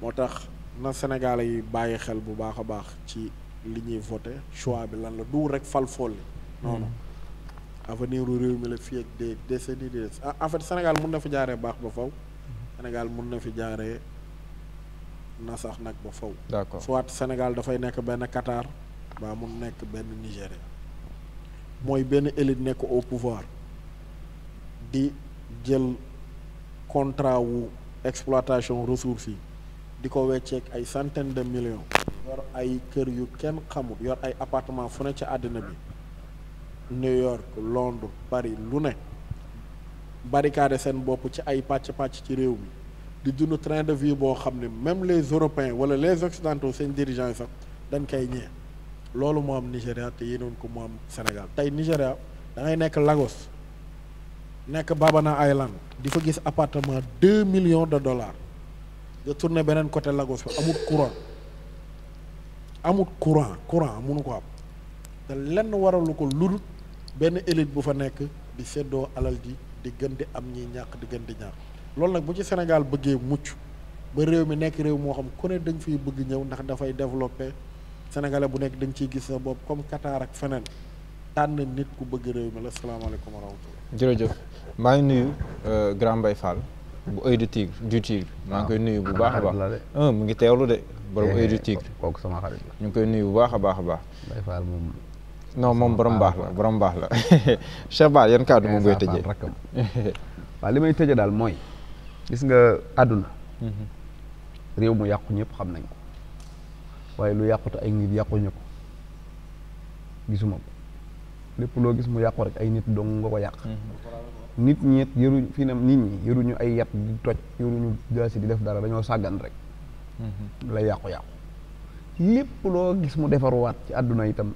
moo tax na Sénégalais yi bàyyi xel bu baax a baax ci li ñuy voté choix bi lan la du rek fal fool non non avenir u réew mi la fii ak des décennies des en fait Sénégal mën na fa baax ba faw Sénégal mun na fi jaaree na sax nag ba faw d'accord soit Sénégal dafay nekk benn Qatar baa mu nekk benn Nigéria mooy benn élite nekk au pouvoir di jël contrat wu exploitation ressources yi di ko wecceek ay centaines de millions yor ay kër yu kenn xamul yor ay appartement fu ne ci àddina bi New York Londres Paris lu ne barricade seen bopp ci ay pàcc-pàcc ci réew mi di dund train de vie boo xam ne même les européens wala les occidentaux seen dirigeants yi sax dañ koy ñee loolu moo am Nigéria te yéenoon ko moo am Sénégal tey Nigéria da ngay nekk Lagos nekk Babana Island di fa gis appartement deux millions de dollars nga tourné beneen côté Lagos bi amul courant amul courant courant mënu ko am te lenn waralu ko ludul benn élite bu fa nekk di séddoo alal ji di am ñi ñàkk di gën ñàkk loolu nag bu ci Sénégal bëggee mucc ba réew mi nekk réew moo xam ku ne dañ fii bëgg ñëw ndax dafay développé sénégalais bu nekk dañ ciy gis sa bopp comme Qatar ak feneen tànn nit ku bëgg réew mi la salaamaaleykum wa rahmatulah.
jërëjëf maa ngi nuyu euh, Grand Mbaye Fall bu Oeil du Tigre du maa ngi koy nuyu bu baax a baax mu ngi teewlu de borom Oeil eh, du Tigre kooku sama xarit ñu ngi koy nuyu bu baax a baax a baax.
Mbaye Fall moom
non moom borom baax la borom baax la <laughs> Cheikh Ba yan kàddu moom ngay tëjee
waaw li may tëjee daal mooy gis nga àdduna mhm. réew mu yàqu ñëpp xam nañ ko waaye lu yàquta ay nit yàquñu ko gisuma ko lépp loo gis mu yàqu rek ay nit dong nga ko yàq nit ñeet yëruñu nam nit ñi yëruñu ay yat di toj yëruñu jaasi di def dara dañoo sàggan rek mhm. lay yàqu-yàqu lépp loo gis mu defaruwaat ci àdduna itam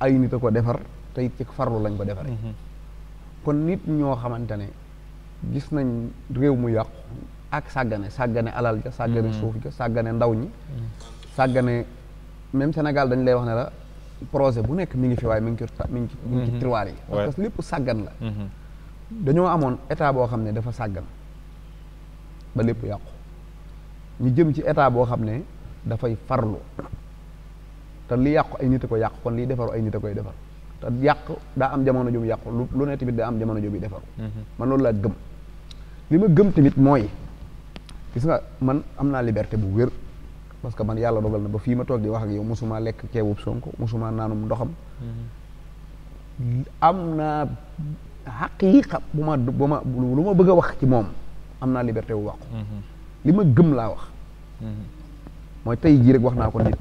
ay nit a ko defar te it ci farlu lañ ko defaree. Mhm. kon nit ñoo xamante ne gis nañ réew mu yàqu ak sàggane sàggane alal ja sàggane mhm. suuf ja sàggane ndaw ñi mhm. sàggane même Sénégal dañ lay wax ne la projet bu nekk mi ngi fi waaye mi ngi ci mi ngi ci mi yi parce lépp sàggan la dañoo amoon état boo xam ne dafa sàggan ba lépp yàqu ñu jëm ci état boo xam ne dafay farlu te li yàqu ay nit a ko yàq kon liy defaru ay nit a koy defar te yàq daa am jamono ju mu yàqu lu ne tamit daa am jamono ju muy defaru mhm. man loolu laa gëm li ma gëm tamit mooy gis nga man am naa liberté bu wér parce que man yàlla dogal na ba fii ma toog di wax ak yow mosuma lekk ceebub Sonko mosuma mhm. naa xaqiiqa bu ma bu ma lu ma bëgg a wax ci moom am naa liberté bu wax mhm. li ma gëm laa wax mooy tey jii rek wax naa ko nit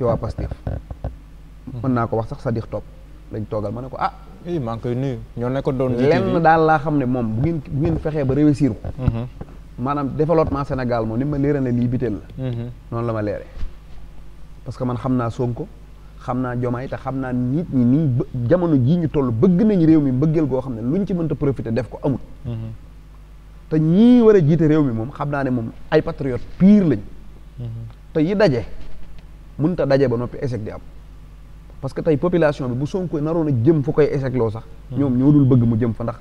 ci waa Pastef mën naa ko wax sax sa Sadikh Top lañ toogal ma ne ko ah. oui maa ñoo nekk doon. lenn daal laa xam ne moom bu ngeen bu ngeen fexee ba réussir ko. Mhm. maanaam développement Sénégal moom ni ma leeral ne lii biteel la. Mhm. noonu la ma leere parce que man xam naa Sonko xam naa Jomaay te xam naa nit ñi nii jamono jii ñu toll bëgg nañ réew mi mbëggeel goo xam ne luñ ci mënta profité def ko amul. Mhm. te ñii war a jiite réew mi moom xam naa ne moom ay patriote pire lañ. te yi daje. mun ta daje ba noppi échec di am parce que tey population bi bu Sonko naroon a jëm fu koy échec loo sax hmm. ñoom ñoo dul bëgg mu jëm fa ndax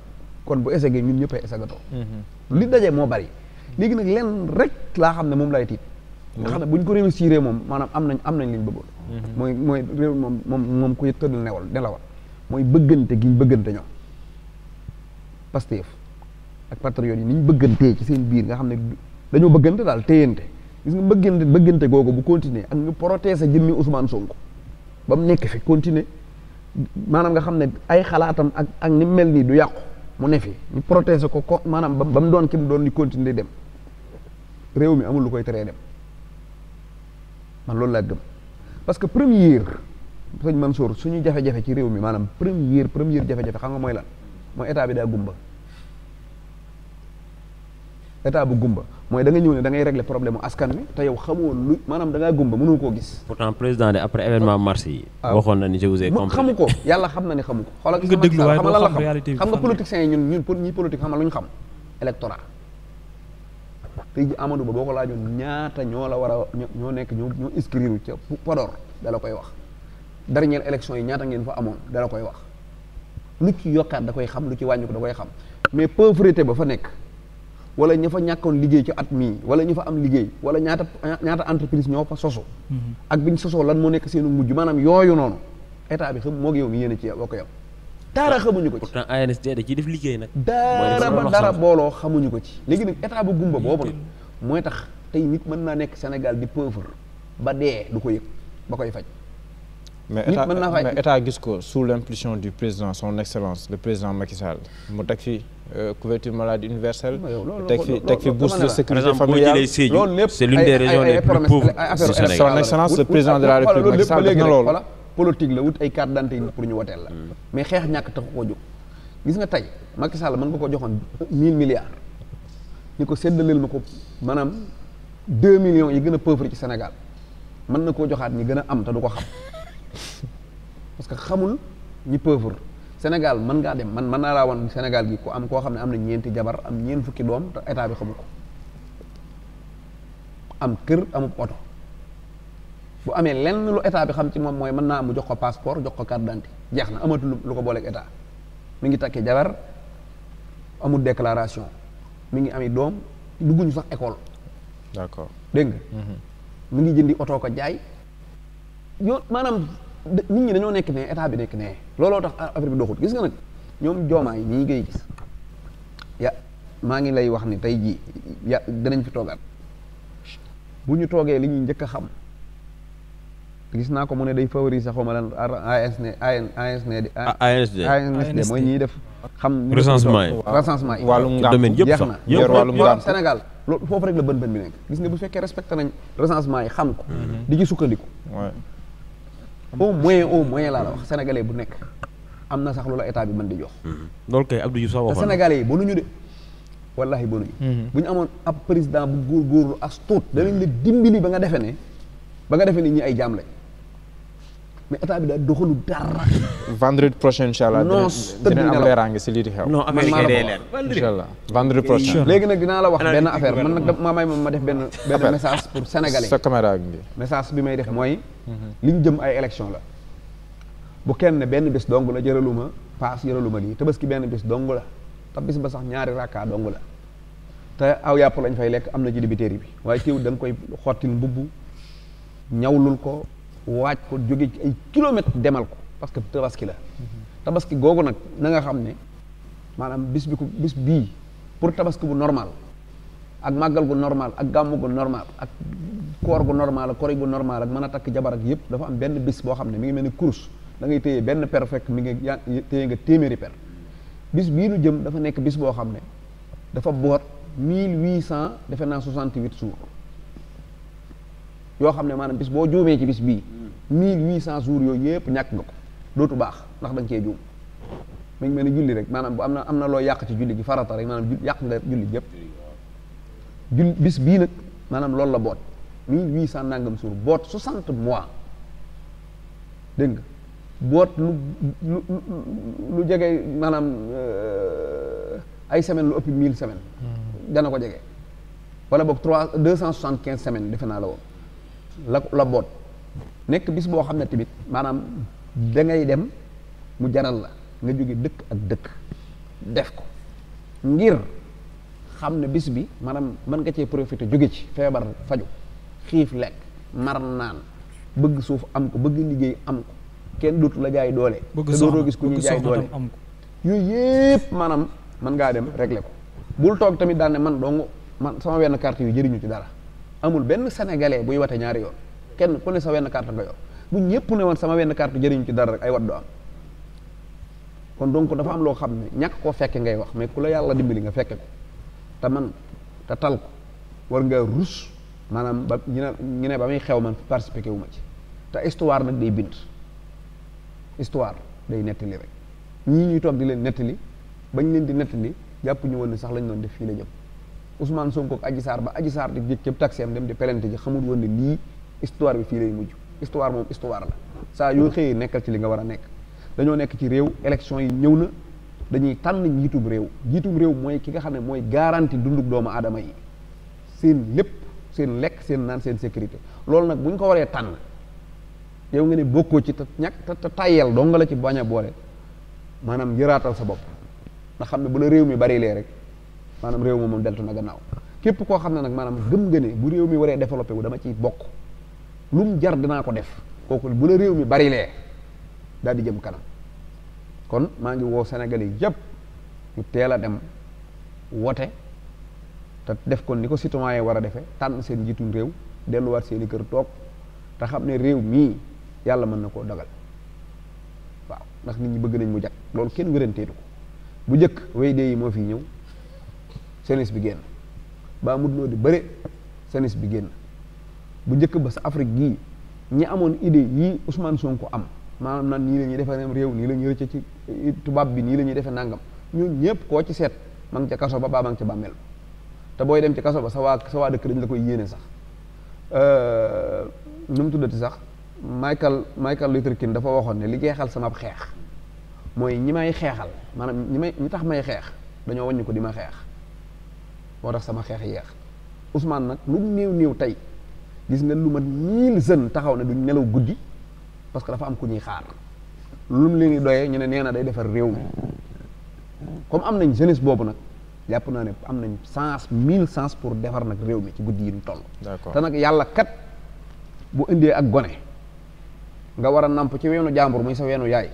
kon bu échecgee ñun ñëpp ay échegatoo
hmm.
li daje moo bari léegi nag lenn rek laa xam ne moom lay tiit nga xam ne bu ko réussiré moom maanaam nañ am nañ li ñu hmm. mooy mooy réew moom moom moom ku tëddal newal nelawal mooy bëggante gi ñu bëggante ñoom Pastef ak patriote yi ni ñu bëggantee ci seen biir nga xam ne dañoo bëggante daal téyante gis nga bëggante bëggante googu bu continuer ak ñu protéger mi Ousmane Sonko ba mu nekk fi continuer maanaam nga xam ne ay xalaatam ak ak ni mel nii du yàqu mu ne fi ñu protéger ko ko maanaam ba mu doon ki mu doon ni continuer dem réew mi amul lu koy teree dem man loolu laa gëm parce que première sëñ Mansour suñu jafe-jafe ci réew mi maanaam première première jafe-jafe xam nga mooy lan mooy état bi daa gumba état bu gumba mooy da ñëw ne dangay ngay régler problème askan wi te yow xamoo lu maanaam da ngaa gumba mënoo koo gis.
pourtant président de après événement ah. mars yi. Ah. na ni je vous ai compris. xamu
ko yàlla xam na ne xamu ko. xoolal nga déglu waaye xam réalité bi xam nga politiciens yi ñun ñun pour ñi politique xam lu ñu xam. électorat tey ji Amadou Ba boo ko laajoon ñaata ñoo la war a ñoo nekk ñoo ñoo inscrire ca Podor da la koy wax. dernière élection yi ñaata ngeen fa amoon da koy wax lu ci yokkaat da koy xam lu ci wàññi ko da koy xam mais pauvreté ba fa nekk wala ña fa ñàkkoon liggéey ci at mii wala ña fa am liggéey wala ñaata ñaata entreprise ñoo fa soso mhm. ak biñ sosoo lan moo nekk seenu mujj maanaam yooyu noonu état bi xam moo yow mi yéen a ci boo ko yam daara xamuñu ko
ci da ciy def liggéey nag daara
dara mbooloo xamuñu ko ci léegi nag état bu gumba boobu nag mooy tax tey nit mën naa nekk Sénégal di pauvre ba dee du ko yëg ba koy faj
mais état gis ko sous l' impulsion du président son excellence le président Macky Sall mu teg fi euh, couverture maladie universelle. teg fi teg fi bourse de sécurité familiale loolu lépp c'est l'une la République Macky Sall def na loolu
politique la wut ay carte d'identité pour ñu woteel la. Hmm. mais xeex ñàkk tax koo jóg. gis nga tey Macky Sall nga ko joxoon mille milliards ni ko séddaleel ma ko maanaam deux millions yi gën a pauvre ci Sénégal mën na koo joxaat ñi gën a am te du ko xam. parce que xamul ñi pauvre Sénégal mën ngaa dem man mën naa laa wan Sénégal gi ku am koo xam ne am na ñeenti jabar am ñeent fukki doom te état bi xamu ko am kër amub oto bu amee lenn lu état bi xam ci moom mooy mën naa mu jox ko passeport jox ko carte jeex na amatul lu ko booleeg état mi ngi takki jabar amul déclaration mi ngi ami doom dugguñu sax école. d'accord dégg nga. mu mhm. ngi jëndi oto ko jaay yoon maanaam nit ñi dañoo nekk ne état bi nekk ne looloo tax affaire bi doxut gis nga ñoom joomaay nii ngay gis ya ngi lay wax ni tey jii danañ fi toogaat bu ñu toogee li ñuy njëkk a xam gis naa ko mu ne day favoriser xaw ma lan ASN ASN
ASD ASD mooy
ñiy def xam recensement yi recensement yi wàllum ngaam domaine yëpp sax yëpp wàllum ngaam Sénégal loolu foofu rek la bën bën bi nekk gis nga bu fekkee respecté nañ recensement yi xam ko mm-hmm. di ci sukkandiku au mooyee au moyen laa la wax sénégalais bu nekk am na sax lu la état bi mën di jox.
Mhm. loolu kay Abdou Diouf sax waxoon sénégalais
yi ñu de wallahi bonuñu. Mhm. bu ñu amoon ab président bu góorgóorlu as tuut danañ la dimbali ba nga defee ne ba nga defee ne ñi ay jaam mais état bi daal doxalu dara.
vendredi prochain incha allah. non dina am leeraange si lii di xew. léegi
nag dinaa la wax benn affaire man nag maa may ma def benn. benn message pour sénégalais. sa caméra bi. message bi may def mooy. Mhm. li ñu jëm ay élection la. bu kenn benn bis dong la jëraluma paas jëraluma lii tabaski benn bis dong la te bis ba sax ñaari rakka dong la. te aw yàpp lañ fay lekk am na ci dibiteeri bi waaye teewul da nga koy xottil mbubb ñawlul ko. waaj ko jóge ci ay kilomètres demal ko parce que tabaski la tabaski googu nag na nga xam ne maanaam bis bi ko bis bii pour tabaski bu normal ak màggal gu normal ak gàmm gu normal ak koor gu normal ak kori normal ak mën a takk jabar ak yëpp dafa am benn bis boo xam ne mi ngi mel ni course da ngay téye benn per fekk mi ngi téye nga téeméeri per bis bii nu jëm dafa nekk bis boo xam ne dafa boot mille huit cent defe naa soixante-huit jours yoo xam ne maanaam bis boo juumee ci bis bii mille huit cent jours yooyu yëpp ñàkk nga ko dootu baax ndax da koy cee juum mi ngi mel ni julli rek maanaam bu am na am na loo yàq ci julli gi farata rek maanaam yàq nga julli yëpp jul bis bii nag maanaam loolu la boot mille cent nangam suur boot soixante mois dégg nga boot lu lu lu jege maanaam euh, ay semaine lu ëpp mille semaines hmm. dana ko jege wala boog trois deux cent soixante quinze semaine defe naa la woon la la boot nekk bis boo xam ne tamit maanaam dangay dem mu jaral la nga jóge dëkk ak dëkk def ko ngir xam ne bis bi maanaam mën nga cee profité jóge ci feebar faju xiif lekk mar naan bëgg suuf am ko bëgg liggéey am ko kenn dootu la jaay doole te dootoo gis ku ñuy jaay doole yooyu yëpp maanaam mën ngaa dem régler ko bul toog tamit daan ne man dong man sama wenn carte yu jëriñu ci dara amul benn sénégalais buy wate ñaari yoon kenn ku ne sa wenn carte nga yor bu ñëpp ne woon sama wenn carte jëriñu ci dara rek ay wat du am kon donc dafa am loo xam ne ñàkk koo fekke ngay wax mais ku la yàlla dimbali nga fekke ko te man te tal war nga rus maanaam ba ñu ne ba muy xew man participer wu ma ci te histoire nag day bind histoire day nettali rek ñii ñuy toog di leen nettali bañ leen di nettali jàpp ñu woon sax lañ doon def fii la jëm Ousmane Sonko ak Adji Sarr ba Adji Sarr di jëkk cëb taxi am dem di pelente ji xamul woon ne lii histoire bi fii lay mujj histoire moom histoire la saa yoo xëyee nekkal ci li nga war a nekk dañoo nekk ci réew élection yi ñëw na dañuy tànn njiitum réew njiitum réew mooy ki nga xam ne mooy garantie dundug doomu aadama yi seen lépp seen lekk seen naan seen sécurité loolu nag bu ko waree tànn yow nga ne bokkoo ci te ñàkk te te dong la ci bañ boole maanaam yëraatal sa bopp ndax xam ne bu la réew mi bari lee rek maanaam réew moom deltu na gannaaw képp koo xam ne maanaam gëm nga ne bu mi waree développé wu dama ciy bokk lu mu jar dinaa ko def kooku bu la réew mi bari lee daal di jëm kanam kon maa ngi woo Sénégalais yépp ñu teel a dem wote te def kon ni ko citoyen war a defee tànn seen njiitum réew delluwaat seen kër toog te xam ne réew mii yàlla mën na koo dogal waaw ndax nit ñi bëgg nañ mu jag loolu kenn wéranteetu ko bu njëkk way dee yi moo fi ñëw senis bi génn baa mut noo di bëre senis bi génn bu njëkk ba sa Afrique gii ñi amoon idée yii Ousmane ko am maanaam na nii la ñuy defee réew nii la ñuy rëcc ci eh, tubaab bi nii la ñuy defee nangam ñun ñëpp koo ci seet ma ngi ca kaso ba baa ma te booy dem ci kaso ba sa waa dëkk dañ la koy yéene sax euh, nu mu tuddati sax Michael Michael Luther King dafa waxoon ne li jeexal sama xeex mooy ñi may xeexal maanaam ñi may ñi tax may xeex dañoo wàññi ko di ma xeex boo tax sama xeex yeex Ousmane nag lu néew néew tey gis nga lu mat mille jeunes taxaw ne duñ nelaw guddi parce que dafa am ku ñuy xaar lu mu leen di doyee ñu ne nee na day defar réew mi comme am nañ jeunesse boobu nag jàpp naa ne am nañ sens mille sens pour defar nag réew mi ci guddi yi ñu toll.
d'accord te nag yàlla
kat bu indee ak gone nga war a namp ci weenu jàmbur muy sa weenu yaay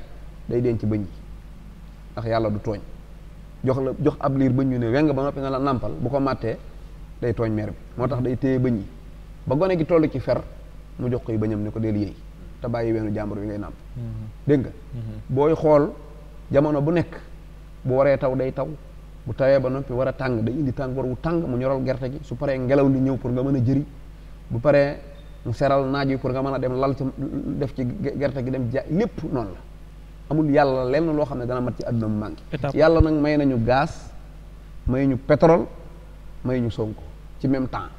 day ci bëñ yi ndax yàlla du tooñ jox la jox ab liir bëñ ñu ne weng ba noppi na la nampal bu ko màttee day tooñ meer moo tax day téye bëñ yi ba gone gi toll ci fer mu jox koy bañam ne ko del yéey te bàyyi weenu jàmbur bi ngay nàmp mm-hmm. dégg nga mm-hmm. booy xool jamono bu nekk bu waree taw day taw bu tawee ba noppi war a tàng day indi tàng war wu tàng mu ñoral gerte gi su paree ngelaw li ñëw pour nga mën a jëri bu paree mu seral naaj wi pour nga mën a dem lal ci def ci gerte gi dem ja lépp noonu la amul yàlla lenn loo xam ne dana mat ci àdduna mu manqué yàlla nag may nañu gaz may ñu pétrole may ñu sonk ci même temps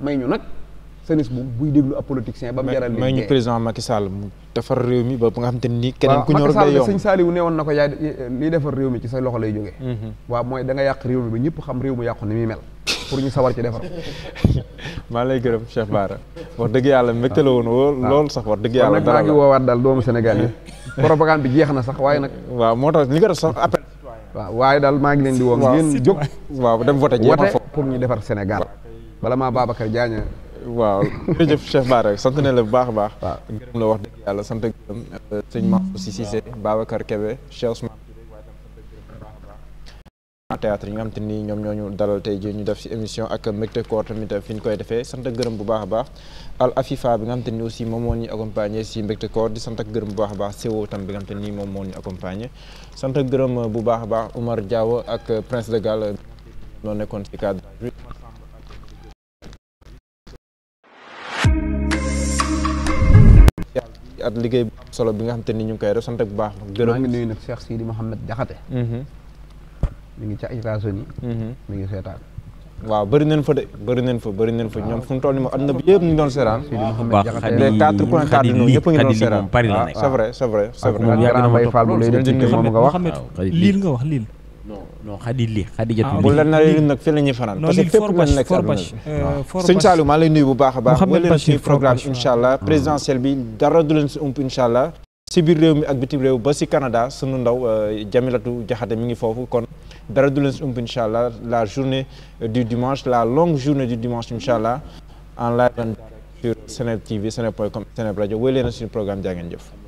may nag senis bu buy déglu ab politicien ba mu jaral mais ñu
président Macky Sall mu defar réew mi ba nga xam te ni keneen ku na
lay jógee mhm. waaw mooy da nga <laughs> maa dëgg yàlla mbégte la woon woo ah. loolu sax wax dëgg yàlla dara la maa ngi woowaat daal doomu Sénégal <laughs> jeex na sax waaye nag waaw moo tax li nga def sax waaw waaye daal maa ngi leen di woo ngeen jóg waaw dem voté ji wote pour ñu defar Sénégal bala maa Babacar Diagne waaw
jërëjëf Cheikh Bara sant na la bu baax a baax. waaw gërëm la wax dëgg yàlla sant euh, sëñ Mansour Cissé Babacar Kébé Cheikh Ousmane théâtre yi nga xam te ni ñoom ñooñu tey jii ñu def ci émission ak mbégte koor tamit fi ñu koy defee sant gërëm bu baax a baax al afifa bi nga xam ni aussi moom moo ñu accompagné si mbégte koor di sant ak gërëm bu baax a baax CO tam bi nga xam te ni moom moo ñu accompagné sant ak gërëm bu baax a baax Oumar Diaw ak Prince de Galles noo nekkoon ci cadre social bi at liggéey bu am solo bi nga xam te ni ñu ngi koy def sant
bu baax. gërëm maa ngi nuyu nag Cheikh Sidi Mouhamed Diakhaté. Mm-hmm. mi ngi ca États-Unis. Mm-hmm. mi ngi seetaan.
waaw bëri nañ fa de bëri nañ fa bëri nañ fa ñoom fu mu toll nii moom àdduna bi yëpp ngi doon seeraan. waax xadi les quatre point a ah, nga wax
liil. non
xadi li xadi jatu bu la naree nag fi la ñuy fanaan parce que fépp lañ nekk euh, sëñ Saliou maa nuyu bu baax a baax wa leen ci programme incha allah ah. présidentiel bi dara du leen si ump incha allah si biir réew mi ak bitim réew ba si Canada sunu ndaw euh, Jamilatu Jaxate mi ngi foofu kon dara du leen si ump incha allah la journée euh, du dimanche la longue journée du dimanche incha allah en live sur Seneweb TV seneweb.com Seneweb rajo wéy leen suñu programme jaa ngeen jëf